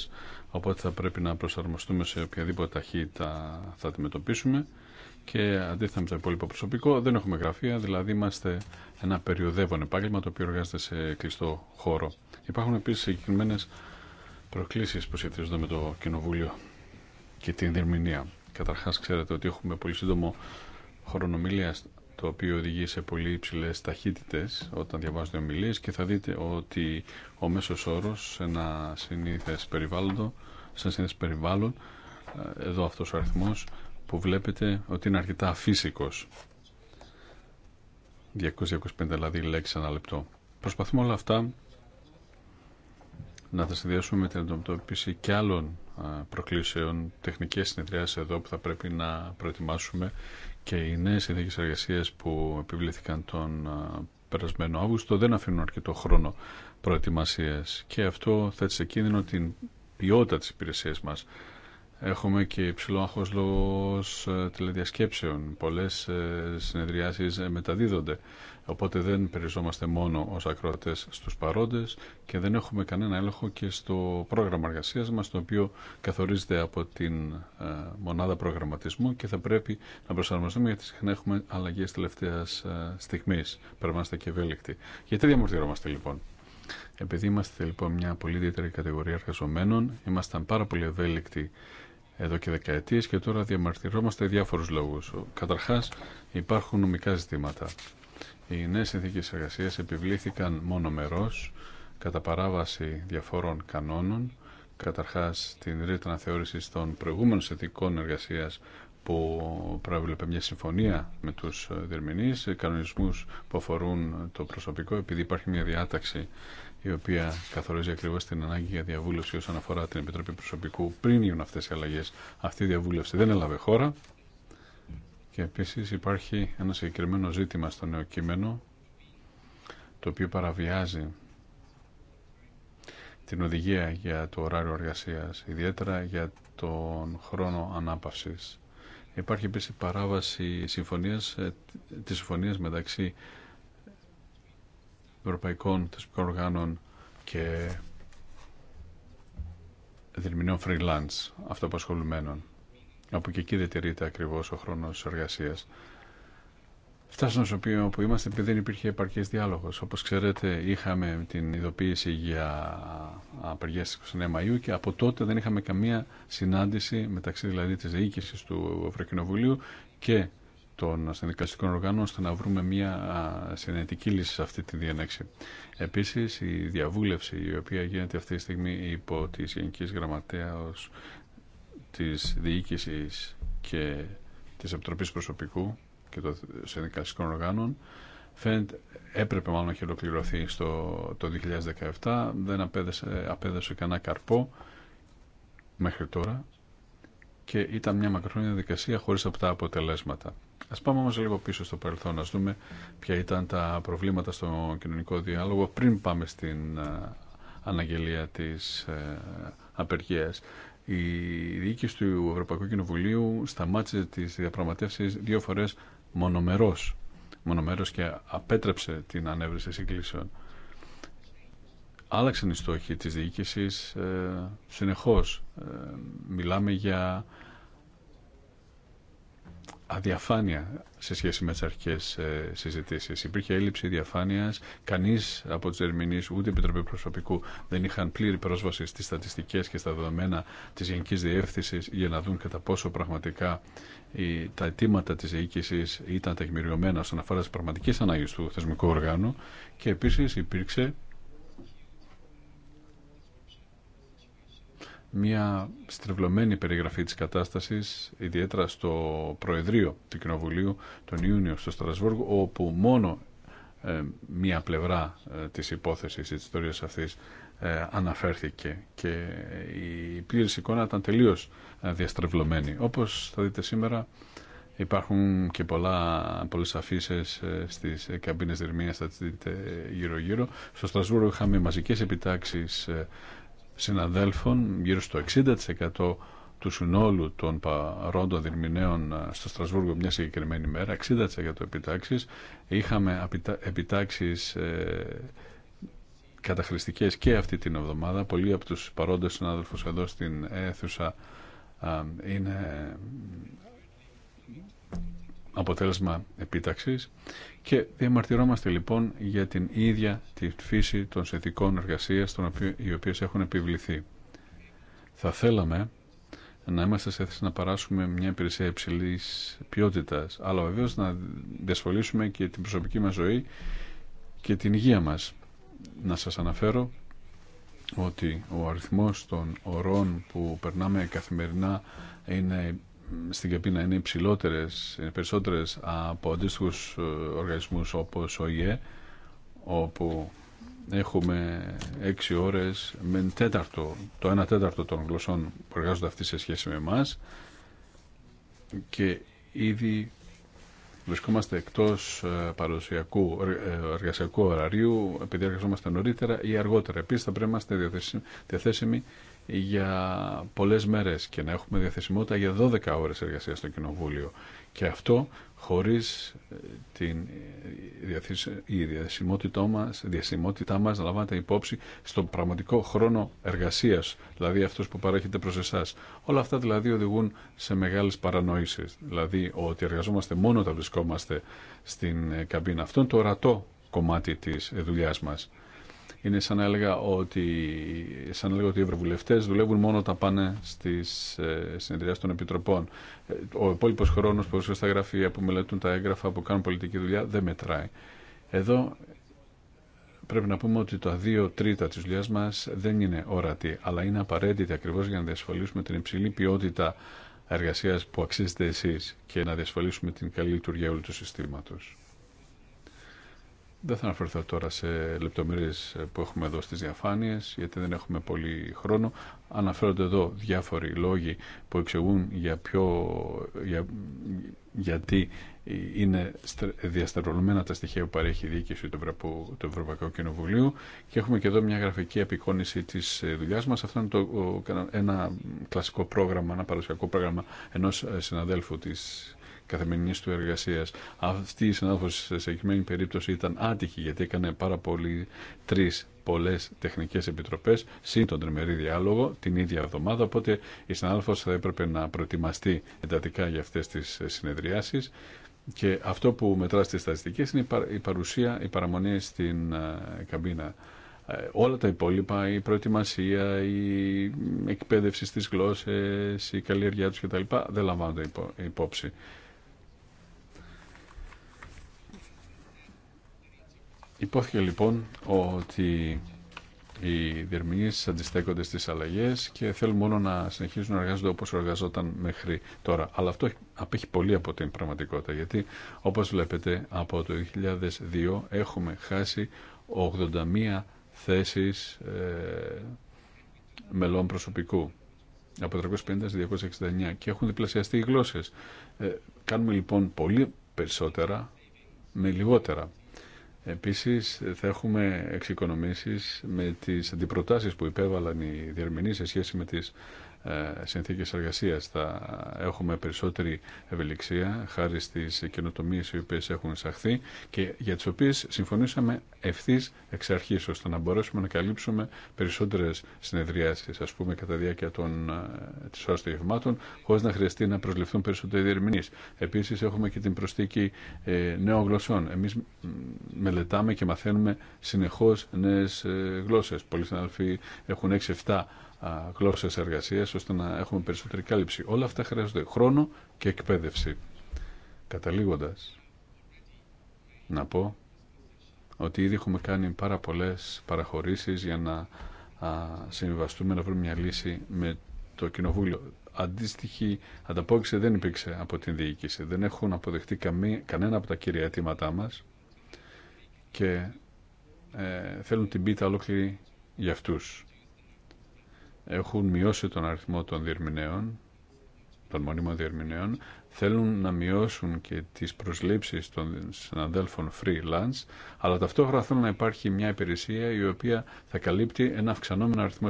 Οπότε θα πρέπει να προσαρμοστούμε σε οποιαδήποτε ταχύτητα θα αντιμετωπίσουμε. Και αντίθετα με το υπόλοιπο προσωπικό, δεν έχουμε γραφεία, δηλαδή είμαστε ένα περιοδεύον επάγγελμα το οποίο εργάζεται σε κλειστό χώρο. Υπάρχουν επίση συγκεκριμένε προκλήσει που σχετίζονται με το Κοινοβούλιο και την διερμηνία. Καταρχάς ξέρετε ότι έχουμε πολύ σύντομο χρονομιλία το οποίο οδηγεί σε πολύ υψηλέ ταχύτητε όταν διαβάζετε ομιλίε και θα δείτε ότι ο μέσο όρο σε ένα συνήθε περιβάλλον, περιβάλλον, εδώ αυτό ο αριθμό που βλέπετε ότι είναι αρκετά φύσικος. 225 δηλαδή λέξεις ένα λεπτό. Προσπαθούμε όλα αυτά να τα συνδυάσουμε με την αντιμετώπιση και άλλων προκλήσεων, τεχνικές συνεδριάσεις εδώ που θα πρέπει να προετοιμάσουμε και οι νέες συνθήκες εργασίες που επιβλήθηκαν τον περασμένο Αύγουστο δεν αφήνουν αρκετό χρόνο προετοιμασίας και αυτό θέτει σε κίνδυνο την ποιότητα της υπηρεσίας μας. Έχουμε και υψηλό άγχος λόγω ε, τηλεδιασκέψεων. Πολλές ε, συνεδριάσεις ε, μεταδίδονται. Οπότε δεν περιζόμαστε μόνο ως ακροατές στους παρόντες και δεν έχουμε κανένα έλεγχο και στο πρόγραμμα εργασία μας, το οποίο καθορίζεται από την μονάδα προγραμματισμού και θα πρέπει να προσαρμοστούμε γιατί συχνά έχουμε αλλαγές τελευταίας στιγμής. Περμαστε και ευέλικτοι. Γιατί διαμορφωνόμαστε λοιπόν. Επειδή είμαστε λοιπόν μια πολύ ιδιαίτερη κατηγορία εργαζομένων, ήμασταν πάρα πολύ ευέλικτοι εδώ και δεκαετίε και τώρα διαμαρτυρόμαστε διάφορους λόγους. Καταρχάς υπάρχουν νομικά ζητήματα. Οι νέες συνθήκε εργασία επιβλήθηκαν μόνο μερό κατά παράβαση διαφόρων κανόνων, καταρχάς την ρήτρα αναθεώρηση των προηγούμενων συνθήκων εργασία που προέβλεπε μια συμφωνία με τους διερμηνεί, κανονισμούς που αφορούν το προσωπικό, επειδή υπάρχει μια διάταξη η οποία καθορίζει ακριβώ την ανάγκη για διαβούλευση όσον αφορά την Επιτροπή Προσωπικού πριν γίνουν αυτέ οι αλλαγέ. Αυτή η διαβούλευση δεν έλαβε χώρα. Και επίση υπάρχει ένα συγκεκριμένο ζήτημα στο νέο κείμενο το οποίο παραβιάζει την οδηγία για το ωράριο εργασίας, ιδιαίτερα για τον χρόνο ανάπαυσης. Υπάρχει επίσης παράβαση συμφωνίας, ε, της συμφωνίας μεταξύ ευρωπαϊκών θεσμικών οργάνων και δερμηνών freelance αυτοπασχολουμένων. Από και εκεί δεν τηρείται ακριβώς ο χρόνος εργασίας. Φτάσαμε στο οποίο που είμαστε επειδή δεν υπήρχε επαρκή διάλογο. Όπω ξέρετε, είχαμε την ειδοποίηση για απεργία στι 29 Μαου και από τότε δεν είχαμε καμία συνάντηση μεταξύ δηλαδή τη διοίκηση του Ευρωκοινοβουλίου και των συνδικαστικών οργάνων ώστε να βρούμε μια συνετική λύση σε αυτή τη διένεξη. Επίσης, η διαβούλευση η οποία γίνεται αυτή τη στιγμή υπό τη Γενική Γραμματέα της Διοίκησης και της Επιτροπής Προσωπικού και των συνδικαστικών οργάνων έπρεπε μάλλον να έχει ολοκληρωθεί στο, το 2017 δεν απέδεσε, απέδεσε κανένα καρπό μέχρι τώρα και ήταν μια μακροχρόνια διαδικασία χωρίς αυτά αποτελέσματα. Ας πάμε όμω λίγο πίσω στο παρελθόν, να δούμε ποια ήταν τα προβλήματα στο κοινωνικό διάλογο πριν πάμε στην ε, αναγγελία της ε, απεργίας. Η διοίκηση του Ευρωπαϊκού Κοινοβουλίου σταμάτησε τι διαπραγματεύσει δύο φορές μονομερός, και απέτρεψε την ανέβρεση συγκλήσεων. Άλλαξαν οι στόχοι της διοίκησης ε, συνεχώς. Μιλάμε για αδιαφάνεια σε σχέση με τι αρχικέ ε, συζητήσει. Υπήρχε έλλειψη διαφάνεια. Κανεί από του Ερμηνεί, ούτε η Επιτροπή Προσωπικού, δεν είχαν πλήρη πρόσβαση στι στατιστικέ και στα δεδομένα τη Γενική Διεύθυνση για να δουν κατά πόσο πραγματικά τα αιτήματα τη διοίκηση ήταν τεκμηριωμένα στον αφορά τη πραγματική ανάγκη του θεσμικού οργάνου. Και επίση υπήρξε μια στρεβλωμένη περιγραφή της κατάστασης, ιδιαίτερα στο Προεδρείο του Κοινοβουλίου τον Ιούνιο στο Στρασβούργο, όπου μόνο ε, μία πλευρά ε, της υπόθεσης, της ιστορίας αυτής, ε, αναφέρθηκε και η πλήρης εικόνα ήταν τελείως ε, διαστρεβλωμένη. Όπως θα δείτε σήμερα, υπάρχουν και πολλά, πολλές αφήσεις στις καμπίνες δερμίας θα τις δείτε γύρω-γύρω. Στο Στρασβούργο είχαμε μαζικές επιτάξεις συναδέλφων, γύρω στο 60% του συνόλου των παρόντων διερμηνέων ε, στο Στρασβούργο μια συγκεκριμένη μέρα, 60% επιτάξεις, είχαμε επιτάξεις ε, καταχρηστικές και αυτή την εβδομάδα. Πολλοί από τους παρόντες συνάδελφους εδώ στην αίθουσα ε, είναι αποτέλεσμα επίταξης και διαμαρτυρόμαστε λοιπόν για την ίδια τη φύση των συνθηκών εργασίας των οποίων, οι οποίες έχουν επιβληθεί. Θα θέλαμε να είμαστε σε θέση να παράσουμε μια υπηρεσία υψηλή ποιότητα, αλλά βεβαίω να διασφαλίσουμε και την προσωπική μα ζωή και την υγεία μα. Να σα αναφέρω ότι ο αριθμό των ωρών που περνάμε καθημερινά είναι στην Καπίνα είναι υψηλότερες, είναι περισσότερες από αντίστοιχου ε, οργανισμούς όπως ο ΙΕ, όπου έχουμε έξι ώρες με τέταρτο, το ένα τέταρτο των γλωσσών που εργάζονται αυτοί σε σχέση με εμά και ήδη βρισκόμαστε εκτός ε, παραδοσιακού ε, εργασιακού ωραρίου επειδή εργαζόμαστε νωρίτερα ή αργότερα. Επίσης θα πρέπει να είμαστε διαθέσιμοι για πολλές μέρες και να έχουμε διαθεσιμότητα για 12 ώρες εργασίας στο Κοινοβούλιο. Και αυτό χωρίς ε, την ε, η διαθεσιμότητά μας, διαθεσιμότητά μας να λαμβάνεται υπόψη στον πραγματικό χρόνο εργασίας, δηλαδή αυτός που παρέχεται προς εσάς. Όλα αυτά δηλαδή οδηγούν σε μεγάλες παρανοήσεις. Δηλαδή ότι εργαζόμαστε μόνο όταν βρισκόμαστε στην ε, καμπίνα. Αυτό είναι το ορατό κομμάτι της δουλειάς μας. Είναι σαν να έλεγα ότι, σαν να ότι οι ευρωβουλευτέ δουλεύουν μόνο όταν πάνε στι ε, συνεδριάσει των επιτροπών. Ε, ο υπόλοιπο χρόνο που βρίσκονται στα γραφεία, που μελετούν τα έγγραφα, που κάνουν πολιτική δουλειά, δεν μετράει. Εδώ πρέπει να πούμε ότι τα δύο τρίτα τη δουλειά μα δεν είναι ορατή, αλλά είναι απαραίτητη ακριβώ για να διασφαλίσουμε την υψηλή ποιότητα εργασία που αξίζετε εσεί και να διασφαλίσουμε την καλή λειτουργία όλου του συστήματο. Δεν θα αναφερθώ τώρα σε λεπτομέρειες που έχουμε εδώ στις διαφάνειες, γιατί δεν έχουμε πολύ χρόνο. Αναφέρονται εδώ διάφοροι λόγοι που εξηγούν για ποιο, γιατί είναι διαστερολωμένα τα στοιχεία που παρέχει η διοίκηση του, Ευρωπαϊκού, του Κοινοβουλίου και έχουμε και εδώ μια γραφική απεικόνηση της ε, δουλειά μας. Αυτό είναι το, ένα κλασικό πρόγραμμα, ένα παρουσιακό πρόγραμμα ενός ε, συναδέλφου της καθημερινή του εργασία. Αυτή η συνάδελφο σε συγκεκριμένη περίπτωση ήταν άτυχη γιατί έκανε πάρα πολύ τρει πολλέ τεχνικέ επιτροπέ συν τον τριμερή διάλογο την ίδια εβδομάδα. Οπότε η συνάδελφο θα έπρεπε να προετοιμαστεί εντατικά για αυτέ τι συνεδριάσει. Και αυτό που μετρά στι στατιστικέ είναι η παρουσία, η παραμονή στην ε, καμπίνα ε, όλα τα υπόλοιπα, η προετοιμασία, η εκπαίδευση στις γλώσσες, η καλλιεργία τους κτλ. δεν λαμβάνονται υπόψη. Υπόθηκε λοιπόν ότι οι διερμηνείς αντιστέκονται στις αλλαγές και θέλουν μόνο να συνεχίσουν να εργάζονται όπως εργαζόταν μέχρι τώρα. Αλλά αυτό απέχει πολύ από την πραγματικότητα γιατί όπως βλέπετε από το 2002 έχουμε χάσει 81 θέσεις ε, μελών προσωπικού από 350 σε 269 και έχουν διπλασιαστεί οι γλώσσες. Ε, κάνουμε λοιπόν πολύ περισσότερα με λιγότερα. Επίσης θα έχουμε εξοικονομήσεις με τις αντιπροτάσεις που υπέβαλαν οι διερμηνείς σε σχέση με τις ε, συνθήκες εργασίας. Θα έχουμε περισσότερη ευελιξία χάρη στις καινοτομίε οι οποίες έχουν εισαχθεί και για τις οποίες συμφωνήσαμε ευθύ εξ αρχής ώστε να μπορέσουμε να καλύψουμε περισσότερες συνεδριάσεις ας πούμε κατά διάρκεια των, ε, της ώρας των γευμάτων χωρίς να χρειαστεί να προσληφθούν περισσότεροι διερμηνείς. Επίσης έχουμε και την προσθήκη ε, νέων γλωσσών. Εμείς μελετάμε και μαθαίνουμε συνεχώς νέες γλώσσες. Πολλοί συναδελφοί έχουν 6-7 γλώσσες εργασίας ώστε να έχουμε περισσότερη κάλυψη. Όλα αυτά χρειάζονται χρόνο και εκπαίδευση. Καταλήγοντας, να πω ότι ήδη έχουμε κάνει πάρα πολλές παραχωρήσεις για να συμβιβαστούμε να βρούμε μια λύση με το Κοινοβούλιο. Αντίστοιχη ανταπόκριση δεν υπήρξε από την διοίκηση. Δεν έχουν αποδεχτεί κανένα από τα κύρια αιτήματά μας και ε, θέλουν την πίτα ολόκληρη για αυτούς έχουν μειώσει τον αριθμό των διερμηνέων, των μονίμων διερμηνέων, θέλουν να μειώσουν και τις προσλήψεις των συναδέλφων freelance, αλλά ταυτόχρονα θέλουν να υπάρχει μια υπηρεσία η οποία θα καλύπτει ένα αυξανόμενο αριθμό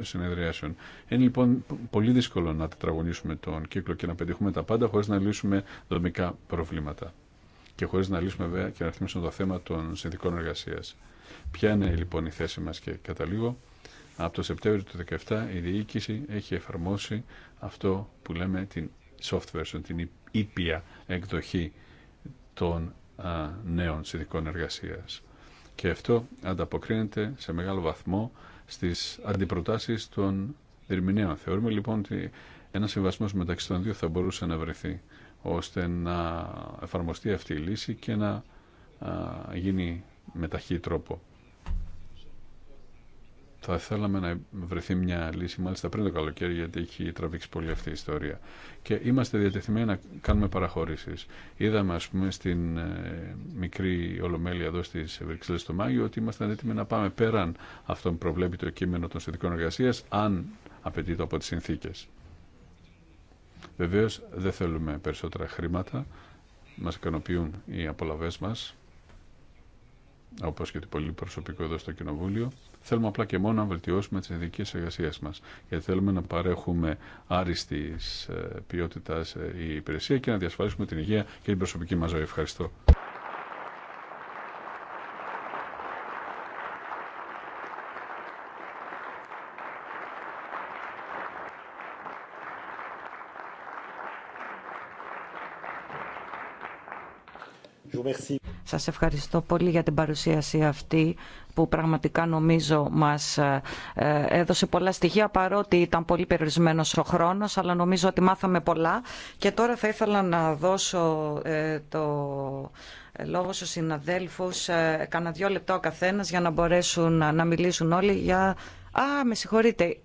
συνεδριάσεων. Είναι λοιπόν πολύ δύσκολο να τετραγωνίσουμε τον κύκλο και να πετύχουμε τα πάντα χωρίς να λύσουμε δομικά προβλήματα και χωρίς να λύσουμε βέβαια και να ρυθμίσουμε το θέμα των συνδικών εργασίας. Ποια είναι λοιπόν η θέση μας και κατά από το Σεπτέμβριο του 2017 η διοίκηση έχει εφαρμόσει αυτό που λέμε την software, την ήπια εκδοχή των νέων συνδικών εργασίας. Και αυτό ανταποκρίνεται σε μεγάλο βαθμό στις αντιπροτάσεις των διερμηνέων. Θεωρούμε λοιπόν ότι ένα συμβασμό μεταξύ των δύο θα μπορούσε να βρεθεί ώστε να εφαρμοστεί αυτή η λύση και να α, γίνει με ταχύ τρόπο θα θέλαμε να βρεθεί μια λύση μάλιστα πριν το καλοκαίρι γιατί έχει τραβήξει πολύ αυτή η ιστορία. Και είμαστε διατεθειμένοι να κάνουμε παραχωρήσεις. Είδαμε ας πούμε στην ε, μικρή Ολομέλεια εδώ στις Βρυξέλλες το Μάγιο ότι είμαστε έτοιμοι να πάμε πέραν αυτών που προβλέπει το κείμενο των συνθηκών εργασία αν απαιτείται από τις συνθήκες. Βεβαίω, δεν θέλουμε περισσότερα χρήματα, μας ικανοποιούν οι απολαβές μας, όπω και το πολύ προσωπικό εδώ στο Κοινοβούλιο. Θέλουμε απλά και μόνο να βελτιώσουμε τι ειδικέ εργασίε μα. Γιατί θέλουμε να παρέχουμε άριστη ε, ποιότητα ε, η υπηρεσία και να διασφαλίσουμε την υγεία και την προσωπική μα ζωή. Ευχαριστώ. Σας ευχαριστώ πολύ για την παρουσίαση αυτή που πραγματικά νομίζω μας ε, ε, έδωσε πολλά στοιχεία παρότι ήταν πολύ περιορισμένος ο χρόνος αλλά νομίζω ότι μάθαμε πολλά και τώρα θα ήθελα να δώσω ε, το λόγο στους συναδέλφους κανένα δύο λεπτά ο καθένας για να μπορέσουν να μιλήσουν όλοι για... Α, με συγχωρείτε,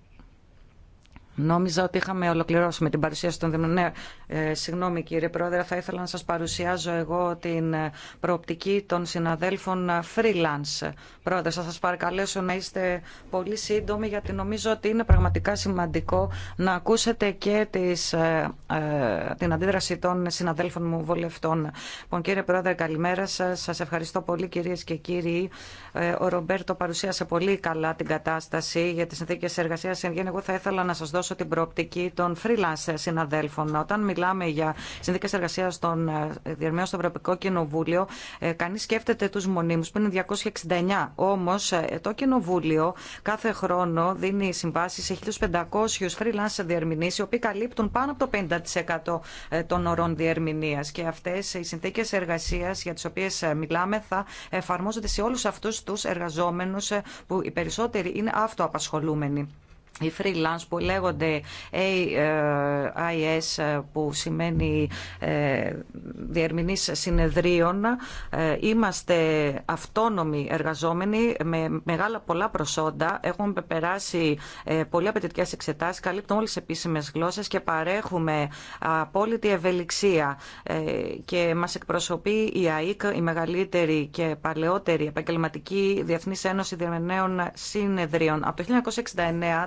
Νόμιζα ότι είχαμε ολοκληρώσει με την παρουσίαση των Δήμων. Ναι, ε, συγγνώμη κύριε Πρόεδρε, θα ήθελα να σας παρουσιάζω εγώ την ε, προοπτική των συναδέλφων ε, freelance. Πρόεδρε, θα σας παρακαλέσω να είστε πολύ σύντομοι γιατί νομίζω ότι είναι πραγματικά σημαντικό να ακούσετε και τις, ε, ε, την αντίδραση των συναδέλφων μου βολευτών. Λοιπόν, κύριε Πρόεδρε, καλημέρα σας. Σας ευχαριστώ πολύ κυρίες και κύριοι. Ε, ο Ρομπέρτο παρουσίασε πολύ καλά την κατάσταση για τις συνθήκες εργασίας. εγώ θα ήθελα να σας δώσω όσο την προοπτική των freelance συναδέλφων. Όταν μιλάμε για συνδίκε εργασία των ε, διερμηνών στο Ευρωπαϊκό Κοινοβούλιο, ε, κανεί σκέφτεται του μονίμου που είναι 269. Όμω ε, το Κοινοβούλιο κάθε χρόνο δίνει συμβάσει σε 1.500 freelance διερμηνεί, οι οποίοι καλύπτουν πάνω από το 50% των ορών διερμηνία. Και αυτέ οι συνθήκε εργασία για τι οποίε μιλάμε θα εφαρμόζονται σε όλου αυτού του εργαζόμενου που οι περισσότεροι είναι αυτοαπασχολούμενοι οι freelance που λέγονται AIS που σημαίνει ε, διερμηνής συνεδρίων ε, είμαστε αυτόνομοι εργαζόμενοι με μεγάλα πολλά προσόντα έχουμε περάσει ε, πολύ απαιτητικές εξετάσεις καλύπτουμε όλες τις επίσημες γλώσσες και παρέχουμε απόλυτη ευελιξία και μας εκπροσωπεί η ΑΕΚ η μεγαλύτερη και παλαιότερη επαγγελματική Διεθνής Ένωση Διερμηνέων Συνεδρίων από το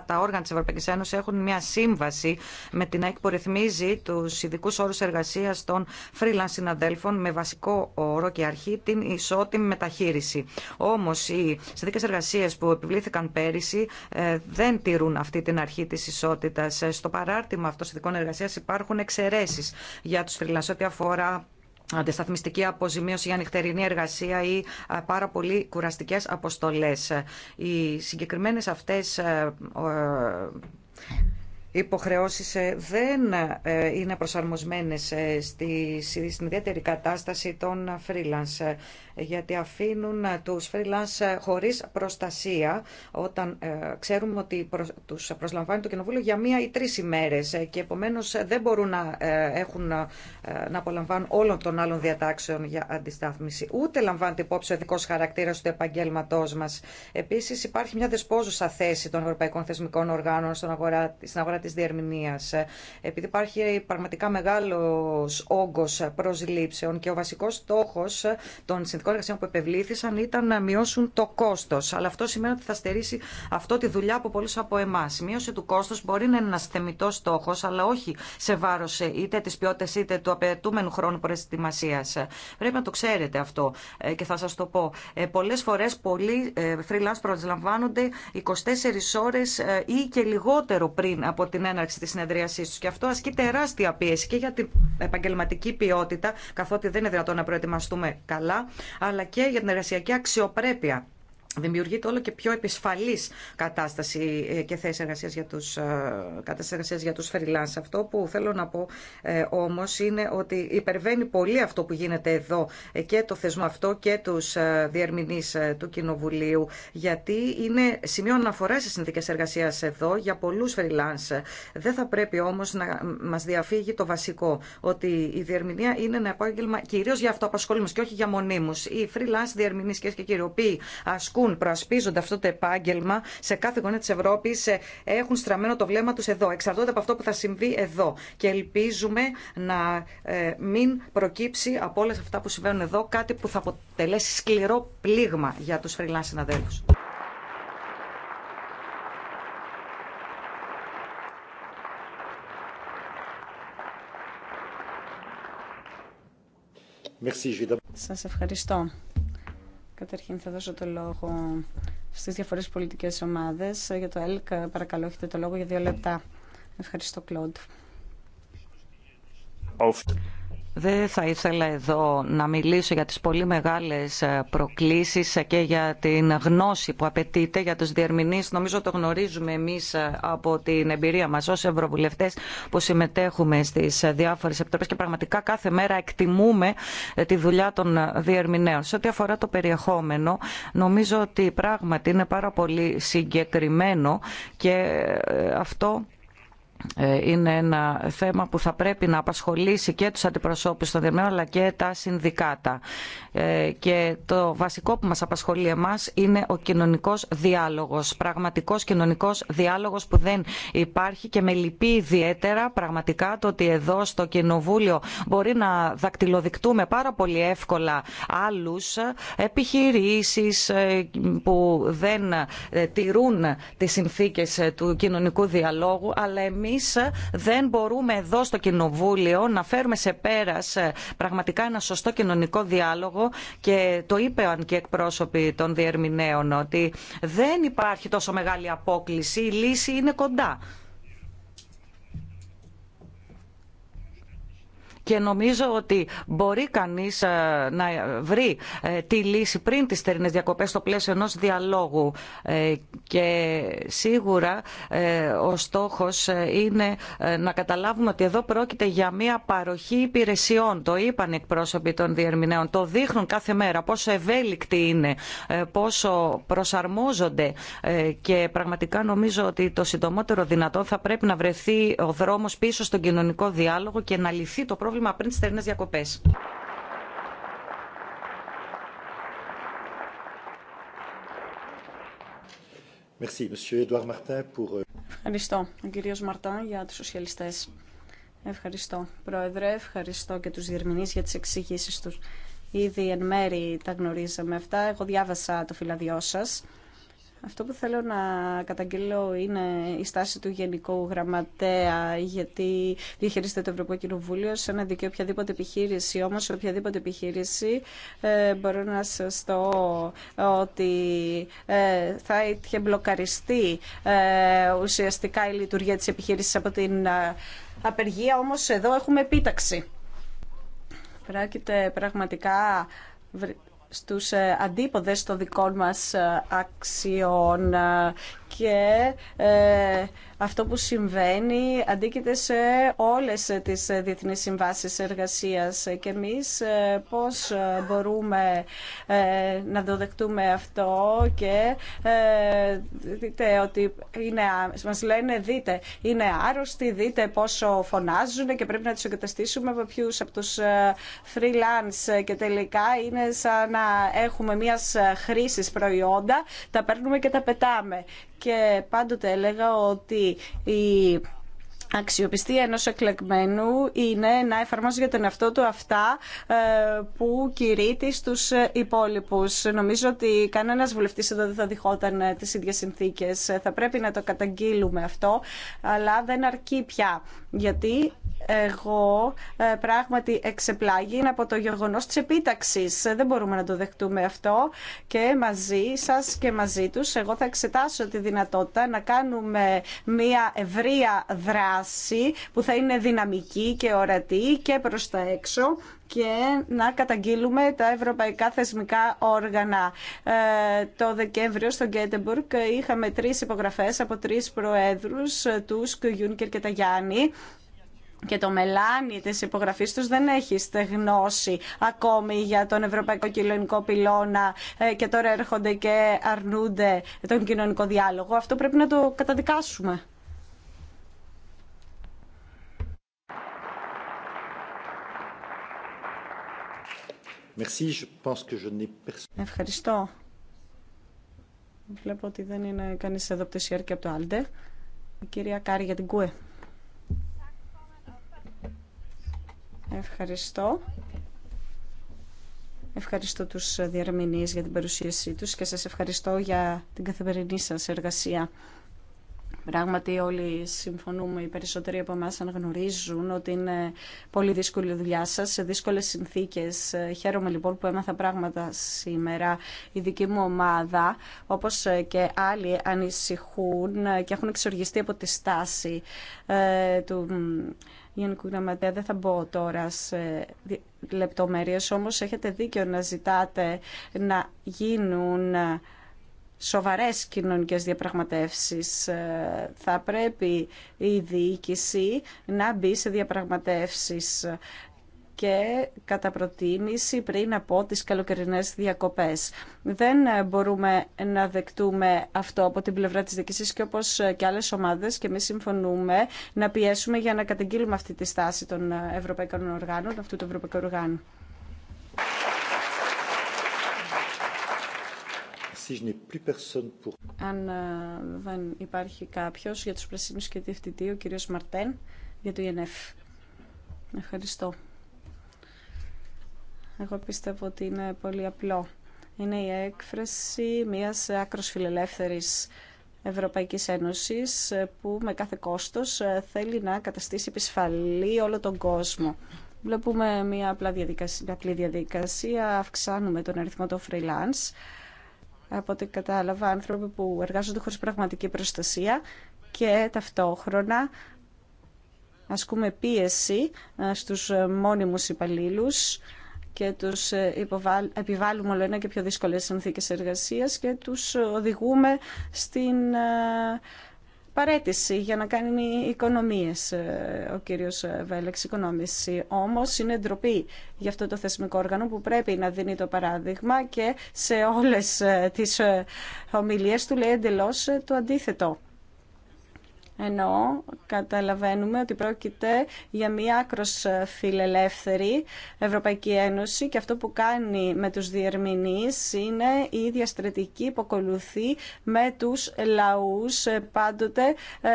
1969 τα όργανα τη Ευρωπαϊκή Ένωση έχουν μια σύμβαση με την ΑΕΚ που ρυθμίζει του ειδικού όρου εργασία των freelance συναδέλφων με βασικό όρο και αρχή την ισότιμη μεταχείριση. Όμω οι συνδίκε εργασίε που επιβλήθηκαν πέρυσι ε, δεν τηρούν αυτή την αρχή τη ισότητα. Ε, στο παράρτημα αυτών των συνδικών εργασία υπάρχουν εξαιρέσει για του freelance ό,τι αφορά αντισταθμιστική αποζημίωση για νυχτερινή εργασία ή πάρα πολύ κουραστικές αποστολές. Οι συγκεκριμένες αυτές ε, υποχρεώσεις ε, δεν ε, είναι προσαρμοσμένες ε, στη, στην ιδιαίτερη κατάσταση των freelance γιατί αφήνουν τους freelance χωρίς προστασία όταν ξέρουμε ότι τους προσλαμβάνει το Κοινοβούλιο για μία ή τρεις ημέρες και επομένως δεν μπορούν να, έχουν, να απολαμβάνουν όλων των άλλων διατάξεων για αντιστάθμιση. Ούτε λαμβάνεται υπόψη ο ειδικός χαρακτήρας του επαγγέλματός μας. Επίσης υπάρχει μια δεσπόζουσα θέση των ευρωπαϊκών θεσμικών οργάνων στον αγορά, στην αγορά της διερμηνίας. Ε, επειδή υπάρχει πραγματικά μεγάλος όγκος προσλήψεων και ο βασικός στόχος των συνδικών εργασιών που επευλήθησαν ήταν να μειώσουν το κόστος. Αλλά αυτό σημαίνει ότι θα στερήσει αυτό τη δουλειά από πολλούς από εμάς. Η μείωση του κόστος μπορεί να είναι ένας θεμητός στόχος, αλλά όχι σε βάρος ε, είτε της ποιότητας είτε του απαιτούμενου χρόνου προετοιμασίας. Πρέπει να το ξέρετε αυτό ε, και θα σας το πω. Πολλές φορές πολλοί freelance προσλαμβάνονται 24 ώρες ή και λιγότερο πριν από την έναρξη τη συνεδρίασή του. Και αυτό ασκεί τεράστια πίεση και για την επαγγελματική ποιότητα, καθότι δεν είναι δυνατόν να προετοιμαστούμε καλά, αλλά και για την εργασιακή αξιοπρέπεια δημιουργείται όλο και πιο επισφαλή κατάσταση ε, και θέση εργασία για τους, ε, κατάσταση για του freelance. Αυτό που θέλω να πω όμω ε, όμως είναι ότι υπερβαίνει πολύ αυτό που γίνεται εδώ και το θεσμό αυτό και τους διερμηνείς του Κοινοβουλίου γιατί είναι σημείο αναφορά στι συνθήκε εργασία εδώ για πολλού freelance. Δεν θα πρέπει όμω να μα διαφύγει το βασικό ότι η διερμηνία είναι ένα επάγγελμα κυρίω για αυτοαπασχολήμου και όχι για μονίμου. Οι freelance διερμηνεί και κυριοποίοι ασκούν προσπίζοντας προασπίζονται αυτό το επάγγελμα σε κάθε γωνία τη Ευρώπη ε, έχουν στραμμένο το βλέμμα του εδώ. Εξαρτώνται από αυτό που θα συμβεί εδώ. Και ελπίζουμε να ε, μην προκύψει από όλα αυτά που συμβαίνουν εδώ κάτι που θα αποτελέσει σκληρό πλήγμα για του freelance συναδέλφου. Σας ευχαριστώ. Καταρχήν θα δώσω το λόγο στις διαφορετικές πολιτικές ομάδες. Για το ΕΛΚ παρακαλώ έχετε το λόγο για δύο λεπτά. Ευχαριστώ Κλόντ. Δεν θα ήθελα εδώ να μιλήσω για τις πολύ μεγάλες ε, προκλήσεις ε, και για την γνώση που απαιτείται για τους διερμηνείς. Νομίζω το γνωρίζουμε εμείς ε, από την εμπειρία μας ως ευρωβουλευτές που συμμετέχουμε στις διάφορες επιτροπές και πραγματικά κάθε μέρα εκτιμούμε τη δουλειά των διερμηνέων. Σε ό,τι αφορά το περιεχόμενο, νομίζω ότι πράγματι είναι πάρα πολύ συγκεκριμένο και αυτό ε, είναι ένα θέμα που θα πρέπει να απασχολήσει και τους αντιπροσώπους των δεδομένων αλλά και τα συνδικάτα. Ε, και το βασικό που μας απασχολεί εμάς είναι ο κοινωνικός διάλογος, πραγματικός κοινωνικός διάλογος που δεν υπάρχει και με λυπεί ιδιαίτερα πραγματικά το ότι εδώ στο Κοινοβούλιο μπορεί να δακτυλοδεικτούμε πάρα πολύ εύκολα άλλους επιχειρήσεις ε, που δεν τηρούν τις συνθήκες του κοινωνικού διαλόγου αλλά εμείς εμείς δεν μπορούμε εδώ στο Κοινοβούλιο να φέρουμε σε πέρας ε, πραγματικά ένα σωστό κοινωνικό διάλογο και το είπαν και εκπρόσωποι των διερμηνέων ότι δεν υπάρχει τόσο μεγάλη απόκληση, η λύση είναι κοντά και νομίζω ότι μπορεί κανείς ε, να βρει ε, τη λύση πριν τις θερινές διακοπές στο πλαίσιο ενός διαλόγου ε, και σίγουρα ο στόχος είναι να καταλάβουμε ότι εδώ πρόκειται για μια παροχή υπηρεσιών. Το είπαν οι εκπρόσωποι των διερμηνέων, το δείχνουν κάθε μέρα πόσο ευέλικτοι είναι, πόσο προσαρμόζονται και πραγματικά νομίζω ότι το συντομότερο δυνατό θα πρέπει να βρεθεί ο δρόμος πίσω στον κοινωνικό διάλογο και να λυθεί το πρόβλημα πρόβλημα πριν τι euh, Ευχαριστώ, ο κύριος Μαρτάν, για τους σοσιαλιστές. Ευχαριστώ, Πρόεδρε. Ευχαριστώ και του διερμηνείς για τις εξηγήσεις τους. Ήδη εν μέρη τα γνωρίζαμε αυτά. Εγώ διάβασα το φυλαδιό σας αυτό που θέλω να καταγγείλω είναι η στάση του Γενικού Γραμματέα, γιατί διαχειρίζεται το Ευρωπαϊκό Κοινοβούλιο σε ένα δικαίωμα οποιαδήποτε επιχείρηση. Όμω, οποιαδήποτε επιχείρηση ε, μπορώ να σα το ότι ε, θα είχε μπλοκαριστεί ε, ουσιαστικά η λειτουργία τη επιχείρηση από την ε, απεργία. Όμω, εδώ έχουμε επίταξη. Πράγματι, πραγματικά στους ε, αντίποδες των δικών μας ε, αξιών ε, και ε, αυτό που συμβαίνει αντίκειται σε όλες τις διεθνείς συμβάσεις εργασίας και εμείς ε, πώς ε, μπορούμε να το δεχτούμε αυτό και δείτε ότι είναι, μας λένε δείτε είναι άρρωστοι, δείτε πόσο φωνάζουν και πρέπει να τους εγκαταστήσουμε από ποιους από τους freelance και τελικά είναι σαν να έχουμε μιας χρήσης προϊόντα, τα παίρνουμε και τα πετάμε και πάντοτε έλεγα ότι η αξιοπιστία ενός εκλεγμένου είναι να εφαρμόζει για τον εαυτό του αυτά ε, που κηρύττει στους υπόλοιπους. Νομίζω ότι κανένας βουλευτής εδώ δεν θα διχόταν ε, τις ίδιες συνθήκες. Ε, θα πρέπει να το καταγγείλουμε αυτό, αλλά δεν αρκεί πια. Γιατί εγώ ε, πράγματι εξεπλάγει από το γεγονός της επίταξης. Ε, δεν μπορούμε να το δεχτούμε αυτό και μαζί σας και μαζί τους εγώ θα εξετάσω τη δυνατότητα να κάνουμε μια ευρεία δράση που θα είναι δυναμική και ορατή και προς τα έξω και να καταγγείλουμε τα ευρωπαϊκά θεσμικά όργανα. Ε, το Δεκέμβριο στο Γκέντεμπουργκ είχαμε τρεις υπογραφές από τρεις προέδρους, τους Κιούνκερ και Ταγιάννη, και το μελάνι τη υπογραφή του δεν έχει στεγνώσει ακόμη για τον Ευρωπαϊκό Κοινωνικό Πυλώνα ε, και τώρα έρχονται και αρνούνται τον κοινωνικό διάλογο. Αυτό πρέπει να το καταδικάσουμε. Ευχαριστώ. Βλέπω ότι δεν είναι κανείς εδώ από το ΣΥΑΡ και από το ΑΛΔΕ. Η κυρία Κάρη για την ΚΟΕ. Ευχαριστώ. Ευχαριστώ τους διαρμηνείς για την παρουσίασή τους και σας ευχαριστώ για την καθημερινή σας εργασία. Πράγματι όλοι συμφωνούμε, οι περισσότεροι από εμά αναγνωρίζουν ότι είναι πολύ δύσκολη η δουλειά σας, σε δύσκολες συνθήκες. Χαίρομαι λοιπόν που έμαθα πράγματα σήμερα. Η δική μου ομάδα, όπως και άλλοι, ανησυχούν και έχουν εξοργιστεί από τη στάση ε, του Γενικού Γραμματέα. Δεν θα μπω τώρα σε λεπτομέρειες, όμως έχετε δίκιο να ζητάτε να γίνουν σοβαρές κοινωνικές διαπραγματεύσεις. Ε, θα πρέπει η διοίκηση να μπει σε διαπραγματεύσεις και κατά προτίμηση πριν από τις καλοκαιρινές διακοπές. Δεν μπορούμε να δεκτούμε αυτό από την πλευρά της διοίκησης και όπως και άλλες ομάδες και εμείς συμφωνούμε να πιέσουμε για να καταγγείλουμε αυτή τη στάση των ευρωπαϊκών οργάνων, αυτού του ευρωπαϊκού οργάνου. Αν ε, δεν υπάρχει κάποιος για τους πρασίνους και τη ο κύριος Μαρτέν για το ΙΕΝΕΦ. Ευχαριστώ. Εγώ πιστεύω ότι είναι πολύ απλό. Είναι η έκφραση μιας άκρος φιλελεύθερης Ευρωπαϊκής Ένωσης ε, που με κάθε κόστος ε, θέλει να καταστήσει επισφαλή όλο τον κόσμο. Βλέπουμε μια απλή διαδικασία, αυξάνουμε τον αριθμό των freelance. Από ό,τι κατάλαβα, άνθρωποι που εργάζονται χωρίς πραγματική προστασία και ταυτόχρονα ασκούμε πίεση ε, στους μόνιμους υπαλλήλους και τους ε, επιβάλλουμε όλο ένα και πιο δύσκολες συνθήκες εργασίας και τους οδηγούμε στην ε, παρέτηση για να κάνει οικονομίες ε, ο κύριος Βέλεξ, οικονόμηση. Όμως είναι ντροπή για αυτό το θεσμικό όργανο που πρέπει να δίνει το παράδειγμα και σε όλες τις ομιλίες του λέει εντελώ το αντίθετο ενώ καταλαβαίνουμε ότι πρόκειται για μια άκρος φιλελεύθερη Ευρωπαϊκή Ένωση και αυτό που κάνει με τους διερμηνείς είναι η ίδια στρατηγική που με τους λαούς ε, πάντοτε ε,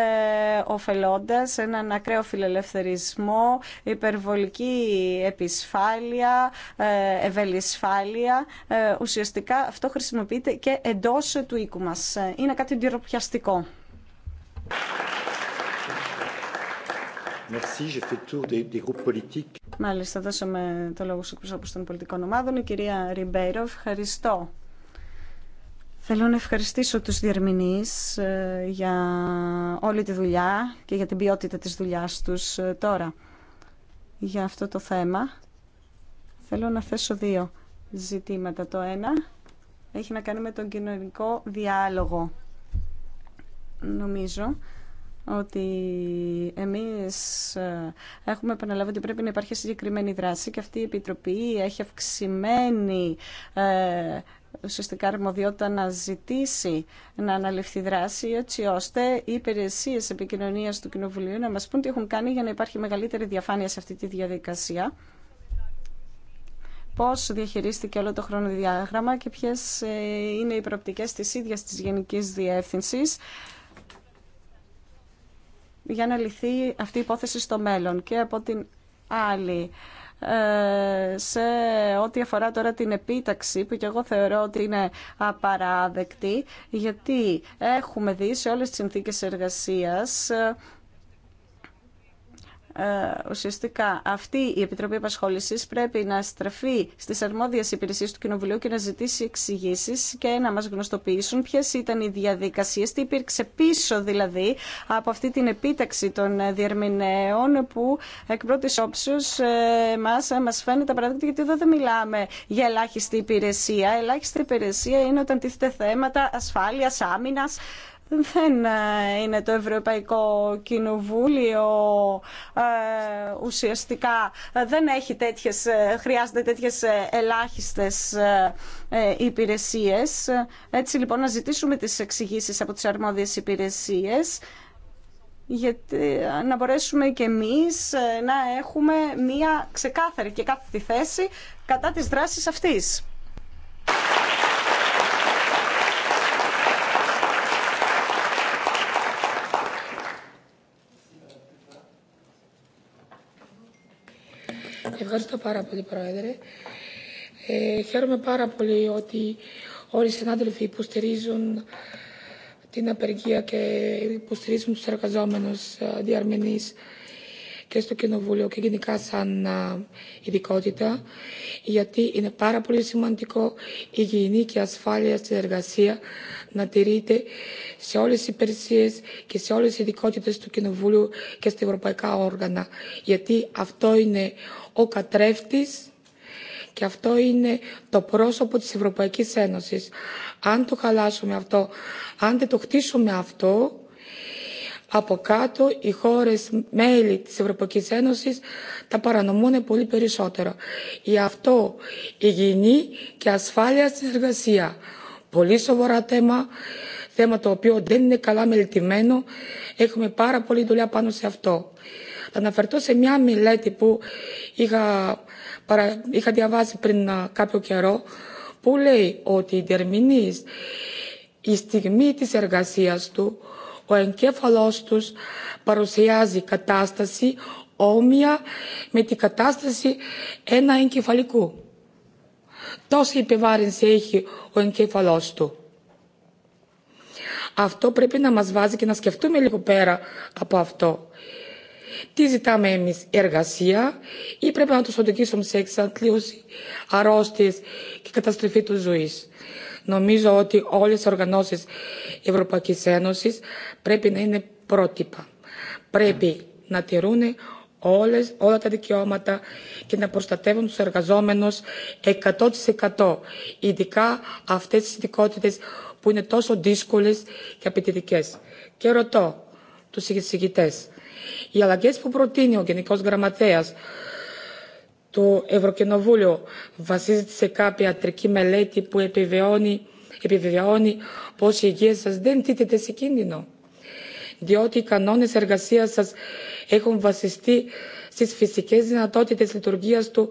ωφελώντας έναν ακραίο φιλελευθερισμό, υπερβολική επισφάλεια, ε, ευελισφάλεια. Ε, ουσιαστικά αυτό χρησιμοποιείται και εντός του οίκου μας. Ε, είναι κάτι ντυροπιαστικό. Μάλιστα, δώσαμε το λόγο στους εκπροσώπους των πολιτικών ομάδων. Η κυρία Ριμπέιρο, ευχαριστώ. Θέλω να ευχαριστήσω τους διερμηνείς ε, για όλη τη δουλειά και για την ποιότητα της δουλειάς τους ε, τώρα για αυτό το θέμα. Θέλω να θέσω δύο ζητήματα. Το ένα έχει να κάνει με τον κοινωνικό διάλογο Νομίζω ότι εμείς ε, έχουμε επαναλάβει ότι πρέπει να υπάρχει συγκεκριμένη δράση και αυτή η Επιτροπή έχει αυξημένη ε, ουσιαστικά αρμοδιότητα να ζητήσει να αναλυφθεί δράση έτσι ώστε οι υπηρεσίες επικοινωνίας του Κοινοβουλίου να μας πούν τι έχουν κάνει για να υπάρχει μεγαλύτερη διαφάνεια σε αυτή τη διαδικασία πώς διαχειρίστηκε όλο το χρονοδιάγραμμα και ποιες ε, είναι οι προοπτικές της ίδιας της Γενικής Διεύθυνσης για να λυθεί αυτή η υπόθεση στο μέλλον. Και από την άλλη, ε, σε ό,τι αφορά τώρα την επίταξη που και εγώ θεωρώ ότι είναι απαράδεκτη γιατί έχουμε δει σε όλες τις συνθήκες εργασίας ε, ε, ουσιαστικά αυτή η Επιτροπή Απασχόληση πρέπει να στραφεί στι αρμόδιε υπηρεσίε του Κοινοβουλίου και να ζητήσει εξηγήσει και να μα γνωστοποιήσουν ποιε ήταν οι διαδικασίε, τι υπήρξε πίσω δηλαδή από αυτή την επίταξη των διερμηνέων που εκ πρώτη όψεω ε, μα ε, φαίνεται παράδειγμα γιατί εδώ δεν μιλάμε για ελάχιστη υπηρεσία. Ελάχιστη υπηρεσία είναι όταν τίθεται θέματα ασφάλεια, άμυνα δεν ε, είναι το Ευρωπαϊκό Κοινοβούλιο ε, ουσιαστικά ε, δεν έχει τέτοιες, χρειάζεται τέτοιες ελάχιστες υπηρεσίες. Έτσι λοιπόν να ζητήσουμε τις εξηγήσεις από τις αρμόδιες υπηρεσίες γιατί να μπορέσουμε και εμείς να έχουμε μία ξεκάθαρη και κάθετη θέση κατά της δράσης αυτής. Ευχαριστώ πάρα πολύ, Πρόεδρε. Ε, χαίρομαι πάρα πολύ ότι όλοι οι συνάδελφοι που στηρίζουν την απεργία και στηρίζουν τους εργαζόμενους ε, διαρμηνείς και στο Κοινοβούλιο και γενικά σαν ειδικότητα, γιατί είναι πάρα πολύ σημαντικό η υγιεινή και ασφάλεια στην εργασία να τηρείται σε όλες οι υπηρεσίε και σε όλες τις ειδικότητες του Κοινοβούλιου και στα ευρωπαϊκά όργανα. Γιατί αυτό είναι ο κατρέφτης και αυτό είναι το πρόσωπο της Ευρωπαϊκής Ένωσης. Αν το χαλάσουμε αυτό, αν δεν το χτίσουμε αυτό, από κάτω οι χώρες μέλη της Ευρωπαϊκής Ένωσης τα παρανομούν πολύ περισσότερο. Γι' αυτό υγιεινή και ασφάλεια στην εργασία. Πολύ σοβαρά θέμα, θέμα το οποίο δεν είναι καλά μελετημένο. Έχουμε πάρα πολλή δουλειά πάνω σε αυτό. Θα αναφερθώ σε μια μελέτη που είχα, είχα διαβάσει πριν κάποιο καιρό που λέει ότι οι διερμηνείς η στιγμή της εργασίας του ο εγκέφαλός τους παρουσιάζει κατάσταση όμοια με την κατάσταση ένα εγκεφαλικού. Τόση επιβάρυνση έχει ο εγκέφαλός του. Αυτό πρέπει να μας βάζει και να σκεφτούμε λίγο πέρα από αυτό. Τι ζητάμε εμείς, εργασία ή πρέπει να τους οδηγήσουμε σε εξαντλήωση αρρώστιες και καταστροφή του ζωής. Νομίζω ότι όλες οι οργανώσεις Ευρωπαϊκής Ένωσης πρέπει να είναι πρότυπα. Πρέπει να τηρούν όλες, όλα τα δικαιώματα και να προστατεύουν τους εργαζόμενους 100% ειδικά αυτές τις ειδικότητες που είναι τόσο δύσκολες και απαιτητικές. Και ρωτώ τους εισηγητές, οι αλλαγές που προτείνει ο Γενικός Γραμματέας το Ευρωκοινοβούλιο βασίζεται σε κάποια ατρική μελέτη που επιβεβαιώνει, επιβεβαιώνει πως η υγεία σας δεν τίθεται σε κίνδυνο. Διότι οι κανόνες εργασίας σας έχουν βασιστεί στις φυσικές δυνατότητες λειτουργίας του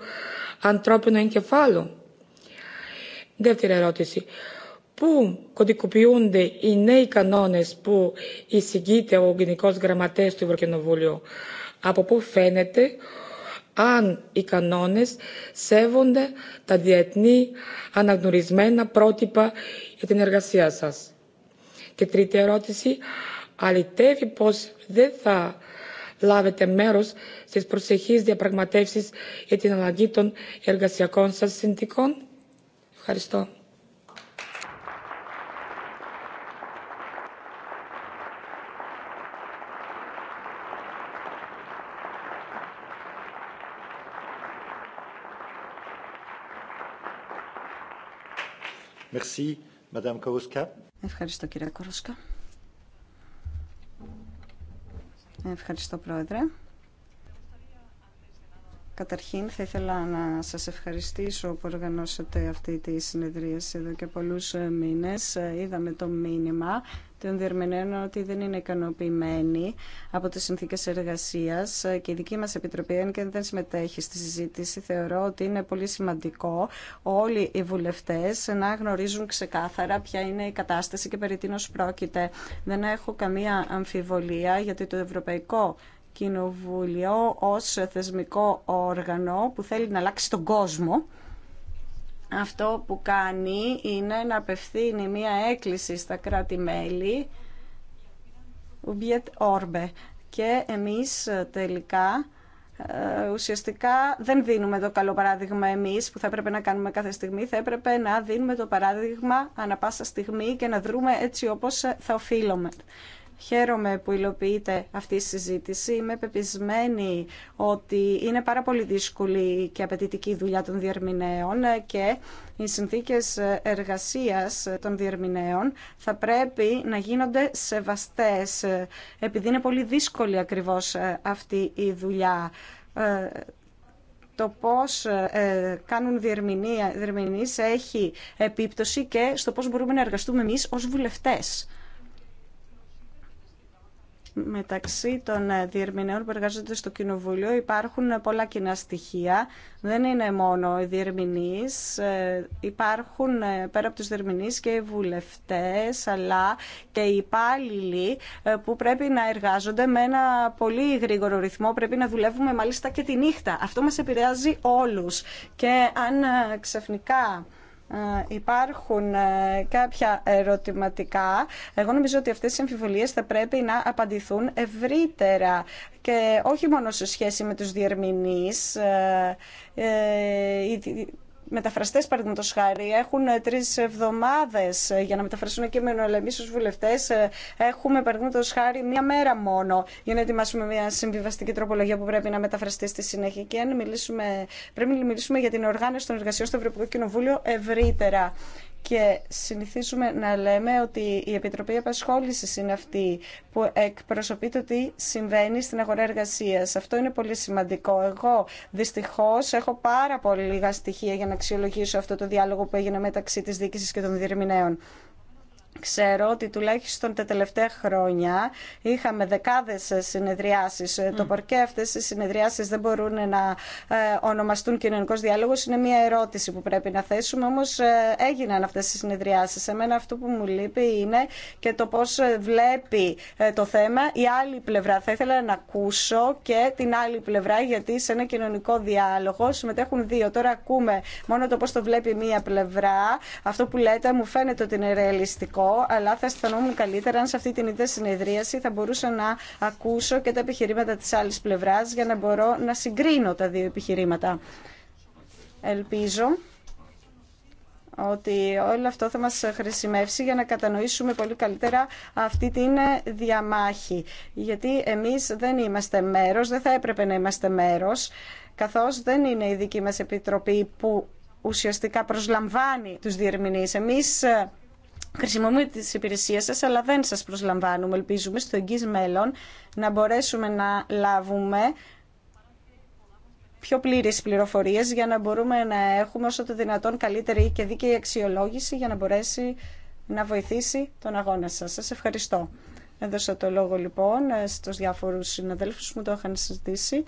ανθρώπινου εγκεφάλου. Δεύτερη ερώτηση. Πού κωδικοποιούνται οι νέοι κανόνες που εισηγείται ο Γενικός Γραμματέας του Ευρωκοινοβούλιο Από πού φαίνεται αν οι κανόνες σέβονται τα διεθνή αναγνωρισμένα πρότυπα για την εργασία σας. Και τρίτη ερώτηση, αλητεύει πως δεν θα λάβετε μέρος στις προσεχείς διαπραγματεύσεις για την αλλαγή των εργασιακών σας συνθήκων. Ευχαριστώ. Ευχαριστώ, κυρία Κορούσκα. Ευχαριστώ, Πρόεδρε. Καταρχήν θα ήθελα να σας ευχαριστήσω που οργανώσατε αυτή τη συνεδρίαση εδώ και πολλούς μήνες. Είδαμε το μήνυμα των διερμηνέων ότι δεν είναι ικανοποιημένοι από τις συνθήκες εργασίας και η δική μας Επιτροπή, αν και δεν συμμετέχει στη συζήτηση, θεωρώ ότι είναι πολύ σημαντικό όλοι οι βουλευτές να γνωρίζουν ξεκάθαρα ποια είναι η κατάσταση και περί τίνος πρόκειται. Δεν έχω καμία αμφιβολία γιατί το Ευρωπαϊκό Κοινοβούλιο ως θεσμικό όργανο που θέλει να αλλάξει τον κόσμο αυτό που κάνει είναι να απευθύνει μία έκκληση στα κράτη-μέλη Και εμείς ε, τελικά ε, ουσιαστικά δεν δίνουμε το καλό παράδειγμα εμείς που θα έπρεπε να κάνουμε κάθε στιγμή, θα έπρεπε να δίνουμε το παράδειγμα ανα πάσα στιγμή και να δρούμε έτσι όπως ε, θα οφείλουμε. Χαίρομαι που υλοποιείται αυτή η συζήτηση. Είμαι πεπισμένη ότι είναι πάρα πολύ δύσκολη και απαιτητική η δουλειά των διερμηνέων και οι συνθήκες εργασίας των διερμηνέων θα πρέπει να γίνονται σεβαστές επειδή είναι πολύ δύσκολη ακριβώς αυτή η δουλειά ε, το πώς ε, κάνουν διερμηνείς έχει επίπτωση και στο πώς μπορούμε να εργαστούμε εμείς ως βουλευτές μεταξύ των ε, διερμηνέων που εργάζονται στο Κοινοβούλιο υπάρχουν ε, πολλά κοινά στοιχεία. Δεν είναι μόνο οι διερμηνείς, ε, υπάρχουν πέρα από τους διερμηνείς και οι βουλευτές, αλλά και οι υπάλληλοι που πρέπει να εργάζονται με ένα πολύ γρήγορο ρυθμό. Πρέπει να δουλεύουμε μάλιστα και τη νύχτα. Αυτό μας επηρεάζει όλους. Και αν ε, υπάρχουν ε, κάποια ερωτηματικά. Εγώ νομίζω ότι αυτές οι αμφιβολίες θα πρέπει να απαντηθούν ευρύτερα και όχι μόνο σε σχέση με τους διερμηνείς. Ε, μεταφραστές παραδείγματος χάρη έχουν ε, τρεις εβδομάδες ε, για να μεταφραστούν κείμενο, αλλά εμείς ως βουλευτές ε, έχουμε παραδείγματος χάρη μία μέρα μόνο για να ετοιμάσουμε μία συμβιβαστική τροπολογία που πρέπει να μεταφραστεί στη συνέχεια και αν μιλήσουμε, πρέπει να μιλήσουμε για την οργάνωση των εργασιών στο Ευρωπαϊκό Κοινοβούλιο ευρύτερα και συνηθίζουμε να λέμε ότι η Επιτροπή Επασχόλησης είναι αυτή που εκπροσωπεί το τι συμβαίνει στην αγορά εργασίας. Αυτό είναι πολύ σημαντικό. Εγώ δυστυχώς έχω πάρα πολύ λίγα στοιχεία για να αξιολογήσω αυτό το διάλογο που έγινε μεταξύ της διοίκηση και των διερμηνέων. Ξέρω ότι τουλάχιστον τα τελευταία χρόνια είχαμε δεκάδες συνεδριάσεις. Ε, το πορκέ αυτές οι συνεδριάσεις δεν μπορούν να ε, ονομαστούν κοινωνικό διάλογο. Είναι μια ερώτηση που πρέπει να θέσουμε, όμως ε, έγιναν αυτές οι συνεδριάσεις. Εμένα αυτό που μου λείπει είναι και το πώς βλέπει το θέμα η άλλη πλευρά. Θα ήθελα να ακούσω και την άλλη πλευρά, γιατί σε ένα κοινωνικό διάλογο συμμετέχουν δύο. Τώρα ακούμε μόνο το πώς το βλέπει μία πλευρά. Αυτό που λέτε μου φαίνεται ότι είναι ρεαλιστικό αλλά θα αισθανόμουν καλύτερα αν σε αυτή την ίδια συνεδρίαση θα μπορούσα να ακούσω και τα επιχειρήματα της άλλης πλευράς για να μπορώ να συγκρίνω τα δύο επιχειρήματα. Ελπίζω ότι όλο αυτό θα μας χρησιμεύσει για να κατανοήσουμε πολύ καλύτερα αυτή την διαμάχη. Γιατί εμείς δεν είμαστε μέρος, δεν θα έπρεπε να είμαστε μέρος, καθώς δεν είναι η δική μας επιτροπή που ουσιαστικά προσλαμβάνει τους διερμηνείς. Εμείς Χρησιμοποιούμε τι υπηρεσίες σα, αλλά δεν σας προσλαμβάνουμε. Ελπίζουμε στο εγγύς μέλλον να μπορέσουμε να λάβουμε πιο πλήρες πληροφορίες για να μπορούμε να έχουμε όσο το δυνατόν καλύτερη και δίκαιη αξιολόγηση για να μπορέσει να βοηθήσει τον αγώνα σας. Σας ευχαριστώ. Έδωσα το λόγο λοιπόν στους διάφορους συναδέλφους που μου το είχαν συζητήσει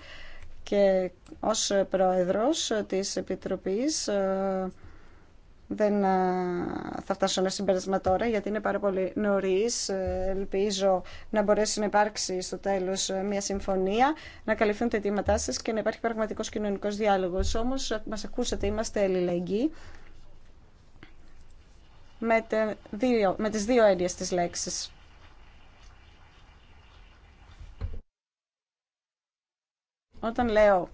και ως πρόεδρος της Επιτροπής ε, δεν θα φτάσω ένα συμπέρασμα τώρα γιατί είναι πάρα πολύ νωρίς. Ε, ελπίζω να μπορέσει να υπάρξει στο τέλος ε, μια συμφωνία, να καλυφθούν τα αιτήματά σας και να υπάρχει πραγματικός κοινωνικός διάλογος. Όμως ε, μας ακούσατε, είμαστε αλληλεγγύοι με, δύο, με τις δύο έννοιες της λέξης. Όταν λέω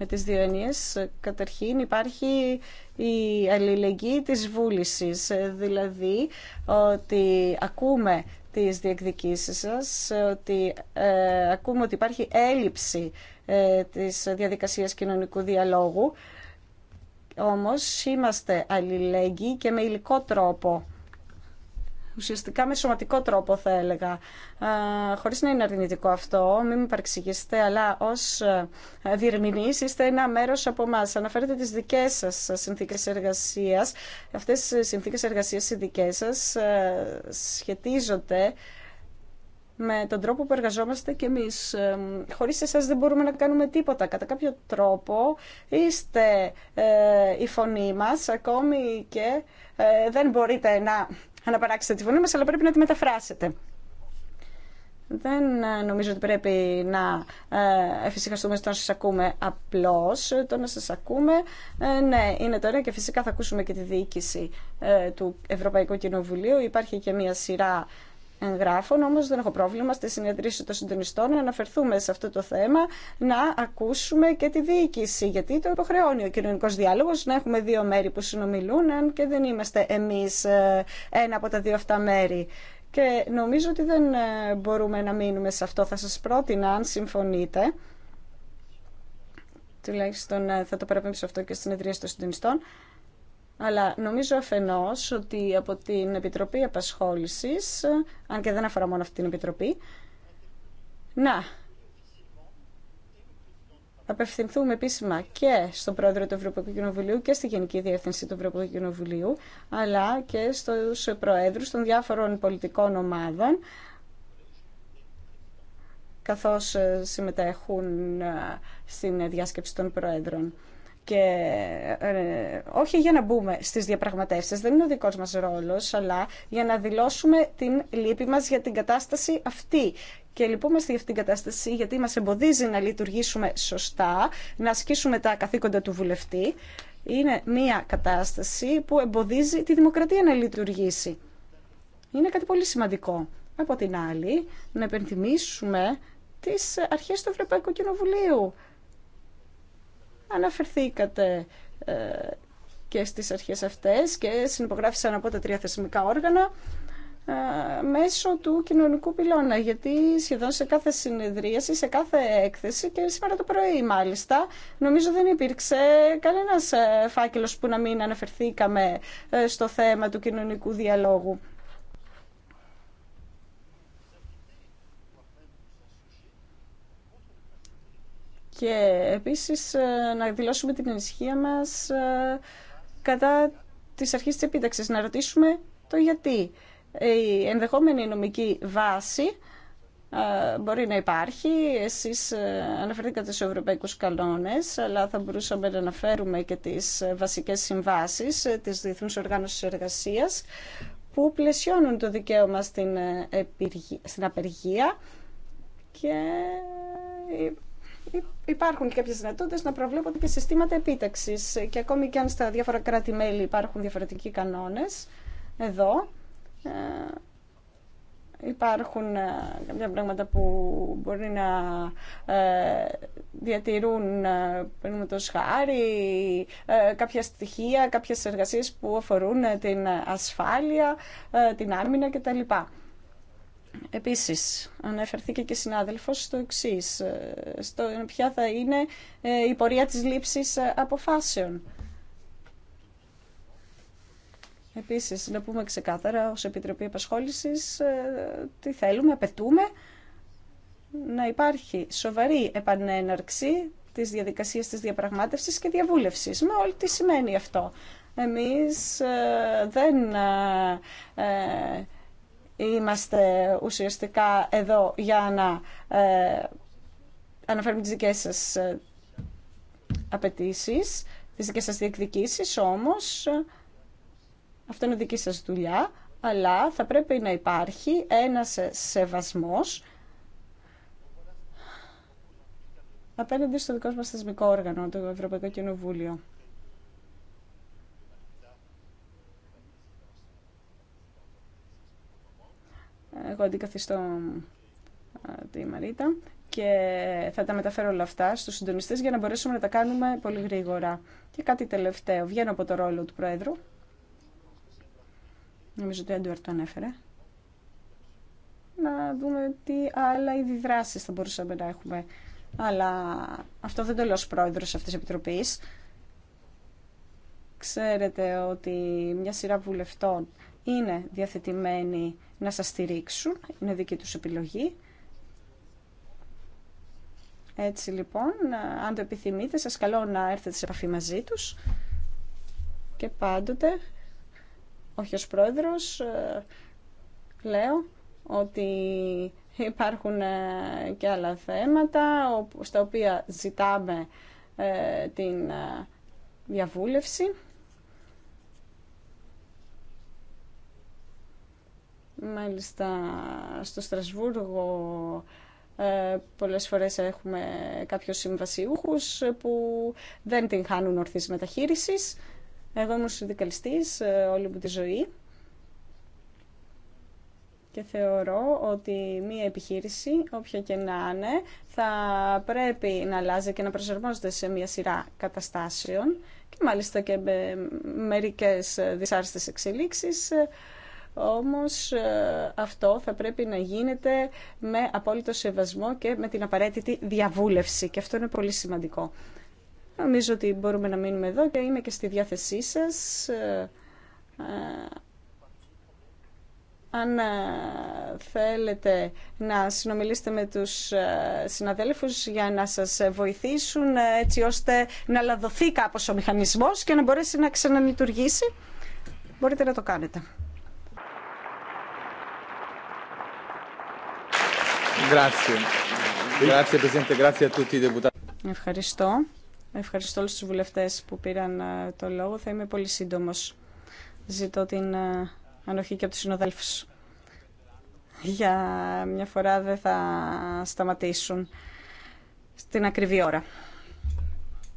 με τις δύο έννοιες, καταρχήν υπάρχει η αλληλεγγύη της βούλησης, ε, δηλαδή ότι ακούμε τις διεκδικήσεις σας, ότι ε, ακούμε ότι υπάρχει έλλειψη ε, της διαδικασίας κοινωνικού διαλόγου, όμως είμαστε αλληλέγγυοι και με υλικό τρόπο ουσιαστικά με σωματικό τρόπο θα έλεγα. Χωρίς να είναι αρνητικό αυτό, μην με παρεξηγήσετε, αλλά ως ε, διερμηνείς είστε ένα μέρος από εμά. Αναφέρετε τις δικές σας συνθήκες εργασίας. Αυτές οι συνθήκες εργασίας οι δικές σας ε, σχετίζονται με τον τρόπο που εργαζόμαστε κι εμείς. Ε, χωρίς εσάς δεν μπορούμε να κάνουμε τίποτα. Κατά κάποιο τρόπο είστε η φωνή μας, ακόμη και δεν μπορείτε να αναπαράξετε τη φωνή μας, αλλά πρέπει να τη μεταφράσετε. Δεν ε, νομίζω ότι πρέπει να ε, εφησυχαστούμε στο να σας ακούμε απλώς, το να σας ακούμε. Ε, ναι, είναι τώρα και φυσικά θα ακούσουμε και τη διοίκηση του Ευρωπαϊκού Κοινοβουλίου. Υπάρχει και μια σειρά εγγράφων, όμως δεν έχω πρόβλημα στη συνεδρία των συντονιστών να αναφερθούμε σε αυτό το θέμα, να ακούσουμε και τη διοίκηση, γιατί το υποχρεώνει ο κοινωνικός διάλογος να έχουμε δύο μέρη που συνομιλούν, αν και δεν είμαστε εμείς ε, ένα από τα δύο αυτά μέρη. Και νομίζω ότι δεν ε, μπορούμε να μείνουμε σε αυτό. Θα σας πρότεινα, αν συμφωνείτε, τουλάχιστον ε, θα το παραπέμψω αυτό και στην συνεδρία των συντονιστών, αλλά νομίζω αφενός ότι από την Επιτροπή Απασχόλησης, αν και δεν αφορά μόνο αυτή την Επιτροπή, να απευθυνθούμε επίσημα και στον Πρόεδρο του Ευρωπαϊκού Κοινοβουλίου και στη Γενική Διεύθυνση του Ευρωπαϊκού Κοινοβουλίου, αλλά και στους Προέδρους των διάφορων πολιτικών ομάδων, καθώς συμμετέχουν ε, στην διάσκεψη των Προέδρων και ε, όχι για να μπούμε στις διαπραγματεύσεις, δεν είναι ο δικός μας ρόλος, αλλά για να δηλώσουμε την λύπη μας για την κατάσταση αυτή. Και λυπούμαστε για αυτήν την κατάσταση γιατί μας εμποδίζει να λειτουργήσουμε σωστά, να ασκήσουμε τα καθήκοντα του βουλευτή. Είναι μια κατάσταση που εμποδίζει τη δημοκρατία να λειτουργήσει. Είναι κάτι πολύ σημαντικό. Από την άλλη, να επενθυμίσουμε τις αρχές του Ευρωπαϊκού Κοινοβουλίου Αναφερθήκατε ε, και στις αρχές αυτές και συνυπογράφησαν από τα τρία θεσμικά όργανα ε, μέσω του κοινωνικού πυλώνα, γιατί σχεδόν σε κάθε συνεδρίαση, σε κάθε έκθεση και σήμερα το πρωί μάλιστα, νομίζω δεν υπήρξε κανένας ε, φάκελος που να μην αναφερθήκαμε στο θέμα του κοινωνικού διαλόγου. και επίσης ε, να δηλώσουμε την ενισχύα μας ε, κατά της αρχής της επίταξης, να ρωτήσουμε το γιατί. Ε, η ενδεχόμενη νομική βάση μπορεί να υπάρχει. Εσείς αναφερθήκατε στους ευρωπαϊκούς καλώνες, αλλά θα μπορούσαμε να αναφέρουμε και τις βασικές συμβάσεις της Διεθνούς Οργάνωσης Εργασίας, που πλαισιώνουν το δικαίωμα στην απεργία και υπάρχουν κάποιε δυνατότητε να προβλέπονται και συστήματα επίταξη. Και ακόμη και αν στα διάφορα κράτη-μέλη υπάρχουν διαφορετικοί κανόνε, εδώ ε, υπάρχουν ε, κάποια πράγματα που μπορεί να ε, διατηρούν πριν το σχάρι, κάποια στοιχεία, κάποιες εργασίες που αφορούν την ασφάλεια, την άμυνα κτλ. Επίσης, αναφερθήκε και συνάδελφος στο εξή, ε, στο ποια θα είναι ε, η πορεία της λήψης ε, αποφάσεων. Επίσης, να πούμε ξεκάθαρα ως Επιτροπή Επασχόλησης τι θέλουμε, απαιτούμε να υπάρχει σοβαρή επανέναρξη της διαδικασίας της διαπραγμάτευσης και διαβούλευσης. Με όλη τι σημαίνει αυτό. Εμείς δεν Είμαστε ουσιαστικά εδώ για να ε, αναφέρουμε τις δικές σας ε, απαιτήσει, τις δικές σας διεκδικήσεις, όμως αυτό είναι δική σας δουλειά, αλλά θα πρέπει να υπάρχει ένας σεβασμός απέναντι στο δικό μας θεσμικό όργανο, το Ευρωπαϊκό Κοινοβούλιο. Εγώ αντικαθιστώ τη Μαρίτα και θα τα μεταφέρω όλα αυτά στους συντονιστές για να μπορέσουμε να τα κάνουμε πολύ γρήγορα. Και κάτι τελευταίο. Βγαίνω από το ρόλο του Πρόεδρου. Νομίζω ότι ο Έντουαρτ το ανέφερε. Να δούμε τι άλλα είδη δράσεις θα μπορούσαμε να έχουμε. Αλλά αυτό δεν το λέω ως πρόεδρος αυτής της Επιτροπής. Ξέρετε ότι μια σειρά βουλευτών είναι διαθετημένοι να σας στηρίξουν, είναι δική τους επιλογή. Έτσι λοιπόν, αν το επιθυμείτε, σας καλώ να έρθετε σε επαφή μαζί τους και πάντοτε, όχι ως πρόεδρος, ε, λέω ότι υπάρχουν ε, και άλλα θέματα στα οποία ζητάμε ε, την διαβούλευση. Μάλιστα, στο Στρασβούργο ε, πολλές φορές έχουμε κάποιους συμβασιούχους που δεν την χάνουν ορθής μεταχείρισης. Εγώ ήμουν συνδικαλιστής ε, όλη μου τη ζωή και θεωρώ ότι μία επιχείρηση, όποια και να είναι, θα πρέπει να αλλάζει και να προσαρμόζεται σε μία σειρά καταστάσεων και μάλιστα και με μερικές δυσάρεστες εξελίξεις όμως ε, αυτό θα πρέπει να γίνεται με απόλυτο σεβασμό και με την απαραίτητη διαβούλευση και αυτό είναι πολύ σημαντικό. Νομίζω ότι μπορούμε να μείνουμε εδώ και είμαι και στη διάθεσή σας. Ε, ε, αν θέλετε να συνομιλήσετε με τους συναδέλφους για να σας βοηθήσουν έτσι ώστε να λαδοθεί κάπως ο μηχανισμός και να μπορέσει να ξαναλειτουργήσει, μπορείτε να το κάνετε. Ευχαριστώ. Ευχαριστώ όλους τους βουλευτές που πήραν ε, το λόγο. Θα είμαι πολύ σύντομος. Ζητώ την ε, ανοχή και από τους συνοδέλφους. Για μια φορά δεν θα σταματήσουν στην ακριβή ώρα.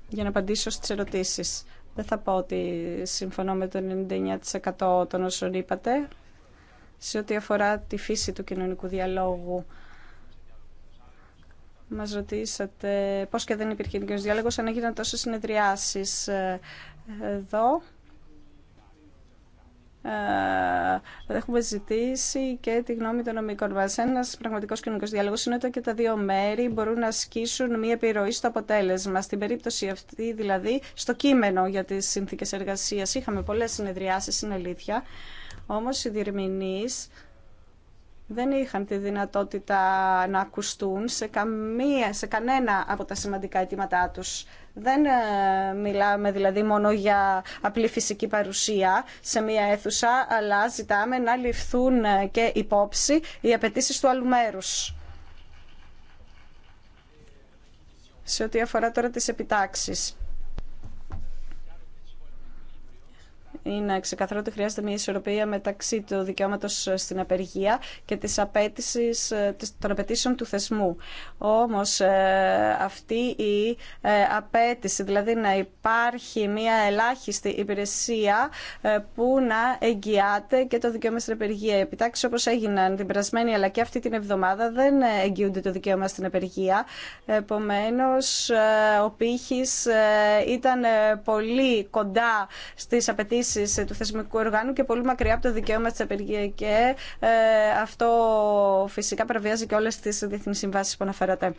Για να απαντήσω στις ερωτήσεις. Δεν θα πω ότι συμφωνώ με το 99% των όσων είπατε σε ό,τι αφορά τη φύση του κοινωνικού διαλόγου μας ρωτήσατε πώς και δεν υπήρχε κοινωνικός διάλογος αν έγιναν τόσες συνεδριάσεις ε, εδώ. Ε, έχουμε ζητήσει και τη γνώμη των νομικών μα. Ένα πραγματικό κοινωνικό διάλογο είναι ότι και τα δύο μέρη μπορούν να ασκήσουν μία επιρροή στο αποτέλεσμα. Στην περίπτωση αυτή, δηλαδή, στο κείμενο για τι συνθήκε εργασία είχαμε πολλέ συνεδριάσει, είναι αλήθεια. Όμω οι διερμηνεί δεν είχαν τη δυνατότητα να ακουστούν σε, καμία, σε κανένα από τα σημαντικά αιτήματά τους. Δεν ε, μιλάμε δηλαδή μόνο για απλή φυσική παρουσία σε μία αίθουσα, αλλά ζητάμε να ληφθούν ε, και υπόψη οι απαιτήσει του άλλου μέρους. Σε ό,τι αφορά τώρα τις επιτάξεις. είναι ξεκαθαρό ότι χρειάζεται μια ισορροπία μεταξύ του δικαιώματο ε, στην απεργία και τη απέτηση ε, των απαιτήσεων του θεσμού. Όμω ε, αυτή η απέτηση, δηλαδή να υπάρχει μια ελάχιστη υπηρεσία που να εγγυάται και το δικαίωμα στην απεργία. Οι επιτάξει όπω έγιναν την περασμένη αλλά και αυτή την εβδομάδα δεν εγγυούνται το δικαίωμα στην απεργία. Επομένω, ο πύχη ήταν πολύ κοντά στι απαιτήσει ε, του θεσμικού οργάνου και πολύ μακριά από το δικαίωμα τη απεργία και ε, αυτό φυσικά παραβιάζει και όλε τι διεθνεί συμβάσει που αναφέρατε.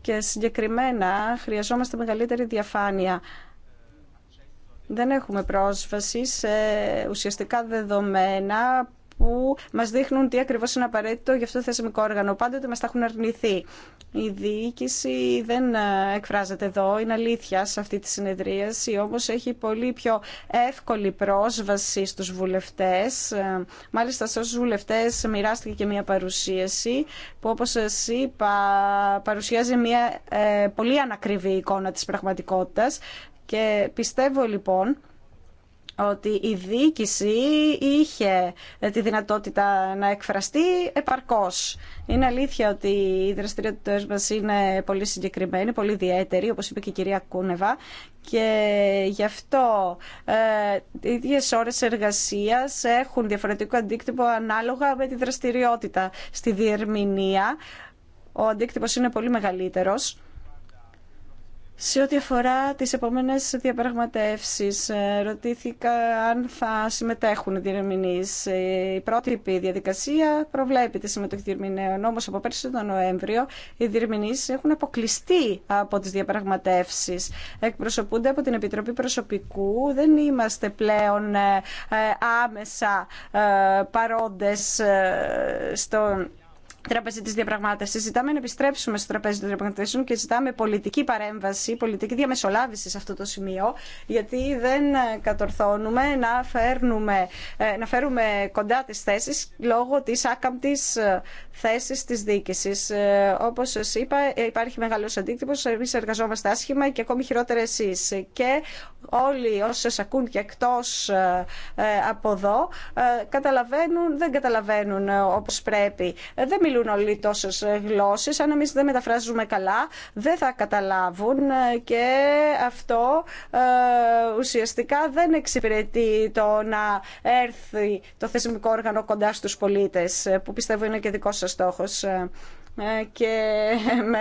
Και συγκεκριμένα χρειαζόμαστε μεγαλύτερη διαφάνεια. Δεν έχουμε πρόσβαση σε ουσιαστικά δεδομένα που μας δείχνουν τι ακριβώ είναι απαραίτητο για αυτό το θεσμικό όργανο. Πάντοτε μας τα έχουν αρνηθεί. Η διοίκηση δεν ε, εκφράζεται εδώ, είναι αλήθεια σε αυτή τη συνεδρίαση, όμω έχει πολύ πιο εύκολη πρόσβαση στους βουλευτές. Ε, μάλιστα στους βουλευτές μοιράστηκε και μια παρουσίαση που όπως σα είπα παρουσιάζει μια ε, πολύ ανακριβή εικόνα της πραγματικότητα και πιστεύω λοιπόν ότι η διοίκηση είχε τη δυνατότητα να εκφραστεί επαρκώς. Είναι αλήθεια ότι οι δραστηριότητε μα είναι πολύ συγκεκριμένοι, πολύ ιδιαίτεροι, όπως είπε και η κυρία Κούνεβα, και γι' αυτό ε, οι ίδιες ώρες εργασίας έχουν διαφορετικό αντίκτυπο ανάλογα με τη δραστηριότητα. Στη διερμηνία ο αντίκτυπος είναι πολύ μεγαλύτερος σε ό,τι αφορά τις επόμενες διαπραγματεύσεις, ε, ρωτήθηκα αν θα συμμετέχουν οι διερμηνείς. Ε, η πρότυπη διαδικασία προβλέπει τη συμμετοχή διερμηνέων, όμως από πέρσι τον Νοέμβριο οι διερμηνείς έχουν αποκλειστεί από τις διαπραγματεύσεις. Εκπροσωπούνται από την Επιτροπή Προσωπικού, δεν είμαστε πλέον ε, άμεσα παρόντες στο τραπέζι τη διαπραγμάτευση. Ζητάμε να επιστρέψουμε στο τραπέζι των διαπραγματεύσεων και ζητάμε πολιτική παρέμβαση, πολιτική διαμεσολάβηση σε αυτό το σημείο, γιατί δεν κατορθώνουμε να, φέρνουμε, ε, να φέρουμε κοντά τι θέσει λόγω τη άκαμπτη ε, θέση τη διοίκηση. Ε, όπω σα είπα, υπάρχει μεγάλο αντίκτυπο, εμεί εργαζόμαστε άσχημα και ακόμη χειρότερα εσεί. Και όλοι όσοι σα ακούν και εκτό από εδώ, καταλαβαίνουν, δεν καταλαβαίνουν όπω πρέπει. Δεν μιλούν όλοι τόσε γλώσσε. Αν εμεί δεν μεταφράζουμε καλά, δεν θα καταλάβουν και αυτό ε, ουσιαστικά δεν εξυπηρετεί το να έρθει το θεσμικό όργανο κοντά στου πολίτε, ε, που πιστεύω είναι και δικό σα στόχο. Ε, και με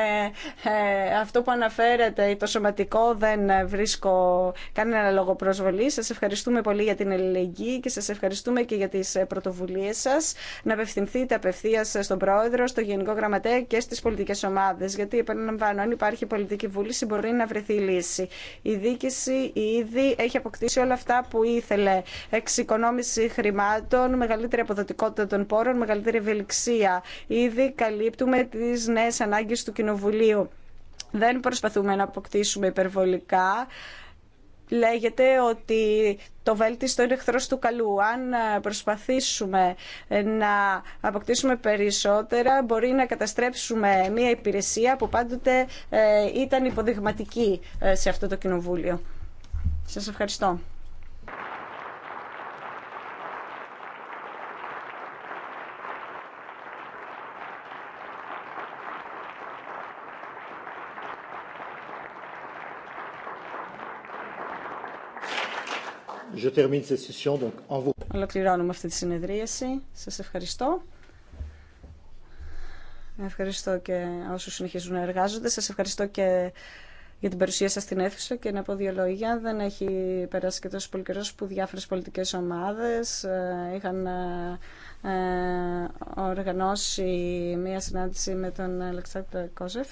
ε, αυτό που αναφέρατε, το σωματικό δεν βρίσκω κανένα λόγο προσβολή. Σας ευχαριστούμε πολύ για την ελληνική και σας ευχαριστούμε και για τις πρωτοβουλίες σας. Να απευθυνθείτε απευθεία στον Πρόεδρο, στο Γενικό Γραμματέα και στις πολιτικές ομάδες. Γιατί, επαναλαμβάνω, αν υπάρχει πολιτική βούληση μπορεί να βρεθεί η λύση. Η δίκηση ήδη έχει αποκτήσει όλα αυτά που ήθελε. Εξοικονόμηση χρημάτων, μεγαλύτερη αποδοτικότητα των πόρων, μεγαλύτερη ευελιξία. Ήδη καλύπτουμε με τις νέες ανάγκες του Κοινοβουλίου. Δεν προσπαθούμε να αποκτήσουμε υπερβολικά. Λέγεται ότι το βέλτιστο είναι εχθρό του καλού. Αν προσπαθήσουμε να αποκτήσουμε περισσότερα, μπορεί να καταστρέψουμε μια υπηρεσία που πάντοτε ε, ήταν υποδειγματική ε, σε αυτό το κοινοβούλιο. Σας ευχαριστώ. Je Ολοκληρώνουμε αυτή τη συνεδρίαση. Σα ευχαριστώ. Ευχαριστώ και όσου συνεχίζουν να εργάζονται. Σα ευχαριστώ και για την παρουσία σα στην αίθουσα και να πω δύο λόγια. Δεν έχει περάσει και τόσο πολύ καιρό που διάφορε πολιτικέ ομάδε. Ε, είχαν ε, ε, οργανώσει μία συνάντηση με τον Αλεξάνδρ Κόζεφ.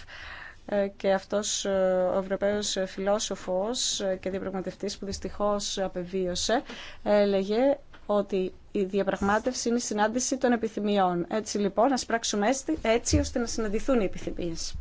Ε, και αυτός ε, ο Ευρωπαίος φιλόσοφος και διαπραγματευτής που δυστυχώς απεβίωσε έλεγε ότι η διαπραγμάτευση είναι η συνάντηση των επιθυμιών. Έτσι λοιπόν, ας πράξουμε έτσι ώστε να συναντηθούν οι επιθυμίες.